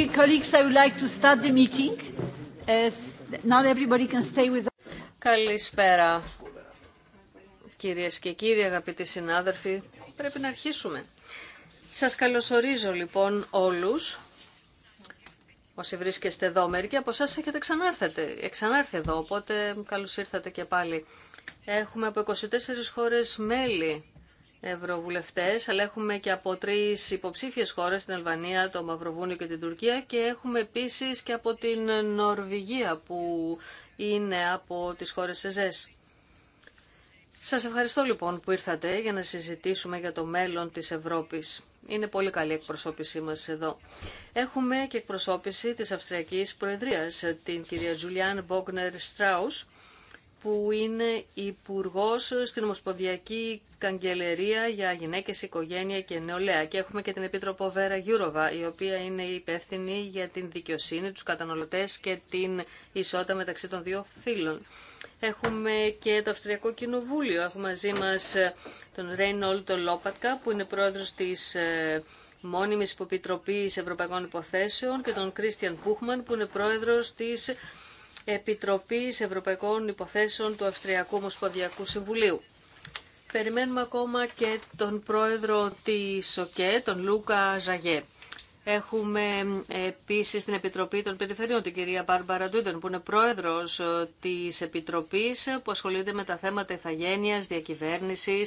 colleagues, I like to start the meeting. everybody can stay with Καλησπέρα. Κυρίες και κύριοι, αγαπητοί συνάδελφοι, πρέπει να αρχίσουμε. Σας καλωσορίζω λοιπόν όλους όσοι βρίσκεστε εδώ. Μερικοί από εσάς έχετε ξανάρθετε, ξανάρθει εδώ, οπότε καλώς ήρθατε και πάλι. Έχουμε από 24 χώρες μέλη ευρωβουλευτές, αλλά έχουμε και από τρεις υποψήφιες χώρες, την Αλβανία, το Μαυροβούνιο και την Τουρκία και έχουμε επίσης και από την Νορβηγία που είναι από τις χώρες ΕΖΕΣ. Σας ευχαριστώ λοιπόν που ήρθατε για να συζητήσουμε για το μέλλον της Ευρώπης. Είναι πολύ καλή εκπροσώπησή μας εδώ. Έχουμε και εκπροσώπηση της Αυστριακής Προεδρίας, την κυρία Τζουλιάν Μπόγνερ Στράους, που είναι υπουργό στην Ομοσπονδιακή Καγκελερία για Γυναίκες, Οικογένεια και Νεολαία. Και έχουμε και την Επίτροπο Βέρα Γιούροβα, η οποία είναι υπεύθυνη για την δικαιοσύνη, τους καταναλωτές και την ισότητα μεταξύ των δύο φύλων. Έχουμε και το Αυστριακό Κοινοβούλιο. Έχουμε μαζί μας ε, τον Ρέιν Λόπατκα, που είναι πρόεδρος της ε, Μόνιμης Υποπιτροπής Ευρωπαϊκών Υποθέσεων και τον Κρίστιαν Πούχμαν, που είναι πρόεδρος της Επιτροπής Ευρωπαϊκών Υποθέσεων του Αυστριακού Ομοσπονδιακού Συμβουλίου. Περιμένουμε ακόμα και τον πρόεδρο της ΟΚΕ, τον Λούκα Ζαγέ. Έχουμε ε, επίσης την Επιτροπή των Περιφερειών, την κυρία Μπάρμπαρα Ντούντεν, που είναι πρόεδρος ε, της Επιτροπής που ασχολείται με τα θέματα ηθαγένεια, διακυβέρνηση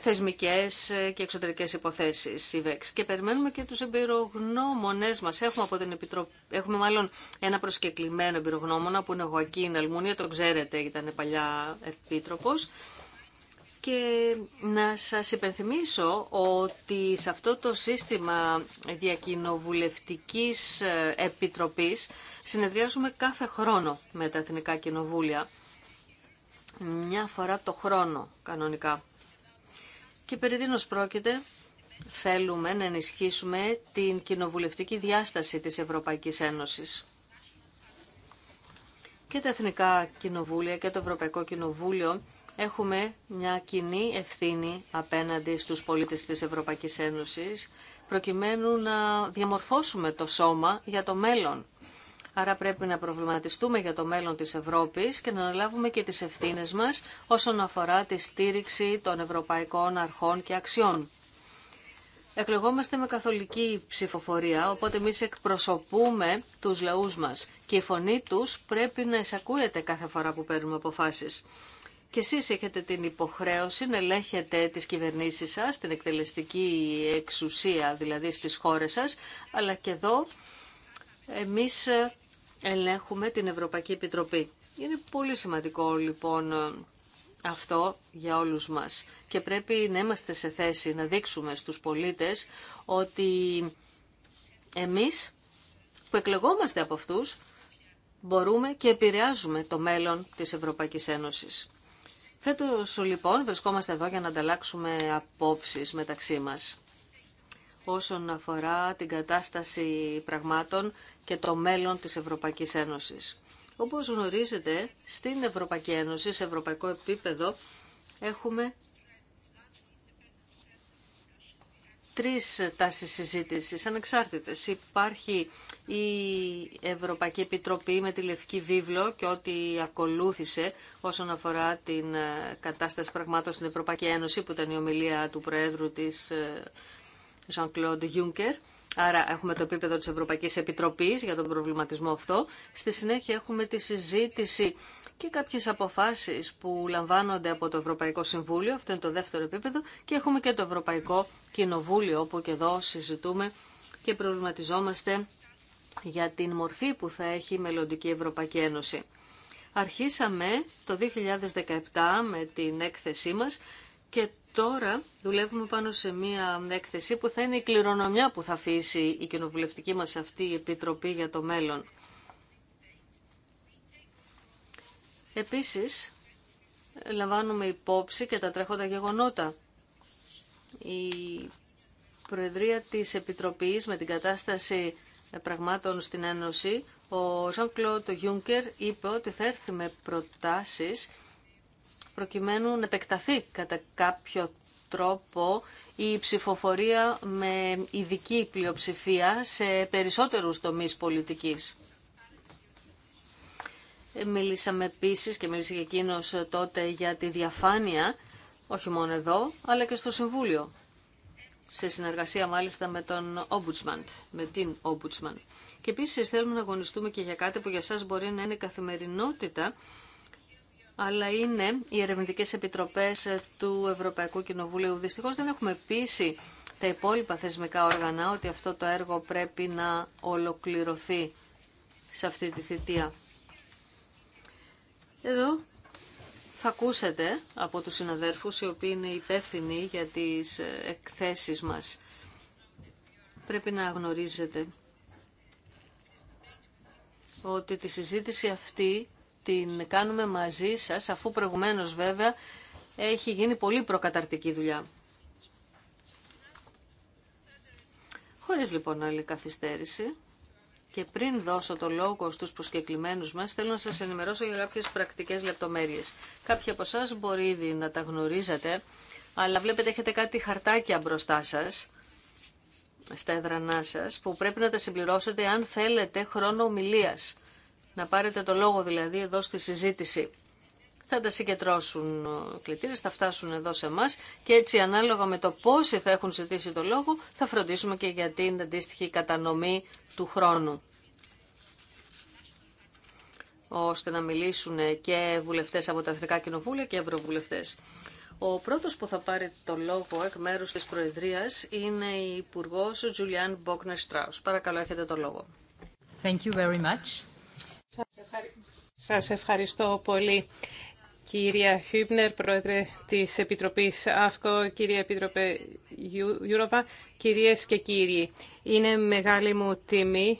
θεσμικές και εξωτερικές υποθέσεις Και περιμένουμε και τους εμπειρογνώμονές μας. Έχουμε, από Έχουμε μάλλον ένα προσκεκλημένο εμπειρογνώμονα που είναι ο Γουακίν Αλμούνια, τον ξέρετε, ήταν παλιά επίτροπος. Και να σας υπενθυμίσω ότι σε αυτό το σύστημα διακοινοβουλευτικής επιτροπής συνεδριάζουμε κάθε χρόνο με τα Εθνικά Κοινοβούλια. Μια φορά το χρόνο κανονικά. Και περί τίνος πρόκειται, θέλουμε να ενισχύσουμε την κοινοβουλευτική διάσταση της Ευρωπαϊκής Ένωσης. Και τα Εθνικά Κοινοβούλια και το Ευρωπαϊκό Κοινοβούλιο έχουμε μια κοινή ευθύνη απέναντι στους πολίτες της Ευρωπαϊκής Ένωσης, προκειμένου να διαμορφώσουμε το σώμα για το μέλλον Άρα πρέπει να προβληματιστούμε για το μέλλον της Ευρώπης και να αναλάβουμε και τις ευθύνες μας όσον αφορά τη στήριξη των ευρωπαϊκών αρχών και αξιών. Εκλογόμαστε με καθολική ψηφοφορία, οπότε εμεί εκπροσωπούμε τους λαούς μας και η φωνή τους πρέπει να εισακούεται κάθε φορά που παίρνουμε αποφάσεις. Και εσείς έχετε την υποχρέωση να ελέγχετε τις κυβερνήσεις σας, την εκτελεστική εξουσία δηλαδή στις χώρες σας, αλλά και εδώ εμείς ελέγχουμε την Ευρωπαϊκή Επιτροπή. Είναι πολύ σημαντικό λοιπόν αυτό για όλους μας και πρέπει να είμαστε σε θέση να δείξουμε στους πολίτες ότι εμείς που εκλεγόμαστε από αυτούς μπορούμε και επηρεάζουμε το μέλλον της Ευρωπαϊκής Ένωσης. Φέτος λοιπόν βρισκόμαστε εδώ για να ανταλλάξουμε απόψεις μεταξύ μας όσον αφορά την κατάσταση πραγμάτων και το μέλλον της Ευρωπαϊκής Ένωσης. Όπως γνωρίζετε, στην Ευρωπαϊκή Ένωση, σε ευρωπαϊκό επίπεδο, έχουμε τρεις τάσεις συζήτησης ανεξάρτητες. Υπάρχει η Ευρωπαϊκή Επιτροπή με τη Λευκή Βίβλο και ό,τι ακολούθησε όσον αφορά την κατάσταση πραγμάτων στην Ευρωπαϊκή Ένωση που ήταν η ομιλία του Προέδρου της Jean-Claude Juncker. Άρα έχουμε το επίπεδο της Ευρωπαϊκής Επιτροπής για τον προβληματισμό αυτό. Στη συνέχεια έχουμε τη συζήτηση και κάποιες αποφάσεις που λαμβάνονται από το Ευρωπαϊκό Συμβούλιο, αυτό είναι το δεύτερο επίπεδο, και έχουμε και το Ευρωπαϊκό Κοινοβούλιο, όπου και εδώ συζητούμε και προβληματιζόμαστε για την μορφή που θα έχει η μελλοντική Ευρωπαϊκή Ένωση. Αρχίσαμε το 2017 με την έκθεσή μας και τώρα δουλεύουμε πάνω σε μία έκθεση που θα είναι η κληρονομιά που θα αφήσει η κοινοβουλευτική μας αυτή η Επιτροπή για το μέλλον. Επίσης, λαμβάνουμε υπόψη και τα τρέχοντα γεγονότα. Η Προεδρία της Επιτροπής με την κατάσταση πραγμάτων στην Ένωση, ο Ζαν Κλώτο Γιούνκερ είπε ότι θα έρθει με προτάσεις προκειμένου να επεκταθεί κατά κάποιο τρόπο η ψηφοφορία με ειδική πλειοψηφία σε περισσότερους τομείς πολιτικής. Ε, μιλήσαμε επίσης και μίλησε και εκείνος τότε για τη διαφάνεια, όχι μόνο εδώ, αλλά και στο Συμβούλιο. Σε συνεργασία μάλιστα με τον Ombudsman, με την Ombudsman. Και επίσης θέλουμε να αγωνιστούμε και για κάτι που για σας μπορεί να είναι καθημερινότητα, αλλά είναι οι ερευνητικές επιτροπές του Ευρωπαϊκού Κοινοβουλίου. Δυστυχώς δεν έχουμε πείσει τα υπόλοιπα θεσμικά όργανα ότι αυτό το έργο πρέπει να ολοκληρωθεί σε αυτή τη θητεία. Εδώ θα ακούσετε από τους συναδέρφους οι οποίοι είναι υπεύθυνοι για τις εκθέσεις μας. Πρέπει να γνωρίζετε ότι τη συζήτηση αυτή την κάνουμε μαζί σας, αφού προηγουμένως βέβαια έχει γίνει πολύ προκαταρτική δουλειά. Χωρίς λοιπόν άλλη καθυστέρηση και πριν δώσω το λόγο στους προσκεκλημένους μας, θέλω να σας ενημερώσω για κάποιες πρακτικές λεπτομέρειες. Κάποιοι από εσά μπορεί ήδη να τα γνωρίζετε, αλλά βλέπετε έχετε κάτι χαρτάκια μπροστά σας, στα έδρανά σας, που πρέπει να τα συμπληρώσετε αν θέλετε χρόνο ομιλίας να πάρετε το λόγο δηλαδή εδώ στη συζήτηση. Θα τα συγκεντρώσουν ε, κλητήρες, θα φτάσουν εδώ σε εμά και έτσι ανάλογα με το πόσοι θα έχουν ζητήσει το λόγο θα φροντίσουμε και για την αντίστοιχη κατανομή του χρόνου ώστε να μιλήσουν και βουλευτές από τα Εθνικά Κοινοβούλια και ευρωβουλευτές. Ο πρώτος που θα πάρει το λόγο εκ μέρους της Προεδρίας είναι η Υπουργός Τζουλιάν Μπόκνερ Στράους. Παρακαλώ, έχετε το λόγο. Thank you very much. Σας, ευχαριστώ πολύ. Κυρία Χίμπνερ, Πρόεδρε της Επιτροπής ΑΦΚΟ, κυρία Επίτροπε Γιούροβα, κυρίες και κύριοι. Είναι μεγάλη μου τιμή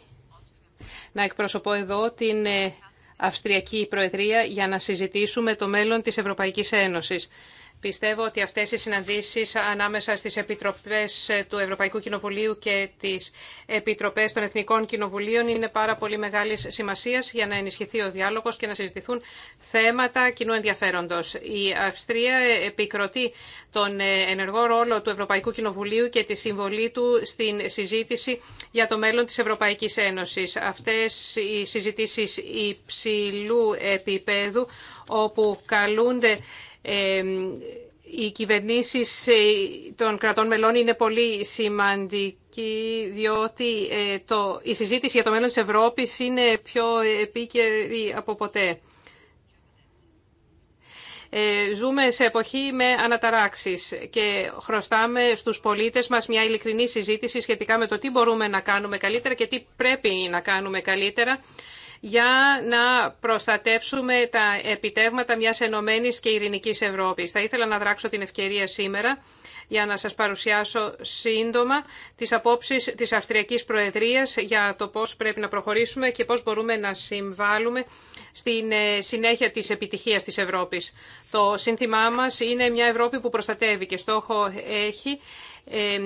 να εκπροσωπώ εδώ την ε, Αυστριακή Προεδρία για να συζητήσουμε το μέλλον της Ευρωπαϊκής Ένωσης. Πιστεύω ότι αυτές οι συναντήσεις ανάμεσα στις Επιτροπές του Ευρωπαϊκού Κοινοβουλίου και τις Επιτροπές των Εθνικών Κοινοβουλίων είναι πάρα πολύ μεγάλης σημασίας για να ενισχυθεί ο διάλογος και να συζητηθούν θέματα κοινού ενδιαφέροντος. Η Αυστρία επικροτεί τον ενεργό ρόλο του Ευρωπαϊκού Κοινοβουλίου και τη συμβολή του στην συζήτηση για το μέλλον της Ευρωπαϊκής Ένωσης. Αυτές οι συζητήσεις υψηλού επίπεδου όπου καλούνται οι κυβερνήσεις ε, των κρατών μελών είναι πολύ σημαντικοί διότι ε, το, η συζήτηση για το μέλλον της Ευρώπης είναι πιο επίκαιρη από ποτέ. Ε, ζούμε σε εποχή με αναταράξεις και χρωστάμε στους πολίτες μας μια ειλικρινή συζήτηση σχετικά με το τι μπορούμε να κάνουμε καλύτερα και τι πρέπει να κάνουμε καλύτερα για να προστατεύσουμε τα επιτεύγματα μιας ενωμένης και ειρηνικής Ευρώπης. Θα ήθελα να δράξω την ευκαιρία σήμερα για να σας παρουσιάσω σύντομα τις απόψεις της Αυστριακής Προεδρίας για το πώς πρέπει να προχωρήσουμε και πώς μπορούμε να συμβάλλουμε στην ε, συνέχεια της επιτυχίας της Ευρώπης. Το σύνθημά μας είναι μια Ευρώπη που προστατεύει και στόχο έχει ε,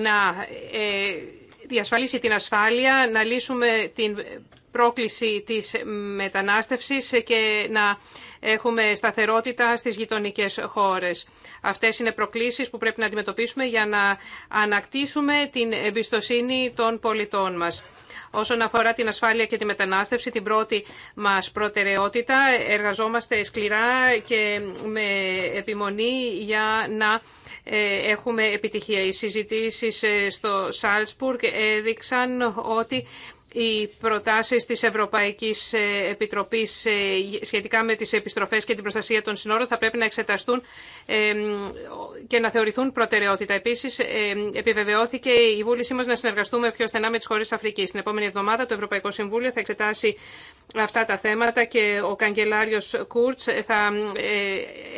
να ε, διασφαλίσει την ασφάλεια, να λύσουμε την πρόκληση της μετανάστευσης και να έχουμε σταθερότητα στις γειτονικές χώρες. Αυτές είναι προκλήσεις που πρέπει να αντιμετωπίσουμε για να ανακτήσουμε την εμπιστοσύνη των πολιτών μας. Όσον αφορά την ασφάλεια και τη μετανάστευση, την πρώτη μας προτεραιότητα, εργαζόμαστε σκληρά και με επιμονή για να ε, έχουμε επιτυχία. Οι συζητήσεις ε, στο Σάλσπουργκ έδειξαν ότι οι προτάσεις της Ευρωπαϊκής ε, Επιτροπής ε, σχετικά με τις επιστροφές και την προστασία των συνόρων θα πρέπει να εξεταστούν ε, και να θεωρηθούν προτεραιότητα. Επίσης, επιβεβαιώθηκε η βούλησή μας να συνεργαστούμε πιο στενά με τις χώρες Αφρικής. Την επόμενη εβδομάδα το Ευρωπαϊκό Συμβούλιο θα εξετάσει αυτά τα θέματα και ο καγκελάριος Κούρτς θα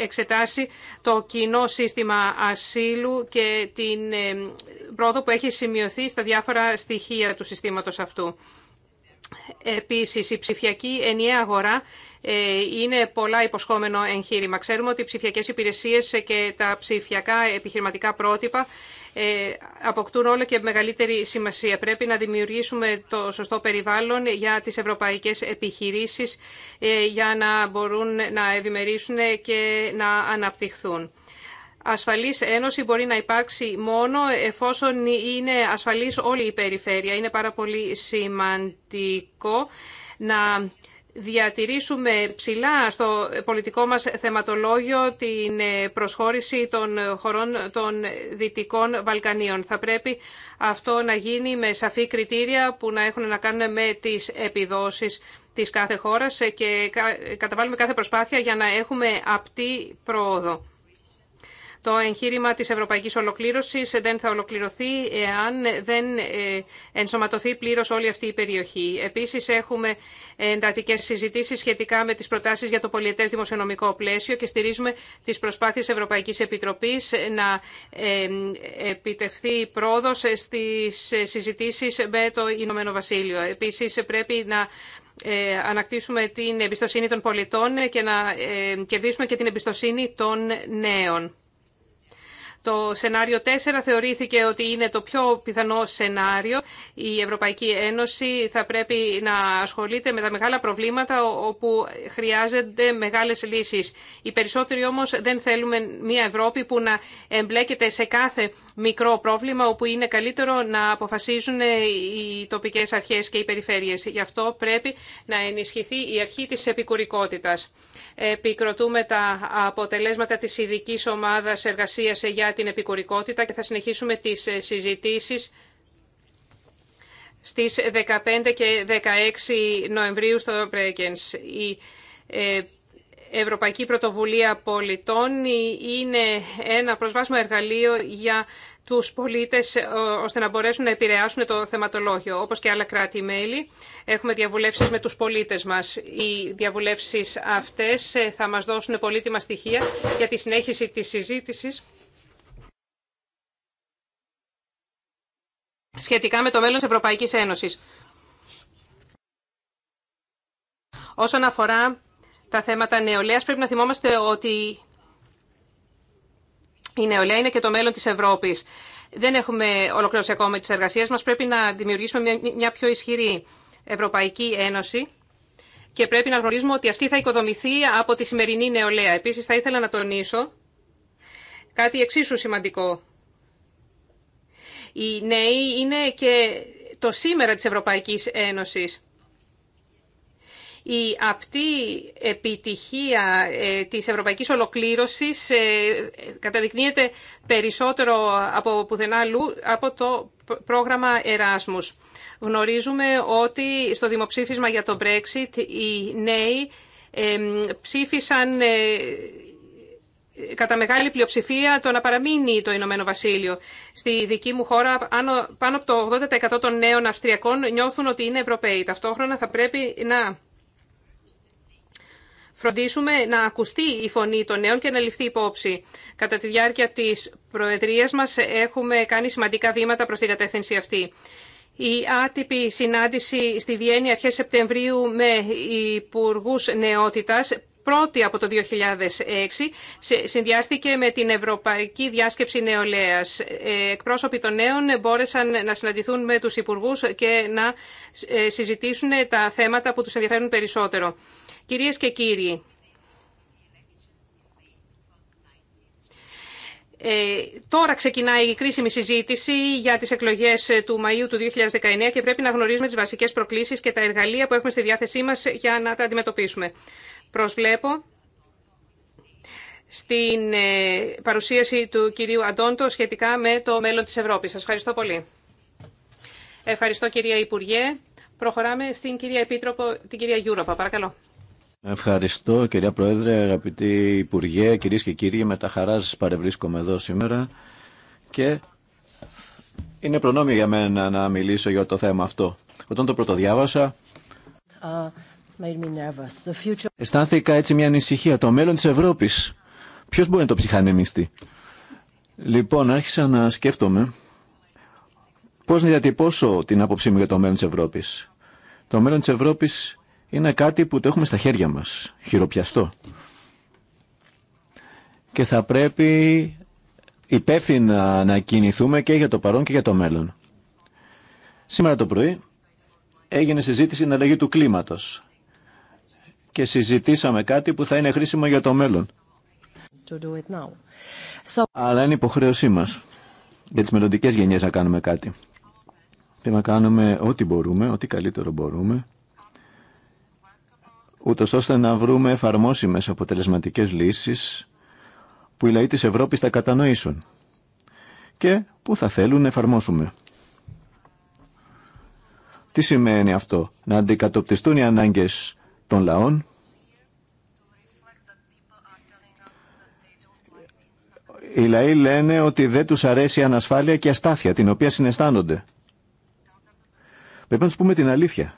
εξετάσει το κοινό σύστημα ασύλου και την πρόοδο που έχει σημειωθεί στα διάφορα στοιχεία του συστήματος αυτού. Επίσης, η ψηφιακή ενιαία αγορά ε, είναι πολλά υποσχόμενο εγχείρημα. Ξέρουμε ότι οι ψηφιακές υπηρεσίες και τα ψηφιακά επιχειρηματικά πρότυπα ε, αποκτούν όλο και μεγαλύτερη σημασία. Πρέπει να δημιουργήσουμε το σωστό περιβάλλον για τις ευρωπαϊκές επιχειρήσεις ε, για να μπορούν να ευημερίσουν και να αναπτυχθούν ασφαλής ένωση μπορεί να υπάρξει μόνο εφόσον είναι ασφαλής όλη η περιφέρεια. Είναι πάρα πολύ σημαντικό να διατηρήσουμε ψηλά στο πολιτικό μας θεματολόγιο την προσχώρηση των χωρών των Δυτικών Βαλκανίων. Θα πρέπει αυτό να γίνει με σαφή κριτήρια που να έχουν να κάνουν με τις επιδόσεις της κάθε χώρας και καταβάλουμε κάθε προσπάθεια για να έχουμε απτή πρόοδο. Το εγχείρημα της ευρωπαϊκής ολοκλήρωσης δεν θα ολοκληρωθεί εάν δεν ε, ενσωματωθεί πλήρως όλη αυτή η περιοχή. Επίσης, έχουμε εντατικές συζητήσεις σχετικά με τις προτάσεις για το πολιετές δημοσιονομικό πλαίσιο και στηρίζουμε τις προσπάθειες Ευρωπαϊκής Επιτροπής να ε, επιτευχθεί πρόοδος στις συζητήσεις με το Ηνωμένο Βασίλειο. Επίσης, πρέπει να ε, ανακτήσουμε την εμπιστοσύνη των πολιτών και να κερδίσουμε και την εμπιστοσύνη των νέων. Το σενάριο 4 θεωρήθηκε ότι είναι το πιο πιθανό σενάριο. Η Ευρωπαϊκή Ένωση θα πρέπει να ασχολείται με τα μεγάλα προβλήματα όπου χρειάζονται μεγάλες λύσεις. Οι περισσότεροι όμως δεν θέλουμε μια Ευρώπη που να εμπλέκεται σε κάθε μικρό πρόβλημα όπου είναι καλύτερο να αποφασίζουν οι τοπικές αρχές και οι περιφέρειες. Γι' αυτό πρέπει να ενισχυθεί η αρχή της επικουρικότητας. Επικροτούμε τα αποτελέσματα της ειδική ομάδας εργασίας για την επικουρικότητα και θα συνεχίσουμε τις συζητήσεις στις 15 και 16 Νοεμβρίου στο Πρέκενς. Η ε, Ευρωπαϊκή Πρωτοβουλία Πολιτών είναι ένα προσβάσιμο εργαλείο για τους πολίτες ε, ώστε να μπορέσουν να επηρεάσουν το θεματολόγιο. Όπως και άλλα κράτη-μέλη, έχουμε διαβουλεύσεις με τους πολίτες μας. Οι διαβουλεύσεις αυτές ε, θα μας δώσουν πολύτιμα στοιχεία για τη συνέχιση της συζήτησης σχετικά με το μέλλον της Ευρωπαϊκής Ένωσης. Όσον αφορά τα θέματα νεολαία Πρέπει να θυμόμαστε ότι η νεολαία είναι και το μέλλον της Ευρώπης. Δεν έχουμε ολοκληρώσει ακόμα τις εργασίες μας. Πρέπει να δημιουργήσουμε μια πιο ισχυρή Ευρωπαϊκή Ένωση και πρέπει να γνωρίζουμε ότι αυτή θα οικοδομηθεί από τη σημερινή νεολαία. Επίσης θα ήθελα να τονίσω κάτι εξίσου σημαντικό. Οι νέοι είναι και το σήμερα της Ευρωπαϊκής Ένωσης η απτή επιτυχία ε, της ευρωπαϊκής ολοκλήρωσης ε, καταδεικνύεται περισσότερο από πουθενά αλλού από το πρόγραμμα Εράσμους. Γνωρίζουμε ότι στο δημοψήφισμα για το Brexit οι νέοι ψήφισαν ε, κατά μεγάλη πλειοψηφία το να παραμείνει το Ηνωμένο Βασίλειο. Στη δική μου χώρα πάνω από το 80% των νέων Αυστριακών νιώθουν ότι είναι Ευρωπαίοι. Ταυτόχρονα θα πρέπει να φροντίσουμε να ακουστεί η φωνή των νέων και να ληφθεί υπόψη. Κατά τη διάρκεια της Προεδρίας μας έχουμε κάνει σημαντικά βήματα προς την κατεύθυνση αυτή. Η άτυπη συνάντηση στη Βιέννη αρχές Σεπτεμβρίου με υπουργού νεότητας πρώτη από το 2006 συνδυάστηκε με την Ευρωπαϊκή Διάσκεψη Νεολαίας. Ε, εκπρόσωποι των νέων μπόρεσαν να συναντηθούν με τους υπουργούς και να ε, συζητήσουν τα θέματα που τους ενδιαφέρουν περισσότερο. Κυρίες και κύριοι, ε, τώρα ξεκινάει η κρίσιμη συζήτηση για τις εκλογές του Μαΐου του 2019 και πρέπει να γνωρίζουμε τις βασικές προκλήσεις και τα εργαλεία που έχουμε στη διάθεσή μας για να τα αντιμετωπίσουμε. Προσβλέπω στην ε, παρουσίαση του κυρίου Αντώντο σχετικά με το μέλλον της Ευρώπης. Σας ευχαριστώ πολύ. Ευχαριστώ κυρία Υπουργέ. Προχωράμε στην κυρία Επίτροπο, την κυρία Γιούροπα. Παρακαλώ. Ευχαριστώ κυρία Πρόεδρε, αγαπητοί Υπουργέ, κυρίες και κύριοι, με τα χαρά σας παρευρίσκομαι εδώ σήμερα και είναι προνόμιο για μένα να μιλήσω για το θέμα αυτό. Όταν το πρωτοδιάβασα, uh, αισθάνθηκα έτσι μια ανησυχία. Το μέλλον της Ευρώπης, ποιος μπορεί να το ψυχανεμιστεί. Λοιπόν, άρχισα να σκέφτομαι πώς να διατυπώσω την άποψή μου για το μέλλον της Ευρώπης. Το μέλλον της Ευρώπης είναι κάτι που το έχουμε στα χέρια μας, χειροπιαστό. Και θα πρέπει υπεύθυνα να κινηθούμε και για το παρόν και για το μέλλον. Σήμερα το πρωί έγινε συζήτηση στην αλλαγή του κλίματος και συζητήσαμε κάτι που θα είναι χρήσιμο για το μέλλον. Αλλά είναι υποχρέωσή μας για τις μελλοντικές γενιές να κάνουμε κάτι. Και να κάνουμε ό,τι μπορούμε, ό,τι καλύτερο μπορούμε ούτως ώστε να βρούμε εφαρμόσιμε αποτελεσματικές λύσεις που οι λαοί της Ευρώπης θα κατανοήσουν και που θα θέλουν να εφαρμόσουμε. Τι σημαίνει αυτό, να αντικατοπτιστούν οι ανάγκες των λαών, Οι λαοί λένε ότι δεν τους αρέσει η ανασφάλεια και η αστάθεια, την οποία συναισθάνονται. Πρέπει να τους πούμε την αλήθεια.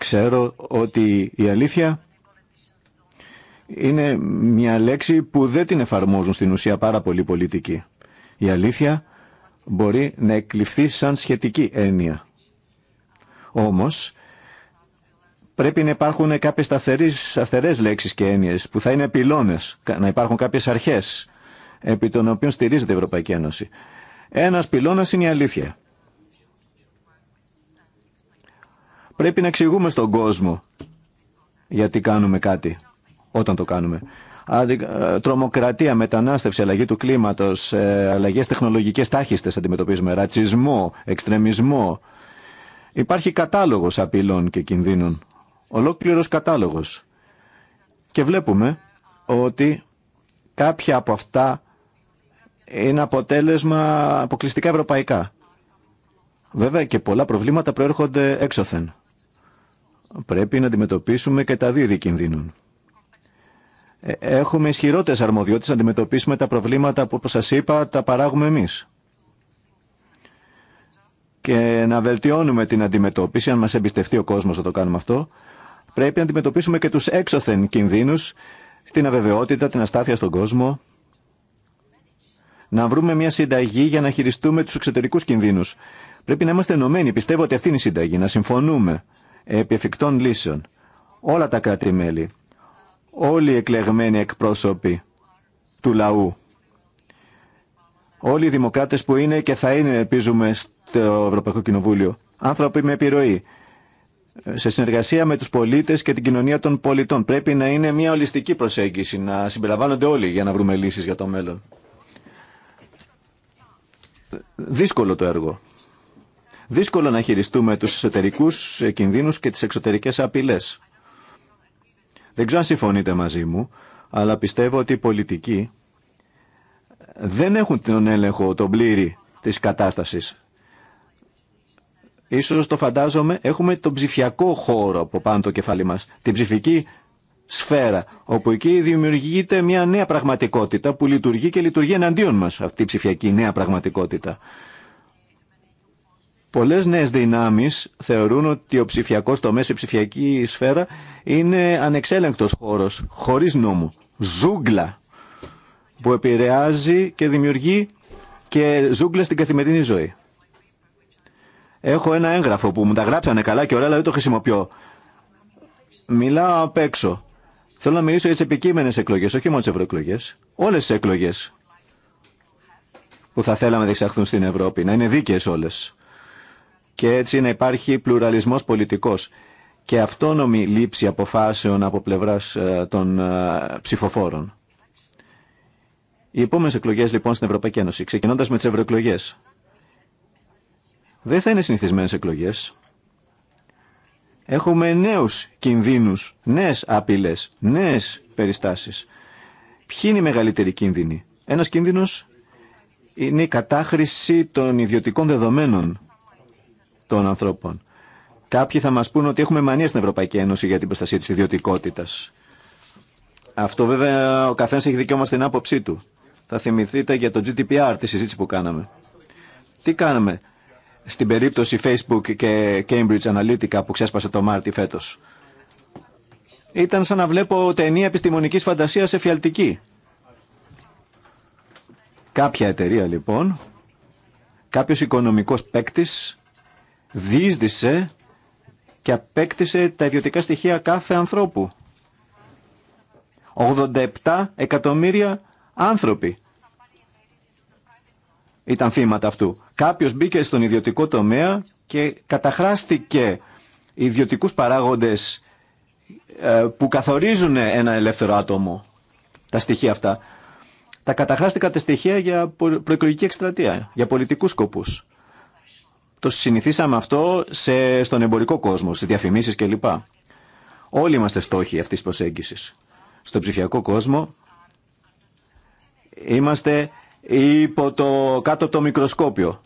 Ξέρω ότι η αλήθεια είναι μια λέξη που δεν την εφαρμόζουν στην ουσία πάρα πολλοί πολιτικοί. Η αλήθεια μπορεί να εκλειφθεί σαν σχετική έννοια. Όμως, πρέπει να υπάρχουν κάποιες σταθερές, σταθερές λέξεις και έννοιες που θα είναι πυλώνες, να υπάρχουν κάποιες αρχές επί των οποίων στηρίζεται η Ευρωπαϊκή Ένωση. Ένας πυλώνας είναι η αλήθεια. Πρέπει να εξηγούμε στον κόσμο γιατί κάνουμε κάτι όταν το κάνουμε. Ε, τρομοκρατία, μετανάστευση, αλλαγή του κλίματος, ε, αλλαγές τεχνολογικές τάχιστες αντιμετωπίζουμε, ρατσισμό, εξτρεμισμό. Υπάρχει κατάλογος απειλών και κινδύνων. Ολόκληρος κατάλογος. Και βλέπουμε ότι κάποια από αυτά είναι αποτέλεσμα αποκλειστικά ευρωπαϊκά. Βέβαια και πολλά προβλήματα προέρχονται έξωθεν. Πρέπει να αντιμετωπίσουμε και τα δύο είδη κινδύνων. Ε, έχουμε ισχυρότερε αρμοδιότητε να αντιμετωπίσουμε τα προβλήματα που, όπω σα είπα, τα παράγουμε εμεί. Και να βελτιώνουμε την αντιμετώπιση, αν μα εμπιστευτεί ο κόσμο να το κάνουμε αυτό, πρέπει να αντιμετωπίσουμε και του έξωθεν κινδύνου, την αβεβαιότητα, την αστάθεια στον κόσμο. Να βρούμε μια συνταγή για να χειριστούμε του εξωτερικού κινδύνου. Πρέπει να είμαστε ενωμένοι. Πιστεύω ότι αυτή είναι η συνταγή. Να συμφωνούμε επί εφικτών λύσεων. Όλα τα κράτη-μέλη, όλοι οι εκλεγμένοι εκπρόσωποι του λαού, όλοι οι δημοκράτες που είναι και θα είναι, ελπίζουμε, στο Ευρωπαϊκό Κοινοβούλιο, άνθρωποι με επιρροή, σε συνεργασία με τους πολίτες και την κοινωνία των πολιτών. Πρέπει να είναι μια ολιστική προσέγγιση, να συμπεριλαμβάνονται όλοι για να βρούμε λύσεις για το μέλλον. Δύσκολο το έργο. Δύσκολο να χειριστούμε τους εσωτερικούς κινδύνους και τις εξωτερικές απειλές. Δεν ξέρω αν συμφωνείτε μαζί μου, αλλά πιστεύω ότι οι πολιτικοί δεν έχουν τον έλεγχο, τον πλήρη της κατάστασης. Ίσως το φαντάζομαι έχουμε τον ψηφιακό χώρο από πάνω το κεφάλι μας, την ψηφική σφαίρα, όπου εκεί δημιουργείται μια νέα πραγματικότητα που λειτουργεί και λειτουργεί εναντίον μας αυτή η ψηφιακή νέα πραγματικότητα. Πολλέ νέες δυνάμει θεωρούν ότι ο ψηφιακό τομέα, η ψηφιακή σφαίρα είναι ανεξέλεγκτος χώρος, χωρίς νόμου, ζούγκλα που επηρεάζει και δημιουργεί και ζούγκλα στην καθημερινή ζωή. Έχω ένα έγγραφο που μου τα γράψανε καλά και ωραία, αλλά δεν το χρησιμοποιώ. Μιλάω απ' έξω. Θέλω να μιλήσω για τι επικείμενε εκλογέ, όχι μόνο τι ευρωεκλογέ. Όλε τι εκλογέ που θα θέλαμε να διεξαχθούν στην Ευρώπη, να είναι δίκαιε όλε και έτσι να υπάρχει πλουραλισμός πολιτικός και αυτόνομη λήψη αποφάσεων από πλευράς ε, των ε, ψηφοφόρων. Οι επόμενες εκλογές λοιπόν στην Ευρωπαϊκή Ένωση, ξεκινώντας με τις ευρωεκλογέ, δεν θα είναι συνηθισμένε εκλογές. Έχουμε νέους κινδύνους, νέες άπειλες, νέες περιστάσεις. Ποιοι είναι οι μεγαλύτεροι κίνδυνοι. Ένα κίνδυνο είναι η κατάχρηση των ιδιωτικών δεδομένων των ανθρώπων. Κάποιοι θα μας πούν ότι έχουμε μανία στην Ευρωπαϊκή Ένωση για την προστασία της ιδιωτικότητα. Αυτό βέβαια ο καθένας έχει δικαίωμα στην άποψή του. Θα θυμηθείτε για το GDPR, τη συζήτηση που κάναμε. Τι κάναμε στην περίπτωση Facebook και Cambridge Analytica που ξέσπασε το Μάρτι φέτος. Ήταν σαν να βλέπω ταινία επιστημονικής φαντασίας εφιαλτική. Κάποια εταιρεία λοιπόν, κάποιος οικονομικός παίκτη διείσδησε και απέκτησε τα ιδιωτικά στοιχεία κάθε ανθρώπου. 87 εκατομμύρια άνθρωποι ήταν θύματα αυτού. Κάποιος μπήκε στον ιδιωτικό τομέα και καταχράστηκε ιδιωτικούς παράγοντες ε, που καθορίζουν ένα ελεύθερο άτομο. Τα στοιχεία αυτά. Τα καταχράστηκαν τα στοιχεία για προεκλογική εκστρατεία, για πολιτικούς σκοπούς. Το συνηθίσαμε αυτό σε, στον εμπορικό κόσμο, στι διαφημίσει κλπ. Όλοι είμαστε στόχοι αυτή τη προσέγγιση. Στον ψηφιακό κόσμο είμαστε υπό το, κάτω από το μικροσκόπιο.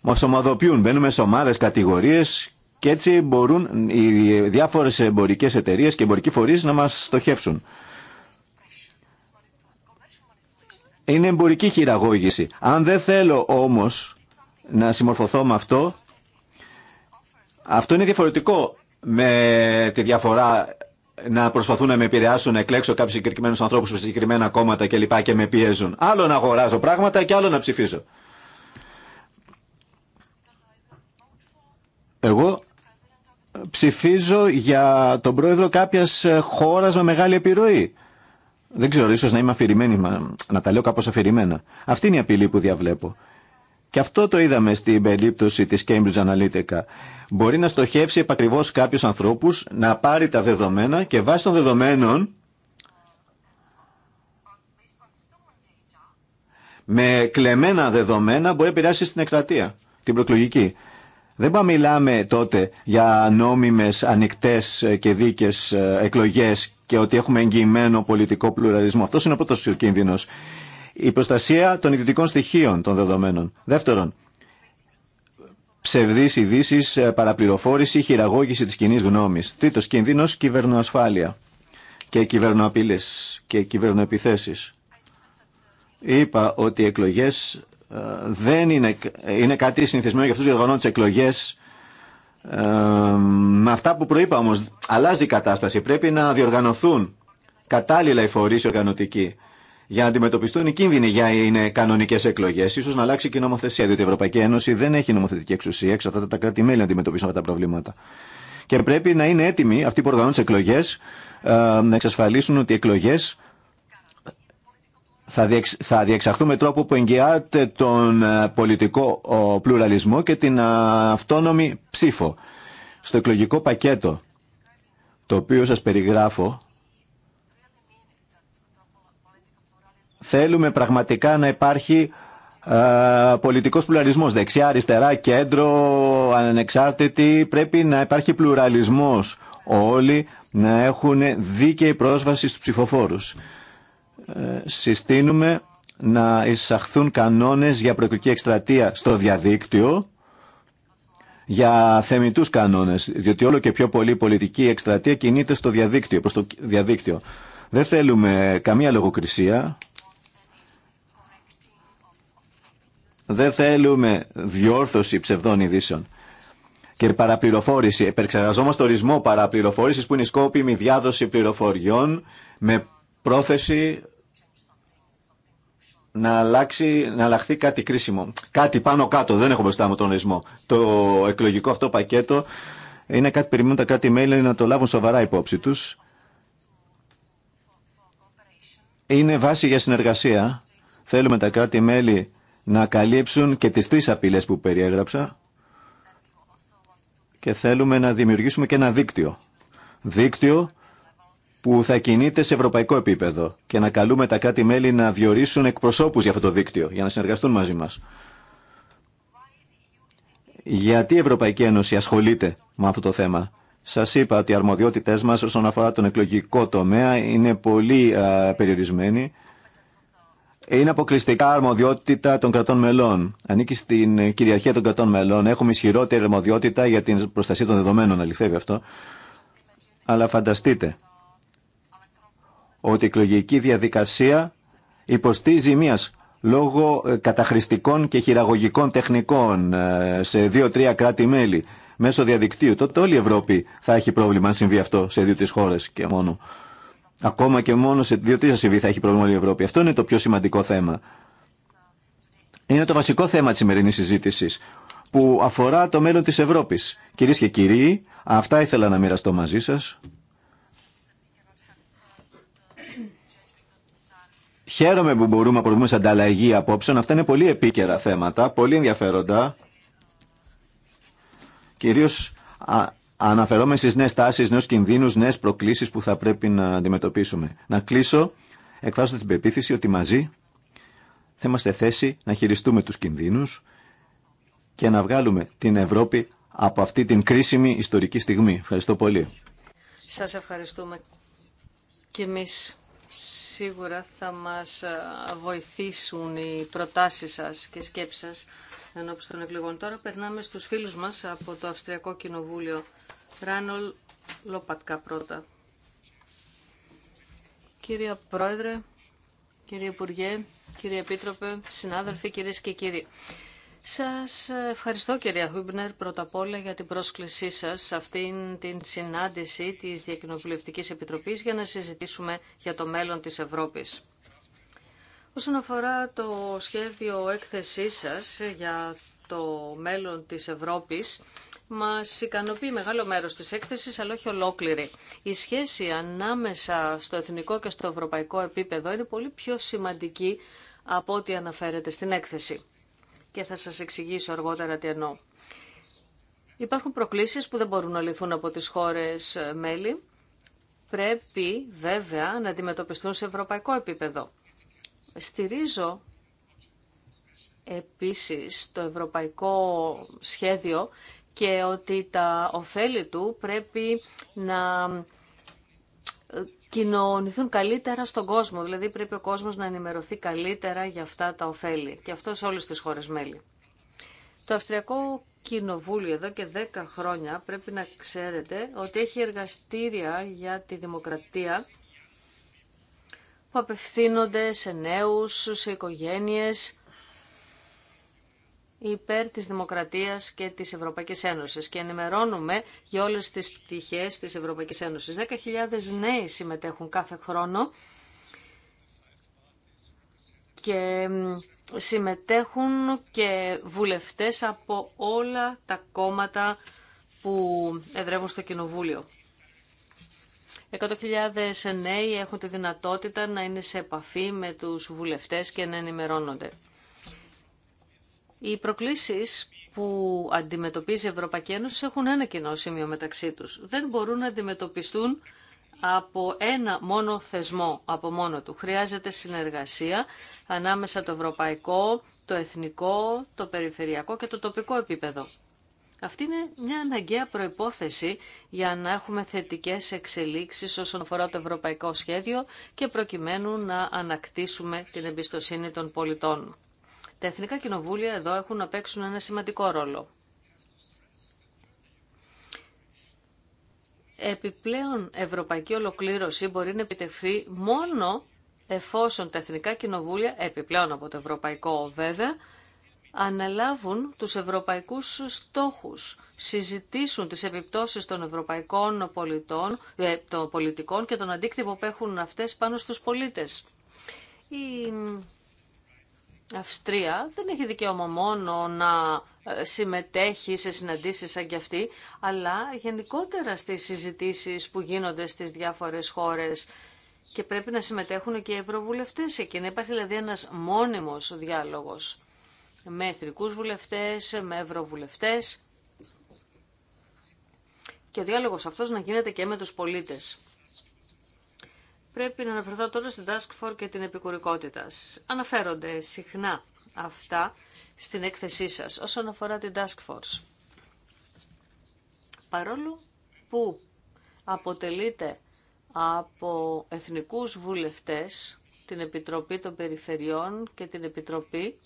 Μα ομαδοποιούν, μπαίνουμε σε ομάδες, κατηγορίες και έτσι μπορούν οι διάφορες εμπορικές εταιρείε και εμπορικοί φορείς να μας στοχεύσουν. Είναι εμπορική χειραγώγηση. Αν δεν θέλω όμως να συμμορφωθώ με αυτό. Αυτό είναι διαφορετικό με τη διαφορά να προσπαθούν να με επηρεάσουν, να εκλέξω κάποιου συγκεκριμένου ανθρώπου σε συγκεκριμένα κόμματα κλπ. Και, και με πιέζουν. Άλλο να αγοράζω πράγματα και άλλο να ψηφίζω. Εγώ ψηφίζω για τον πρόεδρο κάποιας χώρας με μεγάλη επιρροή. Δεν ξέρω, ίσως να είμαι αφηρημένη, να τα λέω κάπως αφηρημένα. Αυτή είναι η απειλή που διαβλέπω. Και αυτό το είδαμε στην περίπτωση της Cambridge Analytica. Μπορεί να στοχεύσει επακριβώς κάποιους ανθρώπους να πάρει τα δεδομένα και βάσει των δεδομένων με κλεμμένα δεδομένα μπορεί να επηρεάσει στην εκστρατεία, την προεκλογική. Δεν πάμε μιλάμε τότε για νόμιμες, ανοιχτές και δίκες ε, εκλογές και ότι έχουμε εγγυημένο πολιτικό πλουραλισμό. Αυτός είναι ο πρώτος κίνδυνος η προστασία των ιδιωτικών στοιχείων των δεδομένων. Δεύτερον, ψευδείς ειδήσει, ε, παραπληροφόρηση, χειραγώγηση της κοινή γνώμης. Τρίτος, κινδύνος, κυβερνοασφάλεια και κυβερνοαπειλές και κυβερνοεπιθέσεις. Είπα ότι οι εκλογές ε, δεν είναι, είναι κάτι συνηθισμένο για αυτούς τους οργανώνουν εκλογές ε, με αυτά που προείπα όμως αλλάζει η κατάσταση. Πρέπει να διοργανωθούν κατάλληλα οι φορείς οργανωτικοί για να αντιμετωπιστούν οι κίνδυνοι για είναι κανονικέ εκλογέ. σω να αλλάξει και η νομοθεσία, διότι η Ευρωπαϊκή Ένωση δεν έχει νομοθετική εξουσία, εξαρτάται τα κράτη-μέλη να αντιμετωπίσουν αυτά τα προβλήματα. Και πρέπει να είναι έτοιμοι αυτοί που οργανώνουν τι εκλογέ ε, να εξασφαλίσουν ότι οι εκλογέ θα, θα διεξαχθούν με τρόπο που εγγυάται τον ε, πολιτικό πλουραλισμό και την ε, αυτόνομη ψήφο. Στο εκλογικό πακέτο το οποίο σας περιγράφω Θέλουμε πραγματικά να υπάρχει ε, πολιτικός πλουραλισμός, δεξιά, αριστερά, κέντρο, ανεξάρτητη, πρέπει να υπάρχει πλουραλισμός. Όλοι να έχουν δίκαιη πρόσβαση στους ψηφοφόρους. Ε, συστήνουμε να εισαχθούν κανόνες για προεκλογική εκστρατεία στο διαδίκτυο, για θεμητούς κανόνες, διότι όλο και πιο πολύ πολιτική εκστρατεία κινείται στο διαδίκτυο, προς το διαδίκτυο. Δεν θέλουμε καμία λογοκρισία, Δεν θέλουμε διόρθωση ψευδών ειδήσεων και παραπληροφόρηση. Επεξεργαζόμαστε ορισμό παραπληροφόρηση που είναι η σκόπιμη διάδοση πληροφοριών με πρόθεση να, αλλάξει, να αλλάχθει κάτι κρίσιμο. Κάτι πάνω κάτω, δεν έχουμε μπροστά μου τον ορισμό. Το εκλογικό αυτό πακέτο είναι κάτι που περιμένουν τα κράτη-μέλη να το λάβουν σοβαρά υπόψη του. Είναι βάση για συνεργασία. Θέλουμε τα κράτη-μέλη να καλύψουν και τις τρεις απειλές που περιέγραψα και θέλουμε να δημιουργήσουμε και ένα δίκτυο. Δίκτυο που θα κινείται σε ευρωπαϊκό επίπεδο και να καλούμε τα κράτη-μέλη να διορίσουν εκπροσώπους για αυτό το δίκτυο, για να συνεργαστούν μαζί μας. Γιατί η Ευρωπαϊκή Ένωση ασχολείται με αυτό το θέμα. Σας είπα ότι οι αρμοδιότητές μας όσον αφορά τον εκλογικό τομέα είναι πολύ περιορισμένοι είναι αποκλειστικά αρμοδιότητα των κρατών μελών. Ανήκει στην κυριαρχία των κρατών μελών. Έχουμε ισχυρότερη αρμοδιότητα για την προστασία των δεδομένων, αληθεύει αυτό. Αλλά φανταστείτε ότι η εκλογική διαδικασία υποστεί μίας. λόγω ε, καταχρηστικών και χειραγωγικών τεχνικών ε, σε δύο-τρία κράτη-μέλη μέσω διαδικτύου. Τότε όλη η Ευρώπη θα έχει πρόβλημα αν συμβεί αυτό σε δύο-τρει χώρε και μόνο. Ακόμα και μόνο σε δύο-τρει ασυμβεί θα έχει πρόβλημα η Ευρώπη. Αυτό είναι το πιο σημαντικό θέμα. Είναι το βασικό θέμα τη σημερινή συζήτηση που αφορά το μέλλον της Ευρώπης. Κυρίες και κύριοι, αυτά ήθελα να μοιραστώ μαζί σας. Χαίρομαι που μπορούμε να προβούμε σε ανταλλαγή απόψεων. Αυτά είναι πολύ επίκαιρα θέματα, πολύ ενδιαφέροντα. Κυρίως αναφερόμενοι στι νέε τάσει, νέου κινδύνου, νέε προκλήσει που θα πρέπει να αντιμετωπίσουμε. Να κλείσω εκφράζοντας την πεποίθηση ότι μαζί θα είμαστε θέση να χειριστούμε του κινδύνου και να βγάλουμε την Ευρώπη από αυτή την κρίσιμη ιστορική στιγμή. Ευχαριστώ πολύ. Σα ευχαριστούμε και εμείς. Σίγουρα θα μας ε, βοηθήσουν οι προτάσεις σας και σκέψεις σας ενώπιση των εκλογών. Τώρα περνάμε στους φίλους μας από το Αυστριακό Κοινοβούλιο. Ράνολ Λοπατκά πρώτα. Κύριε Πρόεδρε, κύριε Υπουργέ, κύριε Επίτροπε, συνάδελφοι, κυρίες και κύριοι. Σας ευχαριστώ κυρία Χούμπνερ πρώτα απ' όλα για την πρόσκλησή σας σε αυτήν την συνάντηση της Διακοινοβουλευτικής Επιτροπής για να συζητήσουμε για το μέλλον της Ευρώπης. Όσον αφορά το σχέδιο έκθεσή σας για το μέλλον της Ευρώπης, μα ικανοποιεί μεγάλο μέρος της έκθεσης, αλλά όχι ολόκληρη. Η σχέση ανάμεσα στο εθνικό και στο ευρωπαϊκό επίπεδο είναι πολύ πιο σημαντική από ό,τι αναφέρεται στην έκθεση. Και θα σας εξηγήσω αργότερα τι εννοώ. Υπάρχουν προκλήσεις που δεν μπορούν να λυθούν από τις χώρες ε, μέλη. Πρέπει βέβαια να αντιμετωπιστούν σε ευρωπαϊκό επίπεδο. Στηρίζω επίσης το ευρωπαϊκό σχέδιο και ότι τα ωφέλη του πρέπει να ε, κοινωνηθούν καλύτερα στον κόσμο. Δηλαδή πρέπει ο κόσμος να ενημερωθεί καλύτερα για αυτά τα ωφέλη και αυτό σε όλες τις χώρες μέλη. Το Αυστριακό Κοινοβούλιο εδώ και 10 χρόνια πρέπει να ξέρετε ότι έχει εργαστήρια για τη δημοκρατία που απευθύνονται σε νέους, σε οικογένειες υπέρ της δημοκρατίας και της Ευρωπαϊκής Ένωσης και ενημερώνουμε για όλες τις πτυχές της Ευρωπαϊκής Ένωσης. 10.000 νέοι συμμετέχουν κάθε χρόνο και συμμετέχουν και βουλευτές από όλα τα κόμματα που εδρεύουν στο Κοινοβούλιο. 100.000 νέοι έχουν τη δυνατότητα να είναι σε επαφή με τους βουλευτές και να ενημερώνονται. Οι προκλήσεις που αντιμετωπίζει η Ευρωπαϊκή Ένωση έχουν ένα κοινό σημείο μεταξύ τους. Δεν μπορούν να αντιμετωπιστούν από ένα μόνο θεσμό από μόνο του. Χρειάζεται συνεργασία ανάμεσα το ευρωπαϊκό, το εθνικό, το περιφερειακό και το τοπικό επίπεδο. Αυτή είναι μια αναγκαία προϋπόθεση για να έχουμε θετικές εξελίξεις όσον αφορά το ευρωπαϊκό σχέδιο και προκειμένου να ανακτήσουμε την εμπιστοσύνη των πολιτών. Τα εθνικά κοινοβούλια εδώ έχουν να παίξουν ένα σημαντικό ρόλο. Επιπλέον ευρωπαϊκή ολοκλήρωση μπορεί να επιτευχθεί μόνο εφόσον τα εθνικά κοινοβούλια, επιπλέον από το ευρωπαϊκό βέβαια, αναλάβουν τους ευρωπαϊκούς στόχους, συζητήσουν τις επιπτώσεις των ευρωπαϊκών πολιτών, ε, πολιτικών και τον αντίκτυπο που έχουν αυτές πάνω στους πολίτες. Η Αυστρία δεν έχει δικαίωμα μόνο να ε, συμμετέχει σε συναντήσεις σαν κι αυτή, αλλά γενικότερα στις συζητήσεις που γίνονται στις διάφορες χώρες και πρέπει να συμμετέχουν και οι ευρωβουλευτές εκεί. Να υπάρχει δηλαδή ένας μόνιμος διάλογος με εθνικούς βουλευτές, με ευρωβουλευτές και ο διάλογος αυτός να γίνεται και με τους πολίτες. Πρέπει να αναφερθώ τώρα στην Task Force και την επικουρικότητα. Αναφέρονται συχνά αυτά στην έκθεσή σας όσον αφορά την Task Force. Παρόλο που αποτελείται από εθνικούς βουλευτές, την Επιτροπή των Περιφερειών και την Επιτροπή,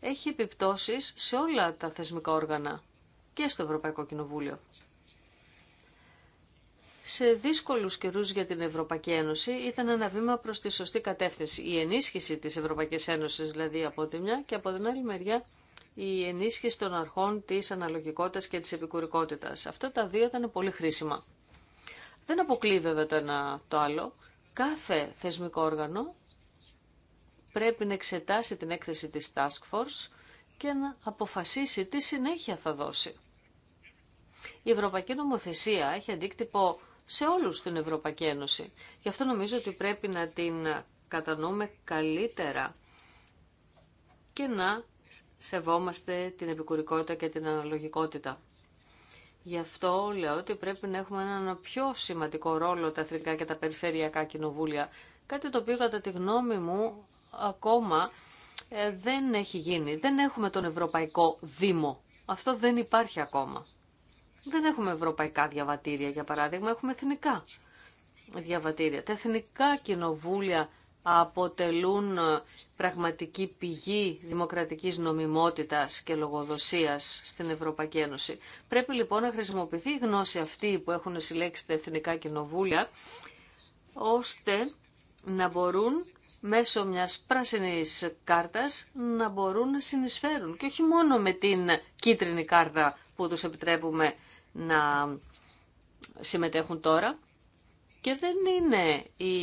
έχει επιπτώσεις σε όλα τα θεσμικά όργανα και στο Ευρωπαϊκό Κοινοβούλιο σε δύσκολου καιρού για την Ευρωπαϊκή Ένωση ήταν ένα βήμα προ τη σωστή κατεύθυνση. Η ενίσχυση τη Ευρωπαϊκή Ένωση δηλαδή από τη μια και από την άλλη μεριά η ενίσχυση των αρχών τη αναλογικότητα και τη επικουρικότητα. Αυτά τα δύο ήταν πολύ χρήσιμα. Δεν αποκλεί βέβαια το ένα το άλλο. Κάθε θεσμικό όργανο πρέπει να εξετάσει την έκθεση της Task Force και να αποφασίσει τι συνέχεια θα δώσει. Η Ευρωπαϊκή Νομοθεσία έχει αντίκτυπο σε όλους στην Ευρωπαϊκή Ένωση. Γι' αυτό νομίζω ότι πρέπει να την κατανοούμε καλύτερα και να σεβόμαστε την επικουρικότητα και την αναλογικότητα. Γι' αυτό λέω ότι πρέπει να έχουμε έναν πιο σημαντικό ρόλο τα εθνικά και τα περιφερειακά κοινοβούλια. Κάτι το οποίο κατά τη γνώμη μου ακόμα ε, δεν έχει γίνει. Δεν έχουμε τον Ευρωπαϊκό Δήμο. Αυτό δεν υπάρχει ακόμα. Δεν έχουμε ευρωπαϊκά διαβατήρια, για παράδειγμα, έχουμε εθνικά διαβατήρια. Τα εθνικά κοινοβούλια αποτελούν ε, πραγματική πηγή δημοκρατικής νομιμότητας και λογοδοσίας στην Ευρωπαϊκή Ένωση. Πρέπει λοιπόν να χρησιμοποιηθεί η γνώση αυτή που έχουν συλλέξει τα εθνικά κοινοβούλια, ώστε να μπορούν μέσω μιας πράσινης κάρτας να μπορούν να συνεισφέρουν και όχι μόνο με την κίτρινη κάρτα που τους επιτρέπουμε να συμμετέχουν τώρα. Και δεν είναι η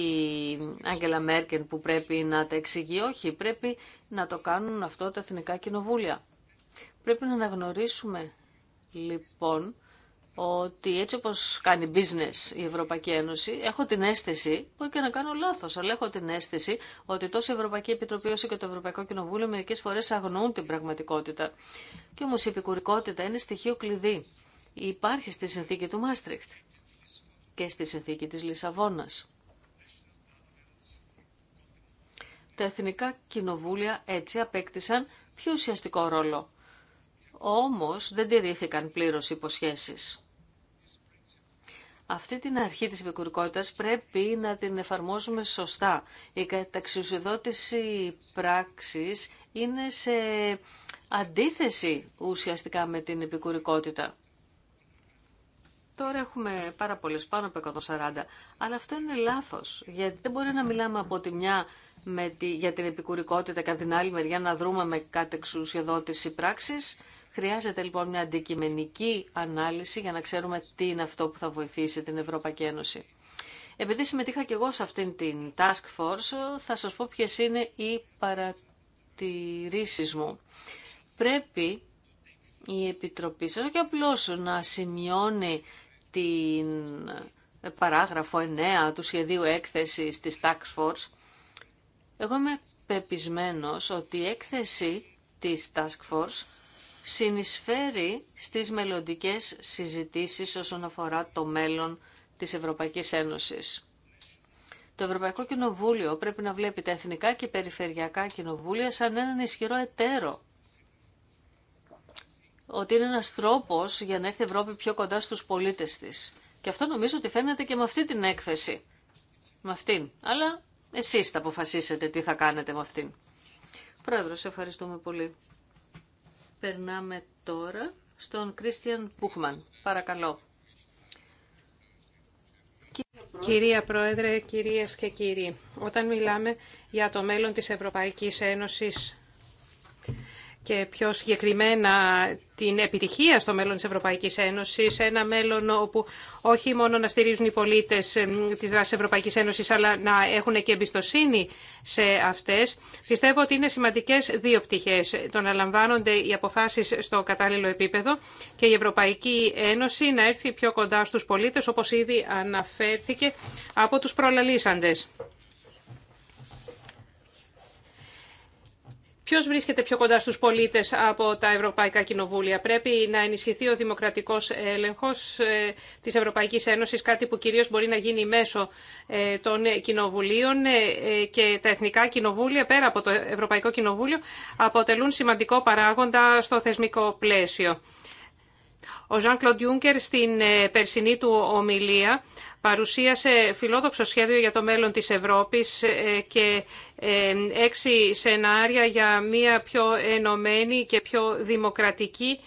Άγγελα Μέρκεν που πρέπει να τα εξηγεί, όχι, πρέπει να το κάνουν αυτό τα εθνικά κοινοβούλια. Πρέπει να αναγνωρίσουμε λοιπόν ότι έτσι όπως κάνει business η Ευρωπαϊκή Ένωση, έχω την αίσθηση, μπορεί και να κάνω λάθος, αλλά έχω την αίσθηση ότι τόσο η Ευρωπαϊκή Επιτροπή όσο και το Ευρωπαϊκό Κοινοβούλιο μερικές φορές αγνοούν την πραγματικότητα. Και όμως η επικουρικότητα είναι στοιχείο κλειδί υπάρχει στη συνθήκη του Μάστριχτ και στη συνθήκη της Λισαβόνας. Τα εθνικά κοινοβούλια έτσι απέκτησαν πιο ουσιαστικό ρόλο. Όμως δεν τηρήθηκαν πλήρως υποσχέσεις. Αυτή την αρχή της επικουρικότητας πρέπει να την εφαρμόζουμε σωστά. Η καταξιουσιοδότηση πράξης είναι σε αντίθεση ουσιαστικά με την επικουρικότητα. Τώρα έχουμε πάρα πολλέ, πάνω από 140. Αλλά αυτό είναι λάθο. Γιατί δεν μπορεί να μιλάμε από τη μια με τη, για την επικουρικότητα και από την άλλη μεριά να δρούμε με κατεξουσιοδότηση πράξη. Χρειάζεται λοιπόν μια αντικειμενική ανάλυση για να ξέρουμε τι είναι αυτό που θα βοηθήσει την Ευρωπαϊκή Ένωση. Επειδή συμμετείχα και εγώ σε αυτήν την task force, θα σας πω ποιες είναι οι παρατηρήσεις μου. Πρέπει η Επιτροπή σας, όχι απλώς να σημειώνει την παράγραφο 9 του σχεδίου έκθεσης της Tax Force, εγώ είμαι πεπισμένος ότι η έκθεση της Task Force συνεισφέρει στις μελλοντικέ συζητήσεις όσον αφορά το μέλλον της Ευρωπαϊκής Ένωσης. Το Ευρωπαϊκό Κοινοβούλιο πρέπει να βλέπει τα εθνικά και περιφερειακά κοινοβούλια σαν έναν ισχυρό εταίρο ότι είναι ένας τρόπος για να έρθει η Ευρώπη πιο κοντά στους πολίτες της. Και αυτό νομίζω ότι φαίνεται και με αυτή την έκθεση. Με αυτήν. Αλλά εσείς θα αποφασίσετε τι θα κάνετε με αυτήν. Πρόεδρος, ευχαριστούμε πολύ. Περνάμε τώρα στον Κρίστιαν Πούχμαν. Παρακαλώ. Κυρία Πρόεδρε, κυρίες και κύριοι, όταν μιλάμε για το μέλλον της Ευρωπαϊκής Ένωσης και πιο συγκεκριμένα την επιτυχία στο μέλλον της Ευρωπαϊκής Ένωσης, ένα μέλλον όπου όχι μόνο να στηρίζουν οι πολίτες της δράσης Ευρωπαϊκής Ένωσης, αλλά να έχουν και εμπιστοσύνη σε αυτές. Πιστεύω ότι είναι σημαντικές δύο πτυχές. Το να λαμβάνονται οι αποφάσεις στο κατάλληλο επίπεδο και η Ευρωπαϊκή Ένωση να έρθει πιο κοντά στους πολίτες, όπως ήδη αναφέρθηκε από τους προλαλήσαντες. Ποιο βρίσκεται πιο κοντά στου πολίτε από τα Ευρωπαϊκά Κοινοβούλια. Πρέπει να ενισχυθεί ο δημοκρατικό έλεγχο ε, τη Ευρωπαϊκή Ένωση, κάτι που κυρίω μπορεί να γίνει μέσω ε, των κοινοβουλίων ε, και τα εθνικά κοινοβούλια, πέρα από το Ευρωπαϊκό Κοινοβούλιο, αποτελούν σημαντικό παράγοντα στο θεσμικό πλαίσιο. Ο Ζαν Κλοντ Ιούγκερ στην ε, περσινή του ομιλία παρουσίασε φιλόδοξο σχέδιο για το μέλλον της Ευρώπης ε, και ε, έξι σενάρια για μια πιο ενωμένη και πιο δημοκρατική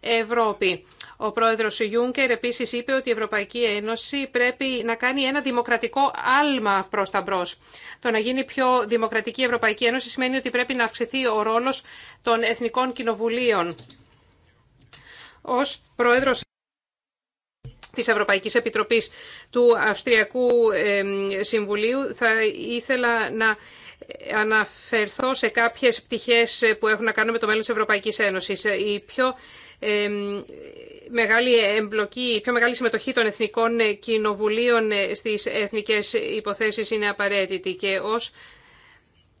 Ευρώπη. Ο πρόεδρος Ιούνκερ επίσης είπε ότι η Ευρωπαϊκή Ένωση πρέπει να κάνει ένα δημοκρατικό άλμα προς τα μπρος. Το να γίνει πιο δημοκρατική η Ευρωπαϊκή Ένωση σημαίνει ότι πρέπει να αυξηθεί ο ρόλος των εθνικών κοινοβουλίων ως πρόεδρος της Ευρωπαϊκής Επιτροπής του Αυστριακού Συμβουλίου θα ήθελα να αναφερθώ σε κάποιες πτυχές που έχουν να κάνουν με το μέλλον της Ευρωπαϊκής Ένωσης. Η πιο μεγάλη εμπλοκή, η πιο μεγάλη συμμετοχή των εθνικών κοινοβουλίων στις εθνικές υποθέσεις είναι απαραίτητη και ως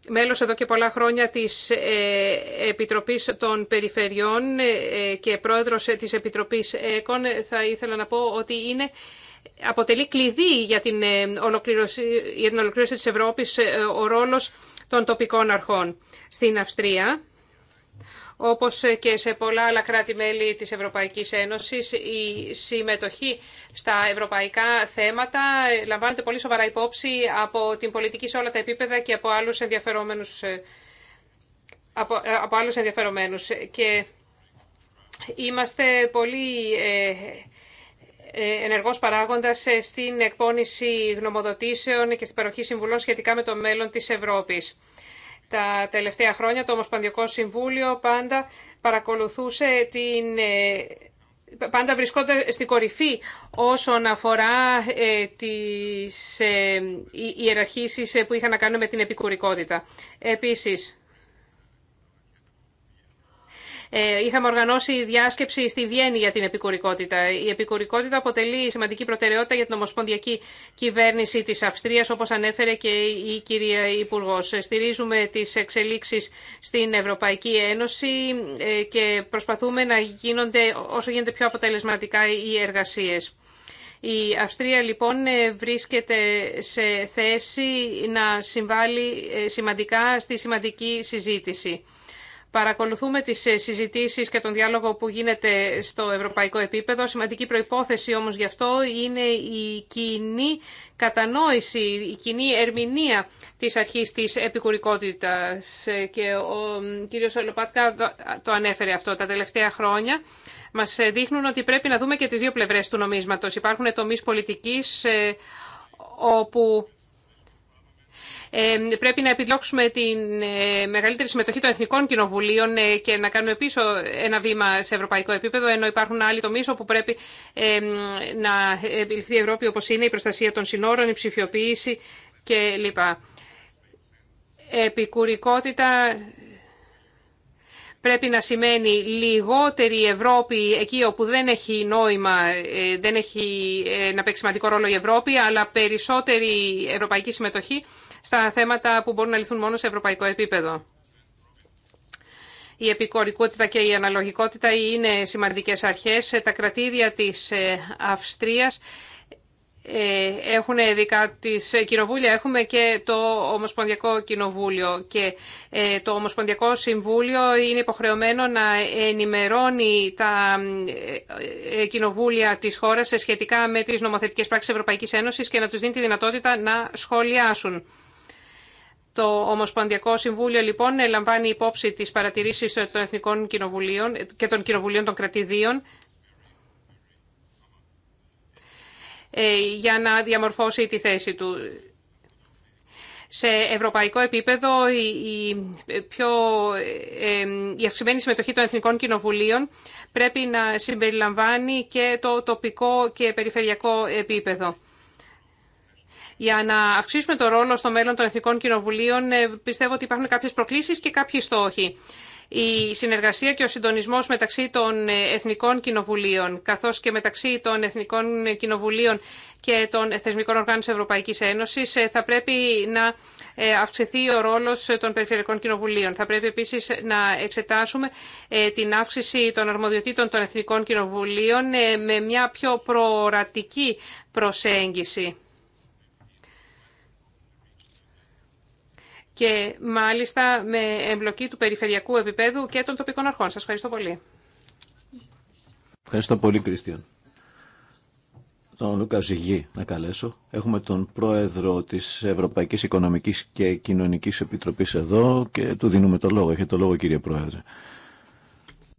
μέλος εδώ και πολλά χρόνια της ε, Επιτροπής των Περιφερειών ε, και πρόεδρος της Επιτροπής ΕΚΟΝ, θα ήθελα να πω ότι είναι αποτελεί κλειδί για την ε, ολοκλήρωση, για την της Ευρώπης ο ρόλος των τοπικών αρχών. Στην Αυστρία, όπως και σε πολλά άλλα κράτη-μέλη της Ευρωπαϊκής Ένωσης, η συμμετοχή στα ευρωπαϊκά θέματα λαμβάνεται πολύ σοβαρά υπόψη από την πολιτική σε όλα τα επίπεδα και από άλλους ενδιαφερομένους. Ε, ε, από, άλλους ενδιαφερομένους. Και είμαστε πολύ ε, ενεργός παράγοντας στην εκπόνηση γνωμοδοτήσεων και στην παροχή συμβουλών σχετικά με το μέλλον της Ευρώπης. Τα τελευταία χρόνια το Ομοσπονδιακό Συμβούλιο πάντα παρακολουθούσε την ε, πάντα βρισκόταν στην κορυφή όσον αφορά ε, τις ε, ιεραρχήσεις ε, που είχαν να κάνουν με την επικουρικότητα. Επίσης, ε, είχαμε οργανώσει διάσκεψη στη Βιέννη για την επικουρικότητα. Η επικουρικότητα αποτελεί σημαντική προτεραιότητα για την ομοσπονδιακή κυβέρνηση της Αυστρίας, όπως ανέφερε και η κυρία Υπουργό. Στηρίζουμε τις εξελίξεις στην Ευρωπαϊκή Ένωση ε, και προσπαθούμε να γίνονται όσο γίνεται πιο αποτελεσματικά οι εργασίε. Η Αυστρία λοιπόν ε, βρίσκεται σε θέση να συμβάλλει σημαντικά στη σημαντική συζήτηση. Παρακολουθούμε τις ε, συζητήσεις και τον διάλογο που γίνεται στο ευρωπαϊκό επίπεδο. Σημαντική προϋπόθεση όμως γι' αυτό είναι η κοινή κατανόηση, η κοινή ερμηνεία της αρχής της επικουρικότητας. Ε, και ο κύριος Ολοπάτκα το ανέφερε αυτό τα τελευταία χρόνια. Μας ε, δείχνουν ότι πρέπει να δούμε και τις δύο πλευρές του νομίσματος. Υπάρχουν τομείς πολιτικής όπου ε, πρέπει να επιδιώξουμε τη ε, μεγαλύτερη συμμετοχή των εθνικών κοινοβουλίων ε, και να κάνουμε πίσω ένα βήμα σε ευρωπαϊκό επίπεδο, ενώ υπάρχουν άλλοι τομεί όπου πρέπει να επιληφθεί η Ευρώπη όπω είναι η προστασία των συνόρων, η ψηφιοποίηση κλπ. Επικουρικότητα πρέπει να σημαίνει λιγότερη Ευρώπη εκεί όπου δεν έχει νόημα, δεν έχει να παίξει σημαντικό ρόλο η Ευρώπη, αλλά περισσότερη ευρωπαϊκή συμμετοχή στα θέματα που μπορούν να λυθούν μόνο σε ευρωπαϊκό επίπεδο. Η επικορικότητα και η αναλογικότητα είναι σημαντικές αρχές. Τα κρατήδια της ε, Αυστρίας ε, έχουν δικά της κοινοβούλια, έχουμε και το Ομοσπονδιακό Κοινοβούλιο και ε, το Ομοσπονδιακό Συμβούλιο είναι υποχρεωμένο να ενημερώνει τα κοινοβούλια της χώρας σχετικά με τις νομοθετικές πράξεις Ευρωπαϊκής Ένωσης και να τους δίνει τη δυνατότητα να σχολιάσουν. Το Ομοσπονδιακό Συμβούλιο λοιπόν λαμβάνει υπόψη τις παρατηρήσεις των Εθνικών Κοινοβουλίων και των Κοινοβουλίων των Κρατηδίων ε, για να διαμορφώσει τη θέση του. Σε ευρωπαϊκό επίπεδο, η, πιο, ε, ε, η αυξημένη συμμετοχή των Εθνικών Κοινοβουλίων πρέπει να συμπεριλαμβάνει και το τοπικό και περιφερειακό επίπεδο. Για να αυξήσουμε το ρόλο στο μέλλον των Εθνικών Κοινοβουλίων ε, πιστεύω ότι υπάρχουν κάποιε προκλήσει και κάποιοι στόχοι. Η συνεργασία και ο συντονισμό μεταξύ των ε, Εθνικών Κοινοβουλίων καθώ και μεταξύ των Εθνικών Κοινοβουλίων και των ε, θεσμικών οργάνων της Ευρωπαϊκής Ένωσης θα πρέπει να αυξηθεί ο ρόλο των περιφερειακών κοινοβουλίων. Θα πρέπει επίση να εξετάσουμε την αύξηση των αρμοδιοτήτων των Εθνικών Κοινοβουλίων με μια πιο προορατική προσέγγιση. και μάλιστα με εμπλοκή του περιφερειακού επίπεδου και των τοπικών αρχών. Σας ευχαριστώ πολύ. Ευχαριστώ πολύ, Κρίστιαν. Τον Λούκα Ζυγή να καλέσω. Έχουμε τον πρόεδρο της Ευρωπαϊκής Οικονομικής και Κοινωνικής Επιτροπής εδώ και του δίνουμε το λόγο. Έχετε το λόγο, κύριε πρόεδρε.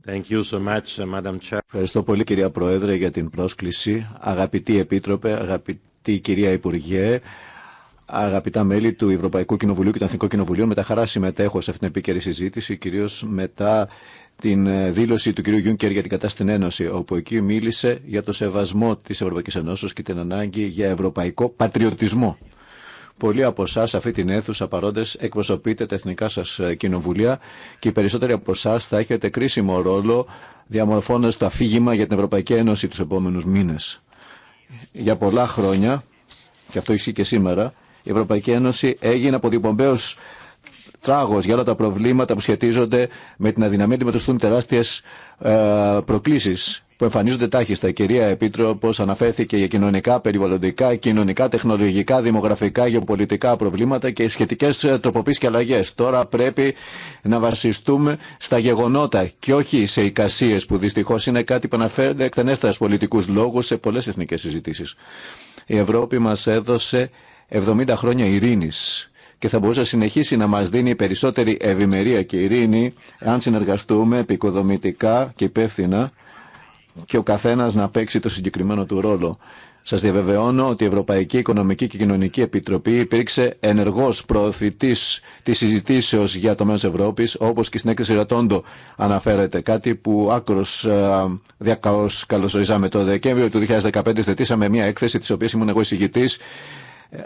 Thank you so much, uh, Madam Chair. Ευχαριστώ πολύ, κυρία πρόεδρε, για την πρόσκληση. Αγαπητή επίτροπε, αγαπητή κυρία Υπουργέ, Αγαπητά μέλη του Ευρωπαϊκού Κοινοβουλίου και του Αθηνικού Κοινοβουλίου, με τα χαρά συμμετέχω σε αυτήν την επίκαιρη συζήτηση, κυρίω μετά την ε, δήλωση του κ. Γιούνκερ για την κατάσταση στην Ένωση, όπου εκεί μίλησε για το σεβασμό τη Ευρωπαϊκή Ενώσεω και την ανάγκη για ευρωπαϊκό πατριωτισμό. Πολλοί από εσά, αυτή την αίθουσα παρόντε, εκπροσωπείτε τα εθνικά σα ε, κοινοβουλία και οι περισσότεροι από εσά θα έχετε κρίσιμο ρόλο διαμορφώνοντα το αφήγημα για την Ευρωπαϊκή Ένωση του επόμενου μήνε. Για πολλά χρόνια, και αυτό ισχύει και σήμερα, η Ευρωπαϊκή Ένωση έγινε από διπομπέως τράγο για όλα τα προβλήματα που σχετίζονται με την αδυναμία να αντιμετωπιστούν τεράστιε προκλήσει που εμφανίζονται τάχιστα. Η κυρία Επίτροπο αναφέρθηκε για κοινωνικά, περιβαλλοντικά, κοινωνικά, τεχνολογικά, δημογραφικά, γεωπολιτικά προβλήματα και σχετικέ ε, τροποποίησει και αλλαγέ. Τώρα πρέπει να βασιστούμε στα γεγονότα και όχι σε εικασίε που δυστυχώ είναι κάτι που αναφέρεται εκτενέστερα στου πολιτικού λόγου σε πολλέ εθνικέ συζητήσει. Η Ευρώπη μα έδωσε 70 χρόνια ειρήνης και θα μπορούσε να συνεχίσει να μας δίνει περισσότερη ευημερία και ειρήνη αν συνεργαστούμε επικοδομητικά και υπεύθυνα και ο καθένας να παίξει το συγκεκριμένο του ρόλο. Σας διαβεβαιώνω ότι η Ευρωπαϊκή Οικονομική και Κοινωνική Επιτροπή υπήρξε ενεργός προωθητής της συζητήσεως για το μέλλον της Ευρώπης, όπως και στην έκθεση Ρατόντο αναφέρεται. Κάτι που άκρος ε, διακαώς καλωσορίζαμε το Δεκέμβριο του 2015, θετήσαμε μια έκθεση της οποίας ήμουν εγώ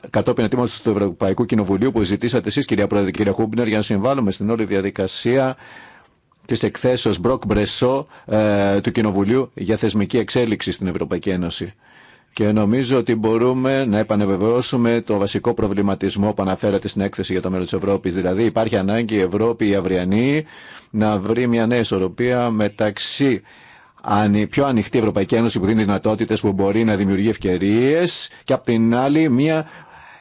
κατόπιν ετοίμαστε του Ευρωπαϊκού Κοινοβουλίου που ζητήσατε εσεί, κυρία Πρόεδρε, κυρία Χούμπνερ, για να συμβάλλουμε στην όλη διαδικασία τη εκθέσεως Μπροκ Μπρεσό ε, του Κοινοβουλίου για θεσμική εξέλιξη στην Ευρωπαϊκή Ένωση. Και νομίζω ότι μπορούμε να επανεβεβαιώσουμε το βασικό προβληματισμό που αναφέρατε στην έκθεση για το μέλλον τη Ευρώπη. Δηλαδή, υπάρχει ανάγκη η Ευρώπη, η αυριανή, να βρει μια νέα ισορροπία μεταξύ πιο ανοιχτή Ευρωπαϊκή Ένωση που δίνει δυνατότητε που μπορεί να δημιουργεί ευκαιρίε και απ' την άλλη μια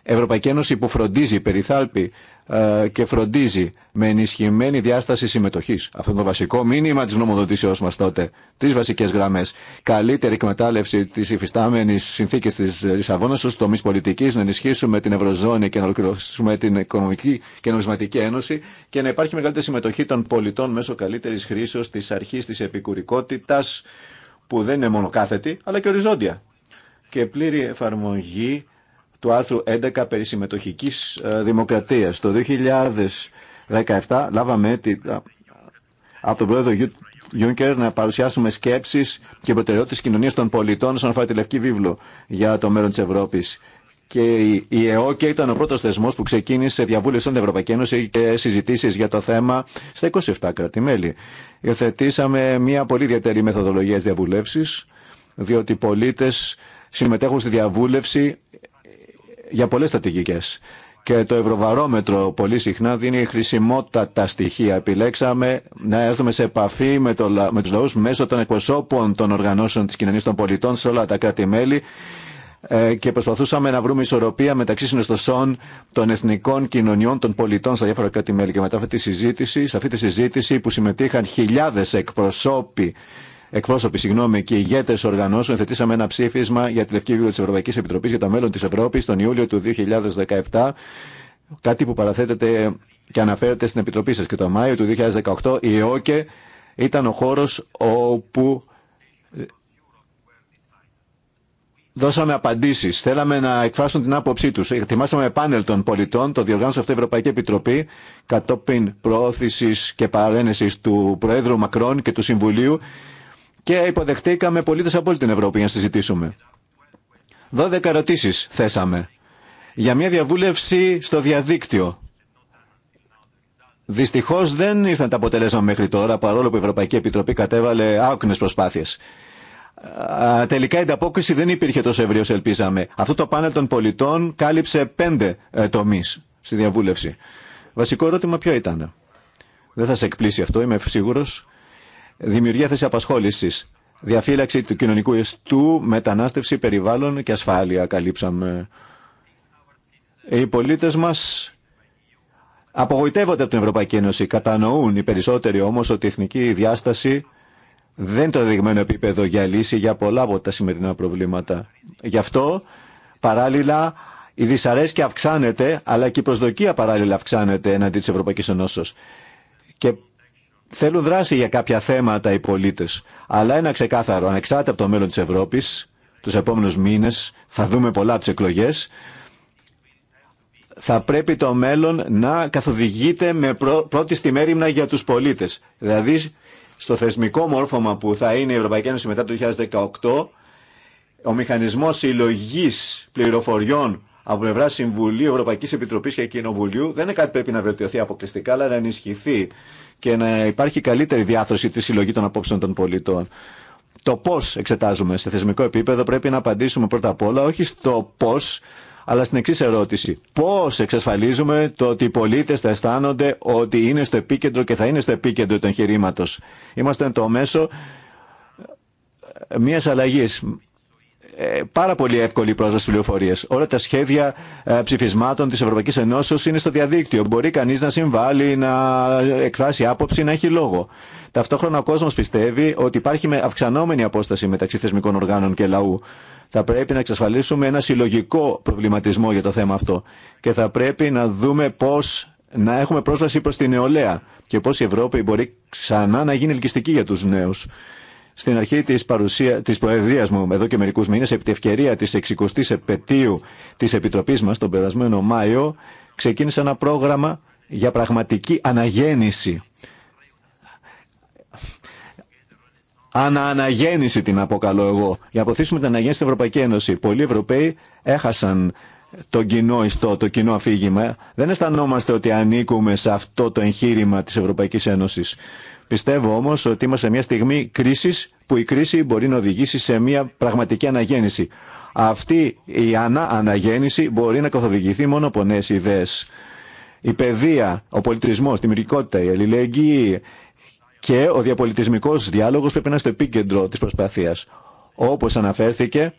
Ευρωπαϊκή Ένωση που φροντίζει, περιθάλπη ε, και φροντίζει με ενισχυμένη διάσταση συμμετοχή. Αυτό είναι το βασικό μήνυμα τη νομοδοτήσεώ μα τότε. Τρει βασικέ γραμμέ. Καλύτερη εκμετάλλευση τη υφιστάμενη συνθήκη τη Λισαβόνα στου τομεί πολιτική, να ενισχύσουμε την Ευρωζώνη και να ολοκληρώσουμε την Οικονομική και Νομισματική Ένωση και να υπάρχει μεγαλύτερη συμμετοχή των πολιτών μέσω καλύτερη χρήσεω τη αρχή τη επικουρικότητα που δεν είναι μόνο κάθετη αλλά και οριζόντια. Και πλήρη εφαρμογή του άρθρου 11 περί συμμετοχικής ε, δημοκρατίας. Το 2017 λάβαμε από τον πρόεδρο Γιούνκερ... να παρουσιάσουμε σκέψεις και προτεραιότητες κοινωνίας των πολιτών σαν αφορά τη Λευκή Βίβλο για το μέλλον της Ευρώπης. Και η ΕΟΚΕ ήταν ο πρώτος θεσμός που ξεκίνησε διαβούλευση στην Ευρωπαϊκή Ένωση και συζητήσεις για το θέμα στα 27 κράτη-μέλη. Υιοθετήσαμε μια πολύ ιδιαίτερη μεθοδολογία διαβουλεύσεις, διότι οι πολίτες συμμετέχουν στη διαβούλευση για πολλές στρατηγικές. Και το Ευρωβαρόμετρο πολύ συχνά δίνει χρησιμότατα στοιχεία. Επιλέξαμε να έρθουμε σε επαφή με, το, με τους λαούς μέσω των εκπροσώπων των οργανώσεων της κοινωνίας των πολιτών σε όλα τα κράτη-μέλη ε, και προσπαθούσαμε να βρούμε ισορροπία μεταξύ συνωστοσών των εθνικών κοινωνιών των πολιτών στα διάφορα κράτη-μέλη. Και μετά αυτή τη συζήτηση, σε αυτή τη συζήτηση που συμμετείχαν χιλιάδες εκπροσώποι εκπρόσωποι συγγνώμη, και ηγέτε οργανώσεων θετήσαμε ένα ψήφισμα για τη Λευκή Βίβλο τη Ευρωπαϊκή Επιτροπή για το μέλλον τη Ευρώπη τον Ιούλιο του 2017. Κάτι που παραθέτεται και αναφέρεται στην Επιτροπή σα. Και το Μάιο του 2018 η ΕΟΚΕ ήταν ο χώρο όπου ε, δώσαμε απαντήσει. Θέλαμε να εκφράσουν την άποψή του. με πάνελ των πολιτών, το διοργάνωσε αυτή η Ευρωπαϊκή Επιτροπή, κατόπιν προώθηση και παρένεση του Προέδρου Μακρόν και του Συμβουλίου και υποδεχτήκαμε πολίτες από όλη την Ευρώπη για να συζητήσουμε. 12 ερωτήσεις θέσαμε για μια διαβούλευση στο διαδίκτυο. Δυστυχώς δεν ήρθαν τα αποτελέσματα μέχρι τώρα, παρόλο που η Ευρωπαϊκή Επιτροπή κατέβαλε άκνες προσπάθειες. Τελικά η ανταπόκριση δεν υπήρχε τόσο ευρύ, όσο ελπίζαμε. Αυτό το πάνελ των πολιτών κάλυψε πέντε ε, τομεί στη διαβούλευση. Βασικό ερώτημα ποιο ήταν. Δεν θα σε εκπλήσει αυτό, είμαι σίγουρος Δημιουργία θέση απασχόληση. Διαφύλαξη του κοινωνικού ιστού, μετανάστευση, περιβάλλον και ασφάλεια καλύψαμε. Οι πολίτες μας απογοητεύονται από την Ευρωπαϊκή Ένωση. Κατανοούν οι περισσότεροι όμως ότι η εθνική διάσταση δεν είναι το δεδειγμένο επίπεδο για λύση για πολλά από τα σημερινά προβλήματα. Γι' αυτό παράλληλα η δυσαρέσκεια αυξάνεται αλλά και η προσδοκία παράλληλα αυξάνεται εναντί της Ευρωπαϊκής Ενώσεως. Θέλουν δράση για κάποια θέματα οι πολίτε, Αλλά ένα ξεκάθαρο, ανεξάρτητα από το μέλλον της Ευρώπης, τους επόμενους μήνες, θα δούμε πολλά από τι εκλογέ. θα πρέπει το μέλλον να καθοδηγείται με πρώτη στη μέρημνα για τους πολίτες. Δηλαδή, στο θεσμικό μόρφωμα που θα είναι η Ευρωπαϊκή Ένωση μετά το 2018, ο μηχανισμό συλλογή πληροφοριών από πλευρά Συμβουλίου, Ευρωπαϊκή Επιτροπή και Κοινοβουλίου δεν είναι κάτι που πρέπει να βελτιωθεί αποκλειστικά, αλλά να ενισχυθεί και να υπάρχει καλύτερη διάθρωση τη συλλογή των απόψεων των πολιτών. Το πώ εξετάζουμε σε θεσμικό επίπεδο πρέπει να απαντήσουμε πρώτα απ' όλα όχι στο πώ, αλλά στην εξή ερώτηση. Πώ εξασφαλίζουμε το ότι οι πολίτε θα αισθάνονται ότι είναι στο επίκεντρο και θα είναι στο επίκεντρο του εγχειρήματο. Είμαστε το μέσο μια αλλαγή ε, πάρα πολύ εύκολη η πρόσβαση στι πληροφορίε. Όλα τα σχέδια ε, ψηφισμάτων τη Ευρωπαϊκή Ενώσεω είναι στο διαδίκτυο. Μπορεί κανεί να συμβάλλει, να εκφράσει άποψη, να έχει λόγο. Ταυτόχρονα ο κόσμο πιστεύει ότι υπάρχει αυξανόμενη απόσταση μεταξύ θεσμικών οργάνων και λαού. Θα πρέπει να εξασφαλίσουμε ένα συλλογικό προβληματισμό για το θέμα αυτό. Και θα πρέπει να δούμε πώ να έχουμε πρόσβαση προ τη νεολαία και πώ η Ευρώπη μπορεί ξανά να γίνει ελκυστική για του νέου. Στην αρχή της, παρουσία, της προεδρίας μου, εδώ και μερικούς μήνες, επί τη ευκαιρία της 60 η επαιτίου της Επιτροπής μας, τον περασμένο Μάιο, ξεκίνησε ένα πρόγραμμα για πραγματική αναγέννηση. Ανααναγέννηση την αποκαλώ εγώ. Για να αποθήσουμε την αναγέννηση στην Ευρωπαϊκή Ένωση. Πολλοί Ευρωπαίοι έχασαν το κοινό ιστό, το κοινό αφήγημα. Δεν αισθανόμαστε ότι ανήκουμε σε αυτό το εγχείρημα της Ευρωπαϊκής Ένωσης. Πιστεύω όμω ότι είμαστε σε μια στιγμή κρίση που η κρίση μπορεί να οδηγήσει σε μια πραγματική αναγέννηση. Αυτή η ανα αναγέννηση μπορεί να καθοδηγηθεί μόνο από νέε ιδέε. Η παιδεία, ο πολιτισμό, η δημιουργικότητα, η αλληλεγγύη και ο διαπολιτισμικό διάλογο πρέπει να είναι στο επίκεντρο τη προσπαθία. Όπω αναφέρθηκε,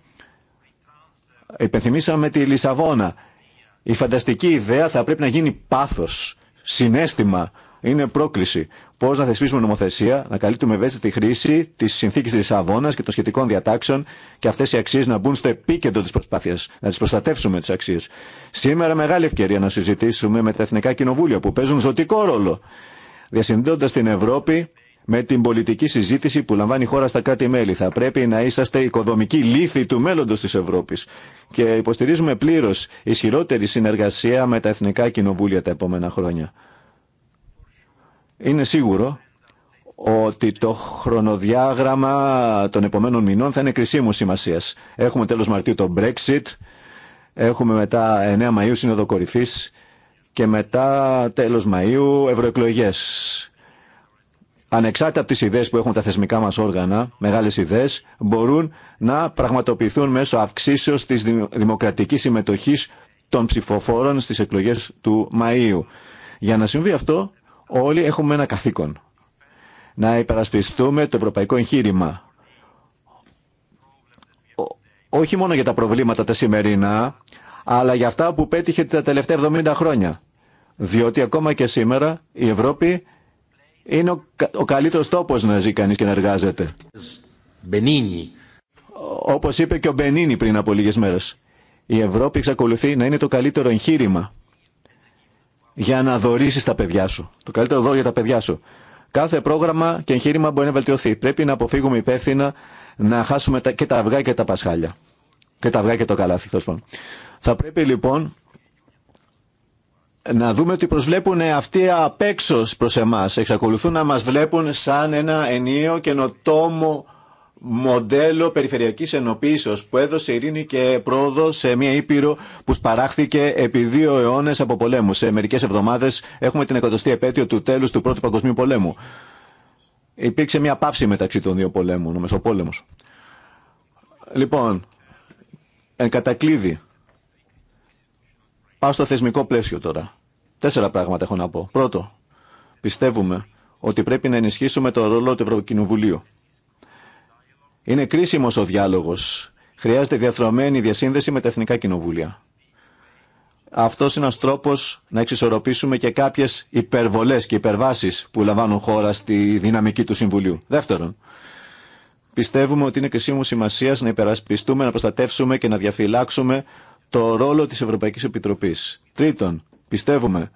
υπενθυμίσαμε τη Λισαβόνα. Η φανταστική ιδέα θα πρέπει να γίνει πάθο, συνέστημα, είναι πρόκληση. Πώ να θεσπίσουμε νομοθεσία, να καλύπτουμε ευαίσθητη χρήση τη συνθήκη τη Αβώνα και των σχετικών διατάξεων και αυτέ οι αξίε να μπουν στο επίκεντρο τη προσπάθεια, να τι προστατεύσουμε τι αξίε. Σήμερα μεγάλη ευκαιρία να συζητήσουμε με τα εθνικά κοινοβούλια που παίζουν ζωτικό ρόλο, διασυνδέοντα την Ευρώπη με την πολιτική συζήτηση που λαμβάνει η χώρα στα κράτη-μέλη. Θα πρέπει να είσαστε οικοδομικοί λύθοι του μέλλοντο τη Ευρώπη. Και υποστηρίζουμε πλήρω ισχυρότερη συνεργασία με τα εθνικά κοινοβούλια τα επόμενα χρόνια. Είναι σίγουρο ότι το χρονοδιάγραμμα των επομένων μηνών θα είναι κρισίμου σημασία. Έχουμε τέλος Μαρτίου το Brexit, έχουμε μετά 9 Μαΐου Σύνοδο Κορυφή και μετά τέλος Μαΐου ευρωεκλογέ. Ανεξάρτητα από τι ιδέες που έχουν τα θεσμικά μας όργανα, μεγάλες ιδέες, μπορούν να πραγματοποιηθούν μέσω αυξήσεως της δημοκρατική συμμετοχή των ψηφοφόρων στι εκλογέ του Μαΐου. Για να συμβεί αυτό, Όλοι έχουμε ένα καθήκον. Να υπερασπιστούμε το ευρωπαϊκό εγχείρημα. Όχι μόνο για τα προβλήματα τα σημερινά, αλλά για αυτά που πέτυχε τα τελευταία 70 χρόνια. Διότι ακόμα και σήμερα η Ευρώπη είναι ο, καλύτερος τόπος να ζει κανείς και να εργάζεται. Μπενίνι. Όπως είπε και ο Μπενίνι πριν από λίγες μέρες. Η Ευρώπη εξακολουθεί να είναι το καλύτερο εγχείρημα για να δωρήσει τα παιδιά σου. Το καλύτερο δώρο για τα παιδιά σου. Κάθε πρόγραμμα και εγχείρημα μπορεί να βελτιωθεί. Πρέπει να αποφύγουμε υπεύθυνα να χάσουμε και τα αυγά και τα πασχάλια. Και τα αυγά και το καλάθι. Θα πρέπει λοιπόν να δούμε ότι προσβλέπουν αυτοί απ' έξω προς εμάς. Εξακολουθούν να μας βλέπουν σαν ένα ενίο καινοτόμο μοντέλο περιφερειακή ενοποίηση που έδωσε ειρήνη και πρόοδο σε μια ήπειρο που σπαράχθηκε επί δύο αιώνε από πολέμου. Σε μερικέ εβδομάδε έχουμε την εκατοστή επέτειο του τέλου του Πρώτου Παγκοσμίου Πολέμου. Υπήρξε μια πάυση μεταξύ των δύο πολέμων, ο Μεσοπόλεμο. Λοιπόν, εν κατακλείδη, πάω στο θεσμικό πλαίσιο τώρα. Τέσσερα πράγματα έχω να πω. Πρώτο, πιστεύουμε ότι πρέπει να ενισχύσουμε το ρόλο του Ευρωκοινοβουλίου είναι κρίσιμο ο διάλογο. Χρειάζεται διαθρωμένη διασύνδεση με τα εθνικά κοινοβούλια. Αυτό είναι ένα τρόπο να εξισορροπήσουμε και κάποιε υπερβολέ και υπερβάσει που λαμβάνουν χώρα στη δυναμική του Συμβουλίου. Δεύτερον, πιστεύουμε ότι είναι κρίσιμο σημασία να υπερασπιστούμε, να προστατεύσουμε και να διαφυλάξουμε το ρόλο τη Ευρωπαϊκή Επιτροπή. Τρίτον, πιστεύουμε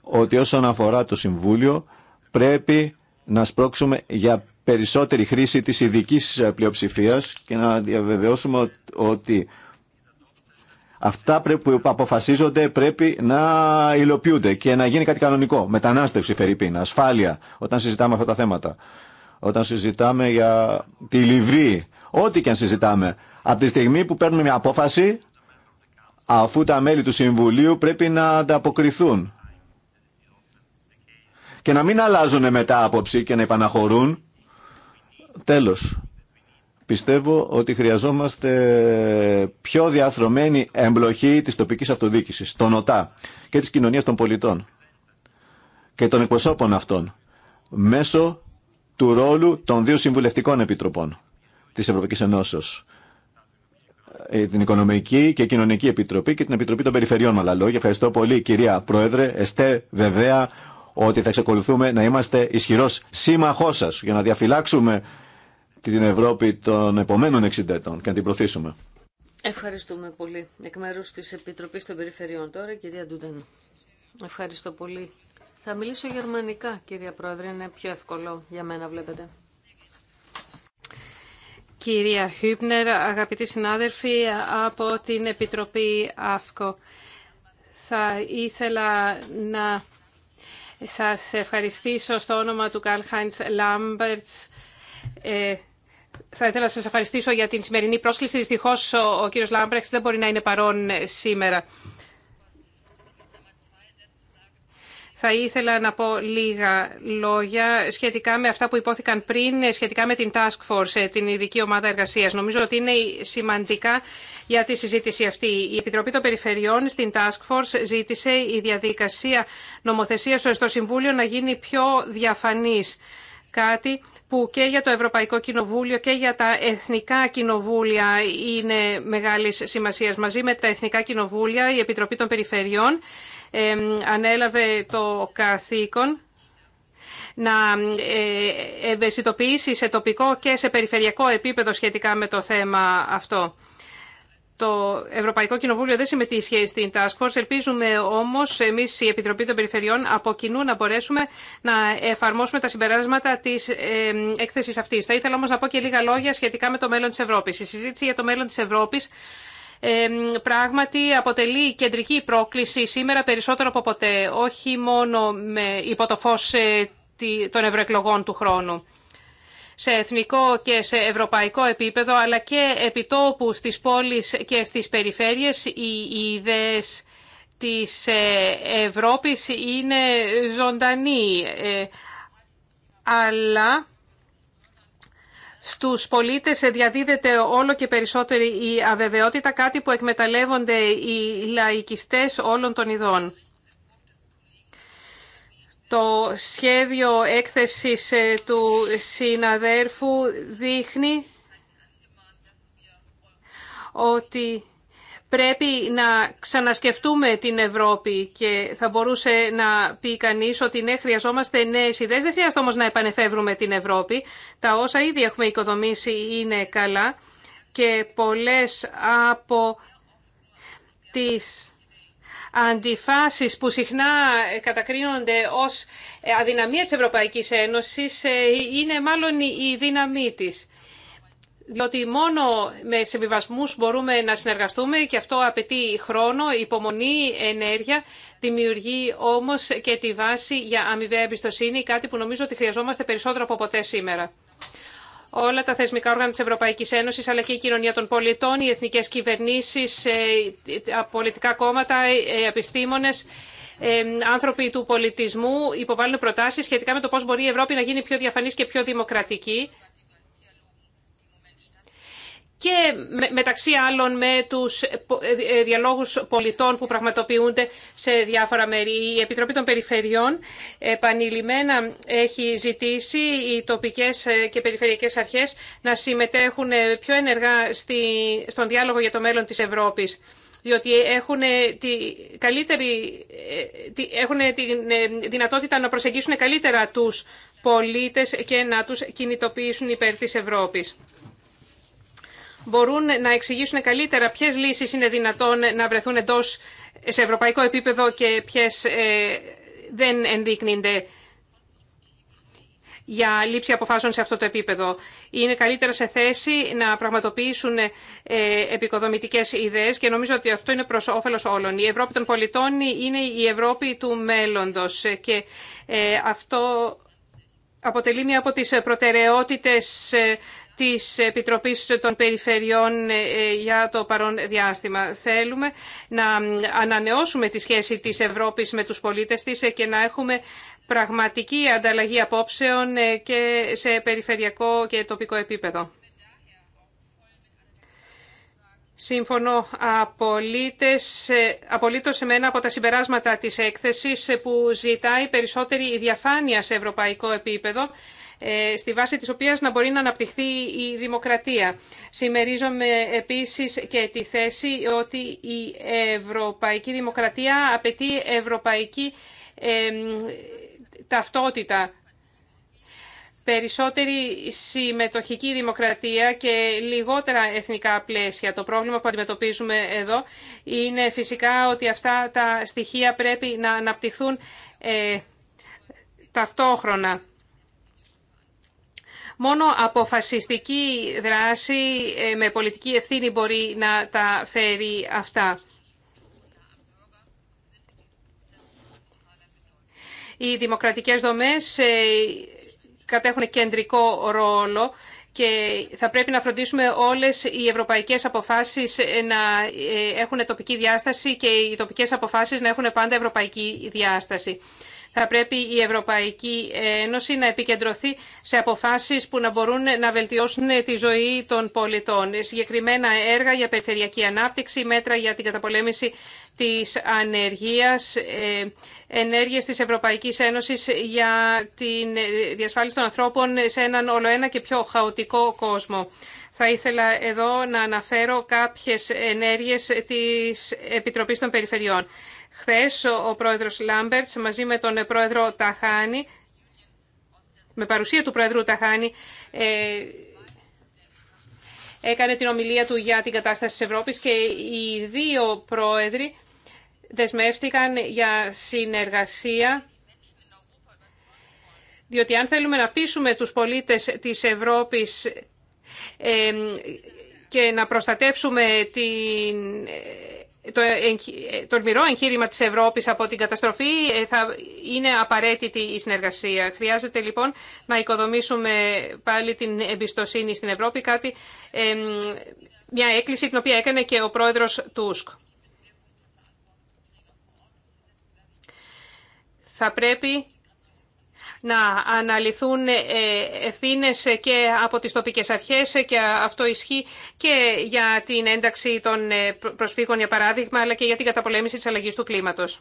ότι όσον αφορά το Συμβούλιο πρέπει να σπρώξουμε για περισσότερη χρήση της ειδική πλειοψηφία και να διαβεβαιώσουμε ότι αυτά που αποφασίζονται πρέπει να υλοποιούνται και να γίνει κάτι κανονικό. Μετανάστευση, Φερρυπίν, ασφάλεια, όταν συζητάμε αυτά τα θέματα. Όταν συζητάμε για τη Λιβύη, ό,τι και αν συζητάμε. Από τη στιγμή που παίρνουμε μια απόφαση, αφού τα μέλη του Συμβουλίου πρέπει να ανταποκριθούν. Και να μην αλλάζουν μετά άποψη και να επαναχωρούν Τέλος, πιστεύω ότι χρειαζόμαστε πιο διαθρωμένη εμπλοχή της τοπικής αυτοδιοίκησης, των ΟΤΑ και της κοινωνίας των πολιτών και των εκπροσώπων αυτών μέσω του ρόλου των δύο συμβουλευτικών επιτροπών της Ευρωπαϊκής Ενώσεως. Ε, την Οικονομική και Κοινωνική Επιτροπή και την Επιτροπή των Περιφερειών, με άλλα λόγια. Ευχαριστώ πολύ, κυρία Πρόεδρε. Εστέ βεβαία ότι θα εξακολουθούμε να είμαστε ισχυρό σύμμαχό σα για να διαφυλάξουμε την Ευρώπη των επομένων 60 και να την προθίσουμε. Ευχαριστούμε πολύ. Εκ μέρου τη Επιτροπής των Περιφερειών τώρα, κυρία Ντούντεν. Ευχαριστώ πολύ. Θα μιλήσω γερμανικά, κυρία Πρόεδρε, είναι πιο εύκολο για μένα, βλέπετε. Κυρία Χύπνερ, αγαπητοί συνάδελφοι από την Επιτροπή ΑΦΚΟ, θα ήθελα να σας ευχαριστήσω στο όνομα του Καλχάιντς Λάμπερτς ε, θα ήθελα να σα ευχαριστήσω για την σημερινή πρόσκληση. Δυστυχώ ο, ο κύριος Λάμπρεξ δεν μπορεί να είναι παρόν ε, σήμερα. Θα ήθελα να πω λίγα λόγια σχετικά με αυτά που υπόθηκαν πριν, ε, σχετικά με την Task Force, ε, την ειδική ομάδα εργασία. Νομίζω ότι είναι σημαντικά για τη συζήτηση αυτή. Η Επιτροπή των Περιφερειών στην Task Force ζήτησε η διαδικασία νομοθεσία στο Συμβούλιο να γίνει πιο διαφανής κάτι που και για το Ευρωπαϊκό Κοινοβούλιο και για τα Εθνικά Κοινοβούλια είναι μεγάλης σημασίας. Μαζί με τα Εθνικά Κοινοβούλια η Επιτροπή των Περιφερειών ανέλαβε το καθήκον να ε, ευαισθητοποιήσει σε τοπικό και σε περιφερειακό επίπεδο σχετικά με το θέμα αυτό το Ευρωπαϊκό Κοινοβούλιο δεν συμμετείχε στην Task Force. Ελπίζουμε όμω εμεί, η Επιτροπή των Περιφερειών, από κοινού να μπορέσουμε να εφαρμόσουμε τα συμπεράσματα τη ε, έκθεση αυτή. Θα ήθελα όμω να πω και λίγα λόγια σχετικά με το μέλλον τη Ευρώπη. Η συζήτηση για το μέλλον τη Ευρώπη ε, πράγματι αποτελεί κεντρική πρόκληση σήμερα περισσότερο από ποτέ, όχι μόνο με, υπό το φως ε, των ευρωεκλογών του χρόνου σε εθνικό και σε ευρωπαϊκό επίπεδο, αλλά και επιτόπου στις πόλεις και στις περιφέρειες, οι ιδέες της ε, Ευρώπης είναι ζωντανοί. Ε, αλλά στους πολίτες διαδίδεται όλο και περισσότερη η αβεβαιότητα, κάτι που εκμεταλλεύονται οι λαϊκιστές όλων των ειδών. Το σχέδιο έκθεσης ε, του συναδέρφου δείχνει ότι πρέπει να ξανασκεφτούμε την Ευρώπη και θα μπορούσε να πει κανείς ότι ναι, χρειαζόμαστε νέες ιδέες. Δεν χρειάζεται όμως να επανεφεύρουμε την Ευρώπη. Τα όσα ήδη έχουμε οικοδομήσει είναι καλά και πολλές από τις αντιφάσεις που συχνά κατακρίνονται ως αδυναμία της Ευρωπαϊκής Ένωσης ε, είναι μάλλον η δύναμή της. Διότι μόνο με συμβιβασμού μπορούμε να συνεργαστούμε και αυτό απαιτεί χρόνο, υπομονή, ενέργεια. Δημιουργεί όμως και τη βάση για αμοιβαία εμπιστοσύνη, κάτι που νομίζω ότι χρειαζόμαστε περισσότερο από ποτέ σήμερα όλα τα θεσμικά όργανα της Ευρωπαϊκής Ένωσης, αλλά και η κοινωνία των πολιτών, οι εθνικές κυβερνήσεις, ε, τα πολιτικά κόμματα, ε, οι επιστήμονες, ε, άνθρωποι του πολιτισμού υποβάλλουν προτάσεις σχετικά με το πώς μπορεί η Ευρώπη να γίνει πιο διαφανής και πιο δημοκρατική και μεταξύ άλλων με τους ε, ε, ε, διαλόγους πολιτών που πραγματοποιούνται σε διάφορα μέρη. Η Επιτροπή των Περιφερειών επανειλημμένα έχει ζητήσει οι τοπικές και περιφερειακές αρχές να συμμετέχουν πιο ενεργά στον διάλογο για το μέλλον της Ευρώπης διότι έχουν, τη καλύτερη, έχουν τη δυνατότητα να προσεγγίσουν καλύτερα τους πολίτες και να τους κινητοποιήσουν υπέρ της Ευρώπης μπορούν να εξηγήσουν καλύτερα ποιε λύσεις είναι δυνατόν να βρεθούν εντό σε ευρωπαϊκό επίπεδο και ποιες ε, δεν ενδείκνυνται για λήψη αποφάσεων σε αυτό το επίπεδο. Είναι καλύτερα σε θέση να πραγματοποιήσουν ε, επικοδομητικές ιδέες και νομίζω ότι αυτό είναι προς όφελος όλων. Η Ευρώπη των πολιτών είναι η Ευρώπη του μέλλοντος και ε, αυτό αποτελεί μία από τις προτεραιότητες της Επιτροπής των Περιφερειών ε, για το παρόν διάστημα. Θέλουμε να ανανεώσουμε τη σχέση της Ευρώπης με τους πολίτες της ε, και να έχουμε πραγματική ανταλλαγή απόψεων ε, και σε περιφερειακό και τοπικό επίπεδο. Σύμφωνο απολύτες, απολύτως μένα από τα συμπεράσματα της έκθεσης που ζητάει περισσότερη διαφάνεια σε ευρωπαϊκό επίπεδο ε, στη βάση της οποίας να μπορεί να αναπτυχθεί η δημοκρατία. Συμμερίζομαι επίσης και τη θέση ότι η ευρωπαϊκή δημοκρατία απαιτεί ευρωπαϊκή ταυτότητα περισσότερη συμμετοχική δημοκρατία και λιγότερα εθνικά πλαίσια. Το πρόβλημα που αντιμετωπίζουμε εδώ είναι φυσικά ότι αυτά τα στοιχεία πρέπει να αναπτυχθούν ε, ταυτόχρονα. Μόνο αποφασιστική δράση ε, με πολιτική ευθύνη μπορεί να τα φέρει αυτά. Οι δημοκρατικές δομές ε, κατέχουν κεντρικό ρόλο και θα πρέπει να φροντίσουμε όλες οι ευρωπαϊκές αποφάσεις ε, να έχουν τοπική διάσταση και οι τοπικές αποφάσεις να έχουν πάντα ευρωπαϊκή διάσταση θα πρέπει η Ευρωπαϊκή Ένωση να επικεντρωθεί σε αποφάσεις που να μπορούν να βελτιώσουν τη ζωή των πολιτών. Συγκεκριμένα έργα για περιφερειακή ανάπτυξη, μέτρα για την καταπολέμηση της ανεργίας, ε, ενέργειες της Ευρωπαϊκής Ένωσης για τη διασφάλιση των ανθρώπων σε έναν ολοένα και πιο χαοτικό κόσμο. Θα ήθελα εδώ να αναφέρω κάποιες ενέργειες της Επιτροπής των Περιφερειών. Χθες ο πρόεδρος Λάμπερτ μαζί με τον ε, πρόεδρο Ταχάνη, με παρουσία του πρόεδρου Ταχάνη, ε, έκανε την ομιλία του για την κατάσταση της Ευρώπης και οι δύο πρόεδροι δεσμεύτηκαν για συνεργασία διότι αν θέλουμε να πείσουμε τους πολίτες της Ευρώπης ε, και να προστατεύσουμε την το, τολμηρό εγχείρημα της Ευρώπης από την καταστροφή ε, θα είναι απαραίτητη η συνεργασία. Χρειάζεται λοιπόν να οικοδομήσουμε πάλι την εμπιστοσύνη στην Ευρώπη, κάτι, μια έκκληση την οποία έκανε και ο πρόεδρος Τούσκ. Θα πρέπει να αναλυθούν ε, ευθύνε και από τις τοπικέ αρχές και αυτό ισχύει και για την ένταξη των ε, προσφύγων για παράδειγμα αλλά και για την καταπολέμηση της αλλαγή του κλίματος.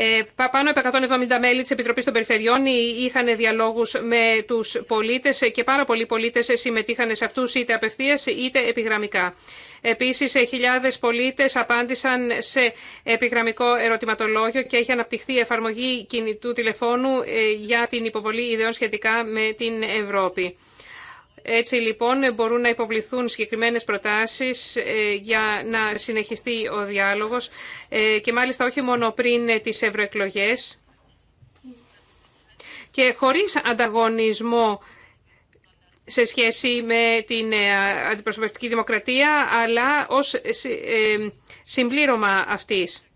Ε, πάνω από 170 μέλη τη Επιτροπής των Περιφερειών είχαν διαλόγους με τους πολίτες και πάρα πολλοί πολίτε συμμετείχαν σε αυτού είτε απευθεία, είτε επιγραμμικά. Επίσης, ε, χιλιάδε πολίτες απάντησαν σε επιγραμμικό ερωτηματολόγιο και έχει αναπτυχθεί εφαρμογή κινητού τηλεφώνου ε, για την υποβολή ιδεών σχετικά με την Ευρώπη. Έτσι λοιπόν μπορούν να υποβληθούν συγκεκριμένες προτάσεις ε, για να συνεχιστεί ο διάλογος ε, και μάλιστα όχι μόνο πριν ε, τις ευρωεκλογές και χωρίς ανταγωνισμό σε σχέση με την αντιπροσωπευτική δημοκρατία, αλλά ως συμπλήρωμα αυτής.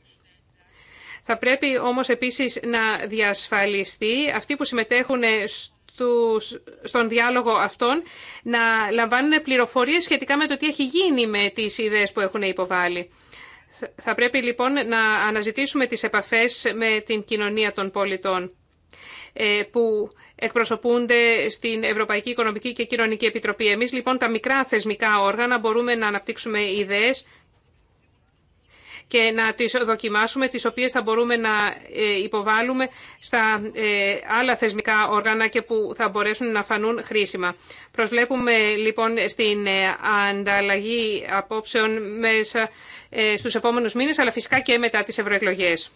Θα πρέπει όμως επίσης να διασφαλιστεί αυτοί που συμμετέχουν στον διάλογο αυτόν να λαμβάνουν πληροφορίες σχετικά με το τι έχει γίνει με τις ιδέες που έχουν υποβάλει. Θα πρέπει λοιπόν να αναζητήσουμε τις επαφές με την κοινωνία των πολιτών ε, που εκπροσωπούνται στην Ευρωπαϊκή Οικονομική και Κοινωνική Επιτροπή. Εμείς λοιπόν τα μικρά θεσμικά όργανα μπορούμε να αναπτύξουμε ιδέες και να τις δοκιμάσουμε, τις οποίες θα μπορούμε να ε, υποβάλουμε στα ε, άλλα θεσμικά όργανα και που θα μπορέσουν να φανούν χρήσιμα. Προσβλέπουμε λοιπόν στην ε, ανταλλαγή απόψεων μέσα στους επόμενους μήνες, αλλά φυσικά και μετά τις ευρωεκλογές.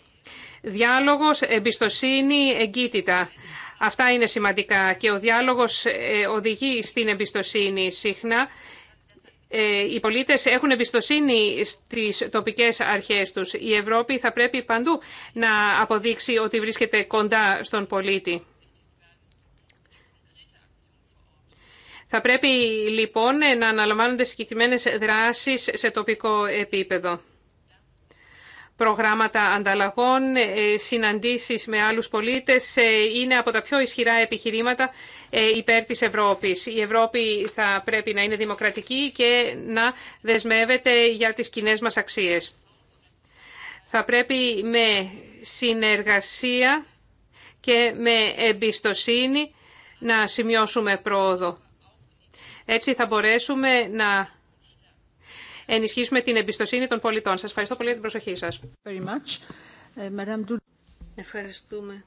Διάλογος, εμπιστοσύνη, εγκύτητα. Αυτά είναι σημαντικά και ο διάλογος οδηγεί στην εμπιστοσύνη συχνά ε, οι πολίτες έχουν εμπιστοσύνη στις τοπικές αρχές τους. Η Ευρώπη θα πρέπει παντού να αποδείξει ότι βρίσκεται κοντά στον πολίτη. Θα πρέπει λοιπόν να αναλαμβάνονται συγκεκριμένες δράσει σε τοπικό επίπεδο προγράμματα ανταλλαγών, ε, συναντήσεις με άλλους πολίτες ε, είναι από τα πιο ισχυρά επιχειρήματα ε, υπέρ της Ευρώπης. Η Ευρώπη θα πρέπει να είναι δημοκρατική και να δεσμεύεται για τις κοινέ μας αξίες. Θα πρέπει με συνεργασία και με εμπιστοσύνη να σημειώσουμε πρόοδο. Έτσι θα μπορέσουμε να ενισχύσουμε την εμπιστοσύνη των πολιτών. Σας ευχαριστώ πολύ για την προσοχή σας. Ε, Ευχαριστούμε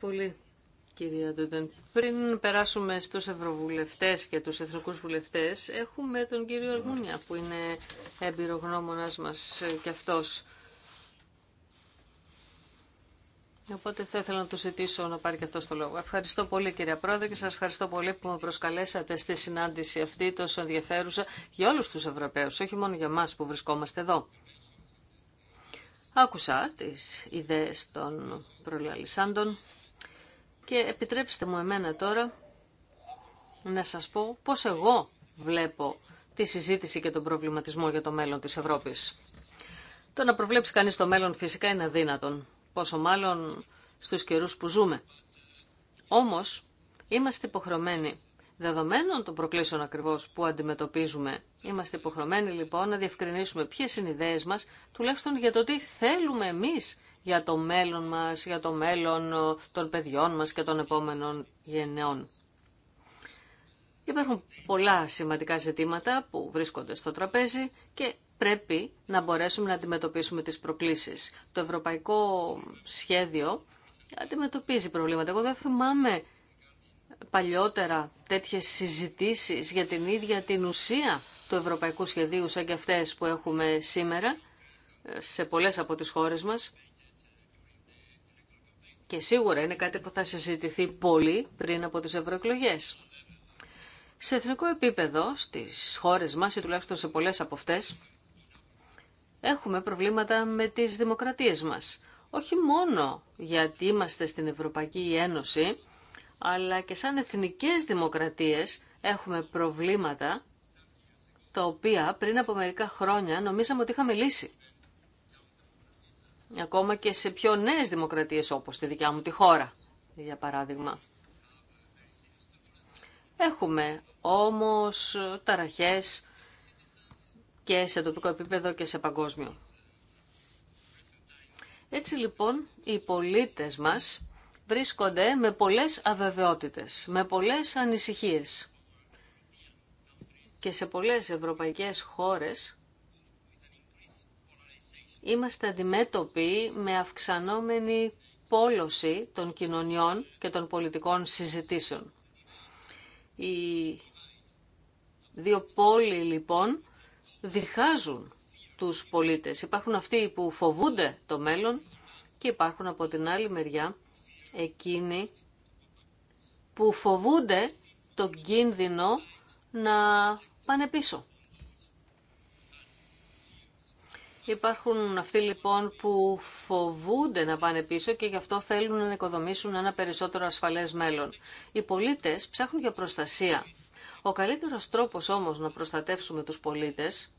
πολύ. Κυρία Ντούντεν. πριν περάσουμε στους ευρωβουλευτές και τους εθνικούς βουλευτές, έχουμε τον κύριο Αλμούνια που είναι εμπειρογνώμονας μας ε, και αυτός. Οπότε θα ήθελα να το ζητήσω να πάρει και αυτό το λόγο. Ευχαριστώ πολύ κυρία Πρόεδρε και σας ευχαριστώ πολύ που με προσκαλέσατε στη συνάντηση αυτή τόσο ενδιαφέρουσα για όλους τους Ευρωπαίους, όχι μόνο για μας που βρισκόμαστε εδώ. Άκουσα τις ιδέες των προλαλισσάντων και επιτρέψτε μου εμένα τώρα να σας πω πώς εγώ βλέπω τη συζήτηση και τον προβληματισμό για το μέλλον της Ευρώπης. Το να προβλέψει κανείς το μέλλον φυσικά είναι αδύνατον πόσο μάλλον στους καιρούς που ζούμε. Όμως, είμαστε υποχρεωμένοι, δεδομένων των προκλήσεων ακριβώς που αντιμετωπίζουμε, είμαστε υποχρεωμένοι λοιπόν να διευκρινίσουμε ποιες είναι οι ιδέες μας, τουλάχιστον για το τι θέλουμε εμείς για το μέλλον μας, για το μέλλον των παιδιών μας και των επόμενων γενεών. Υπάρχουν πολλά σημαντικά ζητήματα που βρίσκονται στο τραπέζι και πρέπει να μπορέσουμε να αντιμετωπίσουμε τις προκλήσεις. Το ευρωπαϊκό σχέδιο αντιμετωπίζει προβλήματα. Εγώ δεν θυμάμαι παλιότερα τέτοιες συζητήσεις για την ίδια την ουσία του ευρωπαϊκού σχεδίου σαν και αυτές που έχουμε σήμερα ε, σε πολλές από τις χώρες μας. Και σίγουρα είναι κάτι που θα συζητηθεί πολύ πριν από τις ευρωεκλογέ. Σε εθνικό επίπεδο, στις χώρες μας ή τουλάχιστον σε πολλές από αυτές, έχουμε προβλήματα με τις δημοκρατίες μας. Όχι μόνο γιατί είμαστε στην Ευρωπαϊκή Ένωση, αλλά και σαν εθνικές δημοκρατίες έχουμε προβλήματα τα οποία πριν από μερικά χρόνια νομίζαμε ότι είχαμε λύσει. Ακόμα και σε πιο νέες δημοκρατίες όπως τη δικιά μου τη χώρα, για παράδειγμα. Έχουμε όμως ταραχές και σε τοπικό επίπεδο και σε παγκόσμιο. Έτσι λοιπόν οι πολίτες μας βρίσκονται με πολλές αβεβαιότητες, με πολλές ανησυχίες. Και σε πολλές ευρωπαϊκές χώρες είμαστε αντιμέτωποι με αυξανόμενη πόλωση των κοινωνιών και των πολιτικών συζητήσεων. Οι δύο πόλοι λοιπόν διχάζουν τους πολίτες. Υπάρχουν αυτοί που φοβούνται το μέλλον και υπάρχουν από την άλλη μεριά εκείνοι που φοβούνται το κίνδυνο να πάνε πίσω. Υπάρχουν αυτοί λοιπόν που φοβούνται να πάνε πίσω και γι' αυτό θέλουν να οικοδομήσουν ένα περισσότερο ασφαλές μέλλον. Οι πολίτες ψάχνουν για προστασία ο καλύτερος τρόπος όμως να προστατεύσουμε τους πολίτες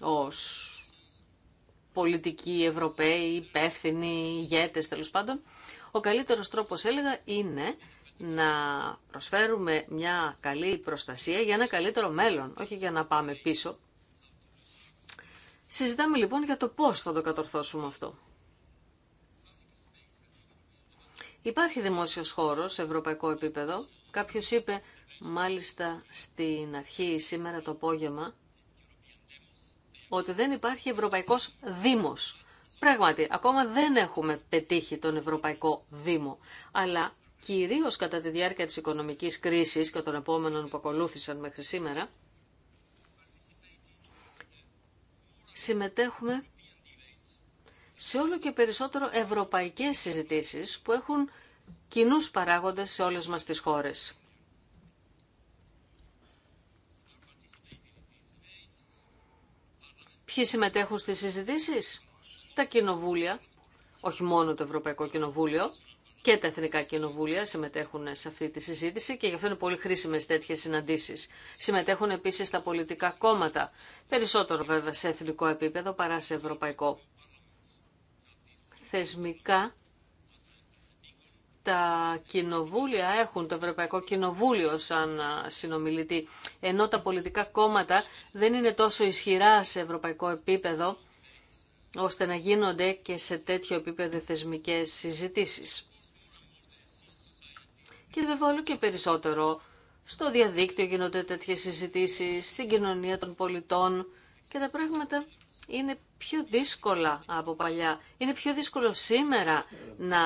ως πολιτικοί, Ευρωπαίοι, υπεύθυνοι, ηγέτες τέλος πάντων, ο καλύτερος τρόπος έλεγα είναι να προσφέρουμε μια καλή προστασία για ένα καλύτερο μέλλον, όχι για να πάμε πίσω. Συζητάμε λοιπόν για το πώς θα το κατορθώσουμε αυτό. Υπάρχει δημόσιος χώρος σε ευρωπαϊκό επίπεδο Κάποιος είπε μάλιστα στην αρχή σήμερα το απόγευμα ότι δεν υπάρχει Ευρωπαϊκός Δήμος. Πράγματι, ακόμα δεν έχουμε πετύχει τον Ευρωπαϊκό Δήμο, αλλά κυρίως κατά τη διάρκεια της οικονομικής κρίσης και των επόμενων που ακολούθησαν μέχρι σήμερα, συμμετέχουμε σε όλο και περισσότερο ευρωπαϊκές συζητήσεις που έχουν κοινού παράγοντες σε όλες μας τις χώρες. Ποιοι συμμετέχουν στις συζητήσεις? Τα κοινοβούλια, όχι μόνο το Ευρωπαϊκό Κοινοβούλιο, και τα εθνικά κοινοβούλια συμμετέχουν σε αυτή τη συζήτηση και γι' αυτό είναι πολύ χρήσιμε τέτοιε συναντήσει. Συμμετέχουν επίση τα πολιτικά κόμματα, περισσότερο βέβαια σε εθνικό επίπεδο παρά σε ευρωπαϊκό. Θεσμικά τα κοινοβούλια έχουν το Ευρωπαϊκό Κοινοβούλιο σαν συνομιλητή, ενώ τα πολιτικά κόμματα δεν είναι τόσο ισχυρά σε ευρωπαϊκό επίπεδο, ώστε να γίνονται και σε τέτοιο επίπεδο θεσμικές συζητήσεις. Και βέβαια όλο και περισσότερο στο διαδίκτυο γίνονται τέτοιες συζητήσεις, στην κοινωνία των πολιτών και τα πράγματα είναι πιο δύσκολα από παλιά. Είναι πιο δύσκολο σήμερα να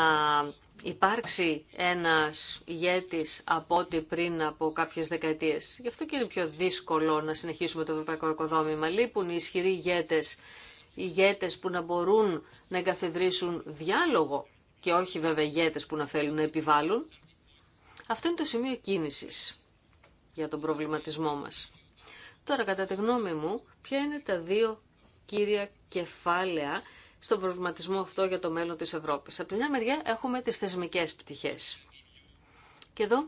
υπάρξει ένας ηγέτης από ό,τι πριν από κάποιες δεκαετίες. Γι' αυτό και είναι πιο δύσκολο να συνεχίσουμε το ευρωπαϊκό οικοδόμημα. Λείπουν οι ισχυροί ηγέτες, ηγέτες που να μπορούν να εγκαθιδρύσουν διάλογο και όχι βέβαια ηγέτες που να θέλουν να επιβάλλουν. Αυτό είναι το σημείο κίνησης για τον προβληματισμό μας. Τώρα, κατά τη γνώμη μου, ποια είναι τα δύο κύρια κεφάλαια στον προβληματισμό αυτό για το μέλλον της Ευρώπης. Από τη μια μεριά έχουμε τις θεσμικές πτυχές. Και εδώ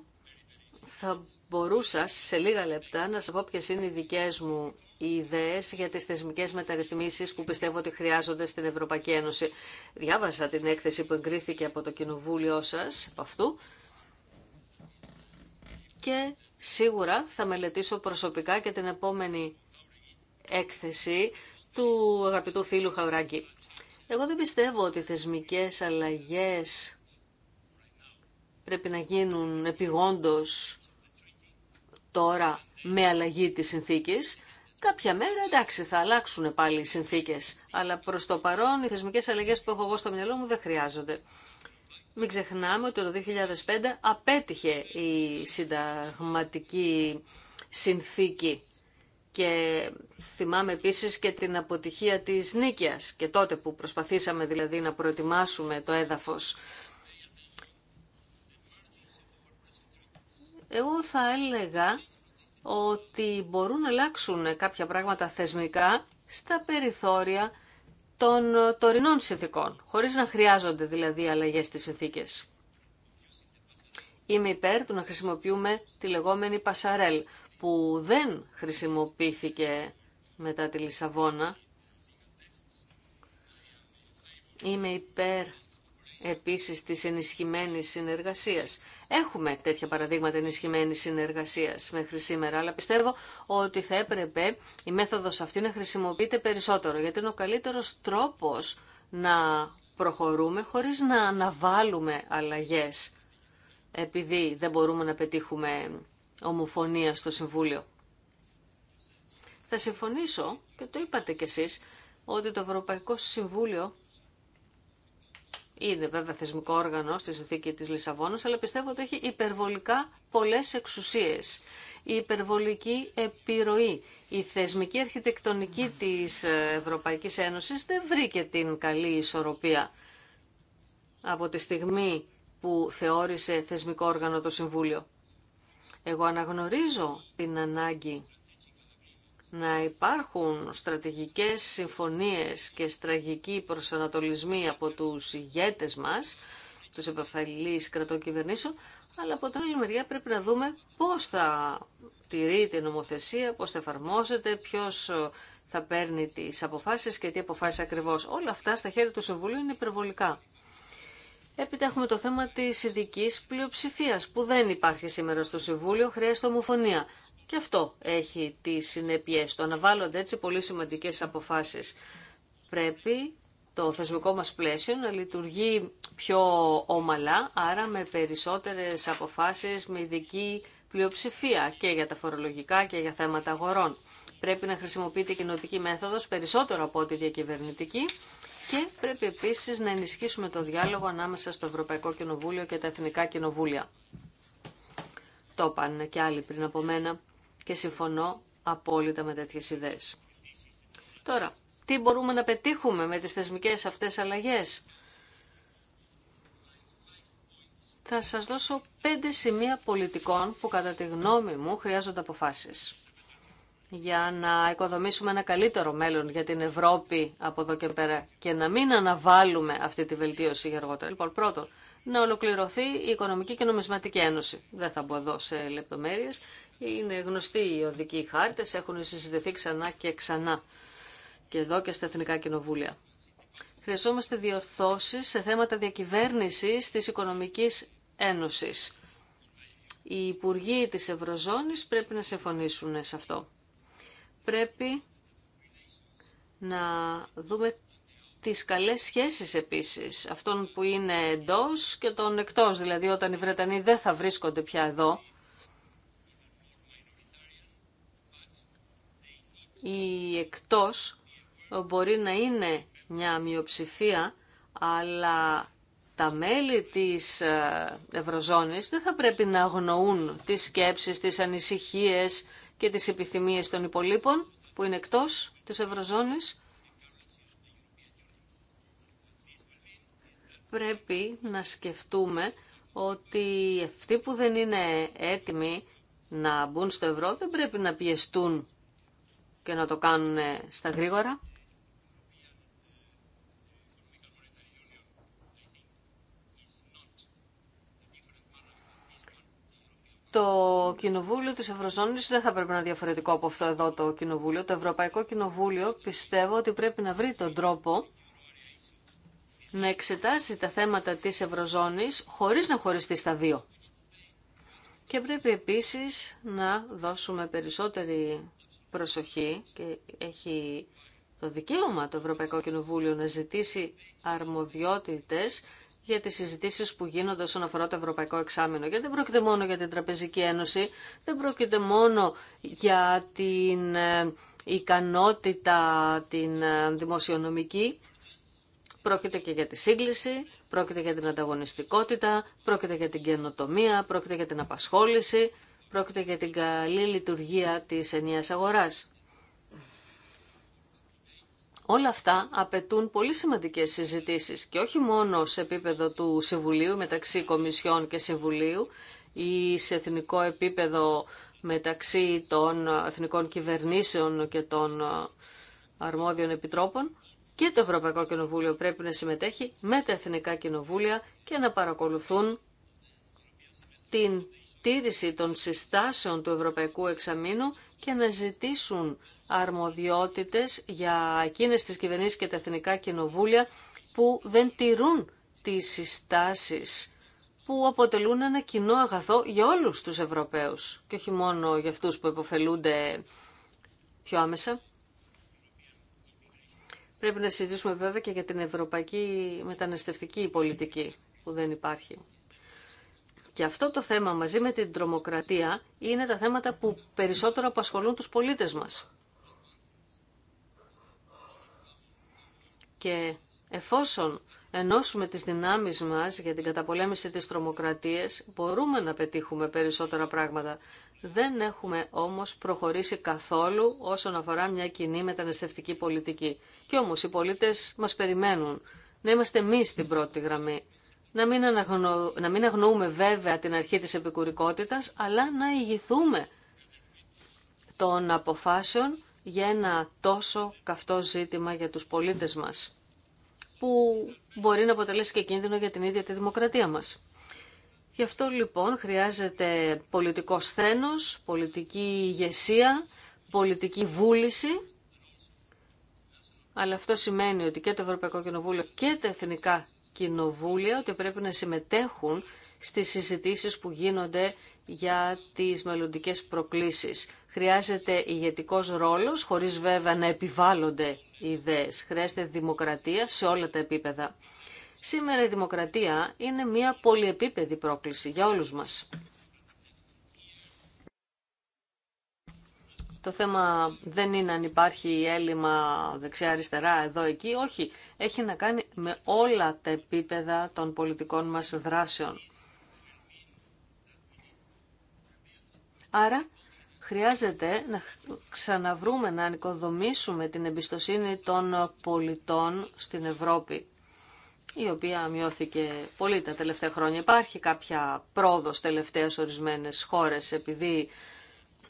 θα μπορούσα σε λίγα λεπτά να σας πω ποιες είναι οι δικές μου οι ιδέες για τις θεσμικές μεταρρυθμίσεις που πιστεύω ότι χρειάζονται στην Ευρωπαϊκή Ένωση. Διάβασα την έκθεση που εγκρίθηκε από το Κοινοβούλιο σας, από αυτού, και σίγουρα θα μελετήσω προσωπικά και την επόμενη έκθεση του αγαπητού φίλου Χαουράκη. Εγώ δεν πιστεύω ότι θεσμικές αλλαγές πρέπει να γίνουν επιγόντως τώρα με αλλαγή της συνθήκης. Κάποια μέρα εντάξει θα αλλάξουν πάλι οι συνθήκες, αλλά προς το παρόν οι θεσμικές αλλαγές που έχω εγώ στο μυαλό μου δεν χρειάζονται. Μην ξεχνάμε ότι το 2005 απέτυχε η συνταγματική συνθήκη και θυμάμαι επίσης και την αποτυχία της Νίκιας και τότε που προσπαθήσαμε δηλαδή να προετοιμάσουμε το έδαφος. Εγώ θα έλεγα ότι μπορούν να αλλάξουν κάποια πράγματα θεσμικά στα περιθώρια των τωρινών συνθήκων, χωρίς να χρειάζονται δηλαδή αλλαγές στις συνθήκες. Είμαι υπέρ του να χρησιμοποιούμε τη λεγόμενη πασαρέλ, που δεν χρησιμοποιήθηκε μετά τη Λισαβόνα. Είμαι υπέρ επίσης της ενισχυμένης συνεργασίας. Έχουμε τέτοια παραδείγματα ενισχυμένης συνεργασίας μέχρι σήμερα, αλλά πιστεύω ότι θα έπρεπε η μέθοδος αυτή να χρησιμοποιείται περισσότερο, γιατί είναι ο καλύτερος τρόπος να προχωρούμε χωρίς να αναβάλουμε αλλαγές, επειδή δεν μπορούμε να πετύχουμε ομοφωνία στο Συμβούλιο. Θα συμφωνήσω, και το είπατε κι εσείς, ότι το Ευρωπαϊκό Συμβούλιο είναι βέβαια θεσμικό όργανο στη συνθήκη της Λισαβόνας, αλλά πιστεύω ότι έχει υπερβολικά πολλές εξουσίες. Η υπερβολική επιρροή, η θεσμική αρχιτεκτονική της Ευρωπαϊκής Ένωσης δεν βρήκε την καλή ισορροπία από τη στιγμή που θεώρησε θεσμικό όργανο το Συμβούλιο. Εγώ αναγνωρίζω την ανάγκη να υπάρχουν στρατηγικές συμφωνίες και στραγικοί προσανατολισμοί από τους ηγέτες μας, τους επαφαλείς κρατών κυβερνήσεων, αλλά από την άλλη μεριά πρέπει να δούμε πώς θα τηρεί την νομοθεσία, πώς θα εφαρμόζεται, ποιος ε, θα παίρνει τις αποφάσεις και τι αποφάσεις ακριβώς. Όλα αυτά στα χέρια του Συμβουλίου είναι υπερβολικά. Έπειτα έχουμε το θέμα τη ειδική πλειοψηφία που δεν υπάρχει σήμερα στο Συμβούλιο, χρειάζεται ομοφωνία. Και αυτό έχει τι συνέπειε. Το αναβάλλονται έτσι πολύ σημαντικέ αποφάσει. Πρέπει το θεσμικό μας πλαίσιο να λειτουργεί πιο ομαλά, άρα με περισσότερες αποφάσεις, με ειδική πλειοψηφία και για τα φορολογικά και για θέματα αγορών. Πρέπει να χρησιμοποιείται η κοινωτική μέθοδος περισσότερο από ό,τι διακυβερνητική και πρέπει επίσης να ενισχύσουμε το διάλογο ανάμεσα στο Ευρωπαϊκό Κοινοβούλιο και τα Εθνικά Κοινοβούλια. Το είπαν και άλλοι πριν από μένα και συμφωνώ απόλυτα με τέτοιες ιδέες. Τώρα, τι μπορούμε να πετύχουμε με τις θεσμικές αυτές αλλαγές. Θα σας δώσω πέντε σημεία πολιτικών που κατά τη γνώμη μου χρειάζονται αποφάσεις για να οικοδομήσουμε ένα καλύτερο μέλλον για την Ευρώπη από εδώ και πέρα και να μην αναβάλουμε αυτή τη βελτίωση για αργότερα. Λοιπόν, πρώτον, να ολοκληρωθεί η Οικονομική και Νομισματική Ένωση. Δεν θα μπω εδώ σε λεπτομέρειες. Είναι γνωστοί οι οδικοί χάρτες, έχουν συζητηθεί ξανά και ξανά και εδώ και στα Εθνικά Κοινοβούλια. Χρειαζόμαστε διορθώσεις σε θέματα διακυβέρνησης της Οικονομικής Ένωσης. Οι Υπουργοί της Ευρωζώνης πρέπει να συμφωνήσουν σε αυτό πρέπει να δούμε τις καλές σχέσεις επίσης, αυτών που είναι εντός και των εκτός, δηλαδή όταν οι Βρετανοί δεν θα βρίσκονται πια εδώ. Η εκτός μπορεί να είναι μια μειοψηφία, αλλά τα μέλη της ε, Ευρωζώνης δεν θα πρέπει να αγνοούν τις σκέψεις, τις ανησυχίες, και τις επιθυμίες των υπολείπων που είναι εκτός της Ευρωζώνης. Πρέπει να σκεφτούμε ότι αυτοί που δεν είναι έτοιμοι να μπουν στο ευρώ δεν πρέπει να πιεστούν και να το κάνουν στα γρήγορα. το Κοινοβούλιο της Ευρωζώνης δεν θα πρέπει να είναι διαφορετικό από αυτό εδώ το Κοινοβούλιο. Το Ευρωπαϊκό Κοινοβούλιο πιστεύω ότι πρέπει να βρει τον τρόπο να εξετάσει τα θέματα της Ευρωζώνης χωρίς να χωριστεί στα δύο. Και πρέπει επίσης να δώσουμε περισσότερη προσοχή και έχει το δικαίωμα το Ευρωπαϊκό Κοινοβούλιο να ζητήσει αρμοδιότητες για τις συζητήσεις που γίνονται όσον αφορά το Ευρωπαϊκό Εξάμεινο. Γιατί δεν πρόκειται μόνο για την Τραπεζική Ένωση, δεν πρόκειται μόνο για την ε, ικανότητα την ε, δημοσιονομική, πρόκειται και για τη σύγκληση, πρόκειται για την ανταγωνιστικότητα, πρόκειται για την καινοτομία, πρόκειται για την απασχόληση, πρόκειται για την καλή λειτουργία της ενιαίας αγοράς. Όλα αυτά απαιτούν πολύ σημαντικές συζητήσει και όχι μόνο σε επίπεδο του Συμβουλίου μεταξύ Κομισιών και Συμβουλίου ή σε εθνικό επίπεδο μεταξύ των εθνικών κυβερνήσεων και των ε, αρμόδιων επιτρόπων και το Ευρωπαϊκό Κοινοβούλιο πρέπει να συμμετέχει με τα εθνικά κοινοβούλια και να παρακολουθούν την τήρηση των συστάσεων του Ευρωπαϊκού Εξαμήνου και να ζητήσουν αρμοδιότητες για εκείνες τις κυβερνήσεις και τα εθνικά κοινοβούλια που δεν τηρούν τις συστάσεις που αποτελούν ένα κοινό αγαθό για όλους τους Ευρωπαίους και όχι μόνο για αυτούς που υποφελούνται πιο άμεσα. Πρέπει να συζητήσουμε βέβαια και για την ευρωπαϊκή μεταναστευτική πολιτική που δεν υπάρχει. Και αυτό το θέμα μαζί με την τρομοκρατία είναι τα θέματα που περισσότερο απασχολούν τους πολίτες μας. Και εφόσον ενώσουμε τις δυνάμεις μας για την καταπολέμηση της τρομοκρατίας, μπορούμε να πετύχουμε περισσότερα πράγματα. Δεν έχουμε όμως προχωρήσει καθόλου όσον αφορά μια κοινή μεταναστευτική πολιτική. Και όμως οι πολίτες μας περιμένουν να είμαστε εμεί στην πρώτη γραμμή. Να μην, να μην αγνοούμε βέβαια την αρχή της επικουρικότητας, αλλά να ηγηθούμε των αποφάσεων για ένα τόσο καυτό ζήτημα για τους πολίτες μας, που μπορεί να αποτελέσει και κίνδυνο για την ίδια τη δημοκρατία μας. Γι' αυτό λοιπόν χρειάζεται πολιτικό σθένος, πολιτική ηγεσία, πολιτική βούληση, αλλά αυτό σημαίνει ότι και το Ευρωπαϊκό Κοινοβούλιο και τα Εθνικά Κοινοβούλια ότι πρέπει να συμμετέχουν στις συζητήσεις που γίνονται για τις μελλοντικέ προκλήσεις Χρειάζεται ηγετικός ρόλος, χωρίς βέβαια να επιβάλλονται οι ιδέες. Χρειάζεται δημοκρατία σε όλα τα επίπεδα. Σήμερα η δημοκρατία είναι μια πολυεπίπεδη πρόκληση για όλους μας. Το θέμα δεν είναι αν υπάρχει έλλειμμα δεξιά-αριστερά εδώ-εκεί, όχι. Έχει να κάνει με όλα τα επίπεδα των πολιτικών μας δράσεων. Άρα Χρειάζεται να ξαναβρούμε, να ανοικοδομήσουμε την εμπιστοσύνη των πολιτών στην Ευρώπη, η οποία μειώθηκε πολύ τα τελευταία χρόνια. Υπάρχει κάποια πρόοδος τελευταία ορισμένες χώρες, επειδή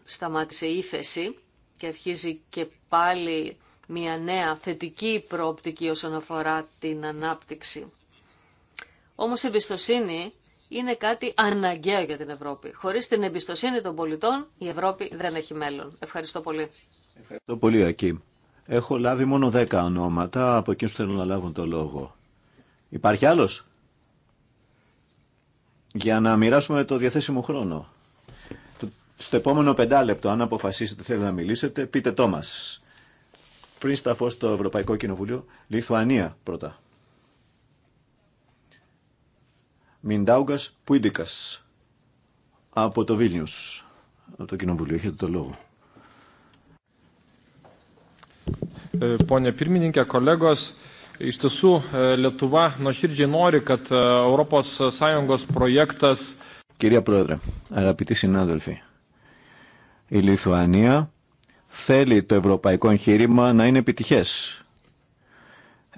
σταμάτησε η ύφεση και αρχίζει και πάλι μια νέα θετική προοπτική όσον αφορά την ανάπτυξη. Όμως η εμπιστοσύνη είναι κάτι αναγκαίο για την Ευρώπη. Χωρίς την εμπιστοσύνη των πολιτών η Ευρώπη δεν έχει μέλλον. Ευχαριστώ πολύ. Ευχαριστώ πολύ Ακή. Έχω λάβει μόνο 10 ονόματα από εκείνους που θέλουν να λάβουν το λόγο. Υπάρχει άλλος? Για να μοιράσουμε το διαθέσιμο χρόνο. Στο επόμενο πεντάλεπτο, αν αποφασίσετε θέλετε να μιλήσετε, πείτε το μας. Πριν σταθώ στο Ευρωπαϊκό Κοινοβουλίο, Λιθουανία πρώτα. Μιντάουγκας Πουίντικας από το Βίλνιους, από το Κοινοβουλίο. Έχετε το λόγο. Pone pirmininkė, kolegos, iš tiesų Lietuva nuoširdžiai nori, kad ES projektas. Κυρία Πρόεδρε, αγαπητοί συνάδελφοι, η Λιθουανία θέλει το ευρωπαϊκό εγχείρημα να είναι επιτυχές.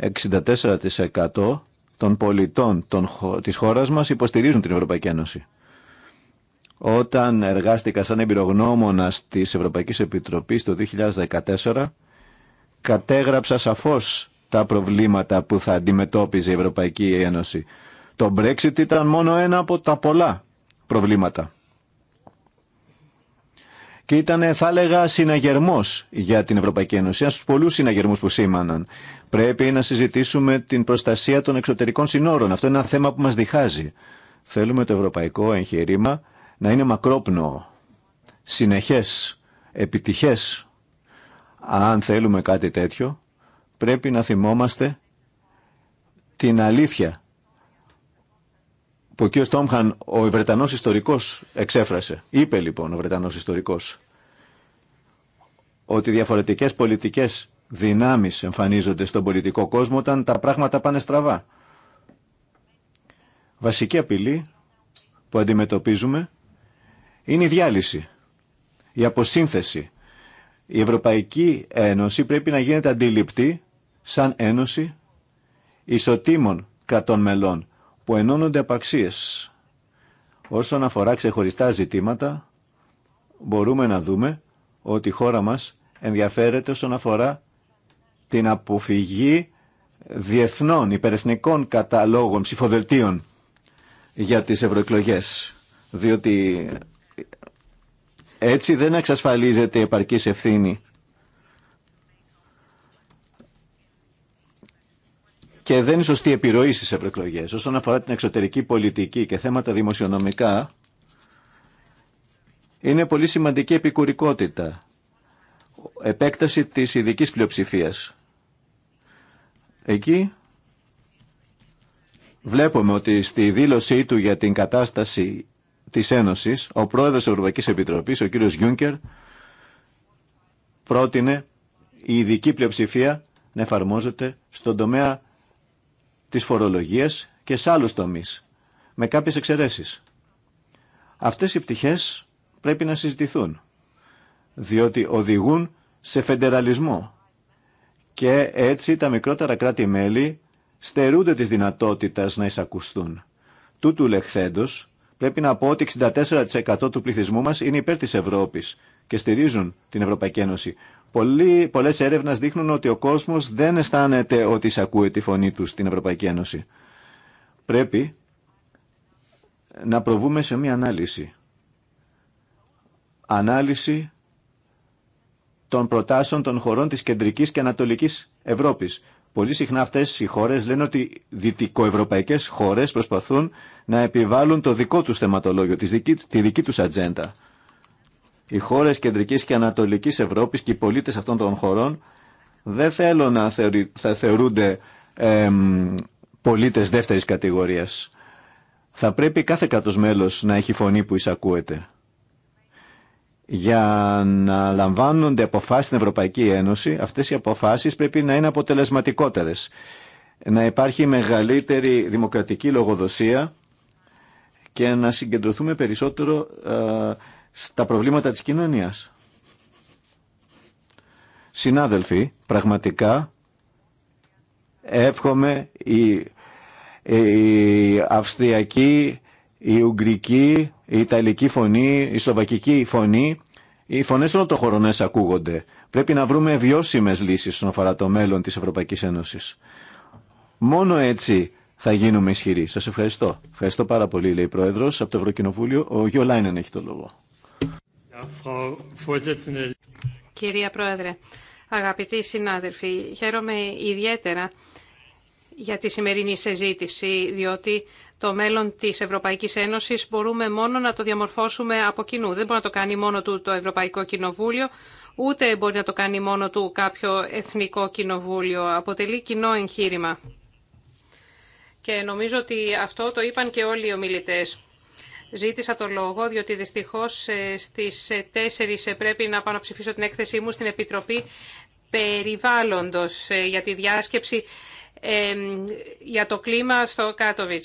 64% των πολιτών των, της χώρας μας υποστηρίζουν την Ευρωπαϊκή Ένωση. Όταν εργάστηκα σαν εμπειρογνώμονα της Ευρωπαϊκής Επιτροπής το 2014, κατέγραψα σαφώς τα προβλήματα που θα αντιμετώπιζε η Ευρωπαϊκή Ένωση. Το Brexit ήταν μόνο ένα από τα πολλά προβλήματα και ήταν, θα έλεγα, συναγερμό για την Ευρωπαϊκή Ένωση. Ένα στου πολλού συναγερμού που σήμαναν. Πρέπει να συζητήσουμε την προστασία των εξωτερικών συνόρων. Αυτό είναι ένα θέμα που μα διχάζει. Θέλουμε το ευρωπαϊκό εγχείρημα να είναι μακρόπνοο, συνεχέ, επιτυχέ. Αν θέλουμε κάτι τέτοιο, πρέπει να θυμόμαστε την αλήθεια που ο κ. Στόμχαν, ο Βρετανός ιστορικός, εξέφρασε. Είπε λοιπόν ο Βρετανός ιστορικός ότι διαφορετικές πολιτικές δυνάμεις εμφανίζονται στον πολιτικό κόσμο όταν τα πράγματα πάνε στραβά. Βασική απειλή που αντιμετωπίζουμε είναι η διάλυση, η αποσύνθεση. Η Ευρωπαϊκή Ένωση πρέπει να γίνεται αντιληπτή σαν ένωση ισοτήμων κρατών μελών που ενώνονται από Όσον αφορά ξεχωριστά ζητήματα, μπορούμε να δούμε ότι η χώρα μας ενδιαφέρεται όσον αφορά την αποφυγή διεθνών υπερεθνικών καταλόγων ψηφοδελτίων για τις ευρωεκλογέ. διότι έτσι δεν εξασφαλίζεται η επαρκής ευθύνη και δεν είναι σωστή επιρροή στι ευρωεκλογέ. Όσον αφορά την εξωτερική πολιτική και θέματα δημοσιονομικά, είναι πολύ σημαντική επικουρικότητα. Επέκταση της ειδική πλειοψηφία. Εκεί βλέπουμε ότι στη δήλωσή του για την κατάσταση της Ένωσης, ο πρόεδρος της Ευρωπαϊκής Επιτροπής, ο κύριος Γιούνκερ, πρότεινε η ειδική πλειοψηφία να εφαρμόζεται στον τομέα Τη φορολογίες και σε άλλου τομεί με κάποιες εξαιρέσει. Αυτές οι πτυχέ πρέπει να συζητηθούν, διότι οδηγούν σε φεντεραλισμό και έτσι τα μικρότερα κράτη-μέλη στερούνται της δυνατότητας να εισακουστούν. Τούτου λεχθέντος πρέπει να πω ότι 64% του πληθυσμού μας είναι υπέρ της Ευρώπης και στηρίζουν την Ευρωπαϊκή Ένωση. Πολλέ πολλές δείχνουν ότι ο κόσμος δεν αισθάνεται ότι εισακούει τη φωνή του στην Ευρωπαϊκή Ένωση. Πρέπει να προβούμε σε μία ανάλυση. Ανάλυση των προτάσεων των χωρών της κεντρικής και ανατολικής Ευρώπης. Πολύ συχνά αυτές οι χώρες λένε ότι δυτικοευρωπαϊκές χώρες προσπαθούν να επιβάλλουν το δικό τους θεματολόγιο, τη δική τους ατζέντα. Οι χώρες κεντρικής και ανατολικής Ευρώπης και οι πολίτες αυτών των χωρών δεν θέλουν να θεωρούνται ε, πολίτες δεύτερης κατηγορίας. Θα πρέπει κάθε κάτος μέλος να έχει φωνή που εισακούεται. Για να λαμβάνονται αποφάσεις στην Ευρωπαϊκή Ένωση, αυτές οι αποφάσεις πρέπει να είναι αποτελεσματικότερες. Να υπάρχει μεγαλύτερη δημοκρατική λογοδοσία και να συγκεντρωθούμε περισσότερο ε, στα προβλήματα της κοινωνίας. Συνάδελφοι, πραγματικά εύχομαι η, αυστριακή, η ουγγρική, η ιταλική φωνή, η σλοβακική φωνή, οι φωνές όλων των χωρών ακούγονται. Πρέπει να βρούμε βιώσιμες λύσεις στον αφορά το μέλλον της Ευρωπαϊκής Ένωσης. Μόνο έτσι θα γίνουμε ισχυροί. Σας ευχαριστώ. Ευχαριστώ πάρα πολύ, λέει η Πρόεδρος. Από το Ευρωκοινοβούλιο, ο Λάινεν έχει το λόγο. Κυρία Πρόεδρε, αγαπητοί συνάδελφοι, χαίρομαι ιδιαίτερα για τη σημερινή συζήτηση, διότι το μέλλον της Ευρωπαϊκής Ένωσης μπορούμε μόνο να το διαμορφώσουμε από κοινού. Δεν μπορεί να το κάνει μόνο του το Ευρωπαϊκό Κοινοβούλιο, ούτε μπορεί να το κάνει μόνο του κάποιο εθνικό κοινοβούλιο. Αποτελεί κοινό εγχείρημα. Και νομίζω ότι αυτό το είπαν και όλοι οι ομιλητές. Ζήτησα το λόγο διότι δυστυχώς ε, στις 4 ε, ε, πρέπει να πάω να ψηφίσω την έκθεσή μου στην Επιτροπή Περιβάλλοντος για τη διάσκεψη για το κλίμα στο Κάτοβιτ.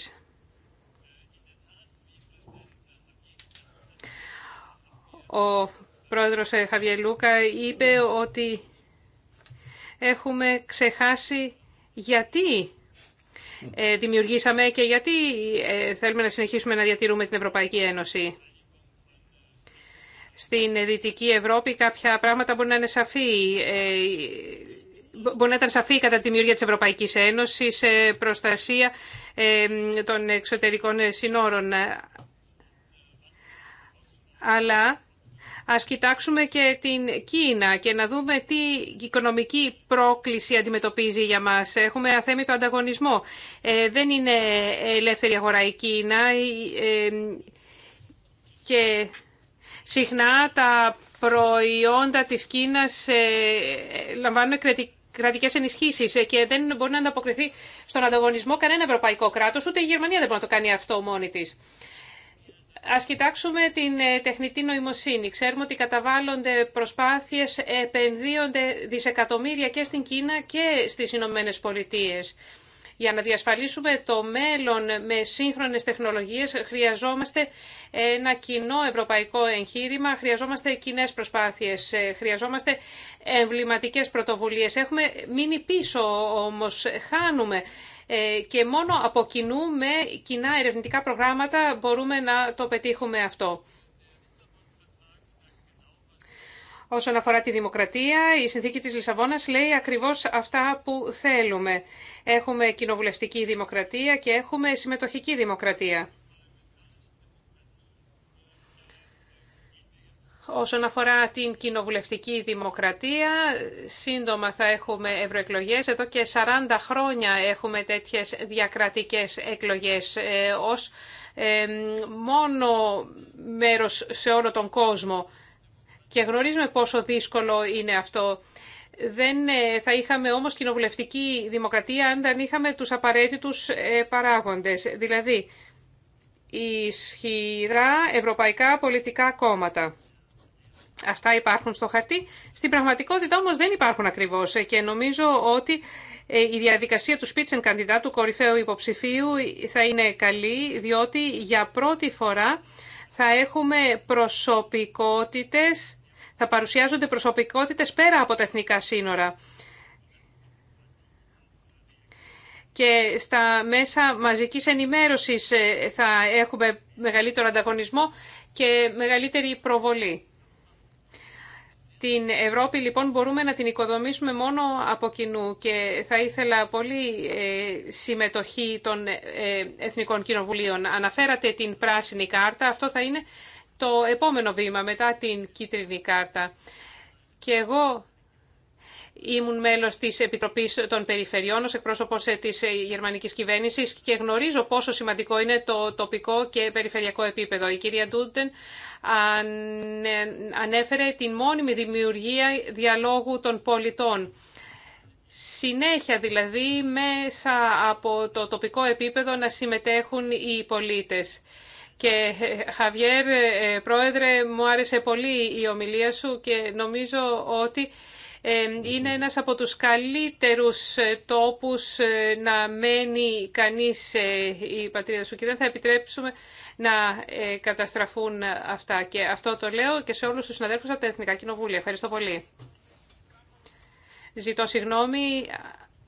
Ο πρόεδρος Χαβιελούκα είπε ότι έχουμε ξεχάσει γιατί ε, δημιουργήσαμε και γιατί ε, θέλουμε να συνεχίσουμε να διατηρούμε την Ευρωπαϊκή Ένωση. Στην Δυτική Ευρώπη κάποια πράγματα μπορεί να είναι ε, να ήταν σαφή κατά τη δημιουργία της Ευρωπαϊκής Ένωσης, προστασία των εξωτερικών συνόρων. Αλλά Ας κοιτάξουμε και την Κίνα και να δούμε τι οικονομική πρόκληση αντιμετωπίζει για μας. Έχουμε αθέμητο ανταγωνισμό. Ε, δεν είναι ελεύθερη αγορά η Κίνα ε, ε και συχνά τα προϊόντα της Κίνας ε, λαμβάνουν κρατικές ενισχύσεις ε, και δεν μπορεί να ανταποκριθεί στον ανταγωνισμό κανένα ευρωπαϊκό κράτος, ούτε η Γερμανία δεν μπορεί να το κάνει αυτό μόνη της. Ας κοιτάξουμε την ε, τεχνητή νοημοσύνη. Ξέρουμε ότι καταβάλλονται προσπάθειες, επενδύονται δισεκατομμύρια και στην Κίνα και στις Ηνωμένε Πολιτείε. Για να διασφαλίσουμε το μέλλον με σύγχρονες τεχνολογίες χρειαζόμαστε ένα κοινό ευρωπαϊκό εγχείρημα, χρειαζόμαστε κοινέ προσπάθειες, ε, χρειαζόμαστε εμβληματικές πρωτοβουλίες. Έχουμε μείνει πίσω όμως, χάνουμε. Ε, και μόνο από κοινού με κοινά ερευνητικά προγράμματα μπορούμε να το πετύχουμε αυτό. Όσον αφορά τη δημοκρατία, η συνθήκη της Λισαβόνας λέει ακριβώς αυτά που θέλουμε. Έχουμε κοινοβουλευτική δημοκρατία και έχουμε συμμετοχική δημοκρατία. Όσον αφορά την κοινοβουλευτική δημοκρατία, σύντομα θα έχουμε ευρωεκλογές. Εδώ και 40 χρόνια έχουμε τέτοιες διακρατικές εκλογές ε, ως ε, μόνο μέρος σε όλο τον κόσμο. Και γνωρίζουμε πόσο δύσκολο είναι αυτό. Δεν ε, θα είχαμε όμως κοινοβουλευτική δημοκρατία αν δεν είχαμε τους απαραίτητους παράγοντες. Δηλαδή, ισχυρά ευρωπαϊκά πολιτικά κόμματα. Αυτά υπάρχουν στο χαρτί. Στην πραγματικότητα όμως δεν υπάρχουν ακριβώς και νομίζω ότι ε, η διαδικασία του candidate, του κορυφαίου υποψηφίου θα είναι καλή διότι για πρώτη φορά θα έχουμε προσωπικότητες, θα παρουσιάζονται προσωπικότητες πέρα από τα εθνικά σύνορα. Και στα μέσα μαζικής ενημέρωσης ε, θα έχουμε μεγαλύτερο ανταγωνισμό και μεγαλύτερη προβολή. Την Ευρώπη λοιπόν μπορούμε να την οικοδομήσουμε μόνο από κοινού και θα ήθελα πολύ ε, συμμετοχή των ε, Εθνικών Κοινοβουλίων. Αναφέρατε την πράσινη κάρτα, αυτό θα είναι το επόμενο βήμα μετά την κίτρινη κάρτα. Και εγώ Ήμουν μέλος της Επιτροπής των Περιφερειών ως εκπρόσωπος ε, της ε, γερμανικής κυβέρνησης και γνωρίζω πόσο σημαντικό είναι το τοπικό και περιφερειακό επίπεδο. Η κυρία Ντούντεν ανέφερε την μόνιμη δημιουργία διαλόγου των πολιτών. Συνέχεια δηλαδή μέσα από το τοπικό επίπεδο να συμμετέχουν οι πολίτες. Και ε, Χαβιέρ, πρόεδρε, μου άρεσε πολύ η ομιλία σου και νομίζω ότι ε, είναι ένας από τους καλύτερους ε, τόπους ε, να μένει κανείς η πατρίδα σου και δεν θα επιτρέψουμε να καταστραφούν αυτά. Και αυτό το λέω και σε όλους τους συναδέλφους από τα Εθνικά Κοινοβούλια. Ευχαριστώ πολύ. Ζητώ συγγνώμη.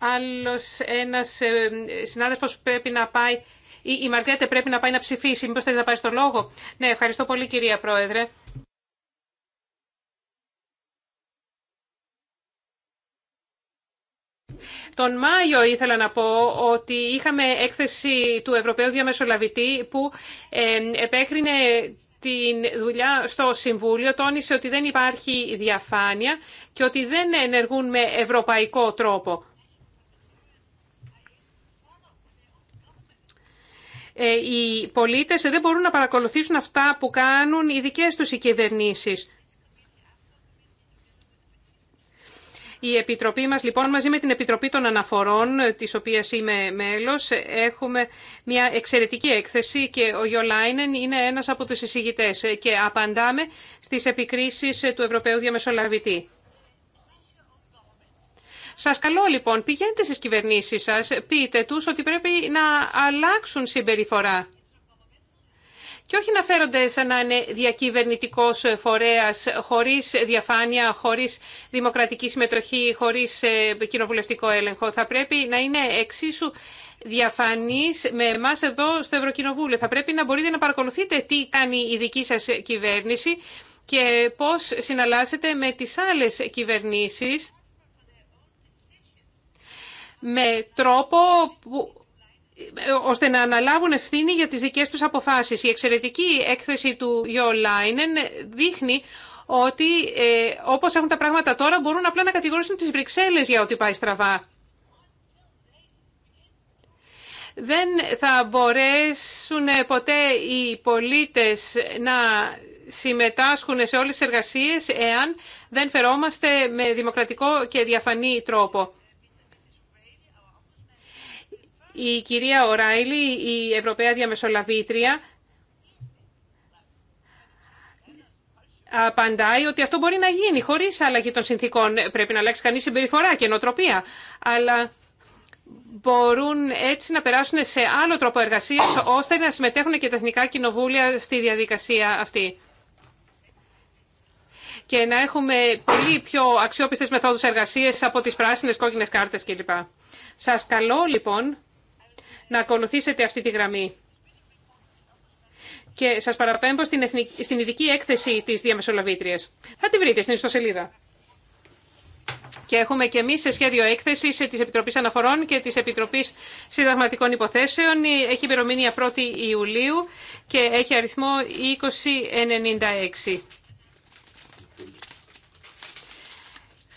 Άλλος ένας συνάδελφος πρέπει να πάει... Η Μαργέτε πρέπει να πάει να ψηφίσει. Μήπως θέλει να πάει στο λόγο. Ναι, ευχαριστώ πολύ κυρία Πρόεδρε. Τον Μάιο ήθελα να πω ότι είχαμε έκθεση του Ευρωπαίου Διαμεσολαβητή που επέκρινε τη δουλειά στο Συμβούλιο, τόνισε ότι δεν υπάρχει διαφάνεια και ότι δεν ενεργούν με ευρωπαϊκό τρόπο. Ε, οι πολίτες δεν μπορούν να παρακολουθήσουν αυτά που κάνουν οι δικές τους οι κυβερνήσεις. Η Επιτροπή μας, λοιπόν, μαζί με την Επιτροπή των Αναφορών, της οποίας είμαι μέλος, έχουμε μια εξαιρετική έκθεση και ο Λάινεν είναι ένας από τους εισηγητές και απαντάμε στις επικρίσεις του Ευρωπαίου Διαμεσολαβητή. Σα καλώ λοιπόν, πηγαίνετε στι κυβερνήσει σα, πείτε του ότι πρέπει να αλλάξουν συμπεριφορά και όχι να φέρονται σαν να είναι διακυβερνητικό φορέα χωρίς διαφάνεια, χωρίς δημοκρατική συμμετοχή, χωρίς ε, κοινοβουλευτικό έλεγχο. Θα πρέπει να είναι εξίσου διαφανής με εμά εδώ στο Ευρωκοινοβούλιο. Θα πρέπει να μπορείτε να παρακολουθείτε τι κάνει η δική σας κυβέρνηση και πώς συναλλάσσετε με τι άλλε κυβερνήσει, με τρόπο ώστε να αναλάβουν ευθύνη για τις δικές τους αποφάσεις. Η εξαιρετική έκθεση του Γιώ Λάινεν δείχνει ότι ε, όπως έχουν τα πράγματα τώρα μπορούν απλά να κατηγορήσουν τις Βρυξέλλες για ό,τι πάει στραβά. Δεν θα μπορέσουν ποτέ οι πολίτες να συμμετάσχουν σε όλες τις εργασίες εάν δεν φερόμαστε με δημοκρατικό και διαφανή τρόπο. Η κυρία Οράιλη, η Ευρωπαία Διαμεσολαβήτρια, απαντάει ότι αυτό μπορεί να γίνει χωρίς αλλαγή των συνθήκων. Πρέπει να αλλάξει κανείς συμπεριφορά και νοοτροπία. Αλλά μπορούν έτσι να περάσουν σε άλλο τρόπο εργασίας, ώστε να συμμετέχουν και τα εθνικά κοινοβούλια στη διαδικασία αυτή και να έχουμε πολύ πιο αξιόπιστες μεθόδους εργασίες από τις πράσινες, κόκκινες κάρτες κλπ. Σας καλώ λοιπόν να ακολουθήσετε αυτή τη γραμμή. Και σας παραπέμπω στην, εθνική, στην ειδική έκθεση της διαμεσολαβήτριας. Θα τη βρείτε στην ιστοσελίδα. Και έχουμε και εμεί σε σχέδιο έκθεση τη Επιτροπή Αναφορών και τη Επιτροπή Συνταγματικών Υποθέσεων. Έχει ημερομηνία 1η Ιουλίου και έχει αριθμό 2096.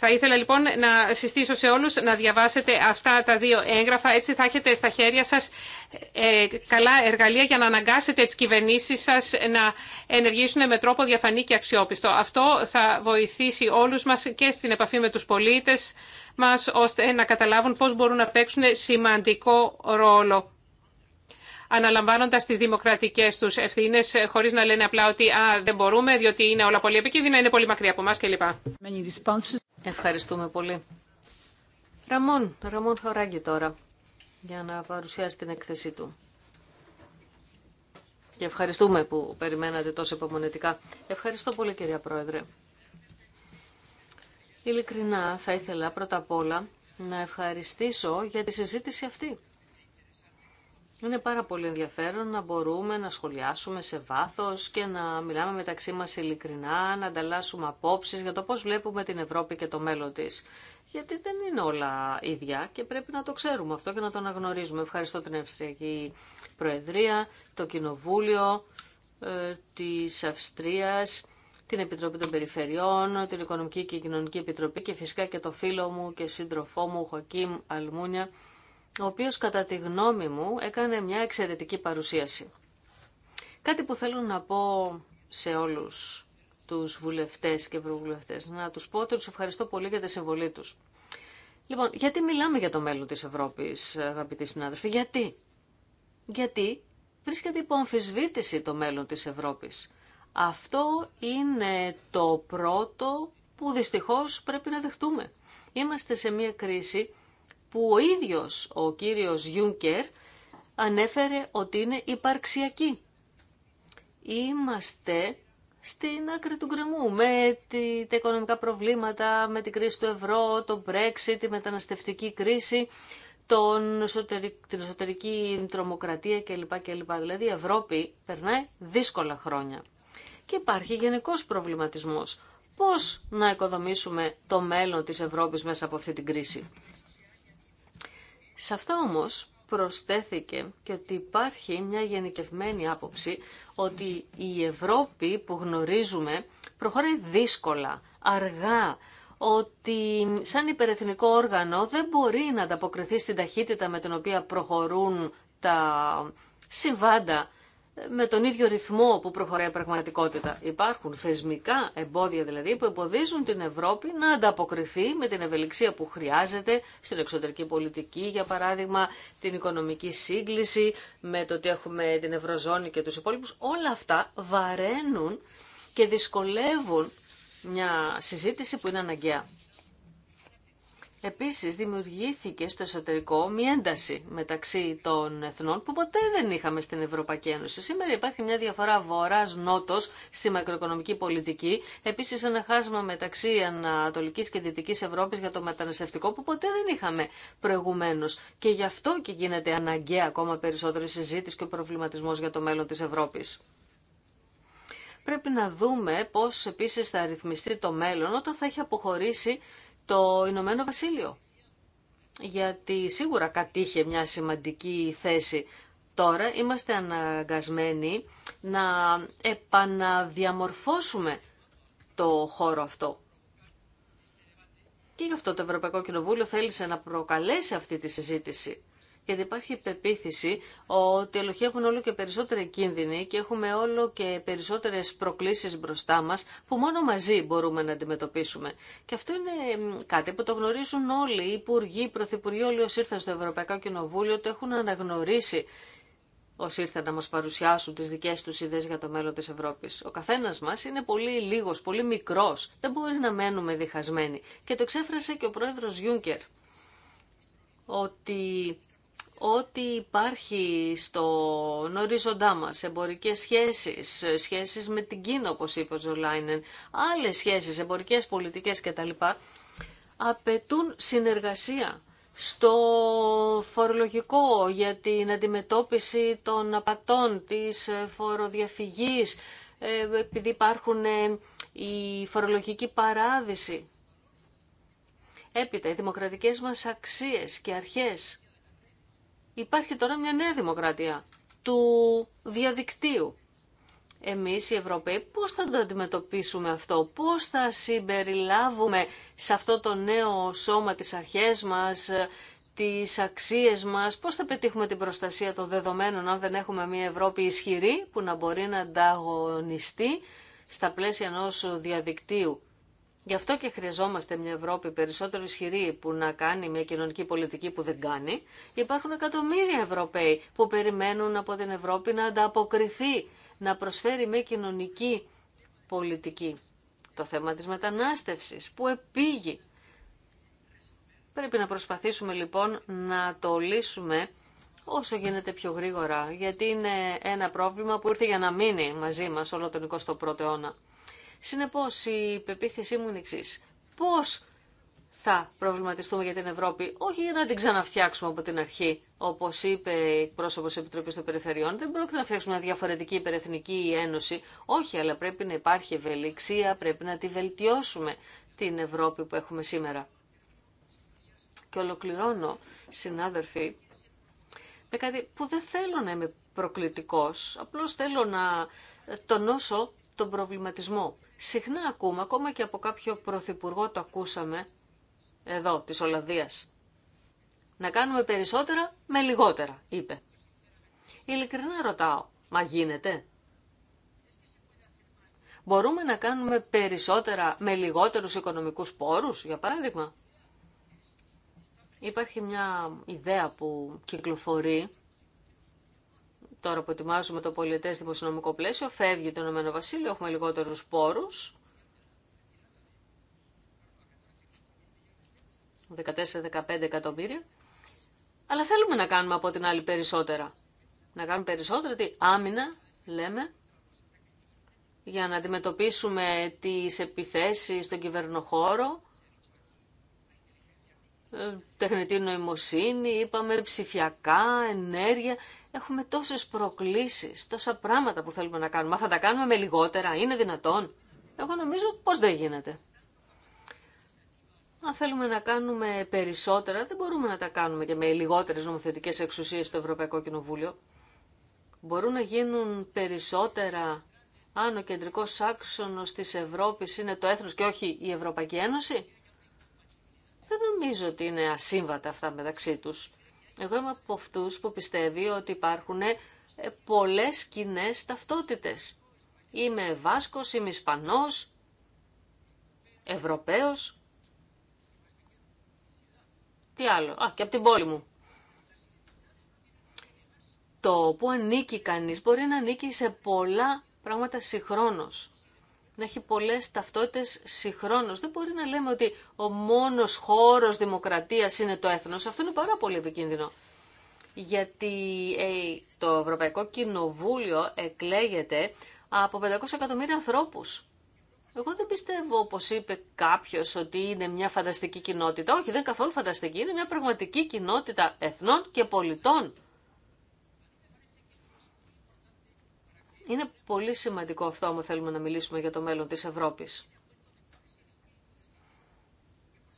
Θα ήθελα λοιπόν να συστήσω σε όλους να διαβάσετε αυτά τα δύο έγγραφα. Έτσι θα έχετε στα χέρια σας ε, καλά εργαλεία για να αναγκάσετε τις κυβερνήσεις σας να ενεργήσουν με τρόπο διαφανή και αξιόπιστο. Αυτό θα βοηθήσει όλους μας και στην επαφή με τους πολίτες μας ώστε να καταλάβουν πώς μπορούν να παίξουν σημαντικό ρόλο αναλαμβάνοντας τις δημοκρατικές τους ευθύνε ε, χωρί να λένε απλά ότι α, δεν μπορούμε διότι είναι όλα πολύ επικίνδυνα, είναι πολύ μακριά από εμά κλπ. Ευχαριστούμε πολύ. Ραμόν, Ραμόν Χωράγκη τώρα για να παρουσιάσει την εκθεσή του. Και ευχαριστούμε που περιμένατε τόσο υπομονετικά. Ευχαριστώ πολύ κυρία Πρόεδρε. Ειλικρινά θα ήθελα πρώτα απ' όλα να ευχαριστήσω για τη συζήτηση αυτή είναι πάρα πολύ ενδιαφέρον να μπορούμε να σχολιάσουμε σε βάθος και να μιλάμε μεταξύ μας ειλικρινά, να ανταλλάσσουμε απόψεις για το πώς βλέπουμε την Ευρώπη και το μέλλον της. Γιατί δεν είναι όλα ίδια και πρέπει να το ξέρουμε αυτό και να το αναγνωρίζουμε. Ευχαριστώ την Αυστριακή Προεδρία, το Κοινοβούλιο ε, της Αυστρίας, την Επιτροπή των Περιφερειών, την Οικονομική και Κοινωνική Επιτροπή και φυσικά και το φίλο μου και σύντροφό μου Χωακίμ Αλμούνια ο οποίος κατά τη γνώμη μου έκανε μια εξαιρετική παρουσίαση. Κάτι που θέλω να πω σε όλους τους βουλευτές και ευρωβουλευτές, να τους πω ότι τους ευχαριστώ πολύ για τη συμβολή τους. Λοιπόν, γιατί μιλάμε για το μέλλον της Ευρώπης, αγαπητοί συνάδελφοι, γιατί. Γιατί βρίσκεται υπό αμφισβήτηση το μέλλον της Ευρώπης. Αυτό είναι το πρώτο που δυστυχώς πρέπει να δεχτούμε. Είμαστε σε μια κρίση που ο ίδιος ο κύριος Γιούνκερ ανέφερε ότι είναι υπαρξιακή. Είμαστε στην άκρη του γκρεμού με τα οικονομικά προβλήματα, με την κρίση του ευρώ, το Brexit, τη μεταναστευτική κρίση, την εσωτερική τρομοκρατία κλπ. κλπ. Δηλαδή η Ευρώπη περνάει δύσκολα χρόνια. Και υπάρχει γενικός προβληματισμός. Πώς να οικοδομήσουμε το μέλλον της Ευρώπης μέσα από αυτή την κρίση. Σε αυτό όμως προστέθηκε και ότι υπάρχει μια γενικευμένη άποψη ότι η Ευρώπη που γνωρίζουμε προχωράει δύσκολα, αργά, ότι σαν υπερεθνικό όργανο δεν μπορεί να ανταποκριθεί στην ταχύτητα με την οποία προχωρούν τα συμβάντα με τον ίδιο ρυθμό που προχωράει η πραγματικότητα. Υπάρχουν θεσμικά εμπόδια δηλαδή που εμποδίζουν την Ευρώπη να ανταποκριθεί με την ευελιξία που χρειάζεται στην εξωτερική πολιτική, για παράδειγμα την οικονομική σύγκληση, με το ότι έχουμε την Ευρωζώνη και τους υπόλοιπους. Όλα αυτά βαραίνουν και δυσκολεύουν μια συζήτηση που είναι αναγκαία. Επίσης δημιουργήθηκε στο εσωτερικό μια ένταση μεταξύ των εθνών που ποτέ δεν είχαμε στην Ευρωπαϊκή Ένωση. Σήμερα υπάρχει μια διαφορά βορράς-νότος στη μακροοικονομική πολιτική. Επίσης ένα χάσμα μεταξύ Ανατολικής και Δυτικής Ευρώπης για το μεταναστευτικό που ποτέ δεν είχαμε προηγουμένως. Και γι' αυτό και γίνεται αναγκαία ακόμα περισσότερη συζήτηση και ο προβληματισμός για το μέλλον της Ευρώπης. Πρέπει να δούμε πώς επίσης θα αριθμιστεί το μέλλον όταν θα έχει αποχωρήσει το Ηνωμένο Βασίλειο. Γιατί σίγουρα κατήχε μια σημαντική θέση. Τώρα είμαστε αναγκασμένοι να επαναδιαμορφώσουμε το χώρο αυτό. Και γι' αυτό το Ευρωπαϊκό Κοινοβούλιο θέλησε να προκαλέσει αυτή τη συζήτηση γιατί υπάρχει πεποίθηση ότι ελοχεύουν όλο και περισσότεροι κίνδυνοι και έχουμε όλο και περισσότερες προκλήσεις μπροστά μας που μόνο μαζί μπορούμε να αντιμετωπίσουμε. Και αυτό είναι κάτι που το γνωρίζουν όλοι οι υπουργοί, οι πρωθυπουργοί, όλοι όσοι ήρθαν στο Ευρωπαϊκό Κοινοβούλιο το έχουν αναγνωρίσει όσοι ήρθαν να μας παρουσιάσουν τις δικές τους ιδέες για το μέλλον της Ευρώπης. Ο καθένας μας είναι πολύ λίγος, πολύ μικρός, δεν μπορεί να μένουμε διχασμένοι. Και το εξέφρασε και ο πρόεδρος Γιούνκερ, ότι ό,τι υπάρχει στο οριζοντά μας, εμπορικές σχέσεις, σχέσεις με την Κίνα όπως είπε ο Ζολάινεν, άλλες σχέσεις, εμπορικές πολιτικές κτλ. απαιτούν συνεργασία στο φορολογικό για την αντιμετώπιση των απατών της φοροδιαφυγής, ε, επειδή υπάρχουν ε, η φορολογική παράδεισοι. Έπειτα, οι δημοκρατικές μας αξίες και αρχές Υπάρχει τώρα μια νέα δημοκρατία του διαδικτύου. Εμείς οι Ευρωπαίοι πώς θα το αντιμετωπίσουμε αυτό, πώς θα συμπεριλάβουμε σε αυτό το νέο σώμα τις αρχές μας, τις αξίες μας, πώς θα πετύχουμε την προστασία των δεδομένων αν δεν έχουμε μια Ευρώπη ισχυρή που να μπορεί να ανταγωνιστεί στα πλαίσια ενός διαδικτύου Γι' αυτό και χρειαζόμαστε μια Ευρώπη περισσότερο ισχυρή που να κάνει μια κοινωνική πολιτική που δεν κάνει. Υπάρχουν εκατομμύρια Ευρωπαίοι που περιμένουν από την Ευρώπη να ανταποκριθεί, να προσφέρει μια κοινωνική πολιτική. Το θέμα της μετανάστευσης που επήγει. Πρέπει να προσπαθήσουμε λοιπόν να το λύσουμε όσο γίνεται πιο γρήγορα, γιατί είναι ένα πρόβλημα που ήρθε για να μείνει μαζί μας όλο τον 21ο αιώνα. Συνεπώς η πεποίθησή μου είναι εξή. Πώς θα προβληματιστούμε για την Ευρώπη, όχι για να την ξαναφτιάξουμε από την αρχή. Όπω είπε η πρόσωπο τη Επιτροπή των Περιφερειών, δεν πρόκειται να φτιάξουμε μια διαφορετική υπερεθνική ένωση. Όχι, αλλά πρέπει να υπάρχει ευελιξία, πρέπει να τη βελτιώσουμε την Ευρώπη που έχουμε σήμερα. Και ολοκληρώνω, συνάδελφοι, με κάτι που δεν θέλω να είμαι προκλητικός, απλώς θέλω να τονώσω τον προβληματισμό. Συχνά ακούμε, ακόμα και από κάποιο πρωθυπουργό το ακούσαμε, εδώ, της Ολλανδίας. Να κάνουμε περισσότερα με λιγότερα, είπε. Ειλικρινά ρωτάω, μα γίνεται. Μπορούμε να κάνουμε περισσότερα με λιγότερους οικονομικούς πόρους, για παράδειγμα. Υπάρχει μια ιδέα που κυκλοφορεί τώρα που ετοιμάζουμε το πολιτές δημοσιονομικό πλαίσιο, φεύγει το Ηνωμένο Βασίλειο, έχουμε λιγότερους πόρους. 14-15 εκατομμύρια. Αλλά θέλουμε να κάνουμε από την άλλη περισσότερα. Να κάνουμε περισσότερα, τι άμυνα λέμε, για να αντιμετωπίσουμε τις επιθέσεις στον κυβερνοχώρο, ε, τεχνητή νοημοσύνη, είπαμε ψηφιακά, ενέργεια. Έχουμε τόσες προκλήσεις, τόσα πράγματα που θέλουμε να κάνουμε. Μα θα τα κάνουμε με λιγότερα, είναι δυνατόν. Εγώ νομίζω πως δεν γίνεται. Αν θέλουμε να κάνουμε περισσότερα, δεν μπορούμε να τα κάνουμε και με λιγότερες νομοθετικές εξουσίες στο Ευρωπαϊκό Κοινοβούλιο. Μπορούν να γίνουν περισσότερα αν ο κεντρικός άξονος της Ευρώπης είναι το έθνος και όχι η Ευρωπαϊκή Ένωση. Δεν νομίζω ότι είναι ασύμβατα αυτά μεταξύ τους. Εγώ είμαι από αυτού που πιστεύει ότι υπάρχουν ε, πολλές κοινέ ταυτότητες. Είμαι Βάσκος, είμαι Ισπανός, Ευρωπαίος. Τι άλλο, α, και από την πόλη μου. Το που ανήκει κανείς μπορεί να ανήκει σε πολλά πράγματα συγχρόνως να έχει πολλές ταυτότητες συγχρόνως. Δεν μπορεί να λέμε ότι ο μόνος χώρος δημοκρατίας είναι το έθνος. Αυτό είναι πάρα πολύ επικίνδυνο. Γιατί ε, το Ευρωπαϊκό Κοινοβούλιο εκλέγεται από 500 εκατομμύρια ανθρώπους. Εγώ δεν πιστεύω, όπως είπε κάποιος, ότι είναι μια φανταστική κοινότητα. Όχι, δεν είναι καθόλου φανταστική. Είναι μια πραγματική κοινότητα εθνών και πολιτών. Είναι πολύ σημαντικό αυτό, όμως θέλουμε να μιλήσουμε για το μέλλον της Ευρώπης.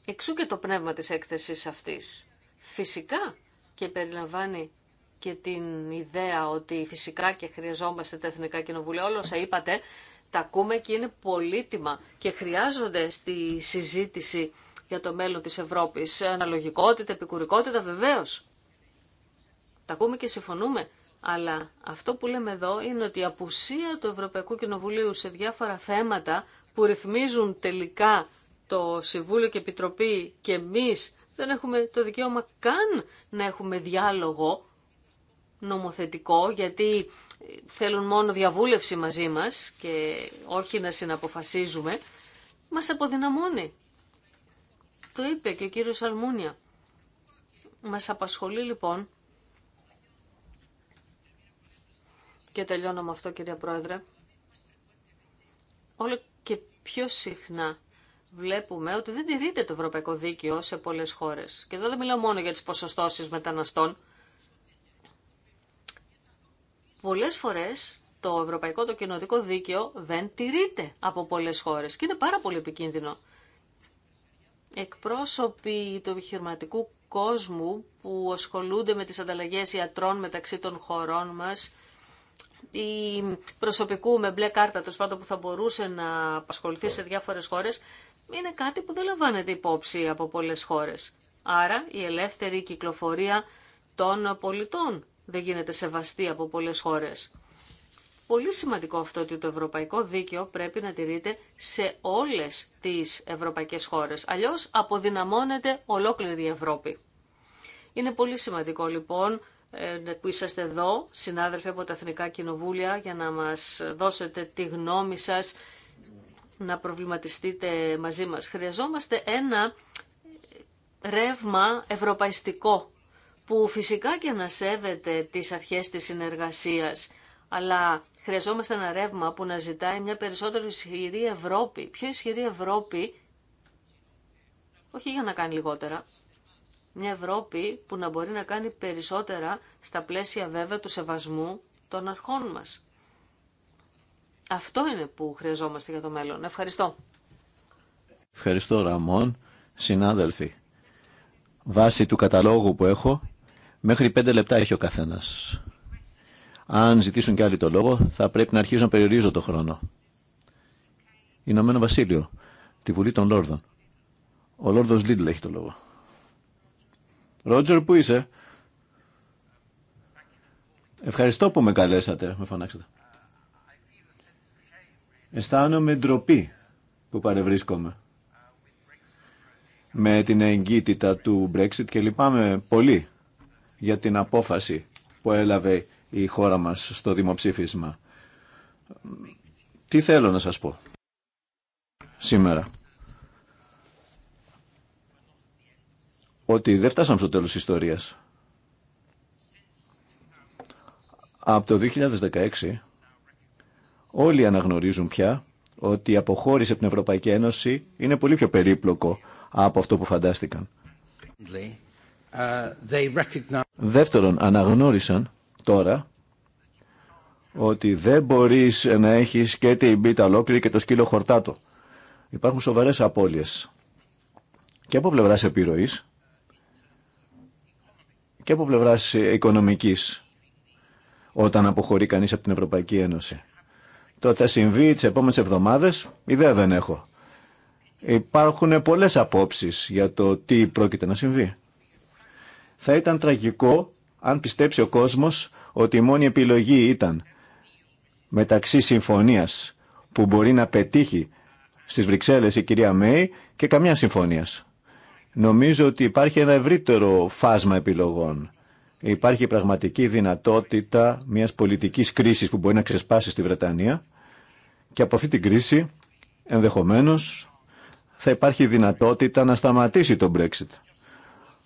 Εξού και το πνεύμα της έκθεσης αυτής. Φυσικά και περιλαμβάνει και την ιδέα ότι φυσικά και χρειαζόμαστε τα Εθνικά Κοινοβουλία. Όλα όσα είπατε τα ακούμε και είναι πολύτιμα και χρειάζονται στη συζήτηση για το μέλλον της Ευρώπης. Αναλογικότητα, επικουρικότητα βεβαίως. Τα ακούμε και συμφωνούμε. Αλλά αυτό που λέμε εδώ είναι ότι η απουσία του Ευρωπαϊκού Κοινοβουλίου σε διάφορα θέματα που ρυθμίζουν τελικά το Συμβούλιο και Επιτροπή και εμείς δεν έχουμε το δικαίωμα καν να έχουμε διάλογο νομοθετικό γιατί θέλουν μόνο διαβούλευση μαζί μας και όχι να συναποφασίζουμε, μας αποδυναμώνει. Το είπε και ο κύριος Αλμούνια. Μας απασχολεί λοιπόν Και τελειώνω με αυτό κυρία Πρόεδρε. Όλο και πιο συχνά βλέπουμε ότι δεν τηρείται το ευρωπαϊκό δίκαιο σε πολλές χώρες. Και εδώ δεν μιλάω μόνο για τις ποσοστώσεις μεταναστών. Πολλές φορές το ευρωπαϊκό το κοινοτικό δίκαιο δεν τηρείται από πολλές χώρες και είναι πάρα πολύ επικίνδυνο. Εκπρόσωποι του επιχειρηματικού κόσμου που ασχολούνται με τις ανταλλαγές ιατρών μεταξύ των χωρών μας ή προσωπικού με μπλε κάρτα, τέλο πάντων που θα μπορούσε να απασχοληθεί σε διάφορε χώρε, είναι κάτι που δεν λαμβάνεται υπόψη από πολλέ χώρε. Άρα η ελεύθερη κυκλοφορία των πολιτών δεν γίνεται σεβαστή από πολλέ χώρε. Πολύ σημαντικό αυτό ότι το ευρωπαϊκό δίκαιο πρέπει να τηρείται σε όλες τις ευρωπαϊκές χώρες. Αλλιώς αποδυναμώνεται ολόκληρη η Ευρώπη. Είναι πολύ σημαντικό λοιπόν ε, ναι, που είσαστε εδώ, συνάδελφοι από τα Εθνικά Κοινοβούλια, για να μας δώσετε τη γνώμη σας, να προβληματιστείτε μαζί μας. Χρειαζόμαστε ένα ρεύμα ευρωπαϊστικό, που φυσικά και να σέβεται τις αρχές της συνεργασίας, αλλά χρειαζόμαστε ένα ρεύμα που να ζητάει μια περισσότερο ισχυρή Ευρώπη, πιο ισχυρή Ευρώπη, όχι για να κάνει λιγότερα, μια Ευρώπη που να μπορεί να κάνει περισσότερα στα πλαίσια βέβαια του σεβασμού των αρχών μας. Αυτό είναι που χρειαζόμαστε για το μέλλον. Ευχαριστώ. Ευχαριστώ Ραμόν. Συνάδελφοι, βάσει του καταλόγου που έχω, μέχρι πέντε λεπτά έχει ο καθένας. Αν ζητήσουν κι άλλοι το λόγο, θα πρέπει να αρχίσω να περιορίζω το χρόνο. Ηνωμένο Βασίλειο, τη Βουλή των Λόρδων. Ο Λόρδος Λίτλ έχει το λόγο. Ρότζερ, πού είσαι? Ευχαριστώ που με καλέσατε, με φωνάξατε. Αισθάνομαι ντροπή που παρευρίσκομαι με την εγκύτητα του Brexit και λυπάμαι πολύ για την απόφαση που έλαβε η χώρα μας στο δημοψήφισμα. Τι θέλω να σας πω σήμερα. ότι δεν φτάσαμε στο τέλος της ιστορίας. Από το 2016 όλοι αναγνωρίζουν πια ότι η αποχώρηση από την Ευρωπαϊκή Ένωση είναι πολύ πιο περίπλοκο από αυτό που φαντάστηκαν. Δεύτερον, αναγνώρισαν τώρα ότι δεν μπορείς να έχεις και την μπίτα ολόκληρη και το σκύλο χορτάτο. Υπάρχουν σοβαρές απώλειες και από πλευράς επιρροής και από πλευράς οικονομικής όταν αποχωρεί κανεί από την Ευρωπαϊκή Ένωση. Το θα συμβεί τι επόμενε εβδομάδες, ιδέα δεν έχω. Υπάρχουν πολλές απόψεις για το τι πρόκειται να συμβεί. Θα ήταν τραγικό αν πιστέψει ο κόσμος ότι η μόνη επιλογή ήταν μεταξύ συμφωνίας που μπορεί να πετύχει στις Βρυξέλλες η κυρία Μέη και καμιά συμφωνία. Νομίζω ότι υπάρχει ένα ευρύτερο φάσμα επιλογών. Υπάρχει πραγματική δυνατότητα μιας πολιτικής κρίσης που μπορεί να ξεσπάσει στη Βρετανία και από αυτή την κρίση ενδεχομένως θα υπάρχει δυνατότητα να σταματήσει το Brexit.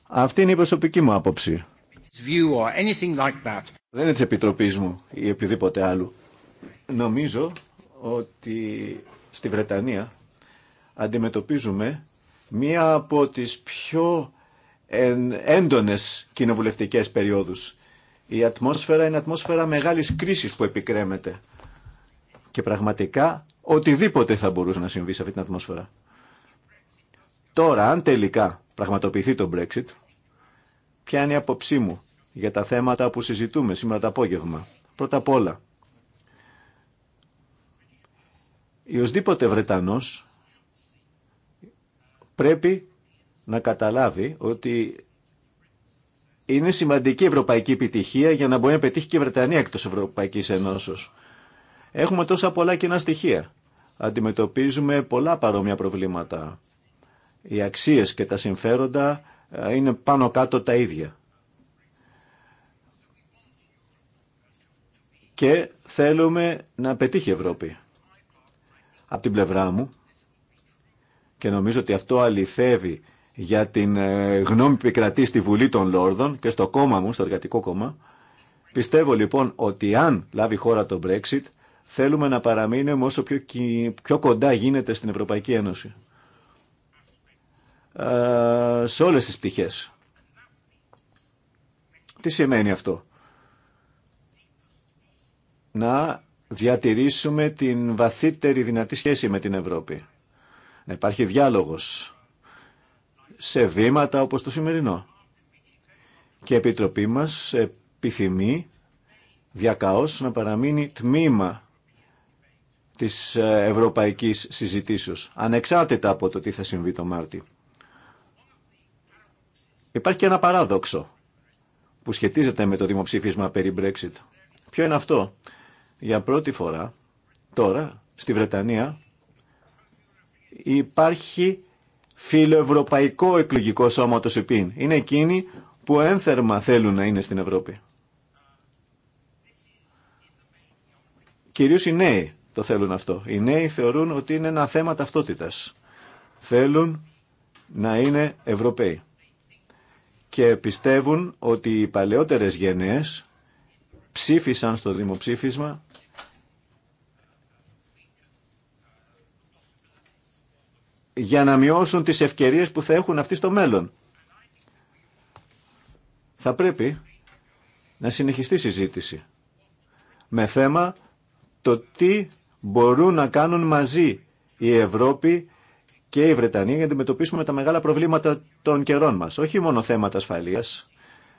Αυτή είναι η προσωπική μου άποψη. Δεν είναι τη επιτροπή μου ή επιδήποτε άλλου. Νομίζω ότι στη Βρετανία αντιμετωπίζουμε μία από τις πιο έντονες κοινοβουλευτικές περιόδους. Η ατμόσφαιρα είναι ατμόσφαιρα μεγάλης κρίσης που επικρέμεται. Και πραγματικά οτιδήποτε θα μπορούσε να συμβεί σε αυτή την ατμόσφαιρα. Τώρα, αν τελικά πραγματοποιηθεί το Brexit, ποια είναι η απόψή μου για τα θέματα που συζητούμε σήμερα το απόγευμα. Πρώτα απ' όλα, ο Βρετανός πρέπει να καταλάβει ότι είναι σημαντική ευρωπαϊκή επιτυχία για να μπορεί να πετύχει και η Βρετανία εκτός Ευρωπαϊκής Ενώσεως. Έχουμε τόσα πολλά κοινά στοιχεία. Αντιμετωπίζουμε πολλά παρόμοια προβλήματα. Οι αξίες και τα συμφέροντα ε, είναι πάνω κάτω τα ίδια. Και θέλουμε να πετύχει η Ευρώπη. Από την πλευρά μου, και νομίζω ότι αυτό αληθεύει για την ε, γνώμη που στη Βουλή των Λόρδων και στο κόμμα μου, στο εργατικό κόμμα. Πιστεύω λοιπόν ότι αν λάβει χώρα το Brexit, θέλουμε να παραμείνουμε όσο πιο, πιο κοντά γίνεται στην Ευρωπαϊκή Ένωση. Ε, σε όλες τις πτυχές. Τι σημαίνει αυτό. Να διατηρήσουμε την βαθύτερη δυνατή σχέση με την Ευρώπη να υπάρχει διάλογος σε βήματα όπως το σημερινό. Και η Επιτροπή μας επιθυμεί διακαώς να παραμείνει τμήμα της ευρωπαϊκής συζητήσεως, ανεξάρτητα από το τι θα συμβεί το Μάρτι. Υπάρχει και ένα παράδοξο που σχετίζεται με το δημοψήφισμα περί Brexit. Ποιο είναι αυτό. Για πρώτη φορά, τώρα, στη Βρετανία, υπάρχει φιλοευρωπαϊκό εκλογικό σώμα το ΣΥΠΗΝ. Είναι εκείνοι που ένθερμα θέλουν να είναι στην Ευρώπη. Κυρίως οι νέοι το θέλουν αυτό. Οι νέοι θεωρούν ότι είναι ένα θέμα ταυτότητας. Θέλουν να είναι Ευρωπαίοι. Και πιστεύουν ότι οι παλαιότερες γενναίες ψήφισαν στο δημοψήφισμα για να μειώσουν τις ευκαιρίες που θα έχουν αυτοί στο μέλλον. Θα πρέπει να συνεχιστεί η συζήτηση με θέμα το τι μπορούν να κάνουν μαζί η Ευρώπη και η Βρετανία για να αντιμετωπίσουμε τα μεγάλα προβλήματα των καιρών μας. Όχι μόνο θέματα ασφαλείας,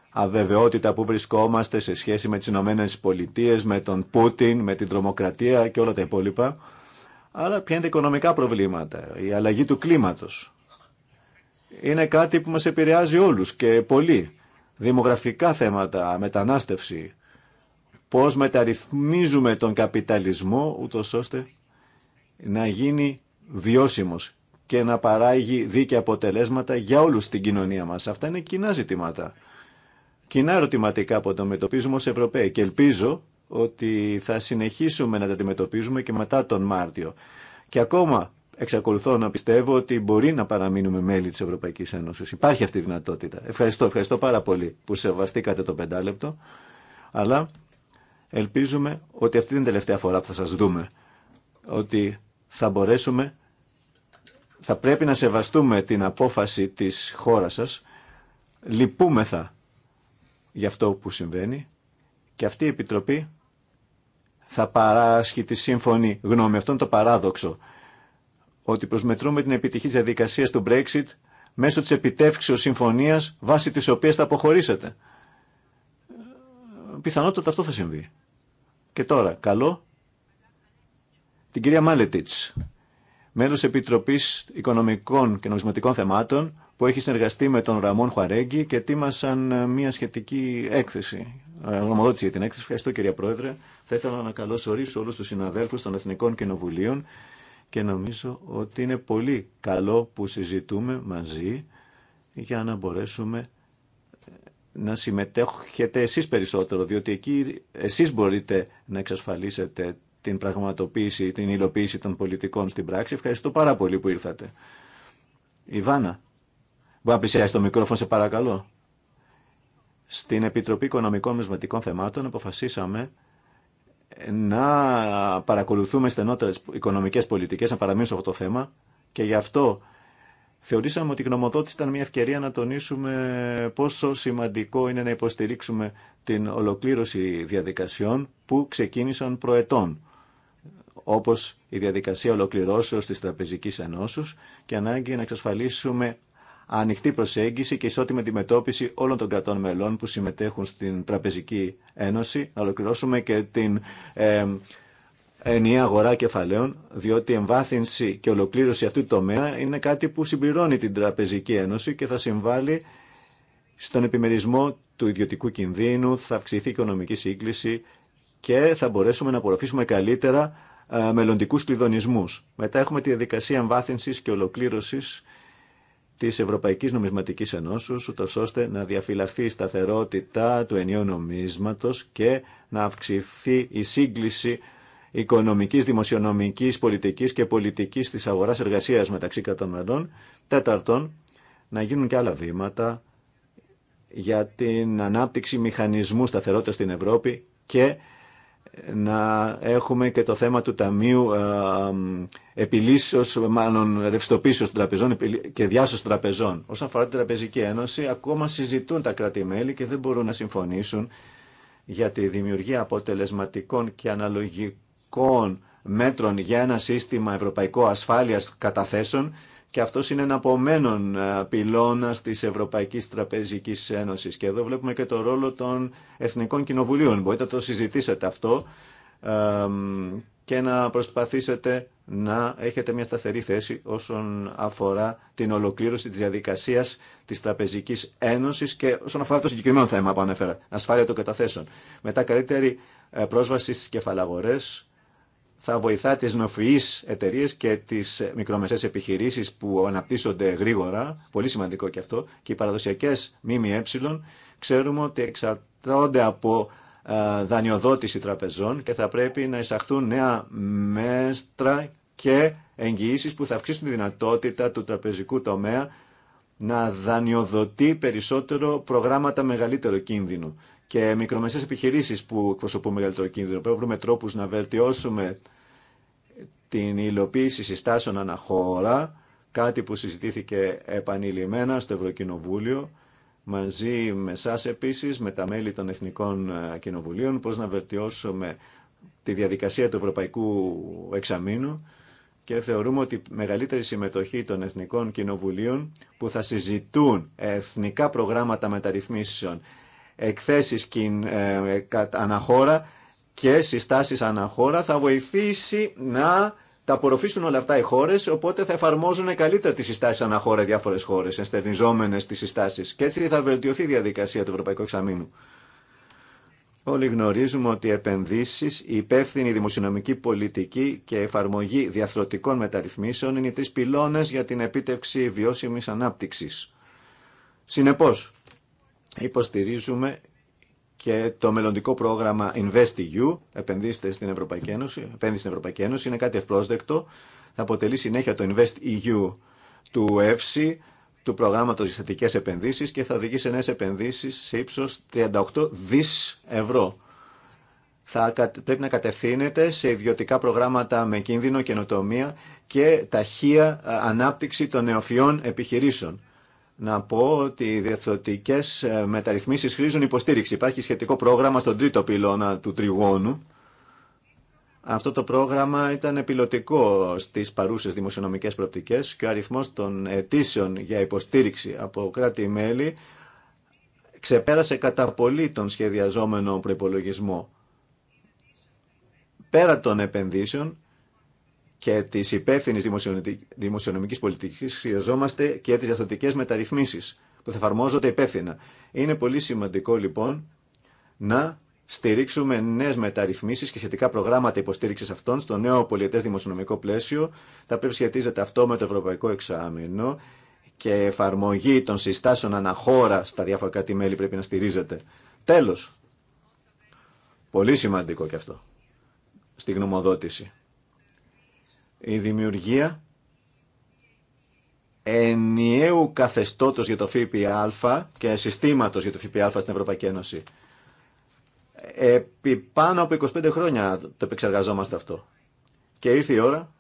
αβεβαιότητα που βρισκόμαστε σε σχέση με τις Ηνωμένε Πολιτείες, με τον Πούτιν, με την τρομοκρατία και όλα τα υπόλοιπα αλλά ποια είναι τα οικονομικά προβλήματα, η αλλαγή του κλίματος. Είναι κάτι που μας επηρεάζει όλους και πολύ. Δημογραφικά θέματα, μετανάστευση, πώς μεταρρυθμίζουμε τον καπιταλισμό ούτω ώστε να γίνει βιώσιμος και να παράγει δίκαια αποτελέσματα για όλους στην κοινωνία μας. Αυτά είναι κοινά ζητήματα. Κοινά ερωτηματικά που αντιμετωπίζουμε ως Ευρωπαίοι και ελπίζω ότι θα συνεχίσουμε να τα αντιμετωπίζουμε και μετά τον Μάρτιο. Και ακόμα εξακολουθώ να πιστεύω ότι μπορεί να παραμείνουμε μέλη της Ευρωπαϊκής Ένωσης. Υπάρχει αυτή η δυνατότητα. Ευχαριστώ, ευχαριστώ πάρα πολύ που σεβαστήκατε το πεντάλεπτο, αλλά ελπίζουμε ότι αυτή την τελευταία φορά που θα σας δούμε, ότι θα μπορέσουμε, θα πρέπει να σεβαστούμε την απόφαση της χώρας σας, λυπούμεθα για αυτό που συμβαίνει και αυτή η Επιτροπή θα παράσχει τη σύμφωνη γνώμη. Αυτό είναι το παράδοξο. Ότι προσμετρούμε την επιτυχή διαδικασία του Brexit μέσω της επιτεύξεως συμφωνίας βάσει της οποίας θα αποχωρήσετε. Πιθανότατα αυτό θα συμβεί. Και τώρα, καλό, την κυρία Μάλετιτς, μέλος Επιτροπής Οικονομικών και Νομισματικών Θεμάτων, που έχει συνεργαστεί με τον Ραμόν Χουαρέγγι και ετοίμασαν ε, μια σχετική έκθεση. Ε, γνωμοδότηση για την έκθεση. Ευχαριστώ κυρία Πρόεδρε. Θα ήθελα να καλωσορίσω όλου του συναδέλφου των Εθνικών Κοινοβουλίων και νομίζω ότι είναι πολύ καλό που συζητούμε μαζί για να μπορέσουμε ε, να συμμετέχετε εσείς περισσότερο, διότι εκεί εσείς μπορείτε να εξασφαλίσετε την πραγματοποίηση, την υλοποίηση των πολιτικών στην πράξη. Ευχαριστώ πάρα πολύ που ήρθατε. Ιβάνα, Μπορεί να πλησιάσει το μικρόφωνο, σε παρακαλώ. Στην Επιτροπή Οικονομικών Μεσμετικών Θεμάτων αποφασίσαμε να παρακολουθούμε στενότερε οικονομικέ πολιτικέ, να παραμείνουμε σε αυτό το θέμα και γι' αυτό θεωρήσαμε ότι η γνωμοδότηση ήταν μια ευκαιρία να τονίσουμε πόσο σημαντικό είναι να υποστηρίξουμε την ολοκλήρωση διαδικασιών που ξεκίνησαν προετών όπως η διαδικασία ολοκληρώσεως της Τραπεζικής Ενώσεως και ανάγκη να εξασφαλίσουμε ανοιχτή προσέγγιση και ισότιμη αντιμετώπιση όλων των κρατών μελών που συμμετέχουν στην Τραπεζική Ένωση. Να ολοκληρώσουμε και την ε, ενιαία αγορά κεφαλαίων, διότι η εμβάθυνση και ολοκλήρωση αυτού του τομέα είναι κάτι που συμπληρώνει την Τραπεζική Ένωση και θα συμβάλλει στον επιμερισμό του ιδιωτικού κινδύνου, θα αυξηθεί η οικονομική σύγκληση και θα μπορέσουμε να απορροφήσουμε καλύτερα ε, μελλοντικού κλειδονισμού. Μετά έχουμε τη διαδικασία εμβάθυνση και ολοκλήρωση της Ευρωπαϊκής Νομισματικής Ενώσεως, ούτως ώστε να διαφυλαχθεί η σταθερότητα του ενιού νομίσματος και να αυξηθεί η σύγκληση οικονομικής, δημοσιονομικής, πολιτικής και πολιτικής της αγοράς εργασίας μεταξύ κρατών Τέταρτον, να γίνουν και άλλα βήματα για την ανάπτυξη μηχανισμού σταθερότητας στην Ευρώπη και να έχουμε και το θέμα του Ταμείου ε, ε, Επιλύσεως, μάλλον ρευστοποίησεως τραπεζών και διάσωσης τραπεζών. Όσον αφορά την Τραπεζική Ένωση, ακόμα συζητούν τα κρατη και δεν μπορούν να συμφωνήσουν για τη δημιουργία αποτελεσματικών και αναλογικών μέτρων για ένα σύστημα ευρωπαϊκό ασφάλειας καταθέσεων και αυτό είναι ένα απομένων ε, πυλώνα τη Ευρωπαϊκή Τραπεζική Ένωση. Και εδώ βλέπουμε και το ρόλο των Εθνικών Κοινοβουλίων. Μπορείτε να το συζητήσετε αυτό και να προσπαθήσετε να έχετε μια σταθερή θέση όσον αφορά την ολοκλήρωση της διαδικασίας της Τραπεζικής Ένωσης και όσον αφορά το συγκεκριμένο θέμα που ανέφερα, ασφάλεια των καταθέσεων. Μετά καλύτερη ε, πρόσβαση στις κεφαλαγορές, θα βοηθά τις νοφυείς εταιρείε και τις μικρομεσαίες επιχειρήσεις που αναπτύσσονται γρήγορα, πολύ σημαντικό και αυτό, και οι παραδοσιακές ΜΜΕ ξέρουμε ότι εξαρτώνται από ε, δανειοδότηση τραπεζών και θα πρέπει να εισαχθούν νέα μέτρα και εγγυήσεις που θα αυξήσουν τη δυνατότητα του τραπεζικού τομέα να δανειοδοτεί περισσότερο προγράμματα μεγαλύτερο κίνδυνο και μικρομεσαίες επιχειρήσεις που εκπροσωπούν μεγαλύτερο κίνδυνο. Πρέπει να βρούμε τρόπους να βελτιώσουμε την υλοποίηση συστάσεων αναχώρα, κάτι που συζητήθηκε επανειλημμένα στο Ευρωκοινοβούλιο, μαζί με εσά επίσης, με τα μέλη των Εθνικών ε, Κοινοβουλίων, πώς να βελτιώσουμε τη διαδικασία του Ευρωπαϊκού Εξαμήνου και θεωρούμε ότι μεγαλύτερη συμμετοχή των Εθνικών Κοινοβουλίων που θα συζητούν εθνικά προγράμματα μεταρρυθμίσεων εκθέσεις ε, ε, αναχώρα και συστάσεις αναχώρα θα βοηθήσει να τα απορροφήσουν όλα αυτά οι χώρες οπότε θα εφαρμόζουν καλύτερα τις συστάσεις αναχώρα διάφορες χώρες, ενστερνιζόμενε τις συστάσεις Και έτσι θα βελτιωθεί η διαδικασία του Ευρωπαϊκού Εξαμήνου. Όλοι γνωρίζουμε ότι οι επενδύσει, η υπεύθυνη δημοσιονομική πολιτική και η εφαρμογή διαφθορτικών μεταρρυθμίσεων είναι οι τρεις πυλώνε για την επίτευξη βιώσιμη ανάπτυξη. Συνεπώ, Υποστηρίζουμε και το μελλοντικό πρόγραμμα InvestEU, επενδύστε στην Ευρωπαϊκή Ένωση, επένδυση στην Ευρωπαϊκή Ένωση, είναι κάτι ευπρόσδεκτο. Θα αποτελεί συνέχεια το InvestEU του ΕΦΣΥ, του προγράμματος για θετικές επενδύσεις και θα οδηγήσει σε νέες επενδύσεις σε ύψος 38 δις ευρώ. Θα πρέπει να κατευθύνεται σε ιδιωτικά προγράμματα με κίνδυνο, καινοτομία και ταχεία ε, ανάπτυξη των νεοφιών επιχειρήσεων να πω ότι οι ε, μεταρρυθμίσεις χρήζουν υποστήριξη. Υπάρχει σχετικό πρόγραμμα στον τρίτο πυλώνα του τριγώνου. Αυτό το πρόγραμμα ήταν πιλωτικό στι παρούσε δημοσιονομικέ προοπτικέ και ο αριθμό των αιτήσεων για υποστήριξη από κράτη-μέλη ξεπέρασε κατά πολύ τον σχεδιαζόμενο προπολογισμό. Πέρα των επενδύσεων, και τη υπεύθυνη δημοσιονομική πολιτική χρειαζόμαστε και τι διαθωτικέ μεταρρυθμίσει που θα εφαρμόζονται υπεύθυνα. Είναι πολύ σημαντικό λοιπόν να στηρίξουμε νέε μεταρρυθμίσει και σχετικά προγράμματα υποστήριξη αυτών στο νέο πολιτέ δημοσιονομικό πλαίσιο. Θα πρέπει σχετίζεται αυτό με το Ευρωπαϊκό Εξάμεινο και εφαρμογή των συστάσεων αναχώρα στα διάφορα κράτη-μέλη πρέπει να στηρίζεται. Τέλο. Πολύ σημαντικό και αυτό. Στη γνωμοδότηση η δημιουργία ενιαίου καθεστώτος για το ΦΠΑ και συστήματος για το ΦΠΑ στην Ευρωπαϊκή Ένωση. Επί πάνω από 25 χρόνια το επεξεργαζόμαστε αυτό. Και ήρθε η ώρα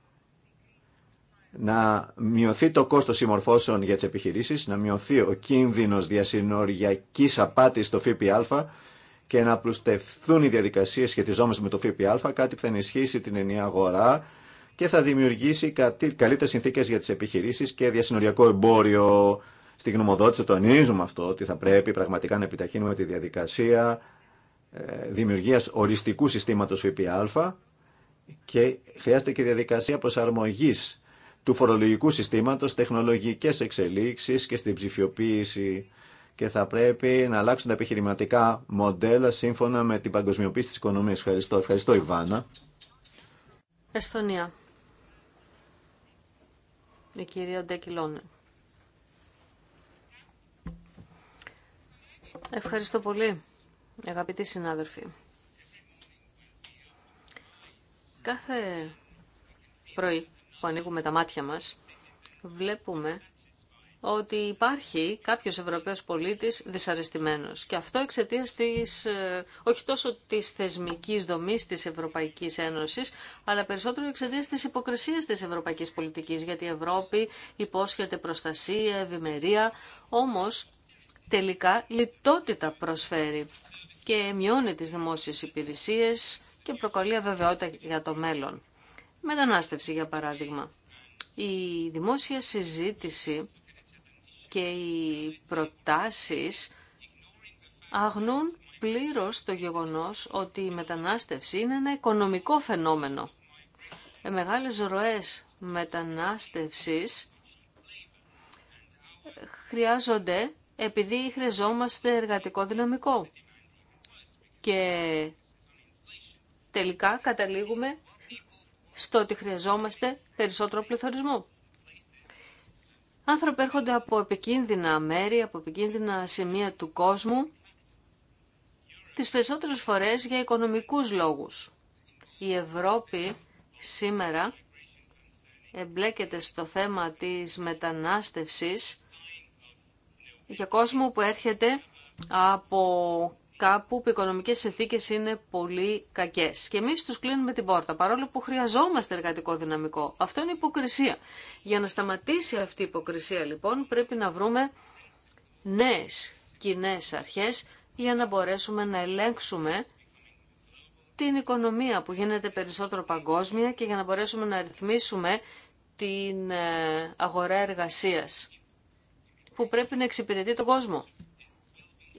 να μειωθεί το κόστος συμμορφώσεων για τις επιχειρήσεις, να μειωθεί ο κίνδυνος διασυνοριακής απάτης στο ΦΠΑ και να πλουστευθούν οι διαδικασίες σχετιζόμενες με το ΦΠΑ, κάτι που θα ενισχύσει την ενιαία αγορά και θα δημιουργήσει καλύτερε συνθήκε για τι επιχειρήσει και διασυνοριακό εμπόριο. Στη γνωμοδότηση τονίζουμε αυτό, ότι θα πρέπει πραγματικά να επιταχύνουμε τη διαδικασία ε, δημιουργίας οριστικού συστήματος ΦΠΑ και χρειάζεται και διαδικασία προσαρμογής του φορολογικού συστήματος, τεχνολογικές εξελίξεις και στην ψηφιοποίηση και θα πρέπει να αλλάξουν τα επιχειρηματικά μοντέλα σύμφωνα με την παγκοσμιοποίηση της οικονομίας. Ευχαριστώ. Ευχαριστώ Ιβάνα. Εστονία η κυρία Λόνερ. Ευχαριστώ πολύ, αγαπητοί συνάδελφοι. Κάθε πρωί που ανοίγουμε τα μάτια μας, βλέπουμε ότι υπάρχει κάποιος Ευρωπαίος πολίτης δυσαρεστημένος. Και αυτό εξαιτία της, ε, όχι τόσο της θεσμικής δομής της Ευρωπαϊκής Ένωσης, αλλά περισσότερο εξαιτία της υποκρισίας της ευρωπαϊκής πολιτικής, γιατί η Ευρώπη υπόσχεται προστασία, ευημερία, όμως τελικά λιτότητα προσφέρει και μειώνει τις δημόσιες υπηρεσίες και προκαλεί αβεβαιότητα για το μέλλον. Μετανάστευση, για παράδειγμα. Η δημόσια συζήτηση και οι προτάσεις αγνούν πλήρως το γεγονός ότι η μετανάστευση είναι ένα οικονομικό φαινόμενο. Οι ε, μεγάλες ροές μετανάστευσης χρειάζονται επειδή χρειαζόμαστε εργατικό δυναμικό. Και τελικά καταλήγουμε στο ότι χρειαζόμαστε περισσότερο πληθωρισμό. Άνθρωποι έρχονται από επικίνδυνα μέρη, από επικίνδυνα σημεία του κόσμου, τις περισσότερες φορές για οικονομικούς λόγους. Η Ευρώπη σήμερα εμπλέκεται στο θέμα της μετανάστευσης για κόσμο που έρχεται από κάπου που οι οικονομικές συνθήκες είναι πολύ κακέ. Και εμεί τους κλείνουμε την πόρτα, παρόλο που χρειαζόμαστε εργατικό δυναμικό. Αυτό είναι υποκρισία. Για να σταματήσει αυτή η υποκρισία λοιπόν πρέπει να βρούμε νέες κοινέ αρχές για να μπορέσουμε να ελέγξουμε την οικονομία που γίνεται περισσότερο παγκόσμια και για να μπορέσουμε να ρυθμίσουμε την ε, αγορά εργασίας που πρέπει να εξυπηρετεί τον κόσμο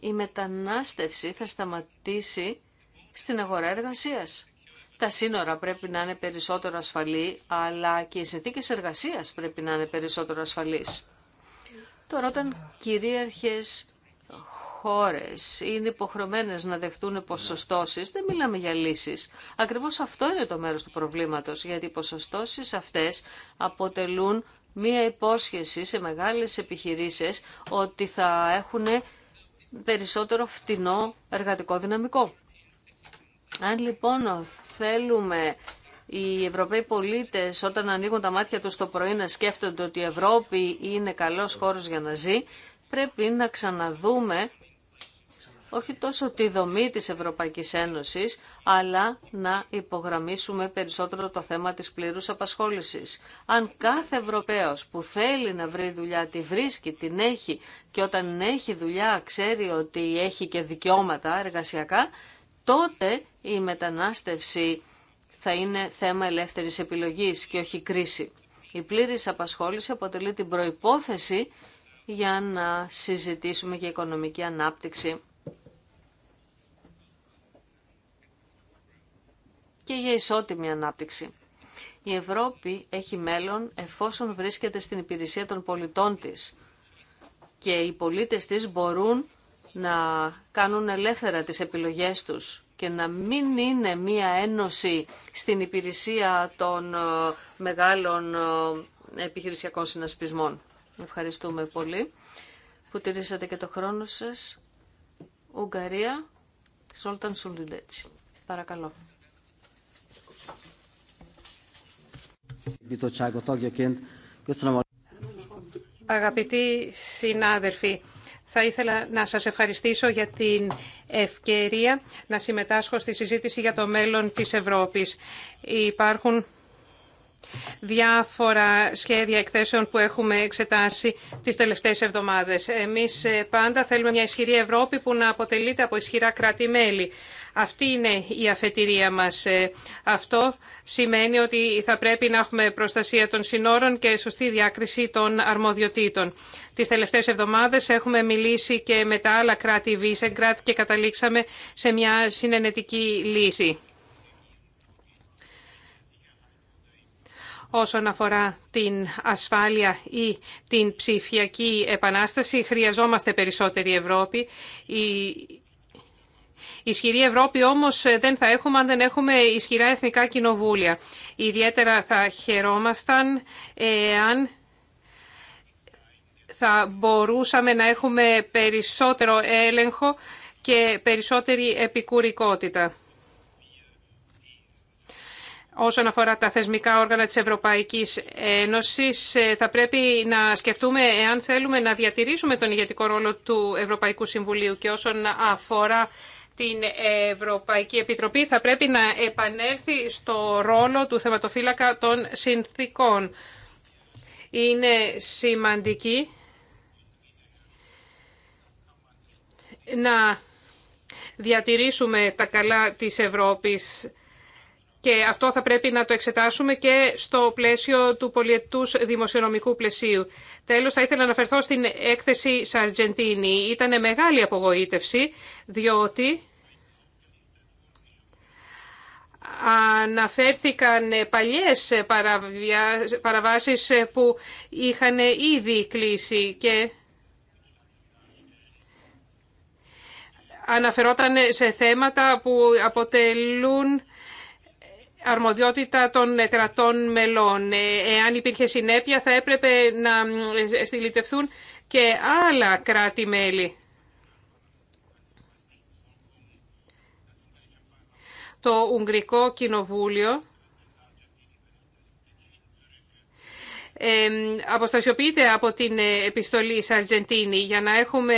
η μετανάστευση θα σταματήσει στην αγορά εργασίας. Τα σύνορα πρέπει να είναι περισσότερο ασφαλή, αλλά και οι συνθήκες εργασίας πρέπει να είναι περισσότερο ασφαλείς. Τώρα όταν κυρίαρχες χώρες είναι υποχρεωμένες να δεχτούν ποσοστώσεις, δεν μιλάμε για λύσεις. Ακριβώς αυτό είναι το μέρος του προβλήματος, γιατί οι ποσοστώσεις αυτές αποτελούν μία υπόσχεση σε μεγάλες επιχειρήσεις ότι θα έχουν περισσότερο φτηνό εργατικό δυναμικό. Αν λοιπόν θέλουμε οι Ευρωπαίοι πολίτες όταν ανοίγουν τα μάτια τους το πρωί να σκέφτονται ότι η Ευρώπη είναι καλός χώρος για να ζει, πρέπει να ξαναδούμε όχι τόσο τη δομή της Ευρωπαϊκής Ένωσης, αλλά να υπογραμμίσουμε περισσότερο το θέμα της πλήρους απασχόλησης. Αν κάθε Ευρωπαίος που θέλει να βρει δουλειά, τη βρίσκει, την έχει και όταν έχει δουλειά ξέρει ότι έχει και δικαιώματα εργασιακά, τότε η μετανάστευση θα είναι θέμα ελεύθερης επιλογής και όχι κρίση. Η πλήρης απασχόληση αποτελεί την προϋπόθεση για να συζητήσουμε για οικονομική ανάπτυξη και για ισότιμη ανάπτυξη. Η Ευρώπη έχει μέλλον εφόσον βρίσκεται στην υπηρεσία των πολιτών της και οι πολίτες της μπορούν να κάνουν ελεύθερα τις επιλογές τους και να μην είναι μία ένωση στην υπηρεσία των ε, μεγάλων ε, επιχειρησιακών συνασπισμών. Ευχαριστούμε πολύ που τηρήσατε και το χρόνο σας. Ουγγαρία, Σόλταν Σουλντιντέτσι. Παρακαλώ. Αγαπητοί συνάδελφοι, θα ήθελα να σας ευχαριστήσω για την ευκαιρία να συμμετάσχω στη συζήτηση για το μέλλον της Ευρώπης. Υπάρχουν διάφορα σχέδια εκθέσεων που έχουμε εξετάσει τις τελευταίες εβδομάδες. Εμείς πάντα θέλουμε μια ισχυρή Ευρώπη που να αποτελείται από ισχυρά κράτη-μέλη. Αυτή είναι η αφετηρία μας. Ε, αυτό σημαίνει ότι θα πρέπει να έχουμε προστασία των συνόρων και σωστή διάκριση των αρμοδιοτήτων. Τις τελευταίες εβδομάδες έχουμε μιλήσει και με τα άλλα κράτη Βίσεγκρατ και καταλήξαμε σε μια συνενετική λύση. Όσον αφορά την ασφάλεια ή την ψηφιακή επανάσταση, χρειαζόμαστε περισσότερη Ευρώπη. Η Ισχυρή Ευρώπη όμως ε, δεν θα έχουμε αν δεν έχουμε ισχυρά εθνικά κοινοβούλια. Ιδιαίτερα θα χαιρόμασταν εάν θα μπορούσαμε να έχουμε περισσότερο έλεγχο και περισσότερη επικουρικότητα όσον αφορά τα θεσμικά όργανα της Ευρωπαϊκής Ένωσης. Ε, θα πρέπει να σκεφτούμε εάν θέλουμε να διατηρήσουμε τον ηγετικό ρόλο του Ευρωπαϊκού Συμβουλίου και όσον αφορά την Ευρωπαϊκή Επιτροπή θα πρέπει να επανέλθει στο ρόλο του θεματοφύλακα των συνθήκων. Είναι σημαντική να διατηρήσουμε τα καλά της Ευρώπης και αυτό θα πρέπει να το εξετάσουμε και στο πλαίσιο του πολιετούς δημοσιονομικού πλαισίου. Τέλος, θα ήθελα να αναφερθώ στην έκθεση Σαρτζεντίνη. Ήταν μεγάλη απογοήτευση, διότι αναφέρθηκαν παλιές παραβάσεις που είχαν ήδη κλείσει και αναφερόταν σε θέματα που αποτελούν αρμοδιότητα των κρατών μελών. Εάν υπήρχε συνέπεια θα έπρεπε να ε, ε, στυλιτευθούν και άλλα κράτη-μέλη. το Ουγγρικό Κοινοβούλιο αποστασιοποιείται από την επιστολή σε Αργεντίνη για να έχουμε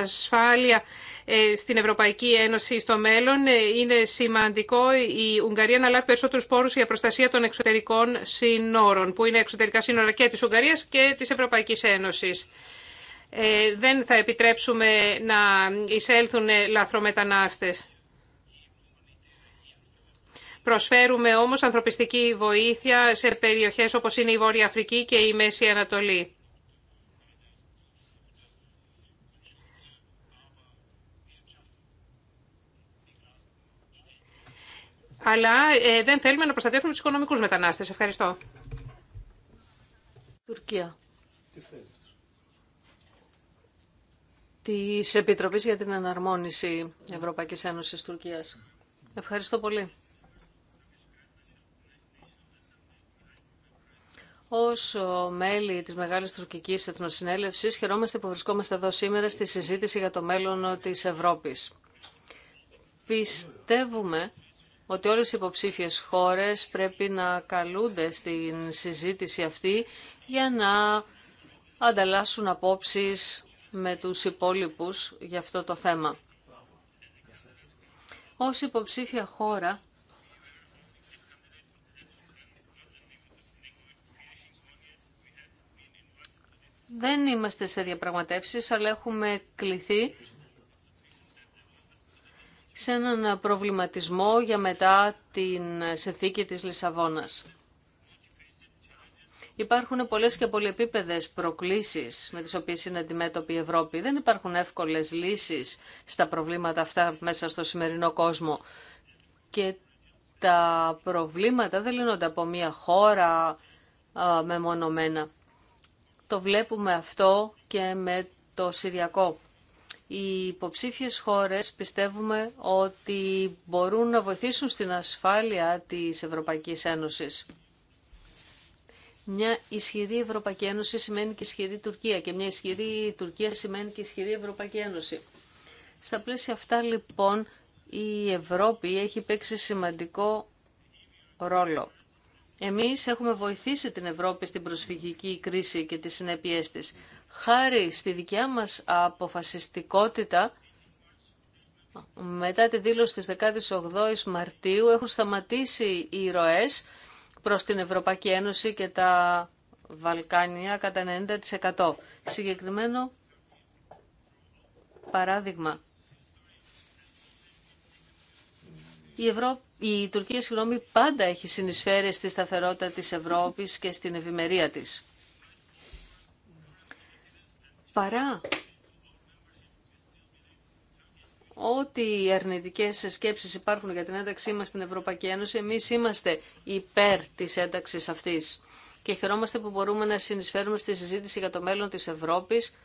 ασφάλεια ε, στην Ευρωπαϊκή Ένωση στο μέλλον. Ε, είναι σημαντικό η Ουγγαρία να λάβει περισσότερους πόρους για προστασία των εξωτερικών σύνορων, που είναι εξωτερικά σύνορα και της Ουγγαρίας και της Ευρωπαϊκής Ένωσης. Ε, δεν θα επιτρέψουμε να εισέλθουν λαθρομετανάστες. Προσφέρουμε όμως ανθρωπιστική βοήθεια σε περιοχές όπως είναι η Βόρεια Αφρική και η Μέση Ανατολή. Αλλά ε, δεν θέλουμε να προστατεύουμε τους οικονομικούς μετανάστες. Ευχαριστώ. Τουρκία. Τι Τη Επιτροπή για την Εναρμόνιση Ευρωπαϊκής Ένωσης Τουρκίας. Ευχαριστώ πολύ. Ως μέλη της Μεγάλης τουρκική εθνοσυνέλευση χαιρόμαστε που βρισκόμαστε εδώ σήμερα στη συζήτηση για το μέλλον της Ευρώπης. Πιστεύουμε ότι όλες οι υποψήφιες χώρες πρέπει να καλούνται στην συζήτηση αυτή για να ανταλλάσσουν απόψεις με τους υπόλοιπου για αυτό το θέμα. Ως υποψήφια χώρα Δεν είμαστε σε διαπραγματεύσεις, αλλά έχουμε κληθεί σε έναν προβληματισμό για μετά την συνθήκη της Λισαβόνας. Υπάρχουν πολλές και πολυεπίπεδες προκλήσεις με τις οποίες είναι αντιμέτωπη η Ευρώπη. Δεν υπάρχουν εύκολες λύσεις στα προβλήματα αυτά μέσα στο σημερινό κόσμο. Και τα προβλήματα δεν λύνονται από μια χώρα μεμονωμένα. Το βλέπουμε αυτό και με το Συριακό. Οι υποψήφιες χώρες πιστεύουμε ότι μπορούν να βοηθήσουν στην ασφάλεια της Ευρωπαϊκής Ένωσης. Μια ισχυρή Ευρωπαϊκή Ένωση σημαίνει και ισχυρή Τουρκία και μια ισχυρή Τουρκία σημαίνει και ισχυρή Ευρωπαϊκή Ένωση. Στα πλαίσια αυτά λοιπόν η Ευρώπη έχει παίξει σημαντικό ρόλο. Εμείς έχουμε βοηθήσει την Ευρώπη στην προσφυγική κρίση και τις συνέπειές της. Χάρη στη δικιά μας αποφασιστικότητα, μετά τη δήλωση της 18 Μαρτίου έχουν σταματήσει οι ροές προς την Ευρωπαϊκή Ένωση και τα Βαλκάνια κατά 90%. Συγκεκριμένο παράδειγμα Η, η Τουρκία συγγνώμη, πάντα έχει συνεισφέρει στη σταθερότητα της Ευρώπης και στην ευημερία της. Παρά ό,τι οι αρνητικές σκέψεις υπάρχουν για την ένταξή μας στην Ευρωπαϊκή Ένωση, εμείς είμαστε υπέρ της ένταξης αυτής. Και χαιρόμαστε που μπορούμε να συνεισφέρουμε στη συζήτηση για το μέλλον της Ευρώπης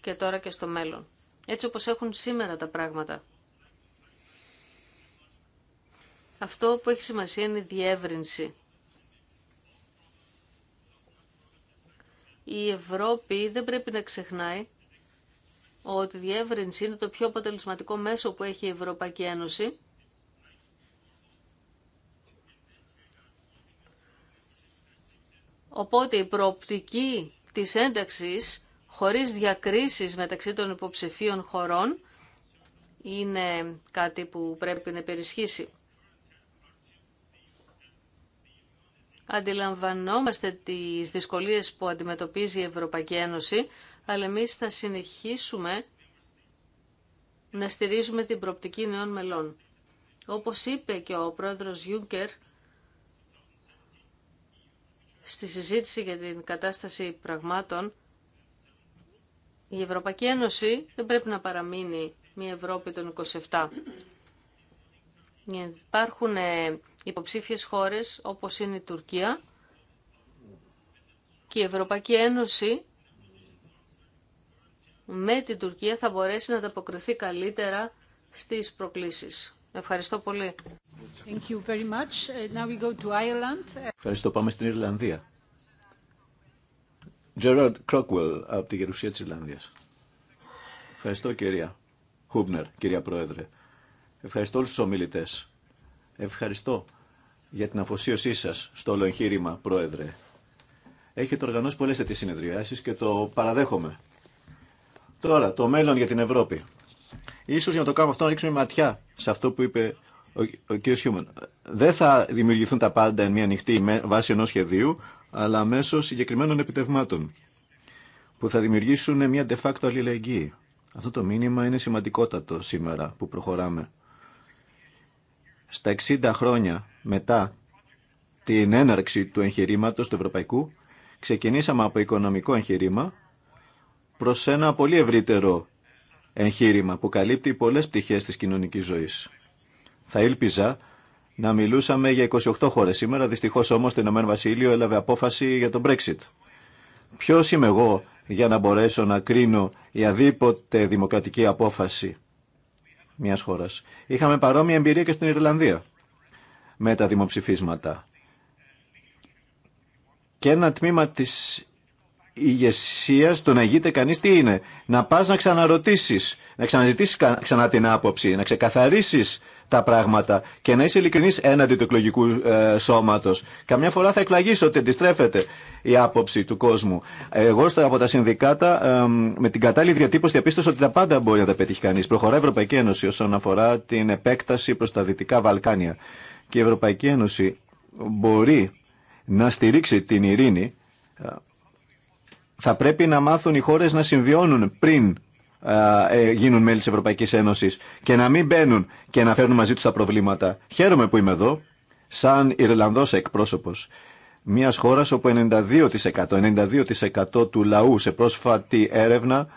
και τώρα και στο μέλλον. Έτσι όπως έχουν σήμερα τα πράγματα. Αυτό που έχει σημασία είναι η διεύρυνση. Η Ευρώπη δεν πρέπει να ξεχνάει ότι η διεύρυνση είναι το πιο αποτελεσματικό μέσο που έχει η Ευρωπαϊκή Ένωση Οπότε η προοπτική της ένταξης χωρίς διακρίσεις μεταξύ των υποψηφίων χωρών είναι κάτι που πρέπει να περισχύσει. Αντιλαμβανόμαστε τις δυσκολίες που αντιμετωπίζει η Ευρωπαϊκή Ένωση, αλλά εμείς θα συνεχίσουμε να στηρίζουμε την προοπτική νέων μελών. Όπως είπε και ο πρόεδρος Γιούγκερ στη συζήτηση για την κατάσταση πραγμάτων, η Ευρωπαϊκή Ένωση δεν πρέπει να παραμείνει μια Ευρώπη των 27. Υπάρχουν ε, υποψήφιες χώρες όπως είναι η Τουρκία και η Ευρωπαϊκή Ένωση με την Τουρκία θα μπορέσει να ανταποκριθεί καλύτερα στις προκλήσεις. Ευχαριστώ πολύ. Thank you very much. Uh, now we go to Ireland. Ευχαριστώ. Πάμε στην Ιρλανδία. Gerard Crockwell από τη Γερουσία της Ιρλανδίας. Ευχαριστώ κυρία Χούμπνερ, κυρία Πρόεδρε. Ευχαριστώ όλους τους ομιλητές. Ευχαριστώ για την αφοσίωσή σα στο όλο εγχείρημα, Πρόεδρε. Έχετε οργανώσει πολλέ τέτοιε συνεδριάσει και το παραδέχομαι. Τώρα, το μέλλον για την Ευρώπη. Ίσως για να το κάνουμε αυτό να ρίξουμε ματιά σε αυτό που είπε ο, ο κ. Χιούμαν. Δεν θα δημιουργηθούν τα πάντα εν μία νυχτή με, βάσει ενό σχεδίου, αλλά μέσω συγκεκριμένων επιτευμάτων που θα δημιουργήσουν μια de facto αλληλεγγύη. Αυτό το μήνυμα είναι σημαντικότατο σήμερα που προχωράμε. Στα 60 χρόνια μετά την έναρξη του εγχειρήματο του ευρωπαϊκού, ξεκινήσαμε από οικονομικό εγχειρήμα προς ένα πολύ ευρύτερο εγχείρημα που καλύπτει πολλές πτυχές της κοινωνικής ζωής. Θα ήλπιζα να μιλούσαμε για 28 χώρες σήμερα, δυστυχώς όμως το Ηνωμένο Βασίλειο έλαβε απόφαση για τον Brexit. Ποιο είμαι εγώ για να μπορέσω να κρίνω η αδίποτε δημοκρατική απόφαση μιας χώρας. Είχαμε παρόμοια εμπειρία και στην Ιρλανδία με τα δημοψηφίσματα. Και ένα τμήμα της ηγεσία το να γείται κανείς τι είναι. Να πας να ξαναρωτήσεις, να ξαναζητήσεις ξανά την άποψη, να ξεκαθαρίσεις τα πράγματα και να είσαι ειλικρινής έναντι του εκλογικού ε, σώματος. Καμιά φορά θα εκπλαγείς ότι αντιστρέφεται η άποψη του κόσμου. Εγώ στα, από τα συνδικάτα ε, με την κατάλληλη διατύπωση διαπίστωσα ότι τα πάντα μπορεί να τα πετύχει κανείς. Προχωρά η Ευρωπαϊκή Ένωση όσον αφορά την επέκταση προ τα Δυτικά Βαλκάνια και η Ευρωπαϊκή Ένωση μπορεί να στηρίξει την ειρήνη, ε, θα πρέπει να μάθουν οι χώρες να συμβιώνουν πριν ε, ε, γίνουν μέλη της Ευρωπαϊκής Ένωσης και να μην μπαίνουν και να φέρνουν μαζί τους τα προβλήματα. Χαίρομαι που είμαι εδώ, σαν Ιρλανδός εκπρόσωπος μιας χώρας όπου 92%, 92 του λαού σε πρόσφατη έρευνα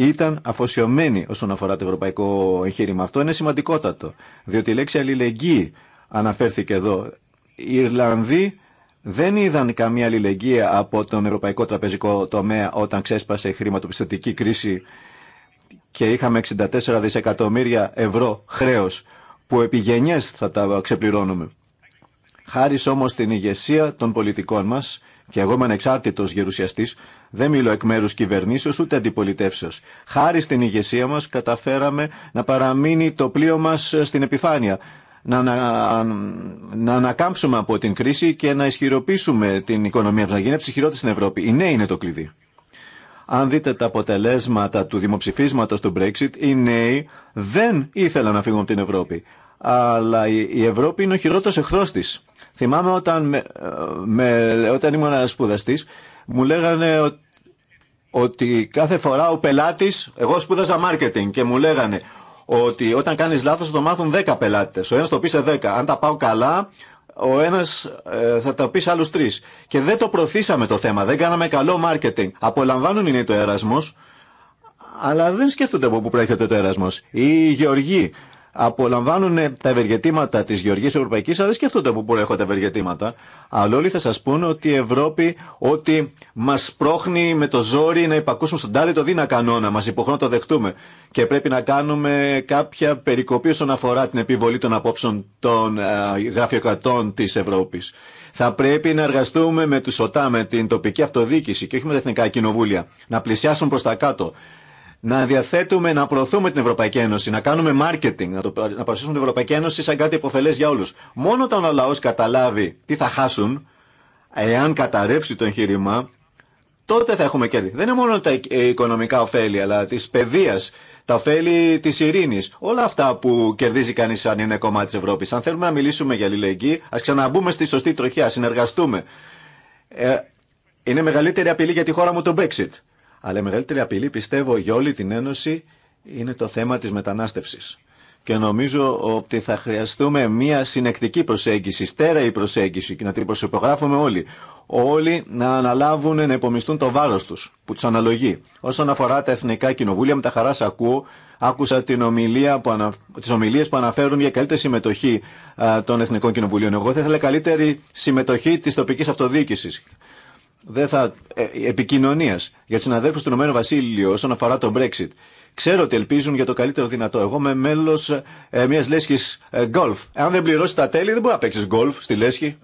ήταν αφοσιωμένη όσον αφορά το ευρωπαϊκό εγχείρημα. Αυτό είναι σημαντικότατο, διότι η λέξη αλληλεγγύη αναφέρθηκε εδώ. Οι Ιρλανδοί δεν είδαν καμία αλληλεγγύη από τον ευρωπαϊκό τραπεζικό τομέα όταν ξέσπασε η χρηματοπιστωτική κρίση και είχαμε 64 δισεκατομμύρια ευρώ χρέος που επί θα τα ξεπληρώνουμε. Χάρη όμως την ηγεσία των πολιτικών μας και εγώ είμαι ανεξάρτητο γερουσιαστή, δεν μιλώ εκ μέρου κυβερνήσεω ούτε αντιπολιτεύσεω. Χάρη στην ηγεσία μα, καταφέραμε να παραμείνει το πλοίο μα στην επιφάνεια. Να, να, να ανακάμψουμε από την κρίση και να ισχυροποιήσουμε την οικονομία μα, να γίνει ψυχηρότη στην Ευρώπη. Η νέοι είναι το κλειδί. Αν δείτε τα αποτελέσματα του δημοψηφίσματο του Brexit, οι νέοι δεν ήθελαν να φύγουν από την Ευρώπη. Αλλά η Ευρώπη είναι ο χειρότερο εχθρό τη. Θυμάμαι όταν, με, όταν ήμουν ένα σπουδαστή, μου λέγανε ότι, κάθε φορά ο πελάτη, εγώ σπούδαζα marketing και μου λέγανε ότι όταν κάνει λάθο το μάθουν 10 πελάτε. Ο ένα το πει σε 10. Αν τα πάω καλά, ο ένα ε, θα τα πει σε άλλου τρει. Και δεν το προωθήσαμε το θέμα, δεν κάναμε καλό marketing. Απολαμβάνουν είναι το έρασμο, αλλά δεν σκέφτονται από πού προέρχεται το έρασμο. Οι γεωργοί απολαμβάνουν ε, τα ευεργετήματα τη Γεωργίας Ευρωπαϊκή, αλλά δεν σκέφτονται από πού προέρχονται τα ευεργετήματα. Αλλά όλοι θα σα πούν ότι η Ευρώπη, ότι μας πρόχνει με το ζόρι να υπακούσουμε στον τάδε το δίνα κανόνα, μα υποχρέω να το δεχτούμε. Και πρέπει να κάνουμε κάποια περικοπή όσον αφορά την επιβολή των απόψεων των ε, γραφειοκρατών τη Ευρώπη. Θα πρέπει να εργαστούμε με του ΟΤΑ, με την τοπική αυτοδιοίκηση και όχι με τα εθνικά κοινοβούλια. Να πλησιάσουν προ τα κάτω να διαθέτουμε, να προωθούμε την Ευρωπαϊκή Ένωση, να κάνουμε marketing, να, να παρουσιάσουμε την Ευρωπαϊκή Ένωση σαν κάτι υποφελέ για όλου. Μόνο όταν ο λαός καταλάβει τι θα χάσουν, εάν καταρρεύσει το εγχείρημα, τότε θα έχουμε κέρδη. Δεν είναι μόνο τα ε, οικονομικά ωφέλη, αλλά τη παιδεία, τα ωφέλη τη ειρήνη. Όλα αυτά που κερδίζει κανεί αν είναι κομμάτι τη Ευρώπη. Αν θέλουμε να μιλήσουμε για αλληλεγγύη, α ξαναμπούμε στη σωστή τροχιά, συνεργαστούμε. Ε, είναι μεγαλύτερη απειλή για τη χώρα μου το Brexit. Αλλά η μεγαλύτερη απειλή, πιστεύω, για όλη την Ένωση είναι το θέμα της μετανάστευσης. Και νομίζω ότι θα χρειαστούμε μια συνεκτική προσέγγιση, στέρεη προσέγγιση και να την προσυπογράφουμε όλοι. Όλοι να αναλάβουν, να υπομισθούν το βάρος τους που τους αναλογεί. Όσον αφορά τα εθνικά κοινοβούλια, με τα χαρά ακούω, άκουσα την ομιλία που ανα... τις ομιλίες που αναφέρουν για καλύτερη συμμετοχή των εθνικών κοινοβουλίων. Εγώ θα ήθελα καλύτερη συμμετοχή της τοπικής αυτοδιοίκησης δεν θα, ε, επικοινωνίας για τους συναδέλφου του Ηνωμένου Βασίλειου όσον αφορά το Brexit. Ξέρω ότι ελπίζουν για το καλύτερο δυνατό. Εγώ είμαι μέλος ε, μιας λέσχης golf. Ε, Αν δεν πληρώσει τα τέλη δεν μπορεί να παίξει golf στη λέσχη.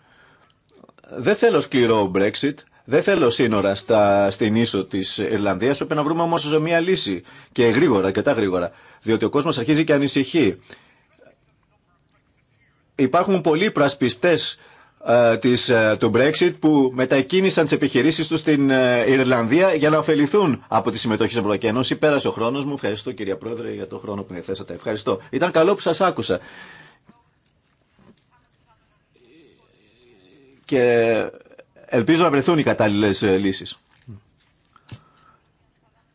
Δεν θέλω σκληρό Brexit. Δεν θέλω σύνορα στα, στην ίσο τη Ιρλανδία. Πρέπει να βρούμε όμω μια λύση. Και γρήγορα, αρκετά γρήγορα. Διότι ο κόσμο αρχίζει και ανησυχεί. Υπάρχουν πολλοί πρασπιστέ ε, της, ε, του Brexit που μετακίνησαν τι επιχειρήσει του στην ε, Ιρλανδία για να ωφεληθούν από τη συμμετοχή της Ευρωπαϊκή Πέρασε ο χρόνο μου. Ευχαριστώ κύριε Πρόεδρε για το χρόνο που με θέσατε. Ευχαριστώ. Ήταν καλό που σα άκουσα. Και ελπίζω να βρεθούν οι κατάλληλε λύσει.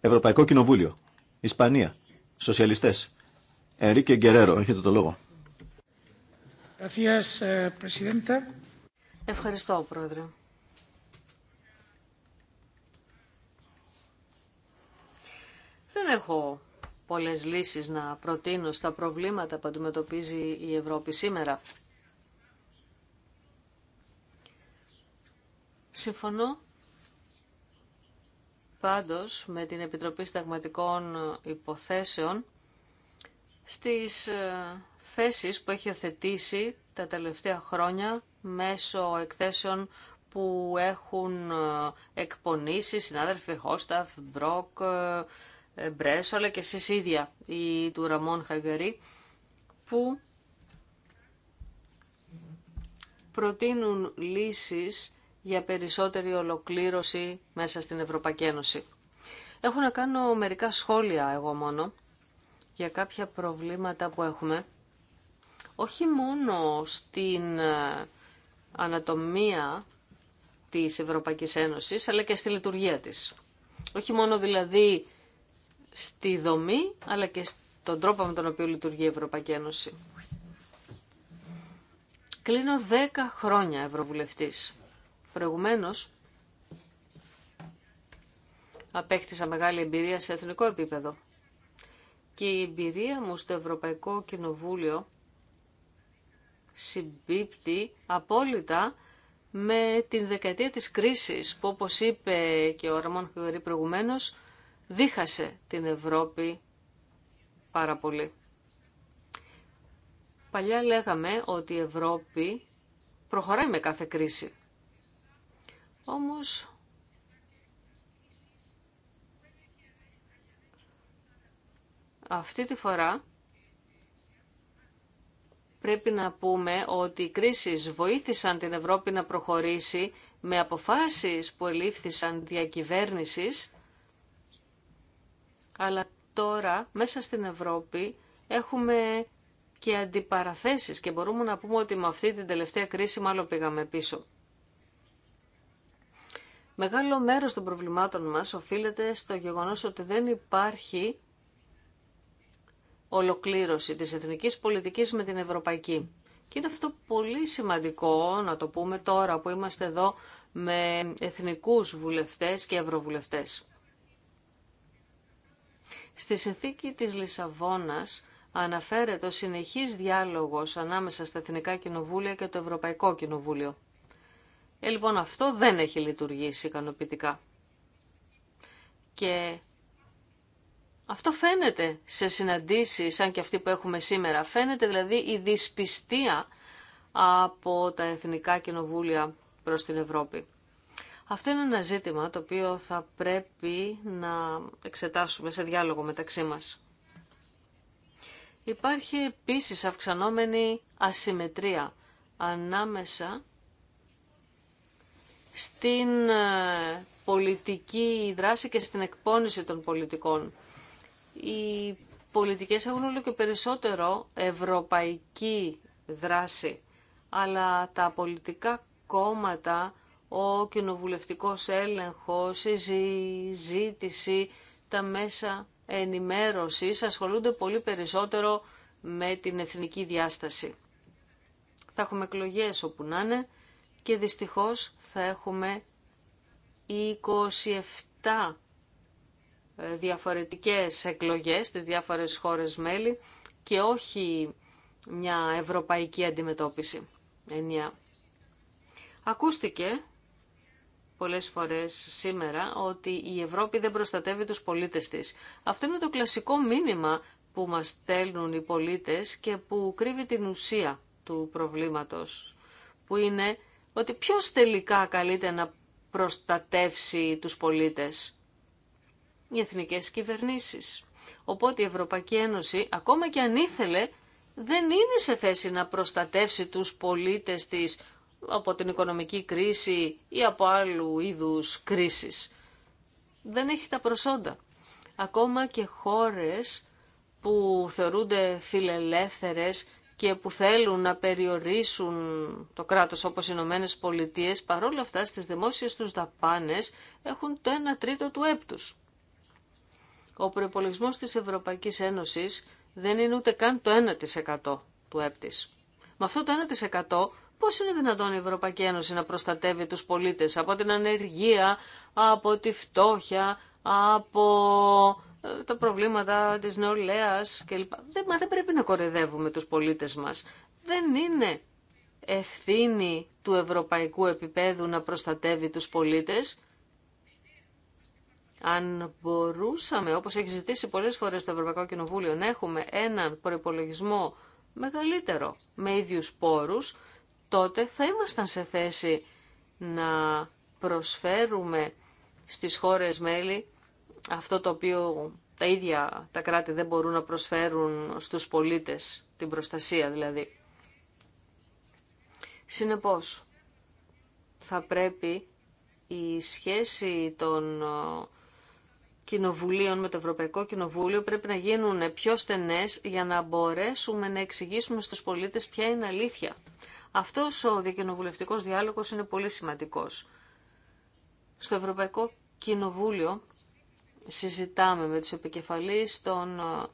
Ευρωπαϊκό Κοινοβούλιο. Ισπανία. Σοσιαλιστέ. Ερίκε Γκερέρο, έχετε το λόγο. Gracias, eh, Presidenta. Ευχαριστώ, Πρόεδρε. Δεν έχω πολλές λύσεις να προτείνω στα προβλήματα που αντιμετωπίζει η Ευρώπη σήμερα. Συμφωνώ πάντως με την Επιτροπή Σταγματικών Υποθέσεων στις ε, θέσεις που έχει οθετήσει τα τελευταία χρόνια μέσω εκθέσεων που έχουν ε, εκπονήσει συνάδελφοι Χώσταφ, Μπρόκ, ε, ε, Μπρέσολε και εσείς ίδια ή του Ραμόν Χαγερή που προτείνουν λύσεις για περισσότερη ολοκλήρωση μέσα στην Ευρωπαϊκή Ένωση. Έχω να κάνω μερικά σχόλια εγώ μόνο για κάποια προβλήματα που έχουμε, όχι μόνο στην ανατομία της Ευρωπαϊκής Ένωσης, αλλά και στη λειτουργία της. Όχι μόνο δηλαδή στη δομή, αλλά και στον τρόπο με τον οποίο λειτουργεί η Ευρωπαϊκή Ένωση. Κλείνω 10 χρόνια Ευρωβουλευτής. Προηγουμένως, απέκτησα μεγάλη εμπειρία σε εθνικό επίπεδο. Και η εμπειρία μου στο Ευρωπαϊκό Κοινοβούλιο συμπίπτει απόλυτα με την δεκαετία της κρίσης που όπως είπε και ο Ραμόν Χιδωρή προηγουμένως δίχασε την Ευρώπη πάρα πολύ. Παλιά λέγαμε ότι η Ευρώπη προχωράει με κάθε κρίση. Όμως αυτή τη φορά πρέπει να πούμε ότι οι κρίσεις βοήθησαν την Ευρώπη να προχωρήσει με αποφάσεις που ελήφθησαν διακυβέρνησης, αλλά τώρα μέσα στην Ευρώπη έχουμε και αντιπαραθέσεις και μπορούμε να πούμε ότι με αυτή την τελευταία κρίση μάλλον πήγαμε πίσω. Μεγάλο μέρος των προβλημάτων μας οφείλεται στο γεγονός ότι δεν υπάρχει ολοκλήρωση της εθνικής πολιτικής με την ευρωπαϊκή. Και είναι αυτό πολύ σημαντικό να το πούμε τώρα που είμαστε εδώ με εθνικούς βουλευτές και ευρωβουλευτές. Στη συνθήκη της Λισαβόνας αναφέρεται ο συνεχής διάλογος ανάμεσα στα Εθνικά Κοινοβούλια και το Ευρωπαϊκό Κοινοβούλιο. Ε, λοιπόν, αυτό δεν έχει λειτουργήσει ικανοποιητικά. Και αυτό φαίνεται σε συναντήσεις σαν και αυτή που έχουμε σήμερα. Φαίνεται δηλαδή η δυσπιστία από τα εθνικά κοινοβούλια προς την Ευρώπη. Αυτό είναι ένα ζήτημα το οποίο θα πρέπει να εξετάσουμε σε διάλογο μεταξύ μας. Υπάρχει επίσης αυξανόμενη ασυμμετρία ανάμεσα στην ε, πολιτική δράση και στην εκπόνηση των πολιτικών οι πολιτικές έχουν όλο και περισσότερο ευρωπαϊκή δράση. Αλλά τα πολιτικά κόμματα, ο κοινοβουλευτικός έλεγχος, η ζήτηση, τα μέσα ενημέρωσης ασχολούνται πολύ περισσότερο με την εθνική διάσταση. Θα έχουμε εκλογέ όπου να είναι και δυστυχώς θα έχουμε 27 ε, διαφορετικές εκλογές στις διάφορες χώρες μέλη και όχι μια ευρωπαϊκή αντιμετώπιση. Ενιά. Ακούστηκε πολλές φορές σήμερα ότι η Ευρώπη δεν προστατεύει τους πολίτες της. Αυτό είναι το κλασικό μήνυμα που μας στέλνουν οι πολίτες και που κρύβει την ουσία του προβλήματος, που είναι ότι ποιος τελικά καλείται να προστατεύσει τους πολίτες οι εθνικές κυβερνήσεις. Οπότε η Ευρωπαϊκή Ένωση, ακόμα και αν ήθελε, δεν είναι σε θέση να προστατεύσει τους πολίτες της από την οικονομική κρίση ή από άλλου είδους κρίσεις. Δεν έχει τα προσόντα. Ακόμα και χώρες που θεωρούνται φιλελεύθερες και που θέλουν να περιορίσουν το κράτος όπως οι Ηνωμένε Πολιτείε, παρόλα αυτά στις δημόσιες τους δαπάνες έχουν το 1 τρίτο του έπτους. Ο προϋπολογισμός της Ευρωπαϊκής Ένωσης δεν είναι ούτε καν το 1% του έπτης. Με αυτό το 1% πώς είναι δυνατόν η Ευρωπαϊκή Ένωση να προστατεύει τους πολίτες από την ανεργία, από τη φτώχεια, από ε, τα προβλήματα της νεολαίας κλπ. Δεν, μα δεν πρέπει να κορεδεύουμε τους πολίτες μας. Δεν είναι ευθύνη του ευρωπαϊκού επίπεδου να προστατεύει τους πολίτες. Αν μπορούσαμε, όπως έχει ζητήσει πολλές φορές το Ευρωπαϊκό Κοινοβούλιο, να έχουμε έναν προπολογισμό μεγαλύτερο με ίδιους πόρους, τότε θα ήμασταν σε θέση να προσφέρουμε στις χώρες μέλη αυτό το οποίο τα ίδια τα κράτη δεν μπορούν να προσφέρουν στους πολίτες, την προστασία δηλαδή. Συνεπώς, θα πρέπει η σχέση των κοινοβουλίων με το Ευρωπαϊκό Κοινοβούλιο πρέπει να γίνουν πιο στενές για να μπορέσουμε να εξηγήσουμε στους πολίτες ποια είναι αλήθεια. Αυτός ο διακοινοβουλευτικός διάλογος είναι πολύ σημαντικός. Στο Ευρωπαϊκό Κοινοβούλιο συζητάμε με τους επικεφαλείς των ε,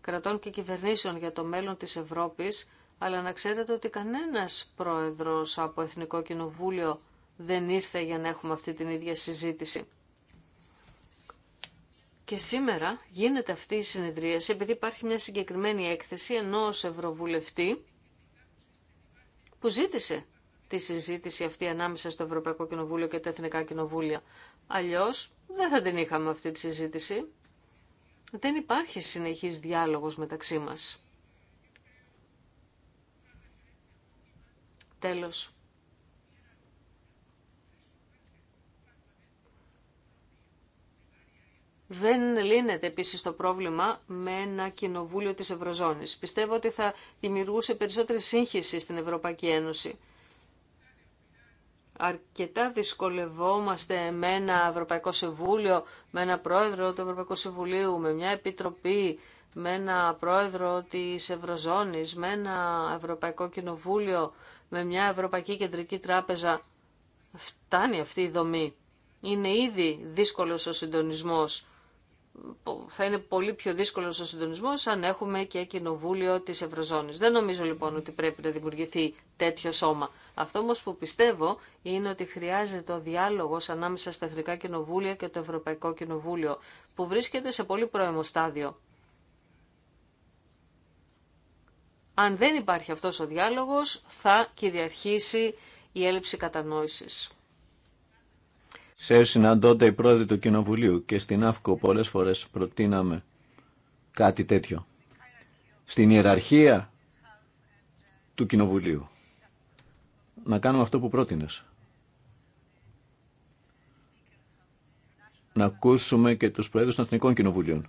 κρατών και κυβερνήσεων για το μέλλον της Ευρώπης, αλλά να ξέρετε ότι κανένας πρόεδρος από Εθνικό Κοινοβούλιο δεν ήρθε για να έχουμε αυτή την ίδια συζήτηση. Και σήμερα γίνεται αυτή η συνεδρίαση επειδή υπάρχει μια συγκεκριμένη έκθεση ενός ευρωβουλευτή που ζήτησε τη συζήτηση αυτή ανάμεσα στο Ευρωπαϊκό Κοινοβούλιο και τα Εθνικά Κοινοβούλια. Αλλιώς δεν θα την είχαμε αυτή τη συζήτηση. Δεν υπάρχει συνεχής διάλογος μεταξύ μας. Τέλος. Δεν λύνεται επίση το πρόβλημα με ένα κοινοβούλιο της Ευρωζώνης. Πιστεύω ότι θα δημιουργούσε περισσότερη σύγχυση στην Ευρωπαϊκή Ένωση. Αρκετά δυσκολευόμαστε με ένα Ευρωπαϊκό Συμβούλιο, με ένα πρόεδρο του Ευρωπαϊκού Συμβουλίου, με μια επιτροπή, με ένα πρόεδρο της Ευρωζώνης, με ένα Ευρωπαϊκό Κοινοβούλιο, με μια Ευρωπαϊκή Κεντρική Τράπεζα. Φτάνει αυτή η δομή. Είναι ήδη δύσκολος ο συντονισμός θα είναι πολύ πιο δύσκολο ο συντονισμό αν έχουμε και κοινοβούλιο τη Ευρωζώνη. Δεν νομίζω λοιπόν ότι πρέπει να δημιουργηθεί τέτοιο σώμα. Αυτό όμω που πιστεύω είναι ότι χρειάζεται ο διάλογο ανάμεσα στα Εθνικά Κοινοβούλια και το Ευρωπαϊκό Κοινοβούλιο, που βρίσκεται σε πολύ πρώιμο στάδιο. Αν δεν υπάρχει αυτός ο διάλογος, θα κυριαρχήσει η έλλειψη κατανόησης. Σε συναντώνται οι πρόεδροι του Κοινοβουλίου και στην ΑΦΚΟ πολλές φορές προτείναμε κάτι τέτοιο. Στην ιεραρχία του Κοινοβουλίου. Να κάνουμε αυτό που πρότεινες. Να ακούσουμε και τους πρόεδρους των Εθνικών Κοινοβουλίων.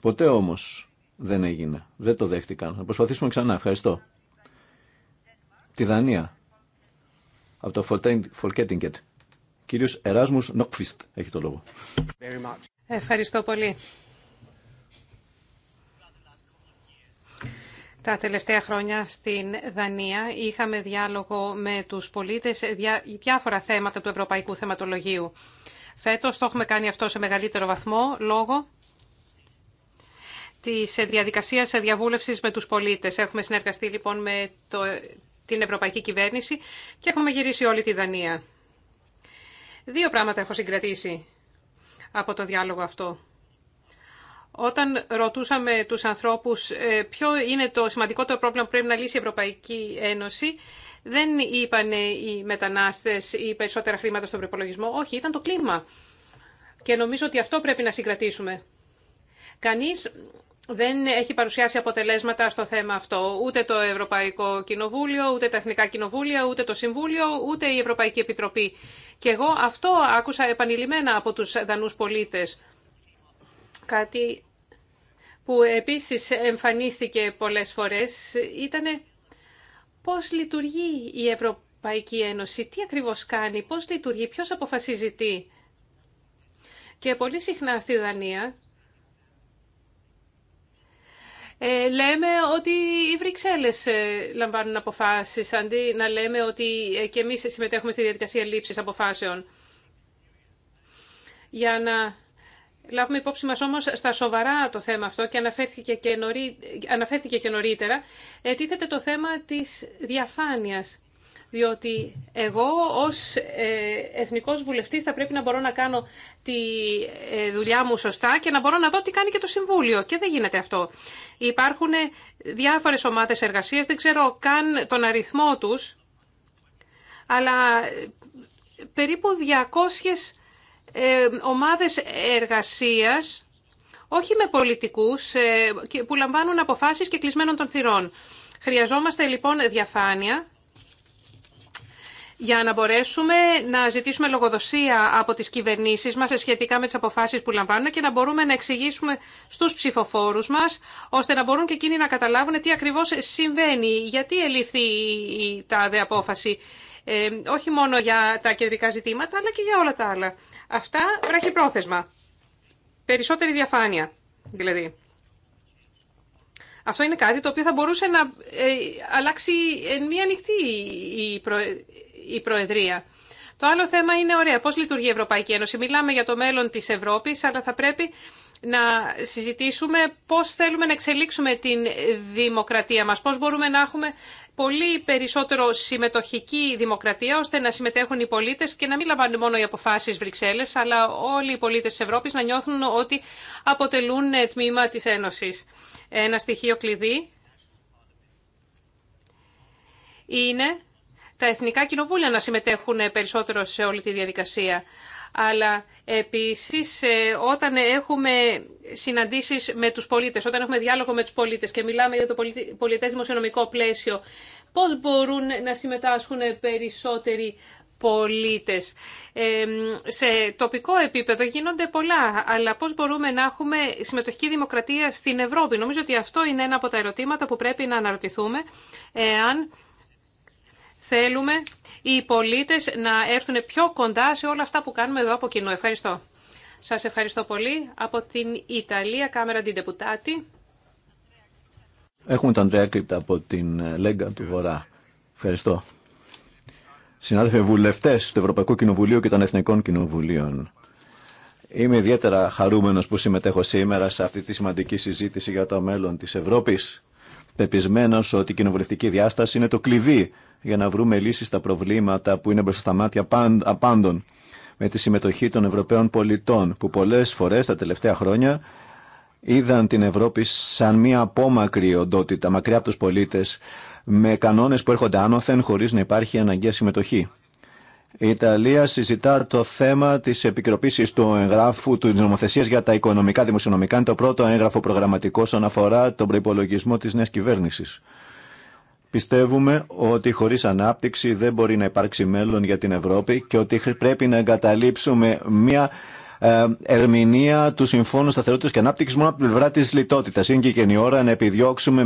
Ποτέ όμως δεν έγινε. Δεν το δέχτηκαν. Να προσπαθήσουμε ξανά. Ευχαριστώ. Τη Δανία. Από το Forgetting Κύριος Εράσμους Νόκφιστ έχει το λόγο. Ευχαριστώ πολύ. Τα τελευταία χρόνια στην Δανία είχαμε διάλογο με τους πολίτες για διάφορα θέματα του ευρωπαϊκού θεματολογίου. Φέτος το έχουμε κάνει αυτό σε μεγαλύτερο βαθμό λόγω της διαδικασίας διαβούλευσης με τους πολίτες. Έχουμε συνεργαστεί λοιπόν με το, την Ευρωπαϊκή Κυβέρνηση και έχουμε γυρίσει όλη τη Δανία. Δύο πράγματα έχω συγκρατήσει από το διάλογο αυτό. Όταν ρωτούσαμε τους ανθρώπους ε, ποιο είναι το σημαντικότερο πρόβλημα που πρέπει να λύσει η Ευρωπαϊκή Ένωση, δεν είπαν οι μετανάστες ή περισσότερα χρήματα στον προπολογισμό. Όχι, ήταν το κλίμα. Και νομίζω ότι αυτό πρέπει να συγκρατήσουμε. Κανείς δεν έχει παρουσιάσει αποτελέσματα στο θέμα αυτό. Ούτε το Ευρωπαϊκό Κοινοβούλιο, ούτε τα Εθνικά Κοινοβούλια, ούτε το Συμβούλιο, ούτε η Ευρωπαϊκή Επιτροπή. Και εγώ αυτό άκουσα επανειλημμένα από τους δανούς πολίτες. Κάτι που επίσης εμφανίστηκε πολλές φορές ήταν πώς λειτουργεί η Ευρωπαϊκή Ένωση, τι ακριβώς κάνει, πώς λειτουργεί, ποιος αποφασίζει τι. Και πολύ συχνά στη Δανία ε, λέμε ότι οι Βρυξέλλες ε, λαμβάνουν αποφάσεις, αντί να λέμε ότι ε, και εμείς συμμετέχουμε στη διαδικασία λήψης αποφάσεων. Για να λάβουμε υπόψη μας όμως στα σοβαρά το θέμα αυτό και αναφέρθηκε και, νωρί... αναφέρθηκε και νωρίτερα, τίθεται το θέμα της διαφάνειας διότι εγώ ως ε, εθνικός βουλευτής θα πρέπει να μπορώ να κάνω τη ε, δουλειά μου σωστά και να μπορώ να δω τι κάνει και το Συμβούλιο. Και δεν γίνεται αυτό. Υπάρχουν ε, διάφορες ομάδες εργασίας, δεν ξέρω καν τον αριθμό τους, αλλά περίπου 200 ομάδες εργασίας, όχι με πολιτικούς, που λαμβάνουν αποφάσεις και κλεισμένων των θυρών. Χρειαζόμαστε λοιπόν διαφάνεια για να μπορέσουμε να ζητήσουμε λογοδοσία από τις κυβερνήσεις μας σχετικά με τις αποφάσεις που λαμβάνουν και να μπορούμε να εξηγήσουμε στους ψηφοφόρους μας, ώστε να μπορούν και εκείνοι να καταλάβουν τι ακριβώς συμβαίνει, γιατί ελήφθη η τάδε απόφαση, ε, όχι μόνο για τα κεντρικά ζητήματα, αλλά και για όλα τα άλλα. Αυτά πρόθεσμα. Περισσότερη διαφάνεια, δηλαδή. Αυτό είναι κάτι το οποίο θα μπορούσε να ε, αλλάξει μια ανοιχτή η, προ η Προεδρία. Το άλλο θέμα είναι, ωραία, πώς λειτουργεί η Ευρωπαϊκή Ένωση. Μιλάμε για το μέλλον της Ευρώπης, αλλά θα πρέπει να συζητήσουμε πώς θέλουμε να εξελίξουμε την δημοκρατία μας, πώς μπορούμε να έχουμε πολύ περισσότερο συμμετοχική δημοκρατία, ώστε να συμμετέχουν οι πολίτες και να μην λαμβάνουν μόνο οι αποφάσεις Βρυξέλλες, αλλά όλοι οι πολίτες της Ευρώπης να νιώθουν ότι αποτελούν τμήμα της Ένωσης. Ένα στοιχείο κλειδί είναι τα εθνικά κοινοβούλια να συμμετέχουν ε, περισσότερο σε όλη τη διαδικασία. Αλλά επίσης ε, όταν έχουμε συναντήσεις με τους πολίτες, όταν έχουμε διάλογο με τους πολίτες και μιλάμε για το πολιτές δημοσιονομικό πλαίσιο, πώς μπορούν να συμμετάσχουν περισσότεροι πολίτες. Ε, σε τοπικό επίπεδο γίνονται πολλά, αλλά πώς μπορούμε να έχουμε συμμετοχική δημοκρατία στην Ευρώπη. Νομίζω ότι αυτό είναι ένα από τα ερωτήματα που πρέπει να αναρωτηθούμε εάν Θέλουμε οι πολίτες να έρθουν πιο κοντά σε όλα αυτά που κάνουμε εδώ από κοινού. Ευχαριστώ. Σας ευχαριστώ πολύ. Από την Ιταλία, κάμερα την Τεπουτάτη. Έχουμε τον Αντρέα Κρύπτα από την Λέγκα του Βορρά. Ευχαριστώ. Συνάδελφοι βουλευτέ του Ευρωπαϊκού Κοινοβουλίου και των Εθνικών Κοινοβουλίων. Είμαι ιδιαίτερα χαρούμενος που συμμετέχω σήμερα σε αυτή τη σημαντική συζήτηση για το μέλλον της Ευρώπης πεπισμένο ότι η κοινοβουλευτική διάσταση είναι το κλειδί για να βρούμε λύσει στα προβλήματα που είναι μπροστά στα μάτια απάντων. Με τη συμμετοχή των Ευρωπαίων πολιτών, που πολλέ φορέ τα τελευταία χρόνια είδαν την Ευρώπη σαν μια απόμακρη οντότητα, μακριά από του πολίτε, με κανόνε που έρχονται άνωθεν χωρί να υπάρχει αναγκαία συμμετοχή. Η Ιταλία συζητά το θέμα τη επικροπήση του εγγράφου τη νομοθεσία για τα οικονομικά δημοσιονομικά. Είναι το πρώτο έγγραφο προγραμματικό όσον αφορά τον προπολογισμό τη νέα κυβέρνηση. Πιστεύουμε ότι χωρίς ανάπτυξη δεν μπορεί να υπάρξει μέλλον για την Ευρώπη και ότι πρέπει να εγκαταλείψουμε μια ε, ερμηνεία του Συμφώνου Σταθερότητας και Ανάπτυξης μόνο από την πλευρά της λιτότητας. Είναι και η ώρα να επιδιώξουμε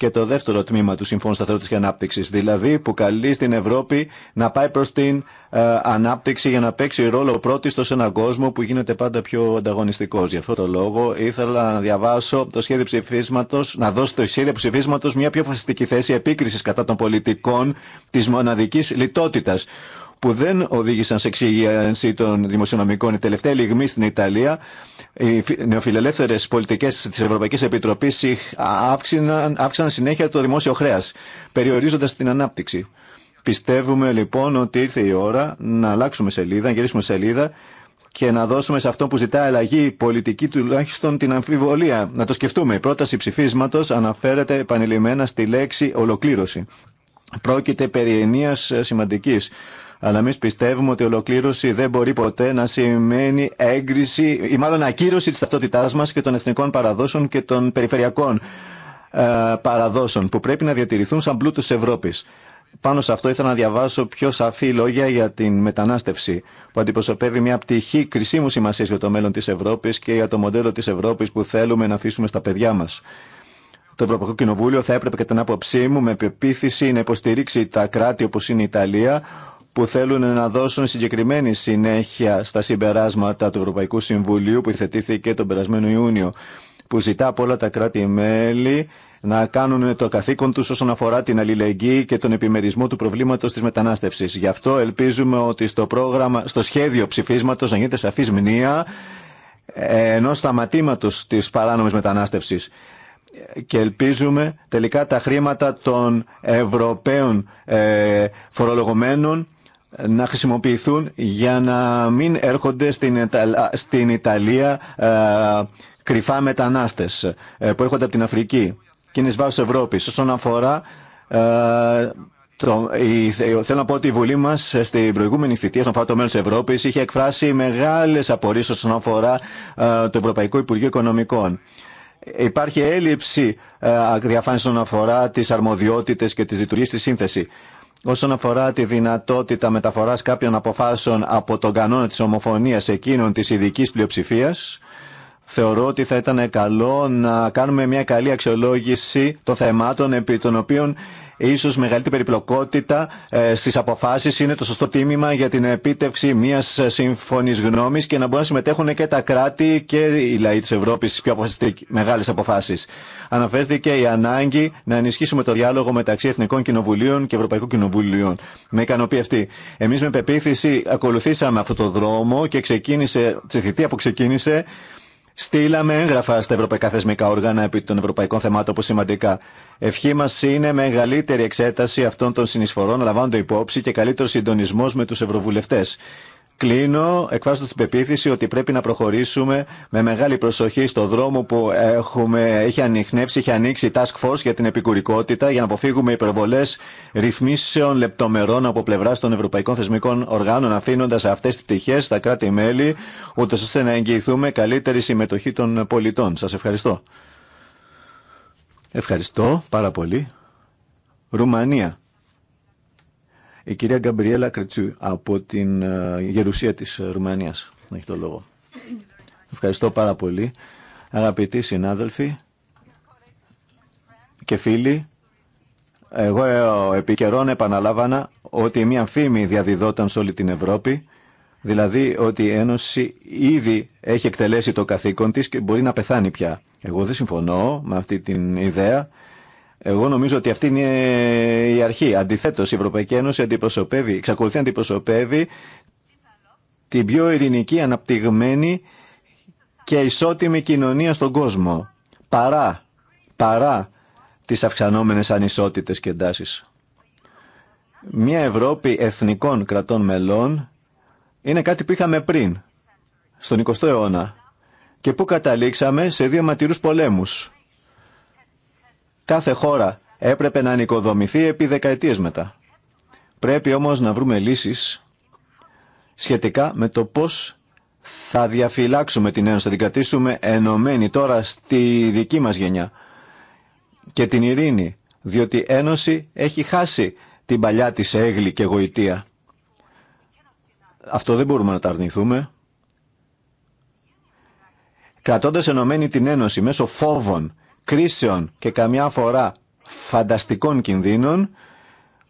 και το δεύτερο τμήμα του Συμφώνου Σταθερότητα και Ανάπτυξη, δηλαδή που καλεί στην Ευρώπη να πάει προ την ε, ανάπτυξη για να παίξει ρόλο πρώτη σε έναν κόσμο που γίνεται πάντα πιο ανταγωνιστικό. Γι' αυτό το λόγο ήθελα να διαβάσω το σχέδιο ψηφίσματο, να δώσω το σχέδιο ψηφίσματο μια πιο αποφασιστική θέση επίκριση κατά των πολιτικών τη μοναδική λιτότητα που δεν οδήγησαν σε εξυγίανση των δημοσιονομικών. Η τελευταία λιγμή στην Ιταλία, οι νεοφιλελεύθερε πολιτικέ τη Ευρωπαϊκή Επιτροπή αύξηναν συνέχεια το δημόσιο χρέο, περιορίζοντα την ανάπτυξη. Πιστεύουμε λοιπόν ότι ήρθε η ώρα να αλλάξουμε σελίδα, να γυρίσουμε σελίδα και να δώσουμε σε αυτό που ζητά αλλαγή πολιτική τουλάχιστον την αμφιβολία. Να το σκεφτούμε. Η πρόταση ψηφίσματο αναφέρεται επανειλημμένα στη λέξη ολοκλήρωση. Πρόκειται περί ενίας σημαντικής. Αλλά εμεί πιστεύουμε ότι η ολοκλήρωση δεν μπορεί ποτέ να σημαίνει έγκριση ή μάλλον ακύρωση τη ταυτότητά μα και των εθνικών παραδόσεων και των περιφερειακών ε, παραδόσεων που πρέπει να διατηρηθούν σαν πλούτο τη Ευρώπη. Πάνω σε αυτό ήθελα να διαβάσω πιο σαφή λόγια για την μετανάστευση, που αντιπροσωπεύει μια πτυχή κρισίμου σημασία για το μέλλον τη Ευρώπη και για το μοντέλο τη Ευρώπη που θέλουμε να αφήσουμε στα παιδιά μα. Το Ευρωπαϊκό Κοινοβούλιο θα έπρεπε κατά την άποψή μου με πεποίθηση να υποστηρίξει τα κράτη όπω είναι η Ιταλία, που θέλουν να δώσουν συγκεκριμένη συνέχεια στα συμπεράσματα του Ευρωπαϊκού Συμβουλίου που υθετήθηκε τον περασμένο Ιούνιο, που ζητά από όλα τα κράτη-μέλη να κάνουν το καθήκον τους όσον αφορά την αλληλεγγύη και τον επιμερισμό του προβλήματος της μετανάστευσης. Γι' αυτό ελπίζουμε ότι στο, πρόγραμμα, στο σχέδιο ψηφίσματος να γίνεται σαφής μνήα ε, ενός σταματήματος της παράνομης μετανάστευσης και ελπίζουμε τελικά τα χρήματα των Ευρωπαίων ε, φορολογωμένων να χρησιμοποιηθούν για να μην έρχονται στην, στην Ιταλία ε, κρυφά μετανάστες ε, που έρχονται από την Αφρική και είναι εις Ευρώπης. Όσον αφορά, ε, το, η, θέλω να πω ότι η Βουλή μας στην προηγούμενη θητεία, στον Φάτο το Ευρώπης, είχε εκφράσει μεγάλες απορίες όσον αφορά το Ευρωπαϊκό Υπουργείο Οικονομικών. Υπάρχει έλλειψη διαφάνειας όσον αφορά τις αρμοδιότητες και τις λειτουργίες στη σύνθεση όσον αφορά τη δυνατότητα μεταφοράς κάποιων αποφάσεων από τον κανόνα της ομοφωνία εκείνων της ειδική πλειοψηφία. Θεωρώ ότι θα ήταν καλό να κάνουμε μια καλή αξιολόγηση των θεμάτων επί των οποίων ίσω μεγαλύτερη περιπλοκότητα ε, στι αποφάσει είναι το σωστό τίμημα για την επίτευξη μια ε, συμφωνή γνώμη και να μπορούν να συμμετέχουν και τα κράτη και οι λαοί τη Ευρώπη στι πιο μεγάλε αποφάσει. Αναφέρθηκε η ανάγκη να ενισχύσουμε το διάλογο μεταξύ Εθνικών Κοινοβουλίων και Ευρωπαϊκού Κοινοβουλίων. Με ικανοποιεί αυτή. Εμείς με πεποίθηση ακολουθήσαμε αυτό το δρόμο και ξεκίνησε, τη θητεία που ξεκίνησε, Στείλαμε έγγραφα στα ευρωπαϊκά θεσμικά όργανα επί των ευρωπαϊκών θεμάτων που σημαντικά. Ευχή μα είναι μεγαλύτερη εξέταση αυτών των συνεισφορών, λαμβάνοντα υπόψη και καλύτερο συντονισμό με του ευρωβουλευτέ. Κλείνω εκφράζοντα την πεποίθηση ότι πρέπει να προχωρήσουμε με μεγάλη προσοχή στο δρόμο που έχουμε, έχει ανοιχνεύσει, έχει ανοίξει η Task Force για την επικουρικότητα για να αποφύγουμε υπερβολέ ρυθμίσεων λεπτομερών από πλευρά των ευρωπαϊκών θεσμικών οργάνων, αφήνοντα αυτέ τι πτυχέ στα κράτη-μέλη, ούτω ώστε να εγγυηθούμε καλύτερη συμμετοχή των πολιτών. Σα ευχαριστώ. Ευχαριστώ πάρα πολύ. Ρουμανία. Η κυρία Γκαμπριέλα Κριτσού από την ε, γερουσία της ε, Ρουμανίας. Έχει το λόγο. Ευχαριστώ πάρα πολύ. Αγαπητοί συνάδελφοι και φίλοι, εγώ ε, επί καιρών επαναλάβανα ότι μια φήμη διαδιδόταν σε όλη την Ευρώπη, δηλαδή ότι η Ένωση ήδη έχει εκτελέσει το καθήκον της και μπορεί να πεθάνει πια. Εγώ δεν συμφωνώ με αυτή την ιδέα εγώ νομίζω ότι αυτή είναι η αρχή. Αντιθέτω, η Ευρωπαϊκή Ένωση αντιπροσωπεύει, εξακολουθεί να αντιπροσωπεύει την πιο ειρηνική, αναπτυγμένη και ισότιμη κοινωνία στον κόσμο. Παρά, παρά τις αυξανόμενες ανισότητες και εντάσεις. Μια Ευρώπη εθνικών κρατών μελών είναι κάτι που είχαμε πριν, στον 20ο αιώνα, και που καταλήξαμε σε δύο πολέμους Κάθε χώρα έπρεπε να ανοικοδομηθεί επί δεκαετίες μετά. Πρέπει όμως να βρούμε λύσεις σχετικά με το πώς θα διαφυλάξουμε την Ένωση, θα την κρατήσουμε ενωμένη τώρα στη δική μας γενιά και την ειρήνη, διότι η Ένωση έχει χάσει την παλιά της έγλη και γοητεία. Αυτό δεν μπορούμε να τα αρνηθούμε. Κρατώντας ενωμένη την Ένωση μέσω φόβων κρίσεων και καμιά φορά φανταστικών κινδύνων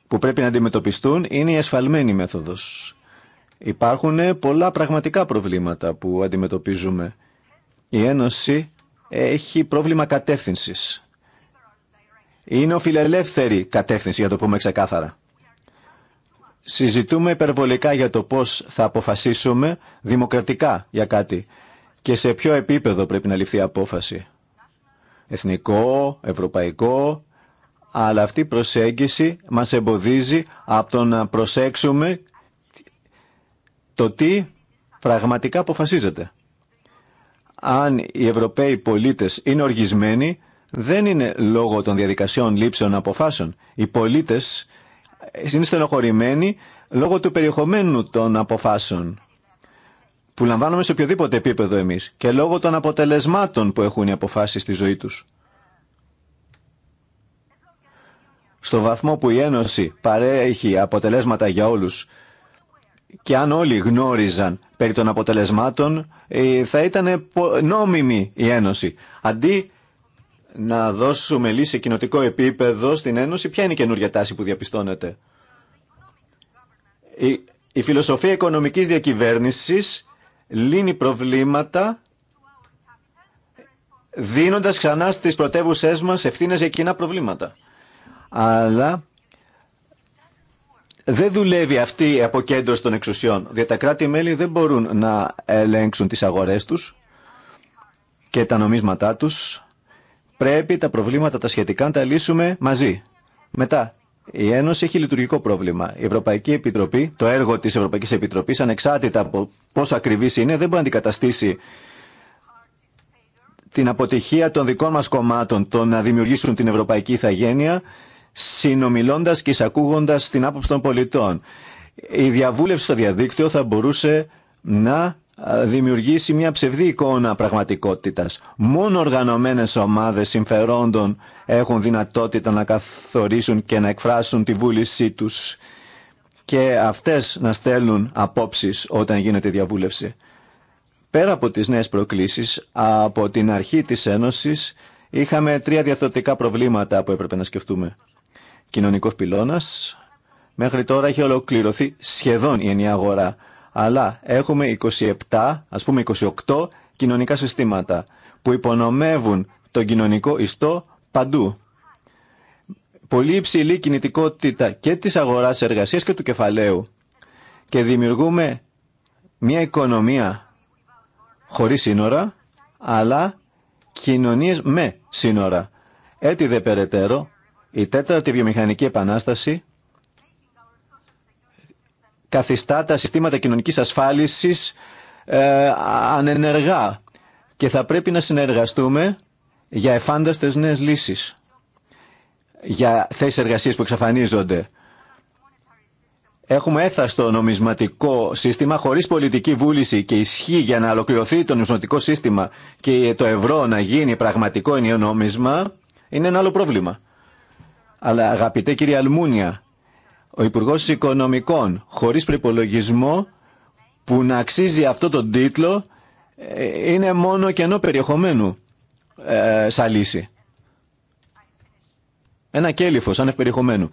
που πρέπει να αντιμετωπιστούν είναι η ασφαλμένη μέθοδος. Υπάρχουν πολλά πραγματικά προβλήματα που αντιμετωπίζουμε. Η Ένωση έχει πρόβλημα κατεύθυνσης. Είναι οφειλελεύθερη κατεύθυνση, για το πούμε ξεκάθαρα. Συζητούμε υπερβολικά για το πώς θα αποφασίσουμε δημοκρατικά για κάτι και σε ποιο επίπεδο πρέπει να ληφθεί η απόφαση εθνικό, ευρωπαϊκό, αλλά αυτή η προσέγγιση μας εμποδίζει από το να προσέξουμε το τι πραγματικά αποφασίζεται. Αν οι Ευρωπαίοι πολίτες είναι οργισμένοι, δεν είναι λόγω των διαδικασιών λήψεων αποφάσεων. Οι πολίτες είναι στενοχωρημένοι λόγω του περιεχομένου των αποφάσεων που λαμβάνουμε σε οποιοδήποτε επίπεδο εμείς και λόγω των αποτελεσμάτων που έχουν οι αποφάσεις στη ζωή τους. Στο βαθμό που η Ένωση παρέχει αποτελέσματα για όλους και αν όλοι γνώριζαν περί των αποτελεσμάτων ε, θα ήταν νόμιμη η Ένωση. Αντί να δώσουμε λύση κοινοτικό επίπεδο στην Ένωση, ποια είναι η καινούργια τάση που διαπιστώνεται. Η, η φιλοσοφία οικονομικής διακυβέρνησης λύνει προβλήματα δίνοντας ξανά στις πρωτεύουσές μας ευθύνες για κοινά προβλήματα. Αλλά δεν δουλεύει αυτή η αποκέντρωση των εξουσιών, διότι τα κράτη-μέλη δεν μπορούν να ελέγξουν τις αγορές τους και τα νομίσματά τους. Πρέπει τα προβλήματα τα σχετικά να τα λύσουμε μαζί. Μετά, η Ένωση έχει λειτουργικό πρόβλημα. Η Ευρωπαϊκή Επιτροπή, το έργο της Ευρωπαϊκής Επιτροπής, ανεξάρτητα από πόσο ακριβή είναι, δεν μπορεί να αντικαταστήσει την αποτυχία των δικών μας κομμάτων το να δημιουργήσουν την Ευρωπαϊκή Ιθαγένεια, συνομιλώντα και εισακούγοντα την άποψη των πολιτών. Η διαβούλευση στο διαδίκτυο θα μπορούσε να δημιουργήσει μια ψευδή εικόνα πραγματικότητας. Μόνο οργανωμένες ομάδες συμφερόντων έχουν δυνατότητα να καθορίσουν και να εκφράσουν τη βούλησή τους και αυτές να στέλνουν απόψεις όταν γίνεται διαβούλευση. Πέρα από τις νέες προκλήσεις, από την αρχή της Ένωσης είχαμε τρία διαθετικά προβλήματα που έπρεπε να σκεφτούμε. Κοινωνικός πυλώνας, μέχρι τώρα έχει ολοκληρωθεί σχεδόν η ενιαία αγορά αλλά έχουμε 27, ας πούμε 28 κοινωνικά συστήματα που υπονομεύουν τον κοινωνικό ιστό παντού. Πολύ υψηλή κινητικότητα και της αγοράς εργασίας και του κεφαλαίου και δημιουργούμε μια οικονομία χωρίς σύνορα, αλλά κοινωνίες με σύνορα. Έτσι δε περαιτέρω, η τέταρτη βιομηχανική επανάσταση καθιστά τα συστήματα κοινωνικής ασφάλισης ε, ανενεργά και θα πρέπει να συνεργαστούμε για εφάνταστες νέες λύσεις, για θέσεις εργασίας που εξαφανίζονται. Έχουμε έφταστο νομισματικό σύστημα χωρίς πολιτική βούληση και ισχύ για να ολοκληρωθεί το νομισματικό σύστημα και το ευρώ να γίνει πραγματικό ενιαίο νόμισμα είναι ένα άλλο πρόβλημα. Αλλά αγαπητέ κύριε Αλμούνια, ο Υπουργό Οικονομικών χωρίς προπολογισμό που να αξίζει αυτό τον τίτλο ε, είναι μόνο κενό περιεχομένου ε, σαν λύση. Ένα κέλυφος σαν περιεχομένου.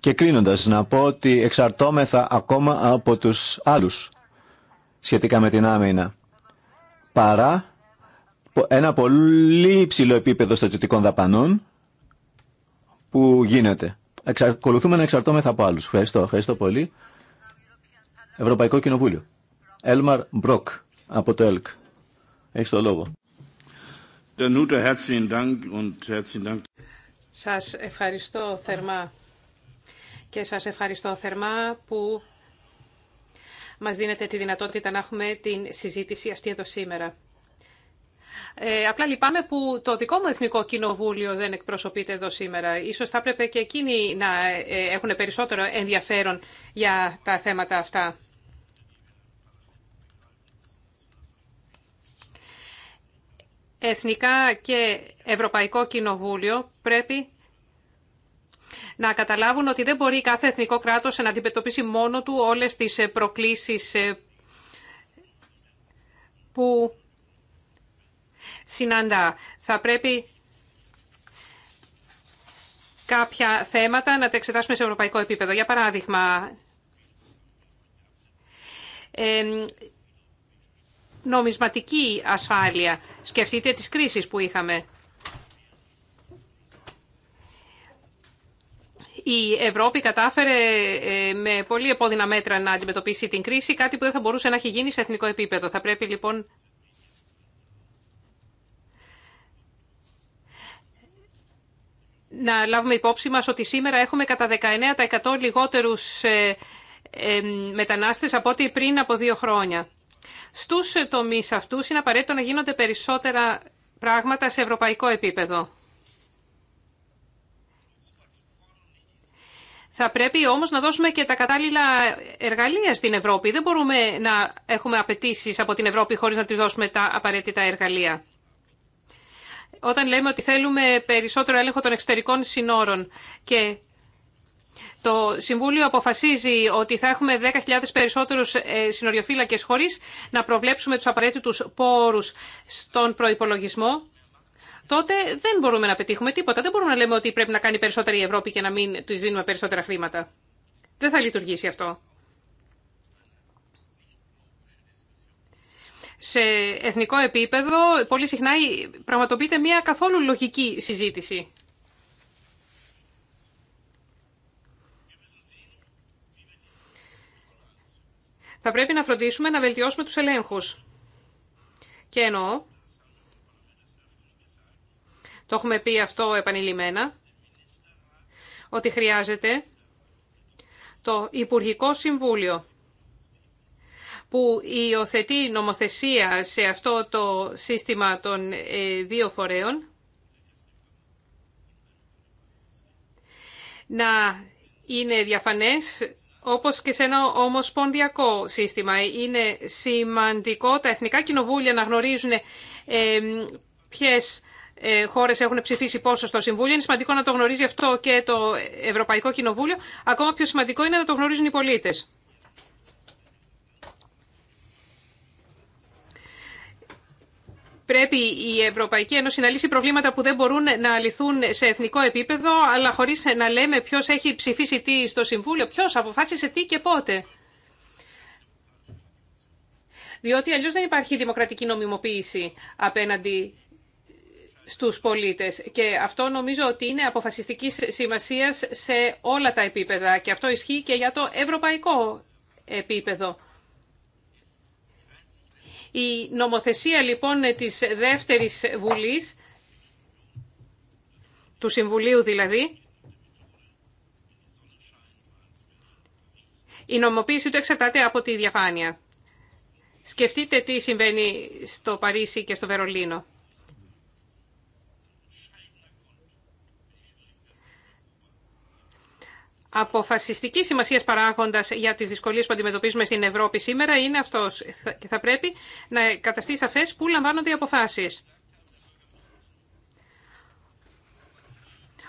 Και κλείνοντας να πω ότι εξαρτώμεθα ακόμα από τους άλλους σχετικά με την άμυνα παρά ένα πολύ υψηλό επίπεδο στατιωτικών δαπανών που γίνεται εξακολουθούμε να εξαρτώμεθα από άλλους. Ευχαριστώ, ευχαριστώ πολύ. Ευρωπαϊκό Κοινοβούλιο. Έλμαρ Μπροκ από το ΕΛΚ. Έχει το λόγο. Σας ευχαριστώ θερμά και σας ευχαριστώ θερμά που μας δίνετε τη δυνατότητα να έχουμε την συζήτηση αυτή εδώ σήμερα. Ε, απλά λυπάμαι που το δικό μου Εθνικό Κοινοβούλιο δεν εκπροσωπείται εδώ σήμερα. Ίσως θα έπρεπε και εκείνοι να ε, έχουν περισσότερο ενδιαφέρον για τα θέματα αυτά. Εθνικά και Ευρωπαϊκό Κοινοβούλιο πρέπει να καταλάβουν ότι δεν μπορεί κάθε εθνικό κράτος να αντιμετωπίσει μόνο του όλες τις ε, προκλήσεις ε, που συναντά. Θα πρέπει κάποια θέματα να τα εξετάσουμε σε ευρωπαϊκό επίπεδο. Για παράδειγμα, νομισματική ασφάλεια. Σκεφτείτε τις κρίσεις που είχαμε. Η Ευρώπη κατάφερε ε, με πολύ επώδυνα μέτρα να αντιμετωπίσει την κρίση, κάτι που δεν θα μπορούσε να έχει γίνει σε εθνικό επίπεδο. Θα πρέπει λοιπόν να λάβουμε υπόψη μας ότι σήμερα έχουμε κατά 19% λιγότερους ε, ε, μετανάστες από ό,τι πριν από δύο χρόνια. Στους ε, τομείς αυτούς είναι απαραίτητο να γίνονται περισσότερα πράγματα σε ευρωπαϊκό επίπεδο. Θα πρέπει όμως να δώσουμε και τα κατάλληλα εργαλεία στην Ευρώπη. Δεν μπορούμε να έχουμε απαιτήσει από την Ευρώπη χωρίς να της δώσουμε τα απαραίτητα εργαλεία όταν λέμε ότι θέλουμε περισσότερο έλεγχο των εξωτερικών συνόρων και το Συμβούλιο αποφασίζει ότι θα έχουμε 10.000 περισσότερους ε, συνοριοφύλακες χωρίς να προβλέψουμε τους απαραίτητους πόρους στον προϋπολογισμό, τότε δεν μπορούμε να πετύχουμε τίποτα. Δεν μπορούμε να λέμε ότι πρέπει να κάνει περισσότερη η Ευρώπη και να μην της δίνουμε περισσότερα χρήματα. Δεν θα λειτουργήσει αυτό. σε εθνικό επίπεδο πολύ συχνά πραγματοποιείται μια καθόλου λογική συζήτηση. Θα πρέπει να φροντίσουμε να βελτιώσουμε τους ελέγχους. Και εννοώ, το έχουμε πει αυτό επανειλημμένα, ότι χρειάζεται το Υπουργικό Συμβούλιο που υιοθετεί νομοθεσία σε αυτό το σύστημα των ε, δύο φορέων να είναι διαφανές όπως και σε ένα ομοσπονδιακό σύστημα. Είναι σημαντικό τα εθνικά κοινοβούλια να γνωρίζουν ε, ποιες ε, χώρες έχουν ψηφίσει πόσο στο Συμβούλιο. Είναι σημαντικό να το γνωρίζει αυτό και το Ευρωπαϊκό Κοινοβούλιο. Ακόμα πιο σημαντικό είναι να το γνωρίζουν οι πολίτες. Πρέπει η Ευρωπαϊκή Ένωση να λύσει προβλήματα που δεν μπορούν να λυθούν σε εθνικό επίπεδο, αλλά χωρίς να λέμε ποιος έχει ψηφίσει τι στο Συμβούλιο, ποιος αποφάσισε τι και πότε. Διότι αλλιώς δεν υπάρχει δημοκρατική νομιμοποίηση απέναντι στους πολίτες. Και αυτό νομίζω ότι είναι αποφασιστική σημασία σε όλα τα επίπεδα. Και αυτό ισχύει και για το ευρωπαϊκό επίπεδο. Η νομοθεσία λοιπόν της δεύτερης βουλής, του Συμβουλίου δηλαδή, η νομοποίηση του εξαρτάται από τη διαφάνεια. Σκεφτείτε τι συμβαίνει στο Παρίσι και στο Βερολίνο. αποφασιστική σημασία παράγοντα για τι δυσκολίε που αντιμετωπίζουμε στην Ευρώπη σήμερα είναι αυτό. Και θα πρέπει να καταστεί σαφέ πού λαμβάνονται οι αποφάσει.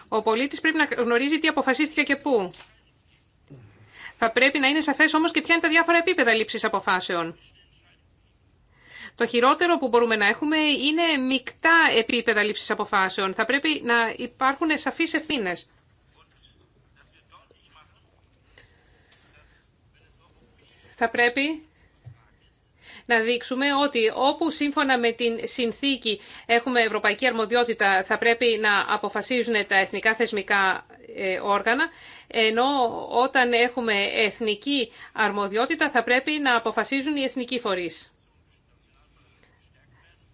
Ο πολίτη πρέπει να γνωρίζει τι αποφασίστηκε και πού. Θα πρέπει να είναι σαφέ όμως και ποια είναι τα διάφορα επίπεδα λήψη αποφάσεων. Το χειρότερο που μπορούμε να έχουμε είναι μεικτά επίπεδα λήψη αποφάσεων. Θα πρέπει να υπάρχουν σαφεί ευθύνε. Θα πρέπει να δείξουμε ότι όπου σύμφωνα με την συνθήκη έχουμε ευρωπαϊκή αρμοδιότητα θα πρέπει να αποφασίζουν τα εθνικά θεσμικά ε, όργανα, ενώ όταν έχουμε εθνική αρμοδιότητα θα πρέπει να αποφασίζουν οι εθνικοί φορείς.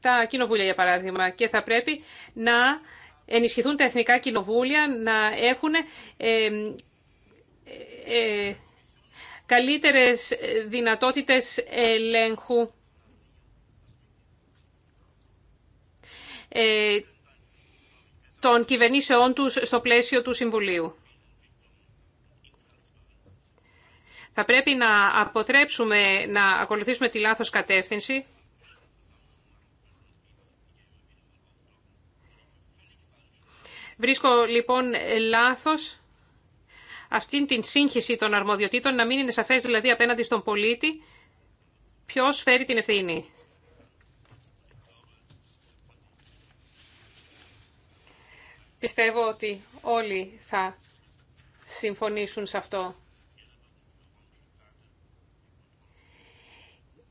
Τα κοινοβούλια, για παράδειγμα, και θα πρέπει να ενισχυθούν τα εθνικά κοινοβούλια, να έχουν ε, ε, ε καλύτερες ε, δυνατότητες ελέγχου ε, των κυβερνήσεών τους στο πλαίσιο του Συμβουλίου. Θα πρέπει να αποτρέψουμε να ακολουθήσουμε τη λάθος κατεύθυνση Βρίσκω λοιπόν λάθος αυτήν την σύγχυση των αρμοδιοτήτων, να μην είναι σαφέ δηλαδή απέναντι στον πολίτη Ποιο φέρει την ευθύνη. Πιστεύω ότι όλοι θα συμφωνήσουν σε αυτό.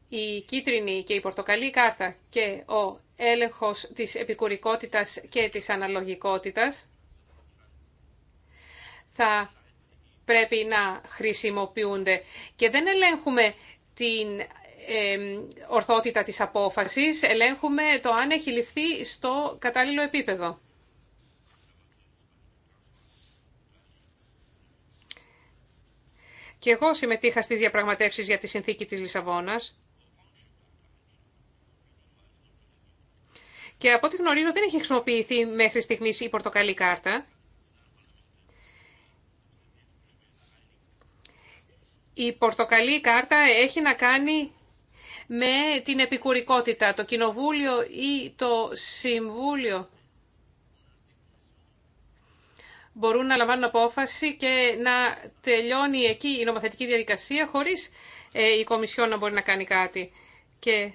Η κίτρινη και η πορτοκαλή κάρτα και ο έλεγχος της επικουρικότητας και της αναλογικότητας θα πρέπει να χρησιμοποιούνται. Και δεν ελέγχουμε την ορθότητα της απόφασης, ελέγχουμε το αν έχει ληφθεί στο κατάλληλο επίπεδο. Και εγώ συμμετείχα στις διαπραγματεύσεις για τη συνθήκη της Λισαβόνας. Και από ό,τι γνωρίζω δεν έχει χρησιμοποιηθεί μέχρι στιγμής η πορτοκαλή κάρτα. Η πορτοκαλί κάρτα έχει να κάνει με την επικουρικότητα. Το Κοινοβούλιο ή το Συμβούλιο μπορούν να λαμβάνουν απόφαση και να τελειώνει εκεί η νομοθετική διαδικασία χωρίς ε, η Κομισιόν να μπορεί να κάνει κάτι. Και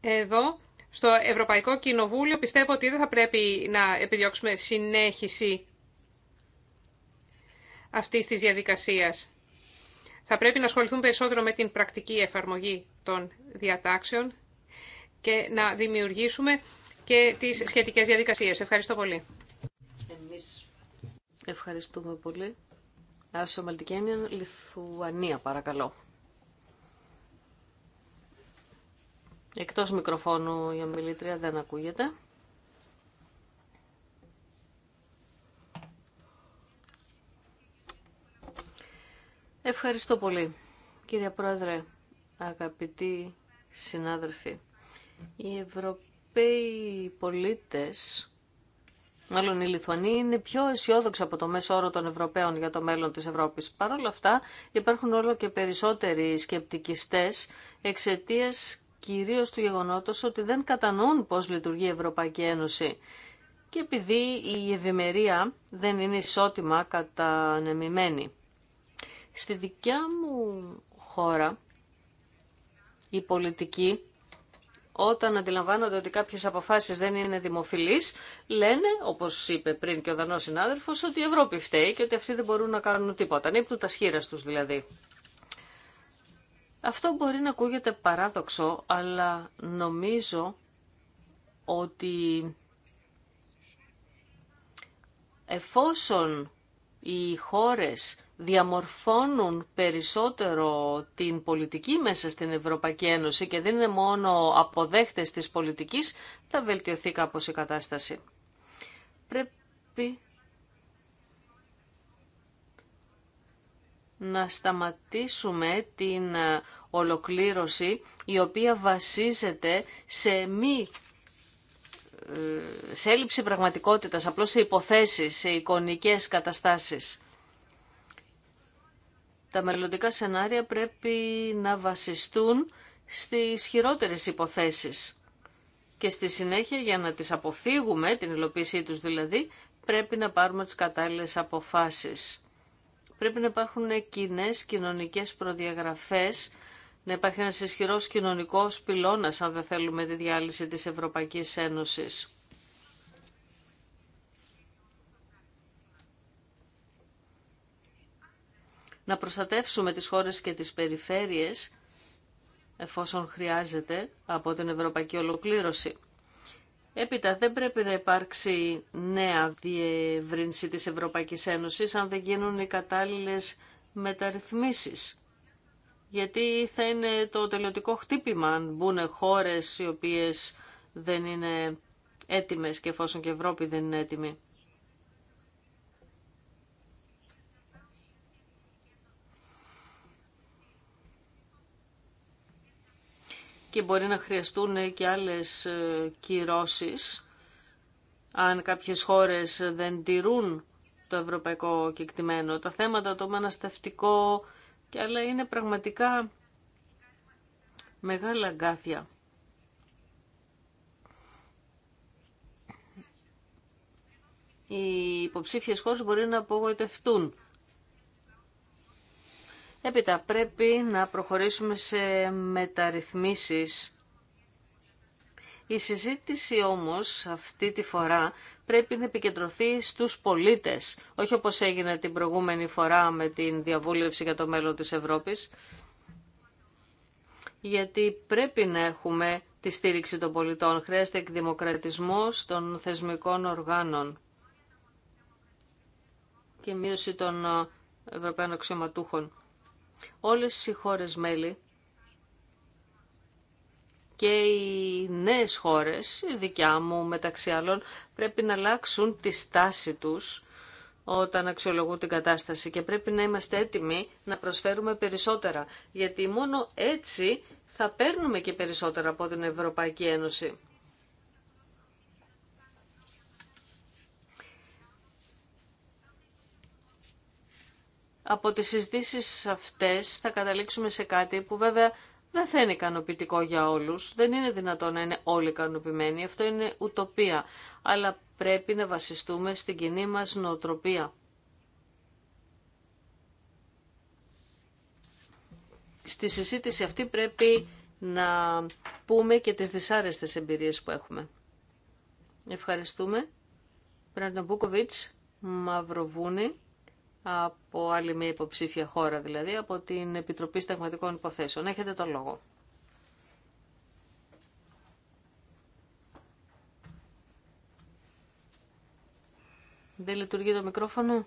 εδώ, στο Ευρωπαϊκό Κοινοβούλιο, πιστεύω ότι δεν θα πρέπει να επιδιώξουμε συνέχιση αυτής της διαδικασίας. Θα πρέπει να ασχοληθούν περισσότερο με την πρακτική εφαρμογή των διατάξεων και να δημιουργήσουμε και τις σχετικές διαδικασίες. Ευχαριστώ πολύ. Εμείς ευχαριστούμε πολύ. Άσο Μαλτικένια, Λιθουανία, παρακαλώ. Εκτός μικροφώνου η ομιλήτρια δεν ακούγεται. Ευχαριστώ πολύ. Κύριε Πρόεδρε, αγαπητοί συνάδελφοι, οι Ευρωπαίοι πολίτες, μάλλον οι Λιθουανοί, είναι πιο αισιόδοξοι από το μέσο όρο των Ευρωπαίων για το μέλλον της Ευρώπης. Παρ' όλα αυτά υπάρχουν όλο και περισσότεροι σκεπτικιστές εξαιτία κυρίως του γεγονότος ότι δεν κατανοούν πώς λειτουργεί η Ευρωπαϊκή Ένωση και επειδή η ευημερία δεν είναι ισότιμα κατανεμημένη. Στη δικιά μου χώρα, οι πολιτικοί, όταν αντιλαμβάνονται ότι κάποιες αποφάσεις δεν είναι δημοφιλείς, λένε, όπως είπε πριν και ο Δανός συνάδελφος, ότι η Ευρώπη φταίει και ότι αυτοί δεν μπορούν να κάνουν τίποτα. Νύπτουν τα σχήρα τους δηλαδή. Αυτό μπορεί να ακούγεται παράδοξο, αλλά νομίζω ότι εφόσον οι χώρες διαμορφώνουν περισσότερο την πολιτική μέσα στην Ευρωπαϊκή Ένωση και δεν είναι μόνο αποδέχτες της πολιτικής, θα βελτιωθεί κάπως η κατάσταση. Πρέπει να σταματήσουμε την ολοκλήρωση η οποία βασίζεται σε μη ε, σε έλλειψη πραγματικότητας, απλώς σε υποθέσεις, σε εικονικές καταστάσεις τα μελλοντικά σενάρια πρέπει να βασιστούν στις χειρότερες υποθέσεις. Και στη συνέχεια για να τις αποφύγουμε, την υλοποίησή τους δηλαδή, πρέπει να πάρουμε τις κατάλληλες αποφάσεις. Πρέπει να υπάρχουν κοινέ κοινωνικές προδιαγραφές, να υπάρχει ένας ισχυρός κοινωνικός πυλώνας αν δεν θέλουμε τη διάλυση της Ευρωπαϊκής Ένωσης. να προστατεύσουμε τις χώρες και τις περιφέρειες εφόσον χρειάζεται από την ευρωπαϊκή ολοκλήρωση. Έπειτα δεν πρέπει να υπάρξει νέα διεύρυνση της Ευρωπαϊκής Ένωσης αν δεν γίνουν οι κατάλληλες μεταρρυθμίσεις. Γιατί θα είναι το τελειωτικό χτύπημα αν μπουν χώρες οι οποίες δεν είναι έτοιμες και εφόσον και η Ευρώπη δεν είναι έτοιμη. και μπορεί να χρειαστούν και άλλες ε, κυρώσεις αν κάποιες χώρες δεν τηρούν το ευρωπαϊκό κεκτημένο. Τα θέματα το μεταναστευτικό και άλλα είναι πραγματικά μεγάλα αγκάθια. Οι υποψήφιες χώρες μπορεί να απογοητευτούν Έπειτα πρέπει να προχωρήσουμε σε μεταρρυθμίσεις. Η συζήτηση όμως αυτή τη φορά πρέπει να επικεντρωθεί στους πολίτες, όχι όπως έγινε την προηγούμενη φορά με την διαβούλευση για το μέλλον της Ευρώπης, γιατί πρέπει να έχουμε τη στήριξη των πολιτών. Χρειάζεται εκδημοκρατισμός των θεσμικών οργάνων και μείωση των ε, Ευρωπαίων αξιωματούχων. Όλες οι χώρες μέλη και οι νέες χώρες, η δικιά μου μεταξύ άλλων, πρέπει να αλλάξουν τη στάση τους όταν αξιολογούν την κατάσταση και πρέπει να είμαστε έτοιμοι να προσφέρουμε περισσότερα, γιατί μόνο έτσι θα παίρνουμε και περισσότερα από την Ευρωπαϊκή Ένωση. από τις συζητήσεις αυτές θα καταλήξουμε σε κάτι που βέβαια δεν θα είναι ικανοποιητικό για όλους. Δεν είναι δυνατόν να είναι όλοι ικανοποιημένοι. Αυτό είναι ουτοπία. Αλλά πρέπει να βασιστούμε στην κοινή μας νοοτροπία. Στη συζήτηση αυτή πρέπει να πούμε και τις δυσάρεστες εμπειρίες που έχουμε. Ευχαριστούμε. Πραντομπούκοβιτς Μαυροβούνη από άλλη μια υποψήφια χώρα, δηλαδή από την Επιτροπή Σταγματικών Υποθέσεων. Έχετε το λόγο. Δεν λειτουργεί το μικρόφωνο.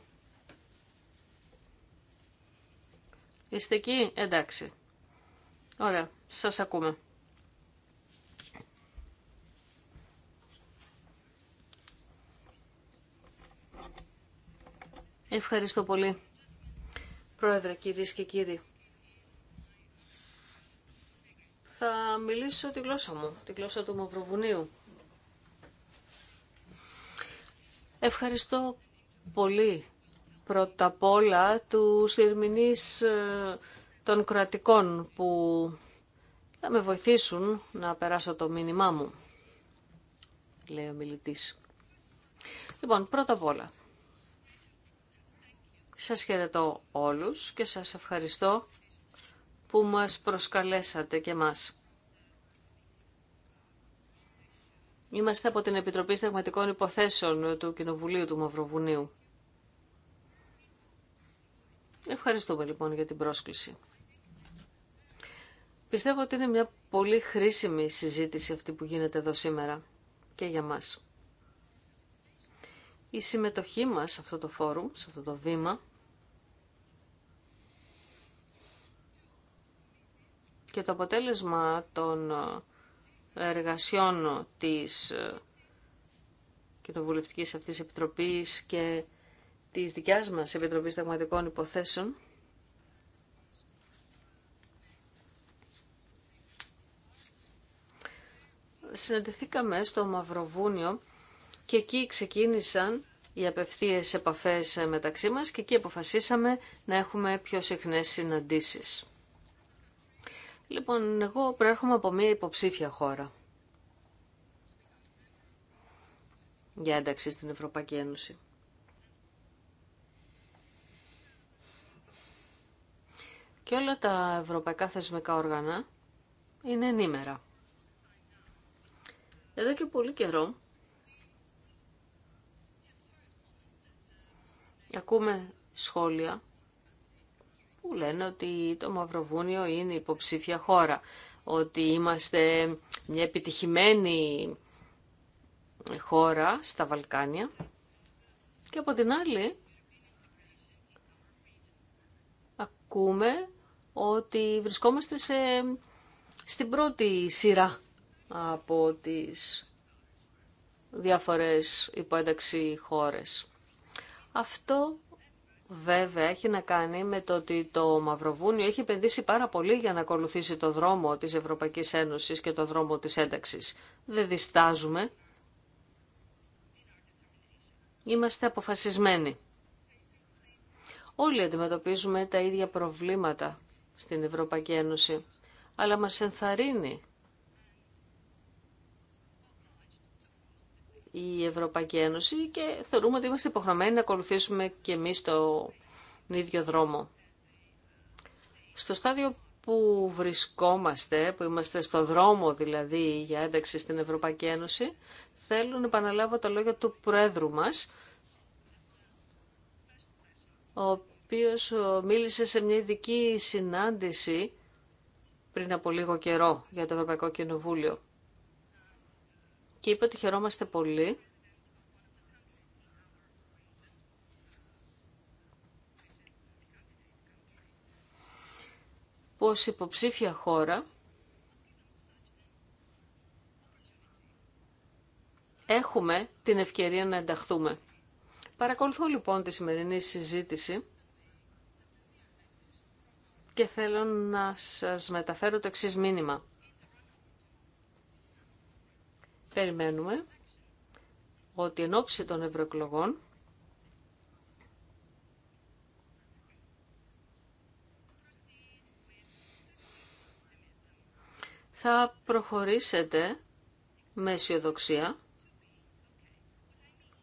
Είστε εκεί, εντάξει. Ωραία, σας ακούμε. Ευχαριστώ πολύ, Πρόεδρε, κυρίες και κύριοι. Θα μιλήσω τη γλώσσα μου, τη γλώσσα του Μαυροβουνίου. Ευχαριστώ πολύ πρώτα απ' όλα του ερμηνεί ε, των κρατικών που θα με βοηθήσουν να περάσω το μήνυμά μου, λέει ο μιλητής. Λοιπόν, πρώτα απ' όλα, σας χαιρετώ όλους και σας ευχαριστώ που μας προσκαλέσατε και μας. Είμαστε από την Επιτροπή Στεγματικών Υποθέσεων του Κοινοβουλίου του Μαυροβουνίου. Ευχαριστούμε λοιπόν για την πρόσκληση. Πιστεύω ότι είναι μια πολύ χρήσιμη συζήτηση αυτή που γίνεται εδώ σήμερα και για μας. Η συμμετοχή μας σε αυτό το φόρουμ, σε αυτό το βήμα, Και το αποτέλεσμα των ε, εργασιών της ε, βουλευτικής αυτής επιτροπής και της δικιάς μας Επιτροπής Δαγματικών Υποθέσεων συναντηθήκαμε στο Μαυροβούνιο και εκεί ξεκίνησαν οι απευθείες επαφές μεταξύ μας και εκεί αποφασίσαμε να έχουμε πιο συχνές συναντήσεις. Λοιπόν, εγώ προέρχομαι από μια υποψήφια χώρα για ένταξη στην Ευρωπαϊκή Ένωση. Και όλα τα ευρωπαϊκά θεσμικά όργανα είναι ενήμερα. Εδώ και πολύ καιρό ακούμε σχόλια που λένε ότι το Μαυροβούνιο είναι υποψήφια χώρα, ότι είμαστε μια επιτυχημένη χώρα στα Βαλκάνια και από την άλλη ακούμε ότι βρισκόμαστε σε, στην πρώτη σειρά από τις διάφορες υποένταξη χώρες. Αυτό βέβαια έχει να κάνει με το ότι το Μαυροβούνιο έχει επενδύσει πάρα πολύ για να ακολουθήσει το δρόμο της Ευρωπαϊκής Ένωσης και το δρόμο της ένταξης. Δεν διστάζουμε. Είμαστε αποφασισμένοι. Όλοι αντιμετωπίζουμε τα ίδια προβλήματα στην Ευρωπαϊκή Ένωση, αλλά μας ενθαρρύνει η Ευρωπαϊκή Ένωση και θεωρούμε ότι είμαστε υποχρεωμένοι να ακολουθήσουμε και εμείς τον ίδιο δρόμο. Στο στάδιο που βρισκόμαστε, που είμαστε στο δρόμο δηλαδή για ένταξη στην Ευρωπαϊκή Ένωση, θέλω να επαναλάβω τα λόγια του Πρόεδρου μας, ο οποίος μίλησε σε μια ειδική συνάντηση πριν από λίγο καιρό για το Ευρωπαϊκό Κοινοβούλιο και είπε ότι χαιρόμαστε πολύ πως υποψήφια χώρα έχουμε την ευκαιρία να ενταχθούμε. Παρακολουθώ λοιπόν τη σημερινή συζήτηση και θέλω να σας μεταφέρω το εξής μήνυμα περιμένουμε ότι εν ώψη των ευρωεκλογών θα προχωρήσετε με αισιοδοξία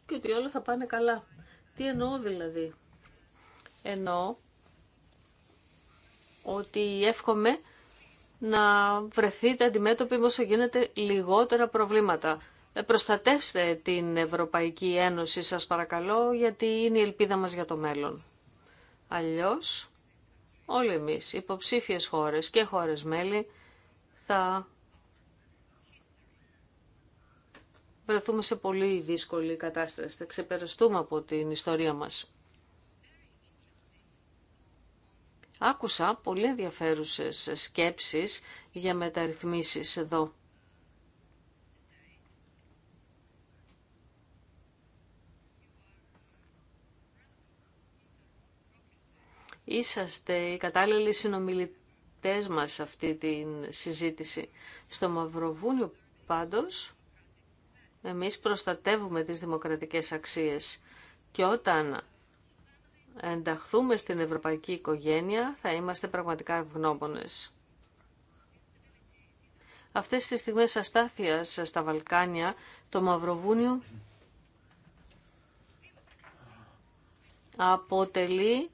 και ότι όλα θα πάνε καλά. Τι εννοώ δηλαδή. Εννοώ ότι εύχομαι να βρεθείτε αντιμέτωποι με όσο γίνεται λιγότερα προβλήματα. Ε, προστατεύστε την Ευρωπαϊκή Ένωση σας παρακαλώ γιατί είναι η ελπίδα μας για το μέλλον. Αλλιώς όλοι εμείς, υποψήφιες χώρες και χώρες μέλη θα βρεθούμε σε πολύ δύσκολη κατάσταση. Θα ξεπεραστούμε από την ιστορία μας. Άκουσα πολύ ενδιαφέρουσες σκέψεις για μεταρρυθμίσεις εδώ. Είσαστε οι κατάλληλοι συνομιλητές μας σε αυτή τη συζήτηση. Στο Μαυροβούνιο πάντως, εμείς προστατεύουμε τις δημοκρατικές αξίες και όταν ενταχθούμε στην ευρωπαϊκή οικογένεια θα είμαστε πραγματικά ευγνώμονες. Αυτές τις στιγμές αστάθειας στα Βαλκάνια, το Μαυροβούνιο αποτελεί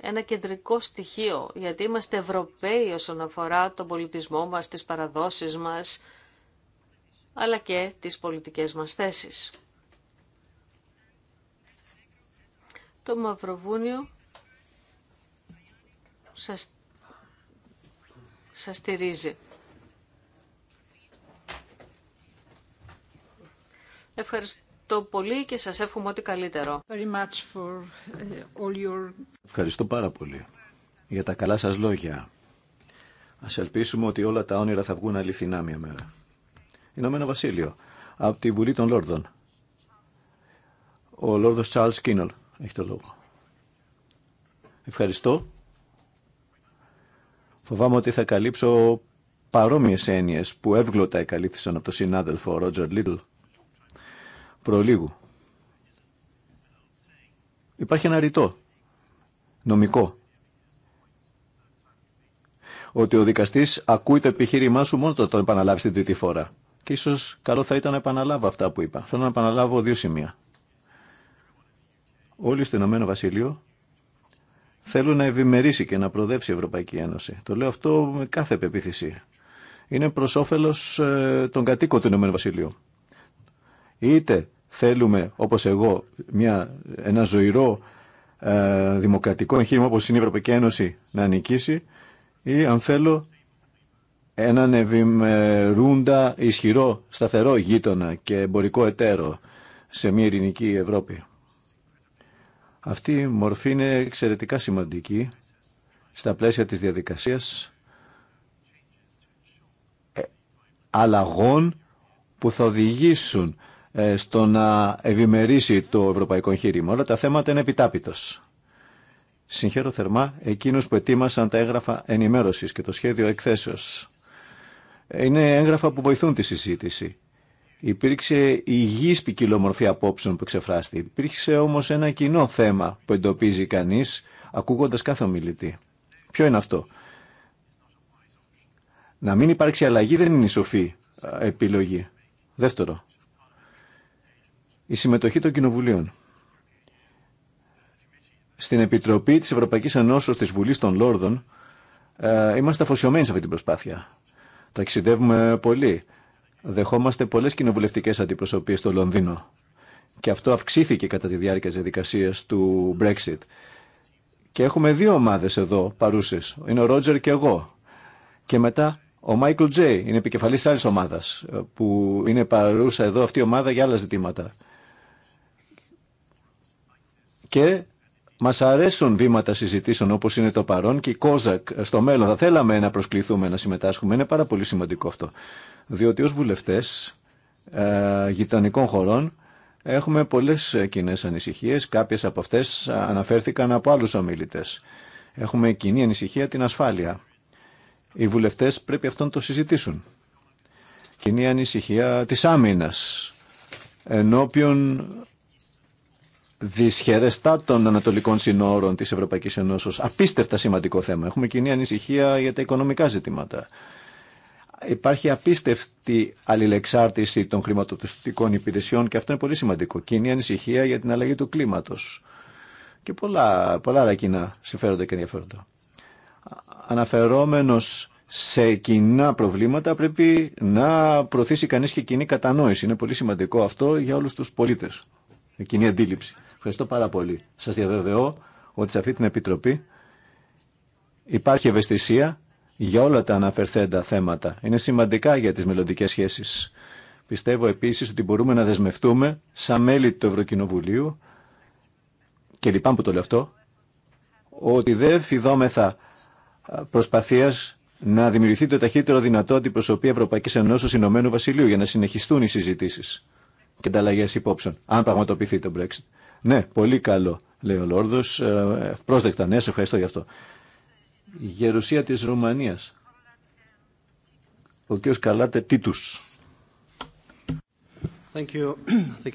ένα κεντρικό στοιχείο, γιατί είμαστε Ευρωπαίοι όσον αφορά τον πολιτισμό μας, τις παραδόσεις μας, αλλά και τις πολιτικές μας θέσεις. το Μαυροβούνιο σας, σας στηρίζει. Ευχαριστώ πολύ και σας εύχομαι ό,τι καλύτερο. Uh, Ευχαριστώ πάρα πολύ για τα καλά σας λόγια. Ας ελπίσουμε ότι όλα τα όνειρα θα βγουν αληθινά μια μέρα. Ηνωμένο Βασίλειο, από τη Βουλή των Λόρδων. Ο Λόρδος Τσάρλς Κίνολ. Έχει το λόγο. Ευχαριστώ. Φοβάμαι ότι θα καλύψω παρόμοιες έννοιες που εύγλωτα εκαλύφθησαν από τον συνάδελφο Ρότζερ Λίτλ προλίγου. Υπάρχει ένα ρητό, νομικό, ότι ο δικαστής ακούει το επιχείρημά σου μόνο το επαναλάβει την τρίτη φορά. Και ίσως καλό θα ήταν να επαναλάβω αυτά που είπα. Θέλω να επαναλάβω δύο σημεία. Όλοι στο Ηνωμένο Βασίλειο θέλουν να ευημερήσει και να προοδεύσει η Ευρωπαϊκή Ένωση. Το λέω αυτό με κάθε πεποίθηση. Είναι προ όφελο ε, των κατοίκων του Ηνωμένου Βασιλείου. Είτε θέλουμε, όπω εγώ, μια, ένα ζωηρό ε, δημοκρατικό εγχείρημα όπω είναι η Ευρωπαϊκή Ένωση να νικήσει, ή αν θέλω έναν ευημερούντα ισχυρό, σταθερό γείτονα και εμπορικό εταίρο σε μια ειρηνική Ευρώπη. Αυτή η μορφή είναι εξαιρετικά σημαντική στα πλαίσια της διαδικασίας ε, αλλαγών που θα οδηγήσουν ε, στο να ευημερήσει το ευρωπαϊκό εγχείρημα. Όλα τα θέματα είναι επιτάπητος. Συγχαίρω θερμά εκείνους που ετοίμασαν τα έγγραφα ενημέρωσης και το σχέδιο εκθέσεως. Είναι έγγραφα που βοηθούν τη συζήτηση Υπήρξε υγιή ποικιλόμορφη απόψεων που εξεφράστηκε. Υπήρξε όμως ένα κοινό θέμα που εντοπίζει κανείς ακούγοντας κάθε ομιλητή. Ποιο είναι αυτό. Να μην υπάρξει αλλαγή δεν είναι η σοφή επιλογή. Δεύτερο, η συμμετοχή των κοινοβουλίων. Στην Επιτροπή της Ευρωπαϊκής Ενώσεως της Βουλής των Λόρδων ε, είμαστε αφοσιωμένοι σε αυτή την προσπάθεια. Ταξιδεύουμε πολύ. Δεχόμαστε πολλές κοινοβουλευτικές αντιπροσωπείες στο Λονδίνο και αυτό αυξήθηκε κατά τη διάρκεια της διαδικασίας του Brexit. Και έχουμε δύο ομάδες εδώ παρούσες. Είναι ο Ρότζερ και εγώ. Και μετά ο Μάικλ Τζέι είναι επικεφαλής άλλης ομάδας που είναι παρούσα εδώ αυτή η ομάδα για άλλα ζητήματα. Και Μα αρέσουν βήματα συζητήσεων όπω είναι το παρόν και η ΚΟΖΑΚ στο μέλλον. Θα θέλαμε να προσκληθούμε, να συμμετάσχουμε. Είναι πάρα πολύ σημαντικό αυτό. Διότι ω βουλευτέ ε, γειτονικών χωρών έχουμε πολλέ κοινέ ανησυχίε. Κάποιε από αυτέ αναφέρθηκαν από άλλου ομιλητέ. Έχουμε κοινή ανησυχία την ασφάλεια. Οι βουλευτέ πρέπει αυτόν το συζητήσουν. Κοινή ανησυχία τη άμυνα ενώπιον δυσχερεστά των ανατολικών συνόρων της Ευρωπαϊκής Ενώσεως. Απίστευτα σημαντικό θέμα. Έχουμε κοινή ανησυχία για τα οικονομικά ζητήματα. Υπάρχει απίστευτη αλληλεξάρτηση των χρηματοπιστικών υπηρεσιών και αυτό είναι πολύ σημαντικό. Κοινή ανησυχία για την αλλαγή του κλίματος και πολλά, πολλά άλλα κοινά συμφέροντα και ενδιαφέροντα. Αναφερόμενος σε κοινά προβλήματα πρέπει να προωθήσει κανείς και κοινή κατανόηση. Είναι πολύ σημαντικό αυτό για όλους τους πολίτες. Κοινή αντίληψη. Ευχαριστώ πάρα πολύ. Σας διαβεβαιώ ότι σε αυτή την Επιτροπή υπάρχει ευαισθησία για όλα τα αναφερθέντα θέματα. Είναι σημαντικά για τις μελλοντικέ σχέσεις. Πιστεύω επίσης ότι μπορούμε να δεσμευτούμε σαν μέλη του Ευρωκοινοβουλίου και λυπάμαι που το λέω αυτό, ότι δεν φιδόμεθα προσπαθίας να δημιουργηθεί το ταχύτερο δυνατό αντιπροσωπή Ευρωπαϊκή Ενώσεω Ηνωμένου Βασιλείου για να συνεχιστούν οι συζητήσει και ανταλλαγέ υπόψεων, αν πραγματοποιηθεί το Brexit. Ναι, πολύ καλό, λέει ο Λόρδος. Ε, Πρόσδεκτα, ναι, σε ευχαριστώ γι' αυτό. Η γερουσία της Ρουμανίας. Ο κ. Καλάτε Τίτους. Thank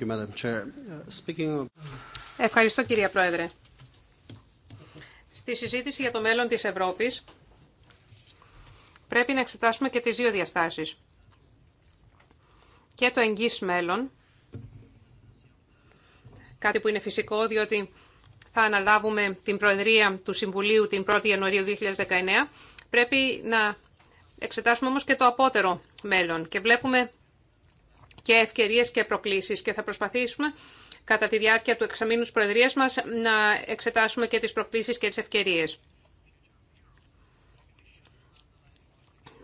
uh, Ευχαριστώ κυρία Πρόεδρε. Στη συζήτηση για το μέλλον της Ευρώπης πρέπει να εξετάσουμε και τις δύο διαστάσεις. Και το εγγύς μέλλον κάτι που είναι φυσικό διότι θα αναλάβουμε την Προεδρία του Συμβουλίου την 1η Ιανουαρίου 2019. Πρέπει να εξετάσουμε όμως και το απότερο μέλλον και βλέπουμε και ευκαιρίες και προκλήσεις και θα προσπαθήσουμε κατά τη διάρκεια του εξαμήνου της Προεδρίας μας να εξετάσουμε και τις προκλήσεις και τις ευκαιρίες.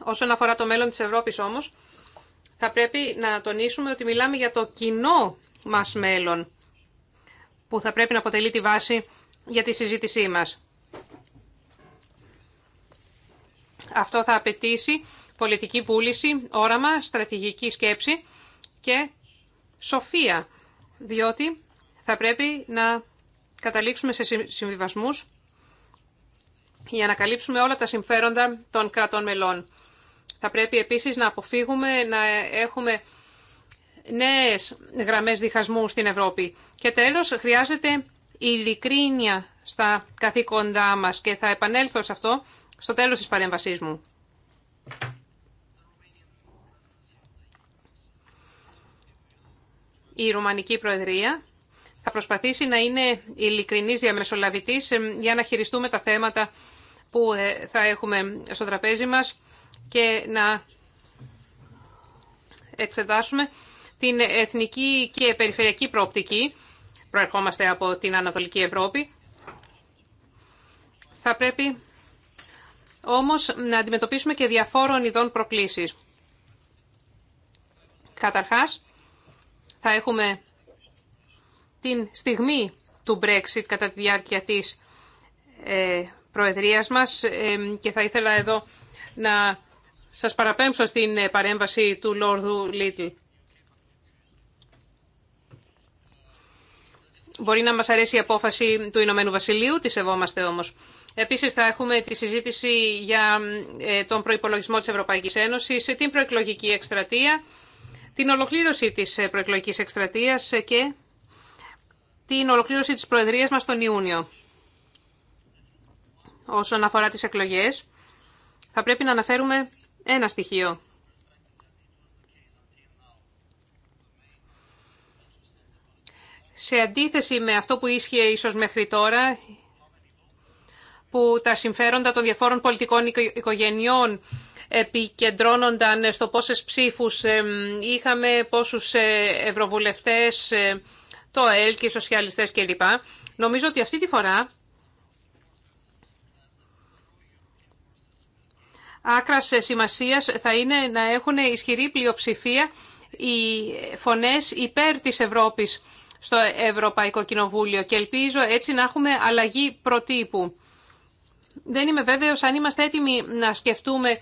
Όσον αφορά το μέλλον της Ευρώπης όμως, θα πρέπει να τονίσουμε ότι μιλάμε για το κοινό μας μέλλον που θα πρέπει να αποτελεί τη βάση για τη συζήτησή μας. Αυτό θα απαιτήσει πολιτική βούληση, όραμα, στρατηγική σκέψη και σοφία, διότι θα πρέπει να καταλήξουμε σε συμβιβασμούς για να καλύψουμε όλα τα συμφέροντα των κρατών μελών. Θα πρέπει επίσης να αποφύγουμε να έχουμε Νέε γραμμές διχασμού στην Ευρώπη. Και τέλο χρειάζεται ειλικρίνεια στα καθήκοντά μα και θα επανέλθω σε αυτό στο τέλος της παρέμβασή μου. Η Ρουμανική Προεδρία θα προσπαθήσει να είναι ειλικρινής διαμεσολαβητής για να χειριστούμε τα θέματα που ε, θα έχουμε στο τραπέζι μας και να εξετάσουμε την εθνική και περιφερειακή προοπτική, προερχόμαστε από την Ανατολική Ευρώπη, θα πρέπει όμως να αντιμετωπίσουμε και διαφόρων ειδών προκλήσεις. Καταρχάς, θα έχουμε την στιγμή του Brexit κατά τη διάρκεια της ε, προεδρίας μας και θα ήθελα εδώ να σας παραπέμψω στην παρέμβαση του Λόρδου Λίτλ. Μπορεί να μας αρέσει η απόφαση του Ηνωμένου Βασιλείου, τη σεβόμαστε όμως. Επίσης θα έχουμε τη συζήτηση για ε, τον προϋπολογισμό της Ευρωπαϊκής Ένωσης, ε, την προεκλογική εκστρατεία, την ολοκλήρωση της ε, προεκλογικής εκστρατείας και την ολοκλήρωση της Προεδρίας μας τον Ιούνιο. Όσον αφορά τις εκλογές, θα πρέπει να αναφέρουμε ένα στοιχείο. σε αντίθεση με αυτό που ίσχυε ίσως μέχρι τώρα, που τα συμφέροντα των διαφόρων πολιτικών οικογενειών επικεντρώνονταν στο πόσες ψήφους είχαμε, πόσους ε, ευρωβουλευτές, ε, το ΕΛ και οι σοσιαλιστές κλπ. Νομίζω ότι αυτή τη φορά άκρας σημασίας θα είναι να έχουν ισχυρή πλειοψηφία οι φωνές υπέρ της Ευρώπης στο Ευρωπαϊκό Κοινοβούλιο και ελπίζω έτσι να έχουμε αλλαγή προτύπου. Δεν είμαι βέβαιος αν είμαστε έτοιμοι να σκεφτούμε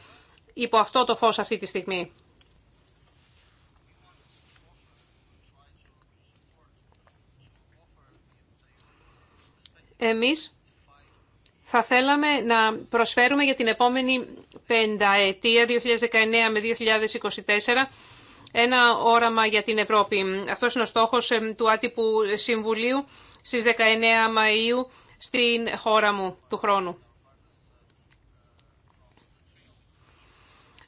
υπό αυτό το φως αυτή τη στιγμή. Εμείς θα θέλαμε να προσφέρουμε για την επόμενη πενταετία 2019 με 2024 ένα όραμα για την Ευρώπη. Αυτός είναι ο στόχος του άτυπου συμβουλίου στις 19 Μαΐου στην χώρα μου του χρόνου.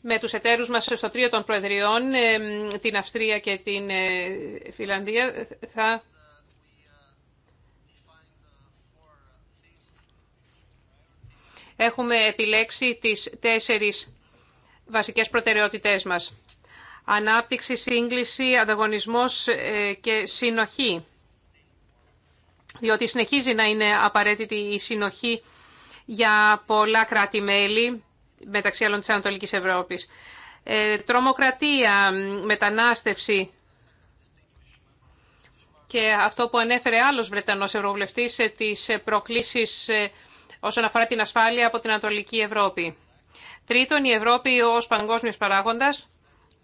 με τους εταίρους μας στο τρίο των Προεδριών, την Αυστρία και την ε, Φιλανδία, θα... Έχουμε επιλέξει τις τέσσερις βασικές προτεραιότητές μας ανάπτυξη, σύγκληση, ανταγωνισμός ε, και συνοχή. Διότι συνεχίζει να είναι απαραίτητη η συνοχή για πολλά κράτη-μέλη, μεταξύ άλλων της Ανατολικής Ευρώπης. Ε, τρομοκρατία, μετανάστευση και αυτό που ανέφερε άλλος Βρετανός Ευρωβουλευτής, ε, τις ε, προκλήσεις όσον αφορά την ασφάλεια από την Ανατολική Ευρώπη. Τρίτον, η Ευρώπη ως παγκόσμιος παράγοντας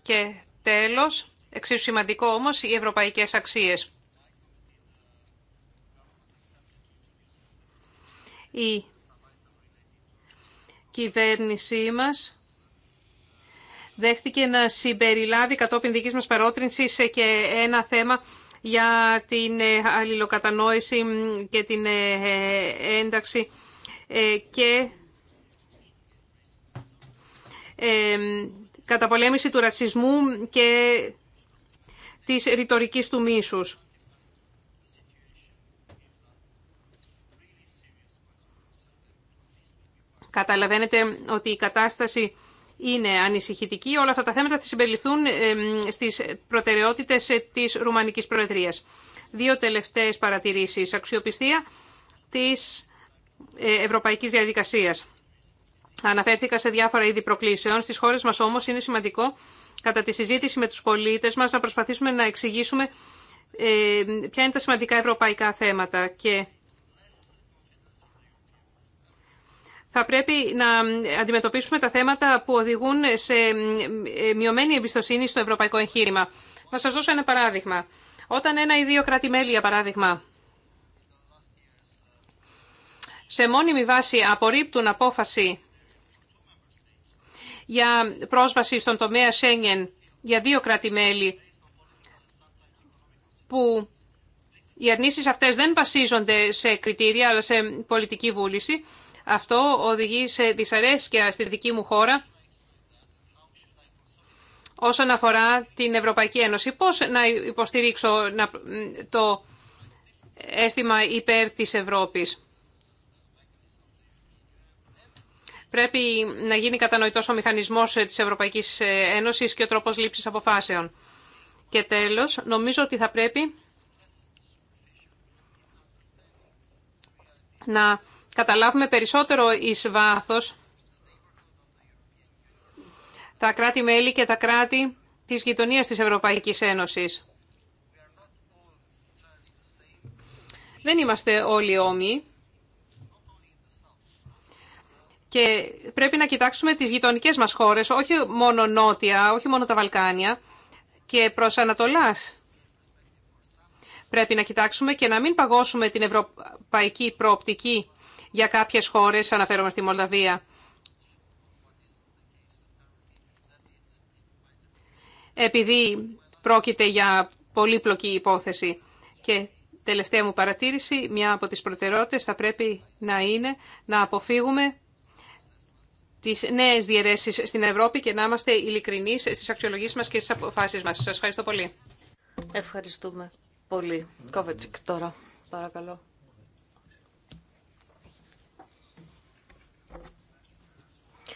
και τέλος, εξίσου σημαντικό όμως, οι ευρωπαϊκές αξίες. Η κυβέρνησή μας δέχτηκε να συμπεριλάβει κατόπιν δικής μας παρότρινσης και ένα θέμα για την ε, αλληλοκατανόηση και την ε, ένταξη ε, και καταπολέμηση του ρατσισμού και της ρητορική του μίσους. Καταλαβαίνετε ότι η κατάσταση είναι ανησυχητική. Όλα αυτά τα θέματα θα συμπεριληφθούν στις προτεραιότητες της Ρουμανικής Προεδρίας. Δύο τελευταίες παρατηρήσεις. Αξιοπιστία της ε, ευρωπαϊκής διαδικασίας. Αναφέρθηκα σε διάφορα είδη προκλήσεων. Στι χώρες μας όμως είναι σημαντικό κατά τη συζήτηση με τους πολίτε μας να προσπαθήσουμε να εξηγήσουμε ε, ποια είναι τα σημαντικά ευρωπαϊκά θέματα και θα πρέπει να αντιμετωπίσουμε τα θέματα που οδηγούν σε ε, μειωμένη εμπιστοσύνη στο ευρωπαϊκό εγχείρημα. Να σας δώσω ένα παράδειγμα. Όταν ένα ή δύο κράτη-μέλη, για παράδειγμα, σε μόνιμη βάση απορρίπτουν απόφαση για πρόσβαση στον τομέα Σέγγεν για δύο κράτη-μέλη που οι αρνήσεις αυτές δεν βασίζονται σε κριτήρια αλλά σε πολιτική βούληση. Αυτό οδηγεί σε δυσαρέσκεια στη δική μου χώρα όσον αφορά την Ευρωπαϊκή Ένωση. Πώς να υποστηρίξω το αίσθημα υπέρ της Ευρώπης. Πρέπει να γίνει κατανοητός ο μηχανισμός ε, της Ευρωπαϊκής ε, Ένωσης και ο τρόπος λήψης αποφάσεων. Και τέλος, νομίζω ότι θα πρέπει να καταλάβουμε περισσότερο εις βάθος τα κράτη-μέλη και τα κράτη της γειτονίας της Ευρωπαϊκής Ένωσης. Δεν είμαστε όλοι όμοιοι. Και πρέπει να κοιτάξουμε τις γειτονικές μας χώρες, όχι μόνο νότια, όχι μόνο τα Βαλκάνια και προς Ανατολάς. Πρέπει να κοιτάξουμε και να μην παγώσουμε την ευρωπαϊκή προοπτική για κάποιες χώρες, αναφέρομαι στη Μολδαβία. Επειδή πρόκειται για πολύπλοκη υπόθεση. Και τελευταία μου παρατήρηση, μια από τις προτεραιότητες θα πρέπει να είναι να αποφύγουμε τις νέε διαιρέσει στην Ευρώπη και να είμαστε ειλικρινεί στις αξιολογήσει μα και στις αποφάσεις μας. Σα ευχαριστώ πολύ. Ευχαριστούμε πολύ. Κόβετσικ τώρα, παρακαλώ.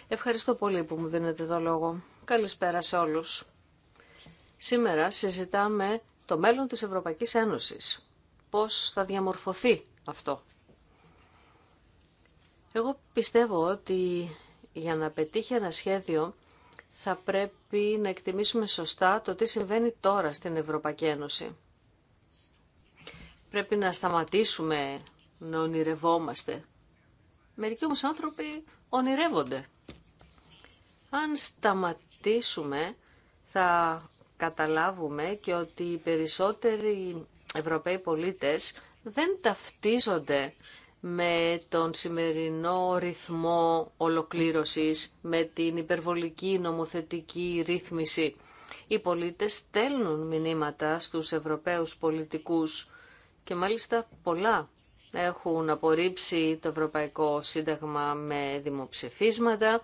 Ευχαριστώ πολύ που μου δίνετε το λόγο. Καλησπέρα σε όλους. Σήμερα συζητάμε το μέλλον της Ευρωπαϊκής Ένωσης. Πώς θα διαμορφωθεί αυτό. Εγώ πιστεύω ότι για να πετύχει ένα σχέδιο θα πρέπει να εκτιμήσουμε σωστά το τι συμβαίνει τώρα στην Ευρωπαϊκή Ένωση. Πρέπει να σταματήσουμε να ονειρευόμαστε. Μερικοί όμως άνθρωποι ονειρεύονται. Αν σταματήσουμε θα καταλάβουμε και ότι οι περισσότεροι Ευρωπαίοι πολίτες δεν ταυτίζονται με τον σημερινό ρυθμό ολοκλήρωσης, με την υπερβολική νομοθετική ρύθμιση. Οι πολίτες στέλνουν μηνύματα στους Ευρωπαίους πολιτικούς και μάλιστα πολλά έχουν απορρίψει το Ευρωπαϊκό Σύνταγμα με δημοψηφίσματα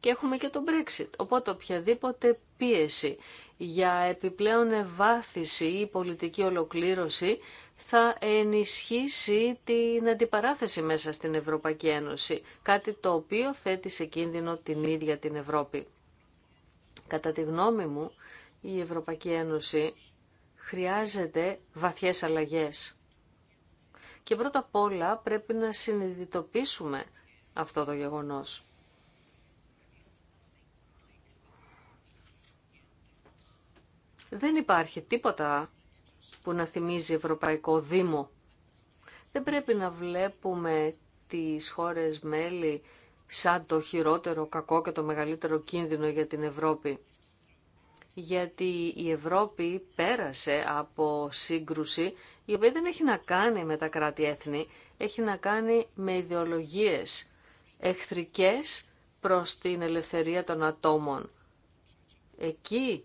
και έχουμε και το Brexit. Οπότε οποιαδήποτε πίεση για επιπλέον ευάθυση ή πολιτική ολοκλήρωση θα ενισχύσει την αντιπαράθεση μέσα στην Ευρωπαϊκή Ένωση, κάτι το οποίο θέτει σε κίνδυνο την ίδια την Ευρώπη. Κατά τη γνώμη μου, η Ευρωπαϊκή Ένωση χρειάζεται βαθιές αλλαγές. Και πρώτα απ' όλα πρέπει να συνειδητοποιήσουμε αυτό το γεγονός. Δεν υπάρχει τίποτα που να θυμίζει Ευρωπαϊκό Δήμο. Δεν πρέπει να βλέπουμε τις χώρες μέλη σαν το χειρότερο κακό και το μεγαλύτερο κίνδυνο για την Ευρώπη. Γιατί η Ευρώπη πέρασε από σύγκρουση η οποία δεν έχει να κάνει με τα κράτη-έθνη, έχει να κάνει με ιδεολογίες εχθρικές προς την ελευθερία των ατόμων. Εκεί,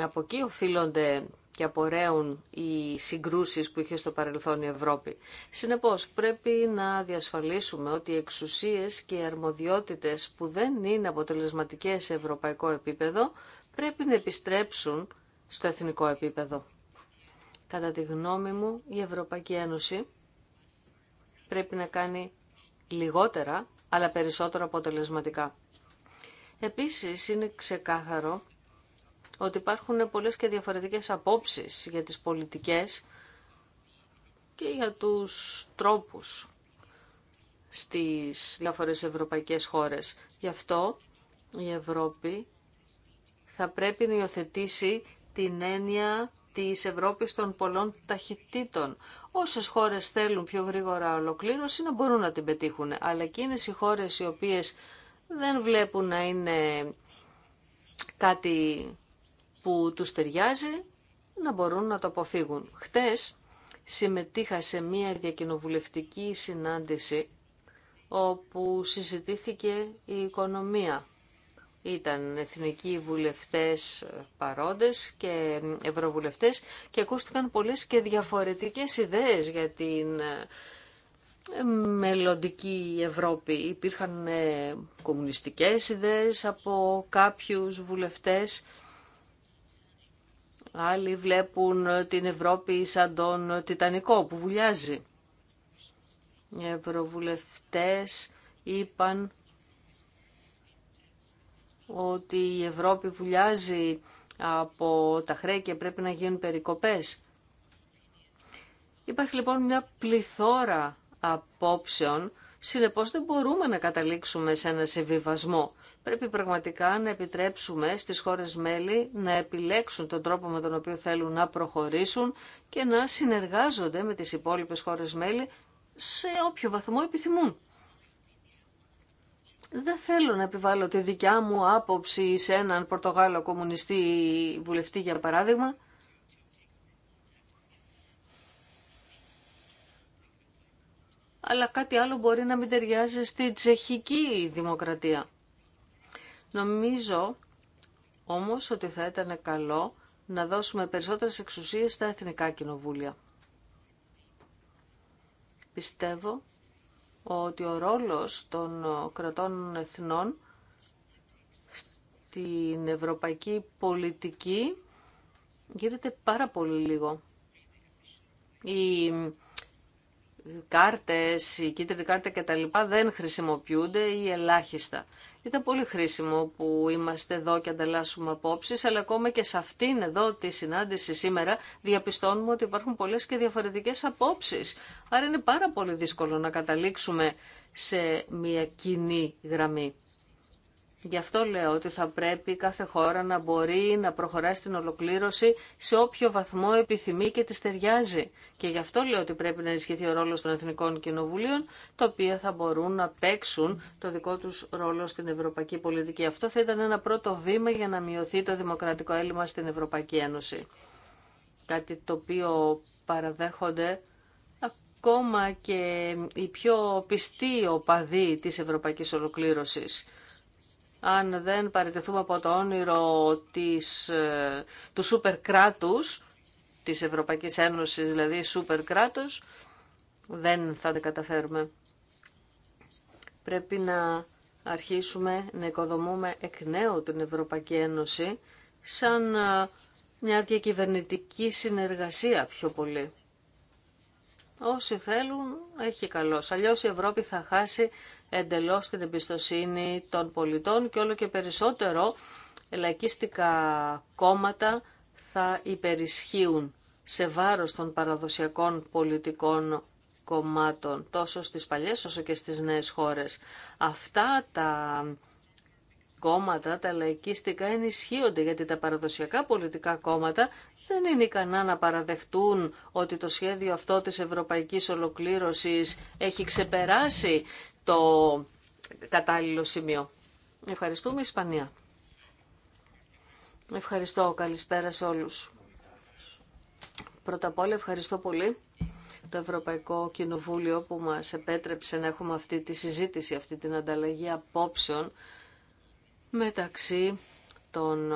από εκεί οφείλονται και απορρέουν οι συγκρούσεις που είχε στο παρελθόν η Ευρώπη. Συνεπώς, πρέπει να διασφαλίσουμε ότι οι εξουσίες και οι αρμοδιότητες που δεν είναι αποτελεσματικές σε ευρωπαϊκό επίπεδο πρέπει να επιστρέψουν στο εθνικό επίπεδο. Κατά τη γνώμη μου, η Ευρωπαϊκή Ένωση πρέπει να κάνει λιγότερα, αλλά περισσότερο αποτελεσματικά. Επίσης, είναι ξεκάθαρο ότι υπάρχουν πολλές και διαφορετικές απόψεις για τις πολιτικές και για τους τρόπους στις διάφορες ευρωπαϊκές χώρες. Γι' αυτό η Ευρώπη θα πρέπει να υιοθετήσει την έννοια της Ευρώπης των πολλών ταχυτήτων. Όσες χώρες θέλουν πιο γρήγορα ολοκλήρωση να μπορούν να την πετύχουν, αλλά εκείνες οι χώρες οι οποίες δεν βλέπουν να είναι κάτι που τους ταιριάζει να μπορούν να το αποφύγουν. Χτες συμμετείχα σε μια διακοινοβουλευτική συνάντηση όπου συζητήθηκε η οικονομία. Ήταν εθνικοί βουλευτές παρόντες και ευρωβουλευτές και ακούστηκαν πολλές και διαφορετικές ιδέες για την ε, μελλοντική Ευρώπη. Υπήρχαν ε, κομμουνιστικές ιδέες από κάποιους βουλευτές Άλλοι βλέπουν την Ευρώπη σαν τον Τιτανικό που βουλιάζει. Οι ευρωβουλευτές είπαν ότι η Ευρώπη βουλιάζει από τα χρέη και πρέπει να γίνουν περικοπές. Υπάρχει λοιπόν μια πληθώρα απόψεων, συνεπώς δεν μπορούμε να καταλήξουμε σε ένα συμβιβασμό. Πρέπει πραγματικά να επιτρέψουμε στις χώρες μέλη να επιλέξουν τον τρόπο με τον οποίο θέλουν να προχωρήσουν και να συνεργάζονται με τις υπόλοιπες χώρες μέλη σε όποιο βαθμό επιθυμούν. Δεν θέλω να επιβάλλω τη δικιά μου άποψη σε έναν Πορτογάλο κομμουνιστή βουλευτή για παράδειγμα. Αλλά κάτι άλλο μπορεί να μην ταιριάζει στη τσεχική δημοκρατία. Νομίζω όμως ότι θα ήταν καλό να δώσουμε περισσότερες εξουσίες στα εθνικά κοινοβούλια. Πιστεύω ότι ο ρόλος των κρατών εθνών στην ευρωπαϊκή πολιτική γίνεται πάρα πολύ λίγο. Η κάρτες, η κίτρινη κάρτα και τα λοιπά δεν χρησιμοποιούνται ή ελάχιστα. Ήταν πολύ χρήσιμο που είμαστε εδώ και ανταλλάσσουμε απόψεις, αλλά ακόμα και σε αυτήν εδώ τη συνάντηση σήμερα διαπιστώνουμε ότι υπάρχουν πολλές και διαφορετικές απόψεις. Άρα είναι πάρα πολύ δύσκολο να καταλήξουμε σε μια κοινή γραμμή. Γι' αυτό λέω ότι θα πρέπει κάθε χώρα να μπορεί να προχωράσει την ολοκλήρωση σε όποιο βαθμό επιθυμεί και τη ταιριάζει. Και γι' αυτό λέω ότι πρέπει να ενισχυθεί ο ρόλος των Εθνικών Κοινοβουλίων, τα οποία θα μπορούν να παίξουν το δικό τους ρόλο στην ευρωπαϊκή πολιτική. Αυτό θα ήταν ένα πρώτο βήμα για να μειωθεί το δημοκρατικό έλλειμμα στην Ευρωπαϊκή Ένωση. Κάτι το οποίο παραδέχονται ακόμα και οι πιο πιστοί οπαδοί της ευρωπαϊκής ολοκλήρωσης αν δεν παραιτηθούμε από το όνειρο της, ε, του σούπερ κράτους, της Ευρωπαϊκής Ένωσης, δηλαδή σούπερ κράτους, δεν θα τα καταφέρουμε. Πρέπει να αρχίσουμε να οικοδομούμε εκ νέου την Ευρωπαϊκή Ένωση σαν ε, μια διακυβερνητική συνεργασία πιο πολύ. Όσοι θέλουν, έχει καλός. Αλλιώς η Ευρώπη θα χάσει εντελώς την εμπιστοσύνη των πολιτών και όλο και περισσότερο λαϊκίστικα κόμματα θα υπερισχύουν σε βάρος των παραδοσιακών πολιτικών κομμάτων, τόσο στις παλιές όσο και στις νέες χώρες. Αυτά τα κόμματα, τα λαϊκίστικα, ενισχύονται γιατί τα παραδοσιακά πολιτικά κόμματα δεν είναι ικανά να παραδεχτούν ότι το σχέδιο αυτό της ευρωπαϊκής ολοκλήρωσης έχει ξεπεράσει το κατάλληλο σημείο. Ευχαριστούμε Ισπανία. Ευχαριστώ. Καλησπέρα σε όλους. Πρώτα απ' όλα ευχαριστώ πολύ το Ευρωπαϊκό Κοινοβούλιο που μας επέτρεψε να έχουμε αυτή τη συζήτηση, αυτή την ανταλλαγή απόψεων μεταξύ των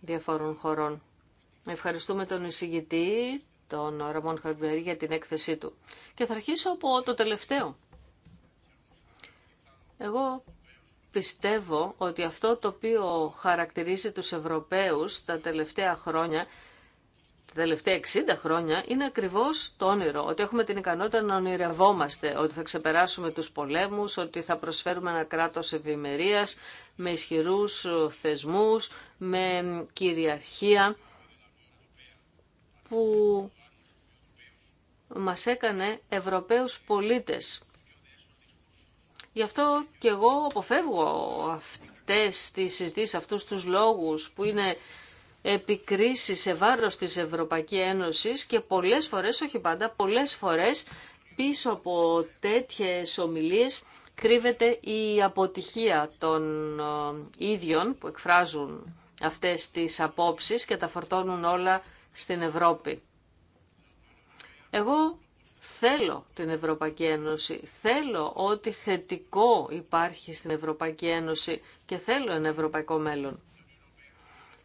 διαφόρων χωρών. Ευχαριστούμε τον εισηγητή, τον Ραμόν Χαρμπερή, για την έκθεσή του. Και θα αρχίσω από το τελευταίο εγώ πιστεύω ότι αυτό το οποίο χαρακτηρίζει τους Ευρωπαίους τα τελευταία χρόνια, τα τελευταία 60 χρόνια, είναι ακριβώς το όνειρο. Ότι έχουμε την ικανότητα να ονειρευόμαστε, ότι θα ξεπεράσουμε τους πολέμους, ότι θα προσφέρουμε ένα κράτος ευημερία με ισχυρούς θεσμούς, με κυριαρχία που μας έκανε Ευρωπαίους πολίτες Γι' αυτό και εγώ αποφεύγω αυτές τις συζητήσεις, αυτούς τους λόγους που είναι επικρίσεις σε βάρος της Ευρωπαϊκή Ένωσης και πολλές φορές, όχι πάντα, πολλές φορές πίσω από τέτοιες ομιλίες κρύβεται η αποτυχία των ε, ίδιων που εκφράζουν αυτές τις απόψεις και τα φορτώνουν όλα στην Ευρώπη. Εγώ Θέλω την Ευρωπαϊκή Ένωση, θέλω ό,τι θετικό υπάρχει στην Ευρωπαϊκή Ένωση και θέλω ένα ευρωπαϊκό μέλλον.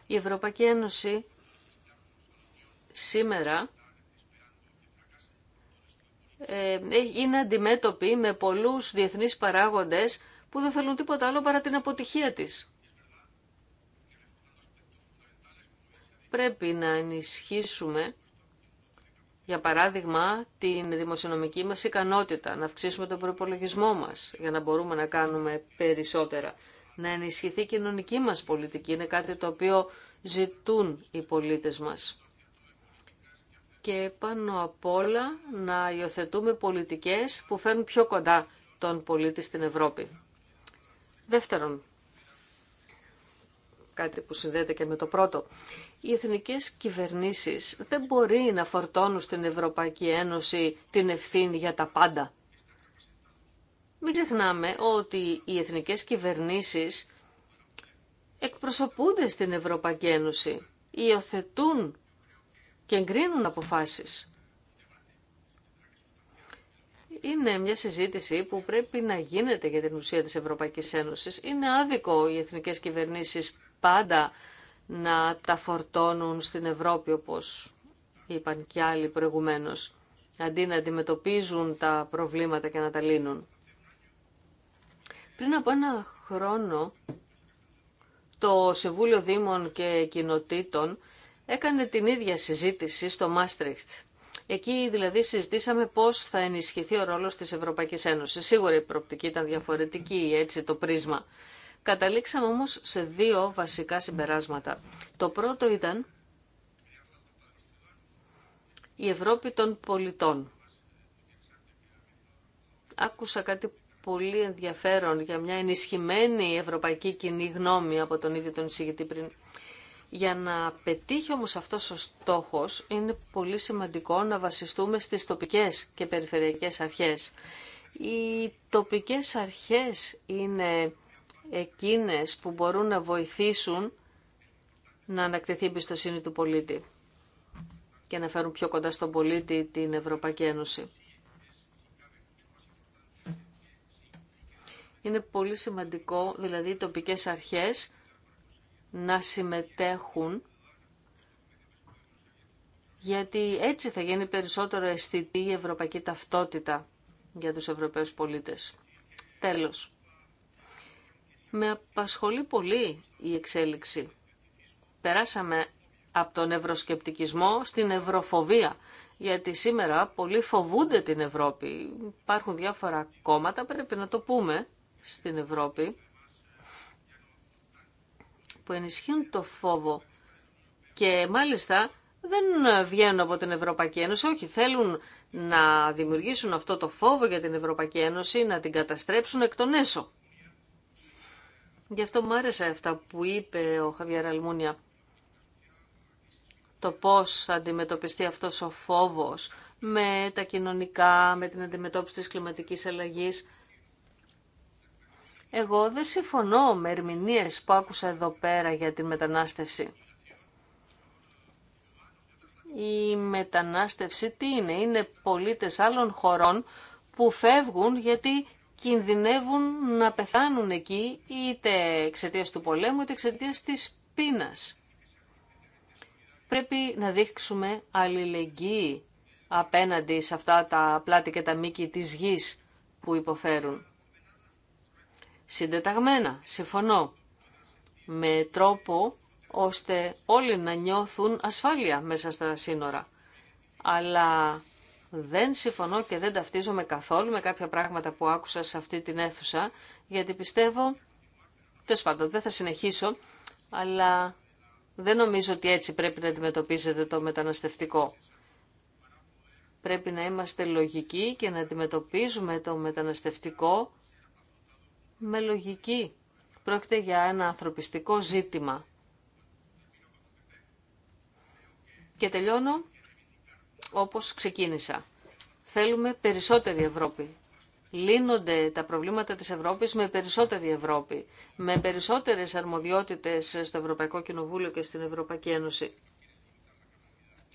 Η Ευρωπαϊκή Ένωση σήμερα ε, είναι αντιμέτωπη με πολλούς διεθνείς παράγοντες που δεν θέλουν τίποτα άλλο παρά την αποτυχία της. Πρέπει να ενισχύσουμε για παράδειγμα, την δημοσιονομική μας ικανότητα, να αυξήσουμε τον προπολογισμό μας για να μπορούμε να κάνουμε περισσότερα. Να ενισχυθεί η κοινωνική μας πολιτική είναι κάτι το οποίο ζητούν οι πολίτες μας. Και πάνω απ' όλα να υιοθετούμε πολιτικές που φέρνουν πιο κοντά τον πολίτη στην Ευρώπη. Δεύτερον, κάτι που συνδέεται και με το πρώτο, οι εθνικές κυβερνήσεις δεν μπορεί να φορτώνουν στην Ευρωπαϊκή Ένωση την ευθύνη για τα πάντα. Μην ξεχνάμε ότι οι εθνικές κυβερνήσεις εκπροσωπούνται στην Ευρωπαϊκή Ένωση, υιοθετούν και εγκρίνουν αποφάσεις. Είναι μια συζήτηση που πρέπει να γίνεται για την ουσία της Ευρωπαϊκής Ένωσης. Είναι άδικο οι εθνικές κυβερνήσεις πάντα να τα φορτώνουν στην Ευρώπη όπως είπαν και άλλοι προηγουμένως αντί να αντιμετωπίζουν τα προβλήματα και να τα λύνουν. Πριν από ένα χρόνο το Συμβούλιο Δήμων και Κοινοτήτων έκανε την ίδια συζήτηση στο Μάστριχτ. Εκεί δηλαδή συζητήσαμε πώς θα ενισχυθεί ο ρόλος της Ευρωπαϊκής Ένωσης. Σίγουρα η προοπτική ήταν διαφορετική, έτσι το πρίσμα. Καταλήξαμε όμως σε δύο βασικά συμπεράσματα. Το πρώτο ήταν η Ευρώπη των πολιτών. Άκουσα κάτι πολύ ενδιαφέρον για μια ενισχυμένη ευρωπαϊκή κοινή γνώμη από τον ίδιο τον εισηγητή πριν. Για να πετύχει όμως αυτός ο στόχος είναι πολύ σημαντικό να βασιστούμε στις τοπικές και περιφερειακές αρχές. Οι τοπικές αρχές είναι εκείνες που μπορούν να βοηθήσουν να ανακτηθεί η εμπιστοσύνη του πολίτη και να φέρουν πιο κοντά στον πολίτη την Ευρωπαϊκή Ένωση. Είναι πολύ σημαντικό, δηλαδή, οι τοπικές αρχές να συμμετέχουν γιατί έτσι θα γίνει περισσότερο αισθητή η ευρωπαϊκή ταυτότητα για τους Ευρωπαίους πολίτες. Τέλος. Με απασχολεί πολύ η εξέλιξη. Περάσαμε από τον ευροσκεπτικισμό στην ευρωφοβία. Γιατί σήμερα πολλοί φοβούνται την Ευρώπη. Υπάρχουν διάφορα κόμματα, πρέπει να το πούμε, στην Ευρώπη, που ενισχύουν το φόβο. Και μάλιστα δεν βγαίνουν από την Ευρωπαϊκή Ένωση. Όχι, θέλουν να δημιουργήσουν αυτό το φόβο για την Ευρωπαϊκή Ένωση, να την καταστρέψουν εκ των έσω. Γι' αυτό μου άρεσε αυτά που είπε ο Χαβιέρα Αλμούνια. Το πώς θα αντιμετωπιστεί αυτός ο φόβος με τα κοινωνικά, με την αντιμετώπιση της κλιματικής αλλαγής. Εγώ δεν συμφωνώ με ερμηνείε που άκουσα εδώ πέρα για την μετανάστευση. Η μετανάστευση τι είναι, είναι πολίτες άλλων χωρών που φεύγουν γιατί κινδυνεύουν να πεθάνουν εκεί είτε εξαιτία του πολέμου είτε εξαιτία της πείνας. Πρέπει να δείξουμε αλληλεγγύη απέναντι σε αυτά τα πλάτη και τα μήκη της γης που υποφέρουν. Συντεταγμένα, συμφωνώ, με τρόπο ώστε όλοι να νιώθουν ασφάλεια μέσα στα σύνορα. Αλλά δεν συμφωνώ και δεν ταυτίζομαι καθόλου με κάποια πράγματα που άκουσα σε αυτή την αίθουσα, γιατί πιστεύω, τέλο πάντων δεν θα συνεχίσω, αλλά δεν νομίζω ότι έτσι πρέπει να αντιμετωπίζετε το μεταναστευτικό. Πρέπει να είμαστε λογικοί και να αντιμετωπίζουμε το μεταναστευτικό με λογική. Πρόκειται για ένα ανθρωπιστικό ζήτημα. Και τελειώνω όπως ξεκίνησα. Θέλουμε περισσότερη Ευρώπη. Λύνονται τα προβλήματα της Ευρώπης με περισσότερη Ευρώπη, με περισσότερες αρμοδιότητες στο Ευρωπαϊκό Κοινοβούλιο και στην Ευρωπαϊκή Ένωση.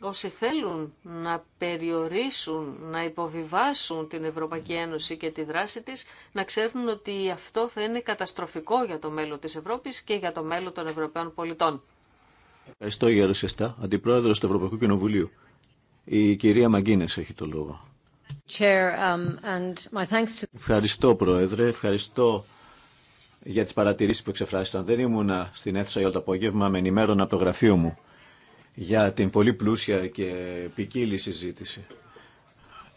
Όσοι θέλουν να περιορίσουν, να υποβιβάσουν την Ευρωπαϊκή Ένωση και τη δράση της, να ξέρουν ότι αυτό θα είναι καταστροφικό για το μέλλον της Ευρώπης και για το μέλλον των Ευρωπαίων πολιτών. Ευχαριστώ, Σεστά, Αντιπρόεδρος του Ευρωπαϊκού Κοινοβουλίου. Η κυρία Μαγκίνες έχει το λόγο. Um, Ευχαριστώ, Πρόεδρε. Ευχαριστώ για τις παρατηρήσεις που εξεφράστησαν. Δεν ήμουν στην αίθουσα για το απόγευμα, με ενημέρωνα από το γραφείο μου για την πολύ πλούσια και ποικίλη συζήτηση.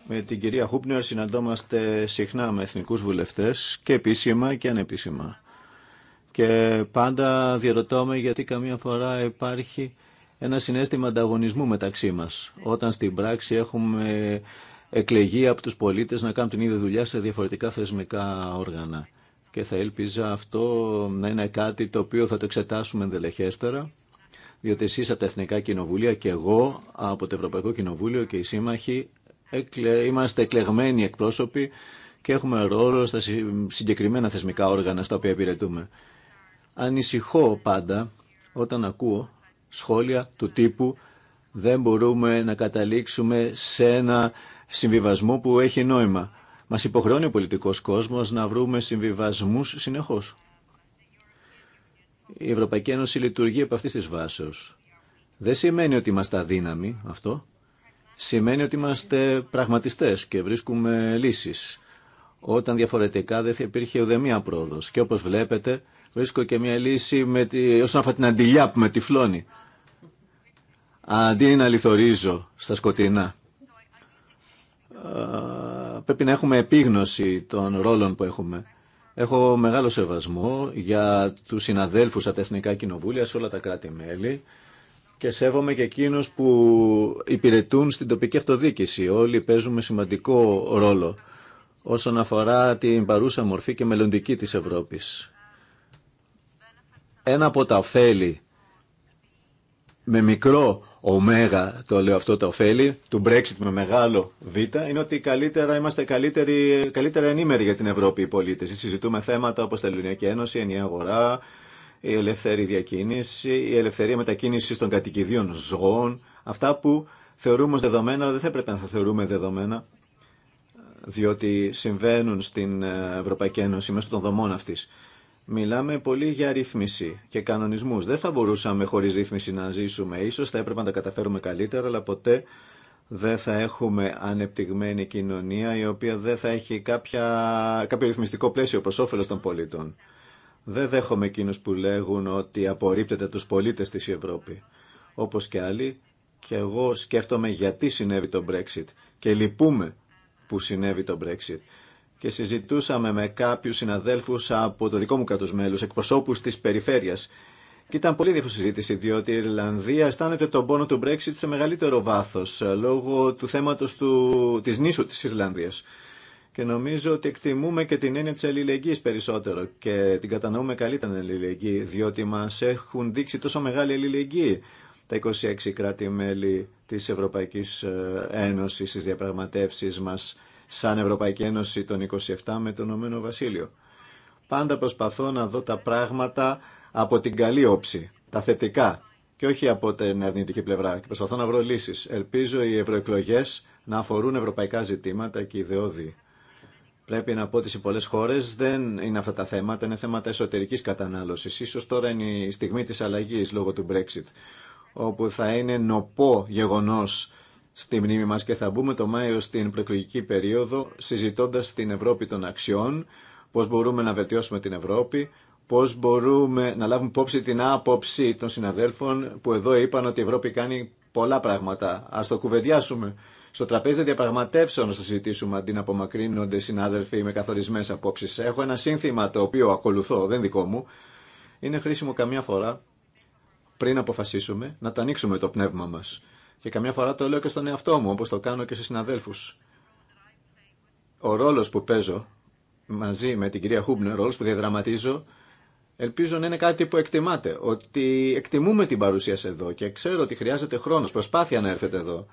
Με την κυρία Χούπνερ συναντόμαστε συχνά με εθνικούς βουλευτές και επίσημα και ανεπίσημα. Και πάντα με γιατί καμία φορά υπάρχει ένα συνέστημα ανταγωνισμού μεταξύ μας, όταν στην πράξη έχουμε εκλεγεί από τους πολίτες να κάνουν την ίδια δουλειά σε διαφορετικά θεσμικά όργανα. Και θα ελπίζα αυτό να είναι κάτι το οποίο θα το εξετάσουμε ενδελεχέστερα, διότι εσείς από τα Εθνικά Κοινοβούλια και εγώ από το Ευρωπαϊκό Κοινοβούλιο και οι σύμμαχοι είμαστε εκλεγμένοι εκπρόσωποι και έχουμε ρόλο στα συγκεκριμένα θεσμικά όργανα στα οποία υπηρετούμε. Ανησυχώ πάντα όταν ακούω σχόλια του τύπου δεν μπορούμε να καταλήξουμε σε ένα συμβιβασμό που έχει νόημα. Μας υποχρεώνει ο πολιτικός κόσμος να βρούμε συμβιβασμούς συνεχώς. Η Ευρωπαϊκή Ένωση λειτουργεί από αυτής της βάσεως. Δεν σημαίνει ότι είμαστε αδύναμοι αυτό. Σημαίνει ότι είμαστε πραγματιστές και βρίσκουμε λύσεις. Όταν διαφορετικά δεν θα υπήρχε ουδέμια πρόοδος. Και όπως βλέπετε βρίσκω και μια λύση με τη... όσον αφορά την αντιλιά που με τυφλώνει αντί να λιθορίζω στα σκοτεινά. Ε, πρέπει να έχουμε επίγνωση των ρόλων που έχουμε. Έχω μεγάλο σεβασμό για τους συναδέλφους από τα Εθνικά Κοινοβούλια σε όλα τα κράτη-μέλη και σέβομαι και εκείνους που υπηρετούν στην τοπική αυτοδίκηση. Όλοι παίζουμε σημαντικό ρόλο όσον αφορά την παρούσα μορφή και μελλοντική της Ευρώπης. Ένα από τα ωφέλη με μικρό ωμέγα, το λέω αυτό το ωφέλη, του Brexit με μεγάλο β, είναι ότι καλύτερα είμαστε καλύτεροι, καλύτερα ενήμεροι για την Ευρώπη οι πολίτες. Συζητούμε θέματα όπως τα Ελληνική Ένωση, η ενιαία αγορά, η ελεύθερη διακίνηση, η ελευθερία μετακίνησης των κατοικιδίων ζώων, αυτά που θεωρούμε ως δεδομένα, αλλά δεν θα έπρεπε να τα θεωρούμε δεδομένα, διότι συμβαίνουν στην ε, Ευρωπαϊκή Ένωση μέσω των δομών αυτής. Μιλάμε πολύ για ρύθμιση και κανονισμούς. Δεν θα μπορούσαμε χωρίς ρύθμιση να ζήσουμε. Ίσως θα έπρεπε να τα καταφέρουμε καλύτερα, αλλά ποτέ δεν θα έχουμε ανεπτυγμένη κοινωνία η οποία δεν θα έχει κάποια, κάποιο ρυθμιστικό πλαίσιο προς όφελος των πολιτών. Δεν δέχομαι εκείνους που λέγουν ότι απορρίπτεται τους πολίτες της Ευρώπη. Όπως και άλλοι, και εγώ σκέφτομαι γιατί συνέβη το Brexit και λυπούμε που συνέβη το Brexit και συζητούσαμε με κάποιους συναδέλφους από το δικό μου κράτος μέλους, εκπροσώπους της περιφέρειας. Και ήταν πολύ δύσκολη συζήτηση, διότι η Ιρλανδία αισθάνεται τον πόνο του Brexit σε μεγαλύτερο βάθος, λόγω του θέματος του, της νήσου της Ιρλανδίας. Και νομίζω ότι εκτιμούμε και την έννοια της αλληλεγγύη περισσότερο και την κατανοούμε καλύτερα την αλληλεγγύη, διότι μας έχουν δείξει τόσο μεγάλη αλληλεγγύη τα 26 κράτη-μέλη της Ευρωπαϊκής ε, Ένωσης, στις διαπραγματεύσεις μας σαν Ευρωπαϊκή Ένωση των 27 με το Ηνωμένο Βασίλειο. Πάντα προσπαθώ να δω τα πράγματα από την καλή όψη, τα θετικά και όχι από την αρνητική πλευρά. Και προσπαθώ να βρω λύσεις. Ελπίζω οι ευρωεκλογέ να αφορούν ευρωπαϊκά ζητήματα και ιδεώδη. Πρέπει να πω ότι σε πολλέ χώρε δεν είναι αυτά τα θέματα, είναι θέματα εσωτερική κατανάλωση. σω τώρα είναι η στιγμή τη αλλαγή λόγω του Brexit, όπου θα είναι νοπό γεγονό στη μνήμη μας και θα μπούμε το Μάιο στην προεκλογική περίοδο συζητώντας την Ευρώπη των αξιών, πώς μπορούμε να βελτιώσουμε την Ευρώπη, πώς μπορούμε να λάβουμε υπόψη την άποψη των συναδέλφων που εδώ είπαν ότι η Ευρώπη κάνει πολλά πράγματα. Ας το κουβεντιάσουμε. Στο τραπέζι των διαπραγματεύσεων να το συζητήσουμε αντί να απομακρύνονται συνάδελφοι με καθορισμένες απόψεις. Έχω ένα σύνθημα το οποίο ακολουθώ, δεν δικό μου. Είναι χρήσιμο καμιά φορά πριν αποφασίσουμε να το ανοίξουμε το πνεύμα μας και καμιά φορά το λέω και στον εαυτό μου, όπως το κάνω και σε συναδέλφους. Ο ρόλος που παίζω μαζί με την κυρία Χούμπνερ, ο ρόλος που διαδραματίζω, ελπίζω να είναι κάτι που εκτιμάτε. Ότι εκτιμούμε την παρουσία σε εδώ και ξέρω ότι χρειάζεται χρόνος, προσπάθεια να έρθετε εδώ.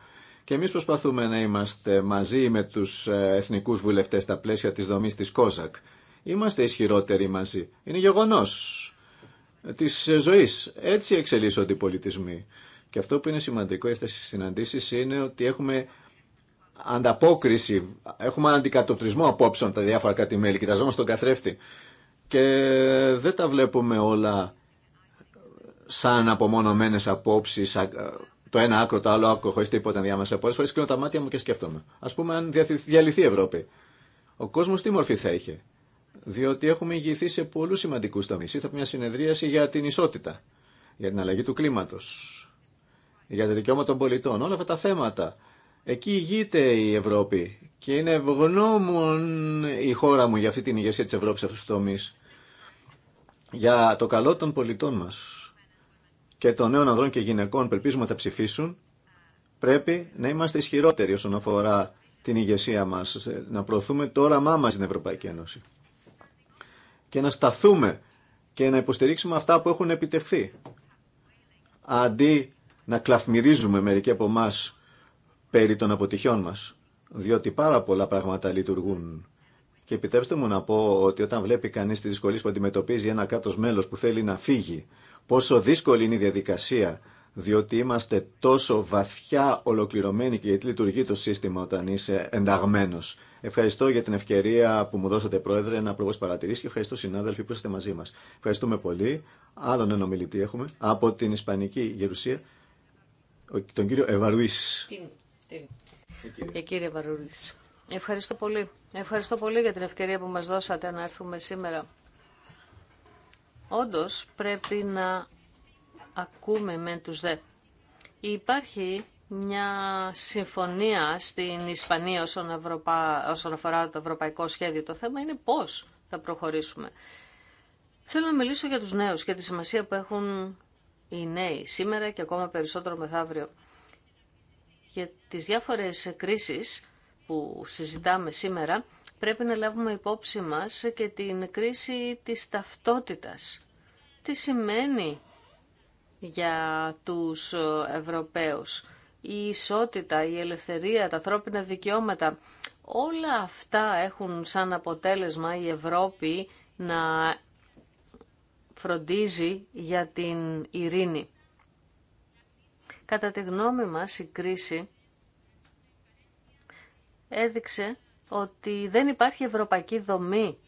Και εμείς προσπαθούμε να είμαστε μαζί με τους ε, εθνικούς βουλευτές στα πλαίσια της δομής της ΚΟΖΑΚ. Είμαστε ισχυρότεροι μαζί. Είναι γεγονός ε, της ε, ζωής. Έτσι εξελίσσονται οι πολιτισμοί. Και αυτό που είναι σημαντικό αυτέ αυτές τις συναντήσεις είναι ότι έχουμε ανταπόκριση, έχουμε αντικατοπτρισμό απόψεων τα διάφορα κάτι μέλη, κοιταζόμαστε τον καθρέφτη και δεν τα βλέπουμε όλα σαν απομονωμένες απόψεις, το ένα άκρο, το άλλο άκρο, χωρίς τίποτα διάμεσα. Πολλές φορές κλείνω τα μάτια μου και σκέφτομαι. Ας πούμε αν διαλυθεί η Ευρώπη. Ο κόσμος τι μορφή θα είχε. Διότι έχουμε ηγηθεί σε πολλούς σημαντικούς τομείς. Ήρθα μια συνεδρίαση για την ισότητα, για την αλλαγή του κλίματο για τα δικαιώματα των πολιτών, όλα αυτά τα θέματα. Εκεί ηγείται η Ευρώπη και είναι ευγνώμων η χώρα μου για αυτή την ηγεσία της Ευρώπης αυτούς τους τομείς. Για το καλό των πολιτών μας και των νέων ανδρών και γυναικών που ελπίζουμε θα ψηφίσουν, πρέπει να είμαστε ισχυρότεροι όσον αφορά την ηγεσία μας, να προωθούμε το όραμά μας στην Ευρωπαϊκή Ένωση και να σταθούμε και να υποστηρίξουμε αυτά που έχουν επιτευχθεί αντί να κλαφμυρίζουμε μερικοί από εμά περί των αποτυχιών μας, διότι πάρα πολλά πράγματα λειτουργούν. Και επιτρέψτε μου να πω ότι όταν βλέπει κανείς τη δυσκολία που αντιμετωπίζει ένα κάτω μέλος που θέλει να φύγει, πόσο δύσκολη είναι η διαδικασία, διότι είμαστε τόσο βαθιά ολοκληρωμένοι και γιατί λειτουργεί το σύστημα όταν είσαι ενταγμένος. Ευχαριστώ για την ευκαιρία που μου δώσατε, Πρόεδρε, να προβώ παρατηρήσει και ευχαριστώ, συνάδελφοι, που είστε μαζί μα. Ευχαριστούμε πολύ. Άλλον ένα έχουμε από την Ισπανική Γερουσία, τον κύριο Ευαρουής. Ε, ε, κύριε Ευαρουής. Ευχαριστώ πολύ. Ευχαριστώ πολύ για την ευκαιρία που μας δώσατε να έρθουμε σήμερα. Όντως πρέπει να ακούμε με τους δε. Υπάρχει μια συμφωνία στην Ισπανία όσον, Ευρωπα... όσον αφορά το ευρωπαϊκό σχέδιο. Το θέμα είναι πώς θα προχωρήσουμε. Θέλω να μιλήσω για τους νέους και τη σημασία που έχουν οι νέοι σήμερα και ακόμα περισσότερο μεθαύριο. Για τις διάφορες κρίσεις που συζητάμε σήμερα, πρέπει να λάβουμε υπόψη μας και την κρίση της ταυτότητας. Τι σημαίνει για τους Ευρωπαίους η ισότητα, η ελευθερία, τα ανθρώπινα δικαιώματα. Όλα αυτά έχουν σαν αποτέλεσμα η Ευρώπη να φροντίζει για την ειρήνη. Κατά τη γνώμη μας η κρίση έδειξε ότι δεν υπάρχει ευρωπαϊκή δομή.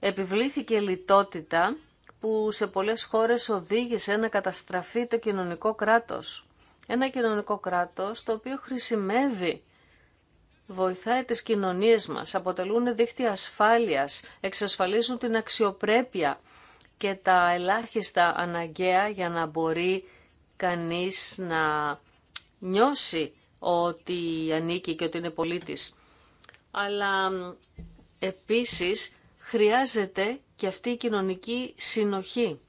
Επιβλήθηκε λιτότητα που σε πολλές χώρες οδήγησε να καταστραφεί το κοινωνικό κράτος. Ένα κοινωνικό κράτος το οποίο χρησιμεύει, βοηθάει τις κοινωνίες μας, αποτελούν δίχτυα ασφάλειας, εξασφαλίζουν την αξιοπρέπεια και τα ελάχιστα αναγκαία για να μπορεί κανείς να νιώσει ότι ανήκει και ότι είναι πολίτης. Αλλά επίσης χρειάζεται και αυτή η κοινωνική συνοχή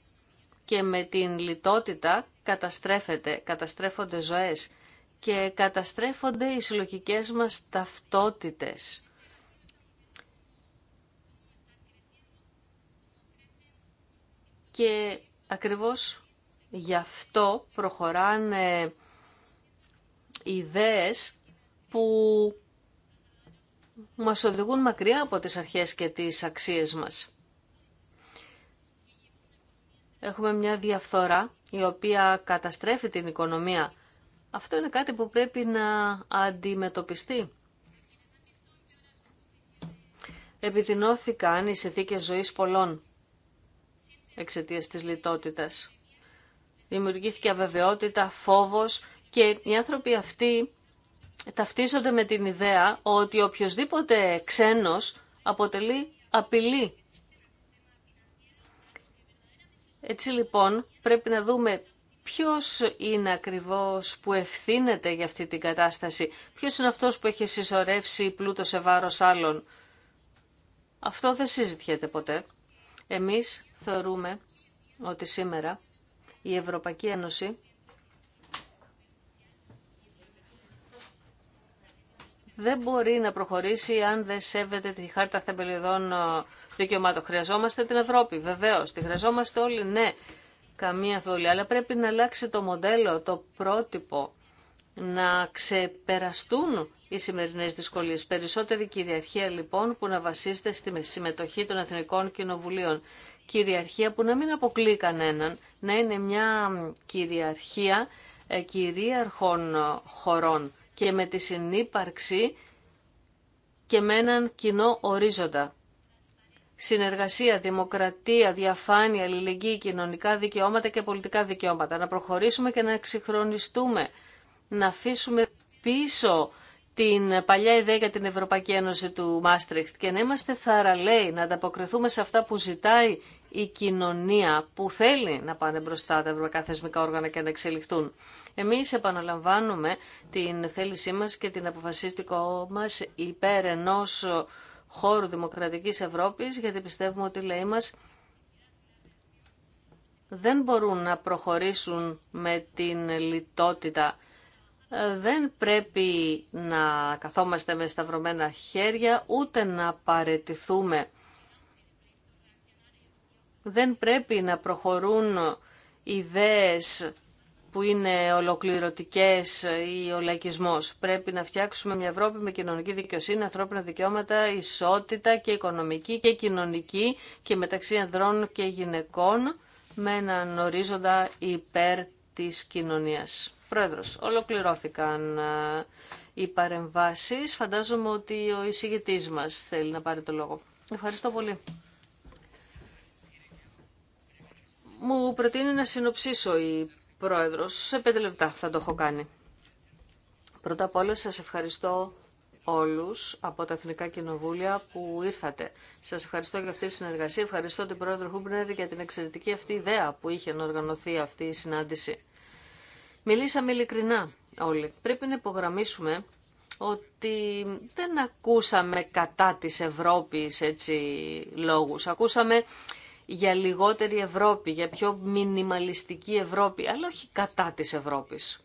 και με την λιτότητα καταστρέφεται, καταστρέφονται ζωές και καταστρέφονται οι συλλογικές μας ταυτότητες. και ακριβώς γι' αυτό προχωράνε ιδέες που μας οδηγούν μακριά από τις αρχές και τις αξίες μας. Έχουμε μια διαφθορά η οποία καταστρέφει την οικονομία. Αυτό είναι κάτι που πρέπει να αντιμετωπιστεί. Επιδεινώθηκαν οι συνθήκε ζωής πολλών εξαιτίας της λιτότητας. Δημιουργήθηκε αβεβαιότητα, φόβος και οι άνθρωποι αυτοί ταυτίζονται με την ιδέα ότι οποιοδήποτε ξένος αποτελεί απειλή. Έτσι λοιπόν πρέπει να δούμε ποιος είναι ακριβώς που ευθύνεται για αυτή την κατάσταση, ποιος είναι αυτός που έχει συσσωρεύσει πλούτο σε βάρος άλλων. Αυτό δεν συζητιέται ποτέ. Εμείς θεωρούμε ότι σήμερα η Ευρωπαϊκή Ένωση δεν μπορεί να προχωρήσει αν δεν σέβεται τη Χάρτα Θεμελιωδών ε, Δικαιωμάτων. Χρειαζόμαστε την Ευρώπη, βεβαίως. Τη χρειαζόμαστε όλοι, ναι, καμία αμφιβολία. Αλλά πρέπει να αλλάξει το μοντέλο, το πρότυπο, να ξεπεραστούν οι σημερινέ δυσκολίε. Περισσότερη κυριαρχία, λοιπόν, που να βασίζεται στη συμμετοχή των Εθνικών Κοινοβουλίων κυριαρχία που να μην αποκλεί κανέναν, να είναι μια κυριαρχία ε, κυρίαρχων ε, χωρών και με τη συνύπαρξη και με έναν κοινό ορίζοντα. Συνεργασία, δημοκρατία, διαφάνεια, αλληλεγγύη, κοινωνικά δικαιώματα και πολιτικά δικαιώματα. Να προχωρήσουμε και να εξυγχρονιστούμε, να αφήσουμε πίσω την παλιά ιδέα για την Ευρωπαϊκή Ένωση του Μάστριχτ και να είμαστε θαραλέοι, να ανταποκριθούμε σε αυτά που ζητάει η κοινωνία που θέλει να πάνε μπροστά τα ευρωπαϊκά θεσμικά όργανα και να εξελιχθούν. Εμείς επαναλαμβάνουμε την θέλησή μας και την αποφασίστικο μας υπέρ ενός χώρου δημοκρατικής Ευρώπης, γιατί πιστεύουμε ότι οι μας δεν μπορούν να προχωρήσουν με την λιτότητα. Δεν πρέπει να καθόμαστε με σταυρωμένα χέρια, ούτε να παρετηθούμε δεν πρέπει να προχωρούν ιδέες που είναι ολοκληρωτικές ή ο λαϊκισμός. Πρέπει να φτιάξουμε μια Ευρώπη με κοινωνική δικαιοσύνη, ανθρώπινα δικαιώματα, ισότητα και οικονομική και κοινωνική και μεταξύ ανδρών και γυναικών με έναν ορίζοντα υπέρ της κοινωνίας. Πρόεδρος, ολοκληρώθηκαν ε, οι παρεμβάσεις. Φαντάζομαι ότι ο εισηγητής μας θέλει να πάρει το λόγο. Ευχαριστώ πολύ. Μου προτείνει να συνοψίσω η πρόεδρος. Σε πέντε λεπτά θα το έχω κάνει. Πρώτα απ' όλα σας ευχαριστώ όλους από τα Εθνικά Κοινοβούλια που ήρθατε. Σας ευχαριστώ για αυτή τη συνεργασία. Ευχαριστώ την πρόεδρο Χούμπνερ για την εξαιρετική αυτή ιδέα που είχε να οργανωθεί αυτή η συνάντηση. Μιλήσαμε ειλικρινά όλοι. Πρέπει να υπογραμμίσουμε ότι δεν ακούσαμε κατά της Ευρώπης έτσι λόγους. Ακούσαμε για λιγότερη Ευρώπη, για πιο μινιμαλιστική Ευρώπη, αλλά όχι κατά της Ευρώπης.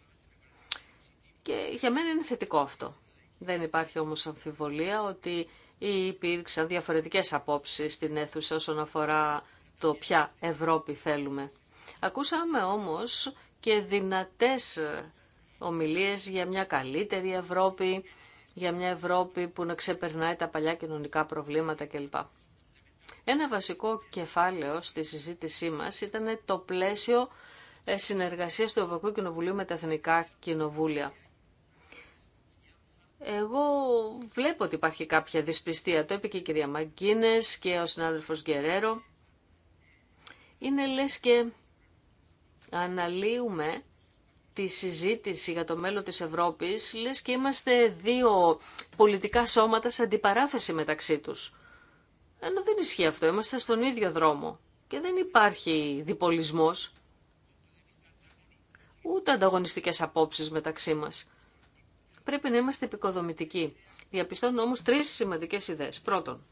Και για μένα είναι θετικό αυτό. Δεν υπάρχει όμως αμφιβολία ότι υπήρξαν διαφορετικές απόψεις στην αίθουσα όσον αφορά το ποια Ευρώπη θέλουμε. Ακούσαμε όμως και δυνατές ομιλίες για μια καλύτερη Ευρώπη, για μια Ευρώπη που να ξεπερνάει τα παλιά κοινωνικά προβλήματα κλπ. Ένα βασικό κεφάλαιο στη συζήτησή μας ήταν το πλαίσιο ε, συνεργασίας του Ευρωπαϊκού Κοινοβουλίου με τα Εθνικά Κοινοβούλια. Εγώ βλέπω ότι υπάρχει κάποια δυσπιστία, το είπε και η κυρία Μαγκίνες και ο συνάδελφος Γκερέρο. Είναι λες και αναλύουμε τη συζήτηση για το μέλλον της Ευρώπης, λες και είμαστε δύο πολιτικά σώματα σε αντιπαράθεση μεταξύ τους. Ενώ δεν ισχύει αυτό. Είμαστε στον ίδιο δρόμο και δεν υπάρχει διπολισμός, ούτε ανταγωνιστικές απόψεις μεταξύ μας. Πρέπει να είμαστε επικοδομητικοί. Διαπιστώνω όμως τρεις σημαντικές ιδέες. Πρώτον,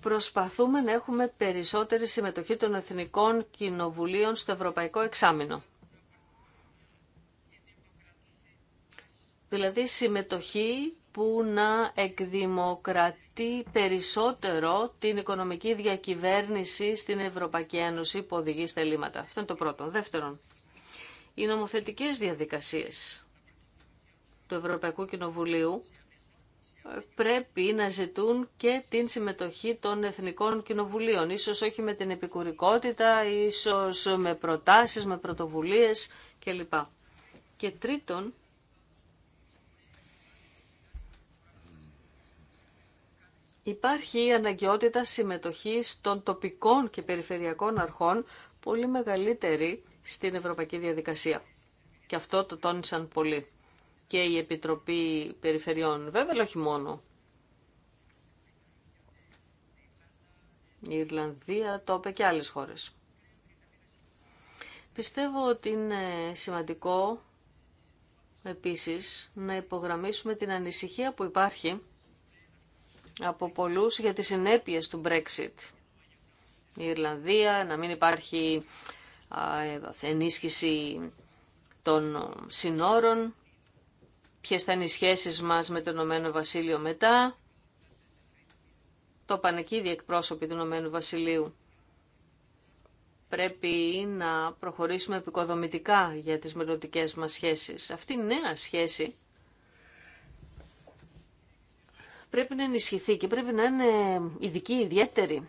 προσπαθούμε να έχουμε περισσότερη συμμετοχή των εθνικών κοινοβουλίων στο ευρωπαϊκό εξάμεινο. Δηλαδή συμμετοχή που να εκδημοκρατεί περισσότερο την οικονομική διακυβέρνηση στην Ευρωπαϊκή Ένωση που οδηγεί στα Αυτό είναι το πρώτο. Δεύτερον, οι νομοθετικές διαδικασίες του Ευρωπαϊκού Κοινοβουλίου ε, πρέπει να ζητούν και την συμμετοχή των εθνικών κοινοβουλίων. Ίσως όχι με την επικουρικότητα, ίσως με προτάσεις, με πρωτοβουλίες κλπ. Και τρίτον, Υπάρχει η αναγκαιότητα συμμετοχής των τοπικών και περιφερειακών αρχών πολύ μεγαλύτερη στην ευρωπαϊκή διαδικασία. Και αυτό το τόνισαν πολύ. Και η Επιτροπή Περιφερειών, βέβαια, αλλά όχι μόνο. Η Ιρλανδία το είπε και άλλες χώρες. Πιστεύω ότι είναι σημαντικό επίσης να υπογραμμίσουμε την ανησυχία που υπάρχει από πολλούς για τις συνέπειες του Brexit. Η Ιρλανδία, να μην υπάρχει ε, ενίσχυση των συνόρων, ποιες θα είναι οι σχέσεις μας με το Ηνωμένο Βασίλειο μετά. Το πανεκίδι εκπρόσωποι του Ηνωμένου Βασιλείου. Πρέπει να προχωρήσουμε επικοδομητικά για τις μελλοντικέ μας σχέσεις. Αυτή η νέα σχέση πρέπει να ενισχυθεί και πρέπει να είναι ειδική, ιδιαίτερη.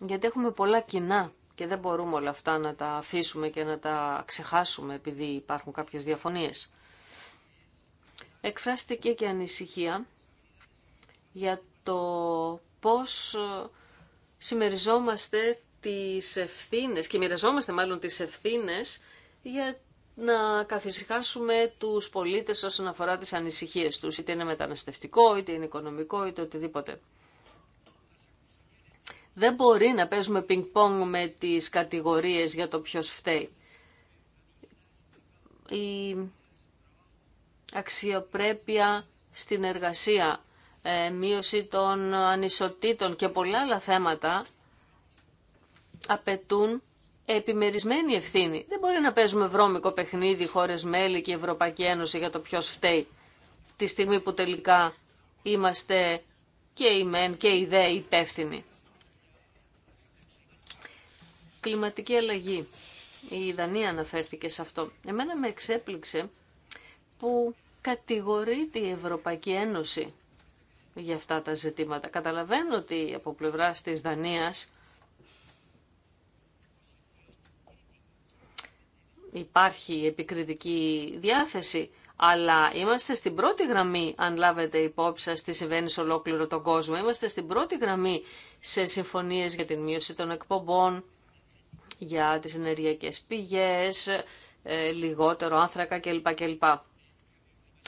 Γιατί έχουμε πολλά κοινά και δεν μπορούμε όλα αυτά να τα αφήσουμε και να τα ξεχάσουμε επειδή υπάρχουν κάποιες διαφωνίες. Εκφράστηκε και ανησυχία για το πώς συμμεριζόμαστε τις ευθύνες και μοιραζόμαστε μάλλον τις ευθύνες για να καθησυχάσουμε τους πολίτες όσον αφορά τις ανησυχίες τους, είτε είναι μεταναστευτικό, είτε είναι οικονομικό, είτε οτιδήποτε. Δεν μπορεί να παίζουμε πινκ-πονγκ με τις κατηγορίες για το ποιος φταίει. Η αξιοπρέπεια στην εργασία, ε, μείωση των ανισοτήτων και πολλά άλλα θέματα απαιτούν επιμερισμένη ευθύνη. Δεν μπορεί να παίζουμε βρώμικο παιχνίδι χώρες μέλη και Ευρωπαϊκή Ένωση για το ποιο φταίει. Τη στιγμή που τελικά είμαστε και οι μεν και οι δε υπεύθυνοι. Κλιματική αλλαγή. Η Δανία αναφέρθηκε σε αυτό. Εμένα με εξέπληξε που κατηγορείται η Ευρωπαϊκή Ένωση για αυτά τα ζητήματα. Καταλαβαίνω ότι από πλευρά της Δανίας υπάρχει επικριτική διάθεση, αλλά είμαστε στην πρώτη γραμμή, αν λάβετε υπόψη σας τι συμβαίνει σε ολόκληρο τον κόσμο. Είμαστε στην πρώτη γραμμή σε συμφωνίες για την μείωση των εκπομπών, για τις ενεργειακές πηγές, ε, λιγότερο άνθρακα κλπ. κλπ.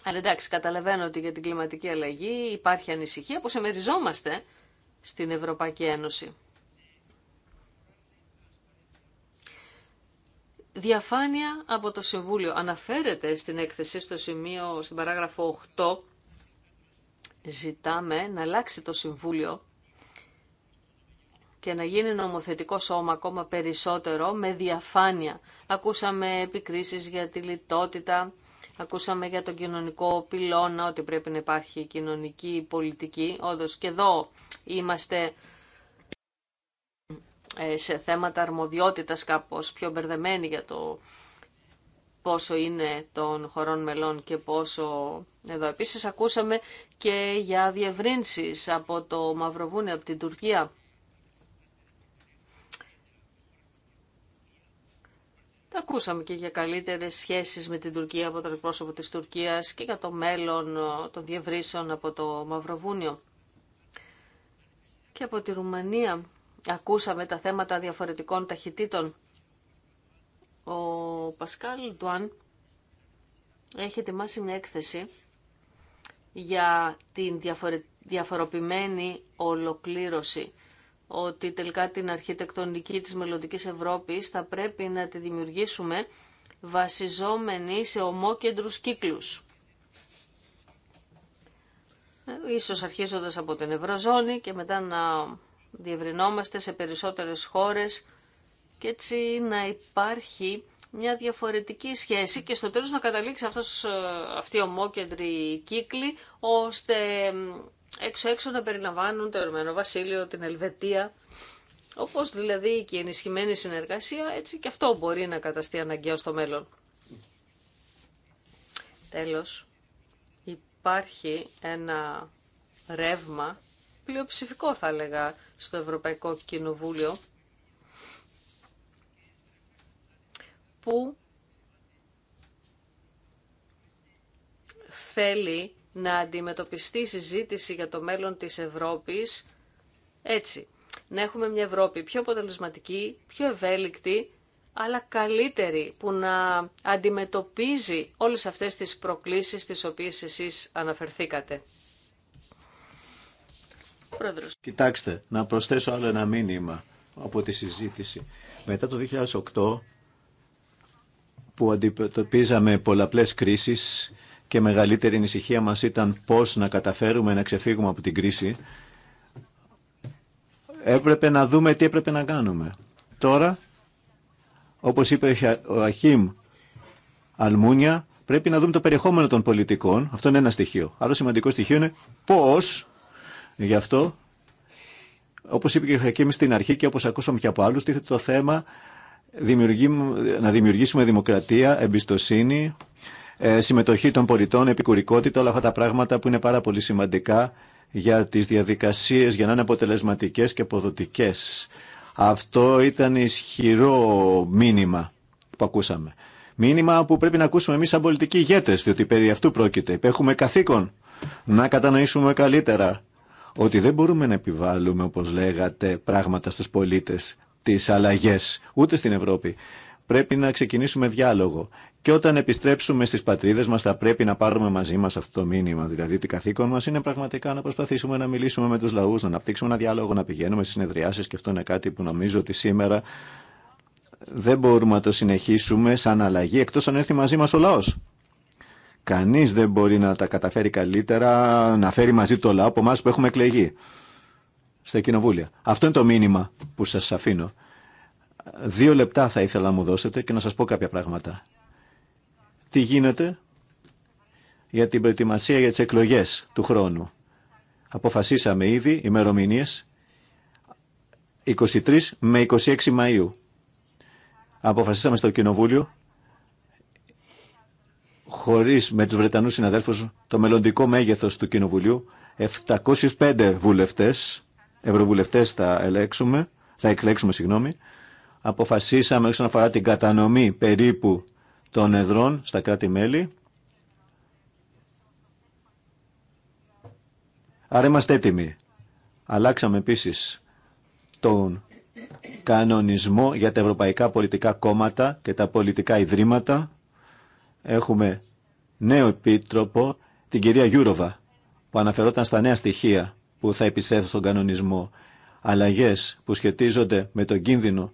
Αλλά εντάξει, καταλαβαίνω ότι για την κλιματική αλλαγή υπάρχει ανησυχία που συμμεριζόμαστε στην Ευρωπαϊκή Ένωση. διαφάνεια από το Συμβούλιο. Αναφέρεται στην έκθεση στο σημείο, στην παράγραφο 8, ζητάμε να αλλάξει το Συμβούλιο και να γίνει νομοθετικό σώμα ακόμα περισσότερο με διαφάνεια. Ακούσαμε επικρίσεις για τη λιτότητα, ακούσαμε για τον κοινωνικό πυλώνα, ότι πρέπει να υπάρχει κοινωνική πολιτική. Όντως και εδώ είμαστε ε, σε θέματα αρμοδιότητας κάπως πιο μπερδεμένη για το πόσο είναι των χωρών μελών και πόσο εδώ. Επίσης ακούσαμε και για διευρύνσεις από το Μαυροβούνιο, από την Τουρκία. Τα ακούσαμε και για καλύτερες σχέσεις με την Τουρκία από τον εκπρόσωπο της Τουρκίας και για το μέλλον ε, των διευρύσεων από το Μαυροβούνιο. Και από τη Ρουμανία ακούσαμε τα θέματα διαφορετικών ταχυτήτων. Ο Πασκάλ Ντουάν έχει ετοιμάσει μια έκθεση για την διαφοροποιημένη ολοκλήρωση ότι τελικά την αρχιτεκτονική της μελλοντικής Ευρώπης θα πρέπει να τη δημιουργήσουμε βασιζόμενοι σε ομόκεντρους κύκλους. Ε, ίσως αρχίζοντας από την Ευρωζώνη και μετά να διευρυνόμαστε σε περισσότερες χώρες και έτσι να υπάρχει μια διαφορετική σχέση και στο τέλος να καταλήξει αυτός, ε, αυτή η ομόκεντρη κύκλη ώστε έξω-έξω να περιλαμβάνουν το ερωμένο Βασίλειο, την Ελβετία. Όπως δηλαδή και η ενισχυμένη συνεργασία, έτσι και αυτό μπορεί να καταστεί αναγκαίο στο μέλλον. Τέλος, υπάρχει ένα ρεύμα πλειοψηφικό θα έλεγα στο Ευρωπαϊκό Κοινοβούλιο που θέλει να αντιμετωπιστεί η συζήτηση για το μέλλον της Ευρώπης έτσι. Να έχουμε μια Ευρώπη πιο αποτελεσματική, πιο ευέλικτη, αλλά καλύτερη που να αντιμετωπίζει όλες αυτές τις προκλήσεις τις οποίες εσείς αναφερθήκατε. Κοιτάξτε, να προσθέσω άλλο ένα μήνυμα από τη συζήτηση. Μετά το 2008 που αντιμετωπίζαμε πολλαπλές κρίσεις και μεγαλύτερη ανησυχία μας ήταν πώς να καταφέρουμε να ξεφύγουμε από την κρίση, έπρεπε να δούμε τι έπρεπε να κάνουμε. Τώρα, όπως είπε ο Αχίμ Αλμούνια, πρέπει να δούμε το περιεχόμενο των πολιτικών. Αυτό είναι ένα στοιχείο. Άλλο σημαντικό στοιχείο είναι πώς Γι' αυτό, όπως είπε και η Χακίμη στην αρχή και όπως ακούσαμε και από άλλους, τίθεται το θέμα να δημιουργήσουμε δημοκρατία, εμπιστοσύνη, ε, συμμετοχή των πολιτών, επικουρικότητα, όλα αυτά τα πράγματα που είναι πάρα πολύ σημαντικά για τις διαδικασίες για να είναι αποτελεσματικές και αποδοτικές. Αυτό ήταν ισχυρό μήνυμα που ακούσαμε. Μήνυμα που πρέπει να ακούσουμε εμείς σαν πολιτικοί ηγέτες, διότι περί αυτού πρόκειται. Έχουμε καθήκον να κατανοήσουμε καλύτερα ότι δεν μπορούμε να επιβάλλουμε, όπως λέγατε, πράγματα στους πολίτες, τις αλλαγές, ούτε στην Ευρώπη. Πρέπει να ξεκινήσουμε διάλογο. Και όταν επιστρέψουμε στις πατρίδες μας θα πρέπει να πάρουμε μαζί μας αυτό το μήνυμα. Δηλαδή το καθήκον μας είναι πραγματικά να προσπαθήσουμε να μιλήσουμε με τους λαούς, να αναπτύξουμε ένα διάλογο, να πηγαίνουμε στις συνεδριάσεις και αυτό είναι κάτι που νομίζω ότι σήμερα δεν μπορούμε να το συνεχίσουμε σαν αλλαγή εκτός αν έρθει μαζί μας ο λαός. Κανείς δεν μπορεί να τα καταφέρει καλύτερα, να φέρει μαζί το λαό από εμά που έχουμε εκλεγεί στα κοινοβούλια. Αυτό είναι το μήνυμα που σας αφήνω. Δύο λεπτά θα ήθελα να μου δώσετε και να σας πω κάποια πράγματα. Τι γίνεται για την προετοιμασία για τις εκλογές του χρόνου. Αποφασίσαμε ήδη ημερομηνίε 23 με 26 Μαΐου. Αποφασίσαμε στο Κοινοβούλιο χωρίς με τους Βρετανούς συναδέλφους το μελλοντικό μέγεθος του Κοινοβουλίου 705 βουλευτές, ευρωβουλευτές θα ελέξουμε, θα εκλέξουμε συγγνώμη, αποφασίσαμε όσον αφορά την κατανομή περίπου των εδρών στα κράτη-μέλη. Άρα είμαστε έτοιμοι. Αλλάξαμε επίσης τον κανονισμό για τα ευρωπαϊκά πολιτικά κόμματα και τα πολιτικά ιδρύματα έχουμε νέο επίτροπο, την κυρία Γιούροβα, που αναφερόταν στα νέα στοιχεία που θα επισέθουν στον κανονισμό, Αλλαγέ που σχετίζονται με τον κίνδυνο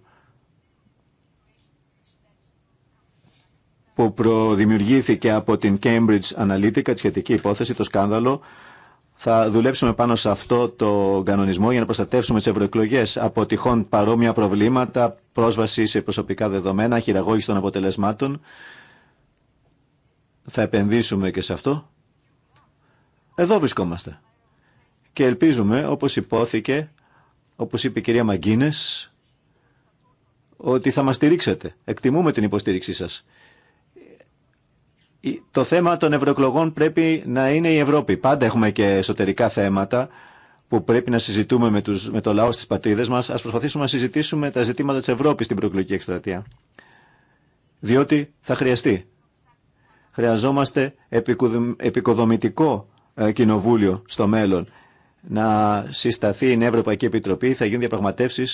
που προδημιουργήθηκε από την Cambridge Analytica, τη σχετική υπόθεση, το σκάνδαλο. Θα δουλέψουμε πάνω σε αυτό το κανονισμό για να προστατεύσουμε τι ευρωεκλογέ από τυχόν παρόμοια προβλήματα, πρόσβαση σε προσωπικά δεδομένα, χειραγώγηση των αποτελεσμάτων θα επενδύσουμε και σε αυτό. Εδώ βρισκόμαστε. Και ελπίζουμε, όπως υπόθηκε, όπως είπε η κυρία Μαγκίνες, ότι θα μας στηρίξετε. Εκτιμούμε την υποστήριξή σας. Το θέμα των ευρωεκλογών πρέπει να είναι η Ευρώπη. Πάντα έχουμε και εσωτερικά θέματα που πρέπει να συζητούμε με, τους, με το λαό στις πατρίδες μας. Ας προσπαθήσουμε να συζητήσουμε τα ζητήματα της Ευρώπης στην προεκλογική εκστρατεία. Διότι θα χρειαστεί Χρειαζόμαστε επικοδομητικό ε, κοινοβούλιο στο μέλλον. Να συσταθεί η Ευρωπαϊκή Επιτροπή, θα γίνουν διαπραγματεύσει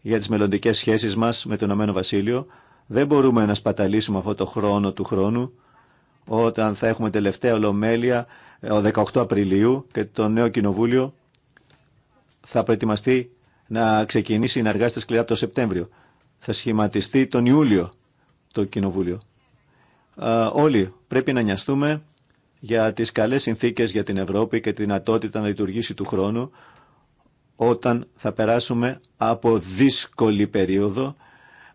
για τι μελλοντικέ σχέσει μα με το Ηνωμένο Βασίλειο. Δεν μπορούμε να σπαταλήσουμε αυτό το χρόνο του χρόνου όταν θα έχουμε τελευταία ολομέλεια ε, ο 18 Απριλίου και το νέο κοινοβούλιο θα προετοιμαστεί να ξεκινήσει να εργάζεται σκληρά το Σεπτέμβριο. Θα σχηματιστεί τον Ιούλιο το κοινοβούλιο. Ε, όλοι Πρέπει να νοιαστούμε για τις καλές συνθήκες για την Ευρώπη και τη δυνατότητα να λειτουργήσει του χρόνου όταν θα περάσουμε από δύσκολη περίοδο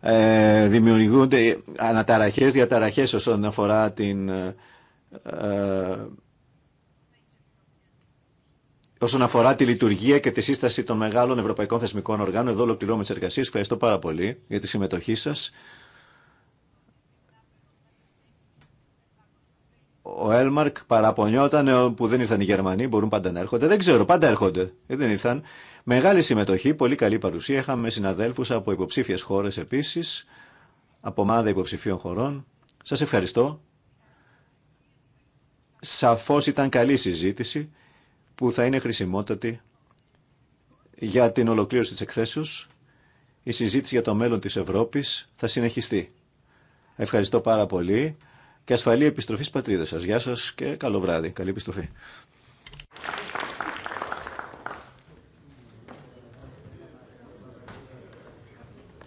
ε, δημιουργούνται αναταραχές, διαταραχές όσον αφορά την ε, όσον αφορά τη λειτουργία και τη σύσταση των μεγάλων ευρωπαϊκών θεσμικών οργάνων. Εδώ ολοκληρώνουμε τις εργασίες. Ευχαριστώ πάρα πολύ για τη συμμετοχή σας. ο Έλμαρκ παραπονιόταν που δεν ήρθαν οι Γερμανοί, μπορούν πάντα να έρχονται. Δεν ξέρω, πάντα έρχονται. Ε, δεν ήρθαν. Μεγάλη συμμετοχή, πολύ καλή παρουσία. Είχαμε συναδέλφου από υποψήφιε χώρε επίση, από ομάδα υποψηφίων χωρών. Σα ευχαριστώ. Σαφώ ήταν καλή συζήτηση που θα είναι χρησιμότατη για την ολοκλήρωση της εκθέσεως. Η συζήτηση για το μέλλον τη Ευρώπη θα συνεχιστεί. Ευχαριστώ πάρα πολύ και ασφαλή επιστροφή στις πατρίδες σας. Γεια σας και καλό βράδυ. Καλή επιστροφή.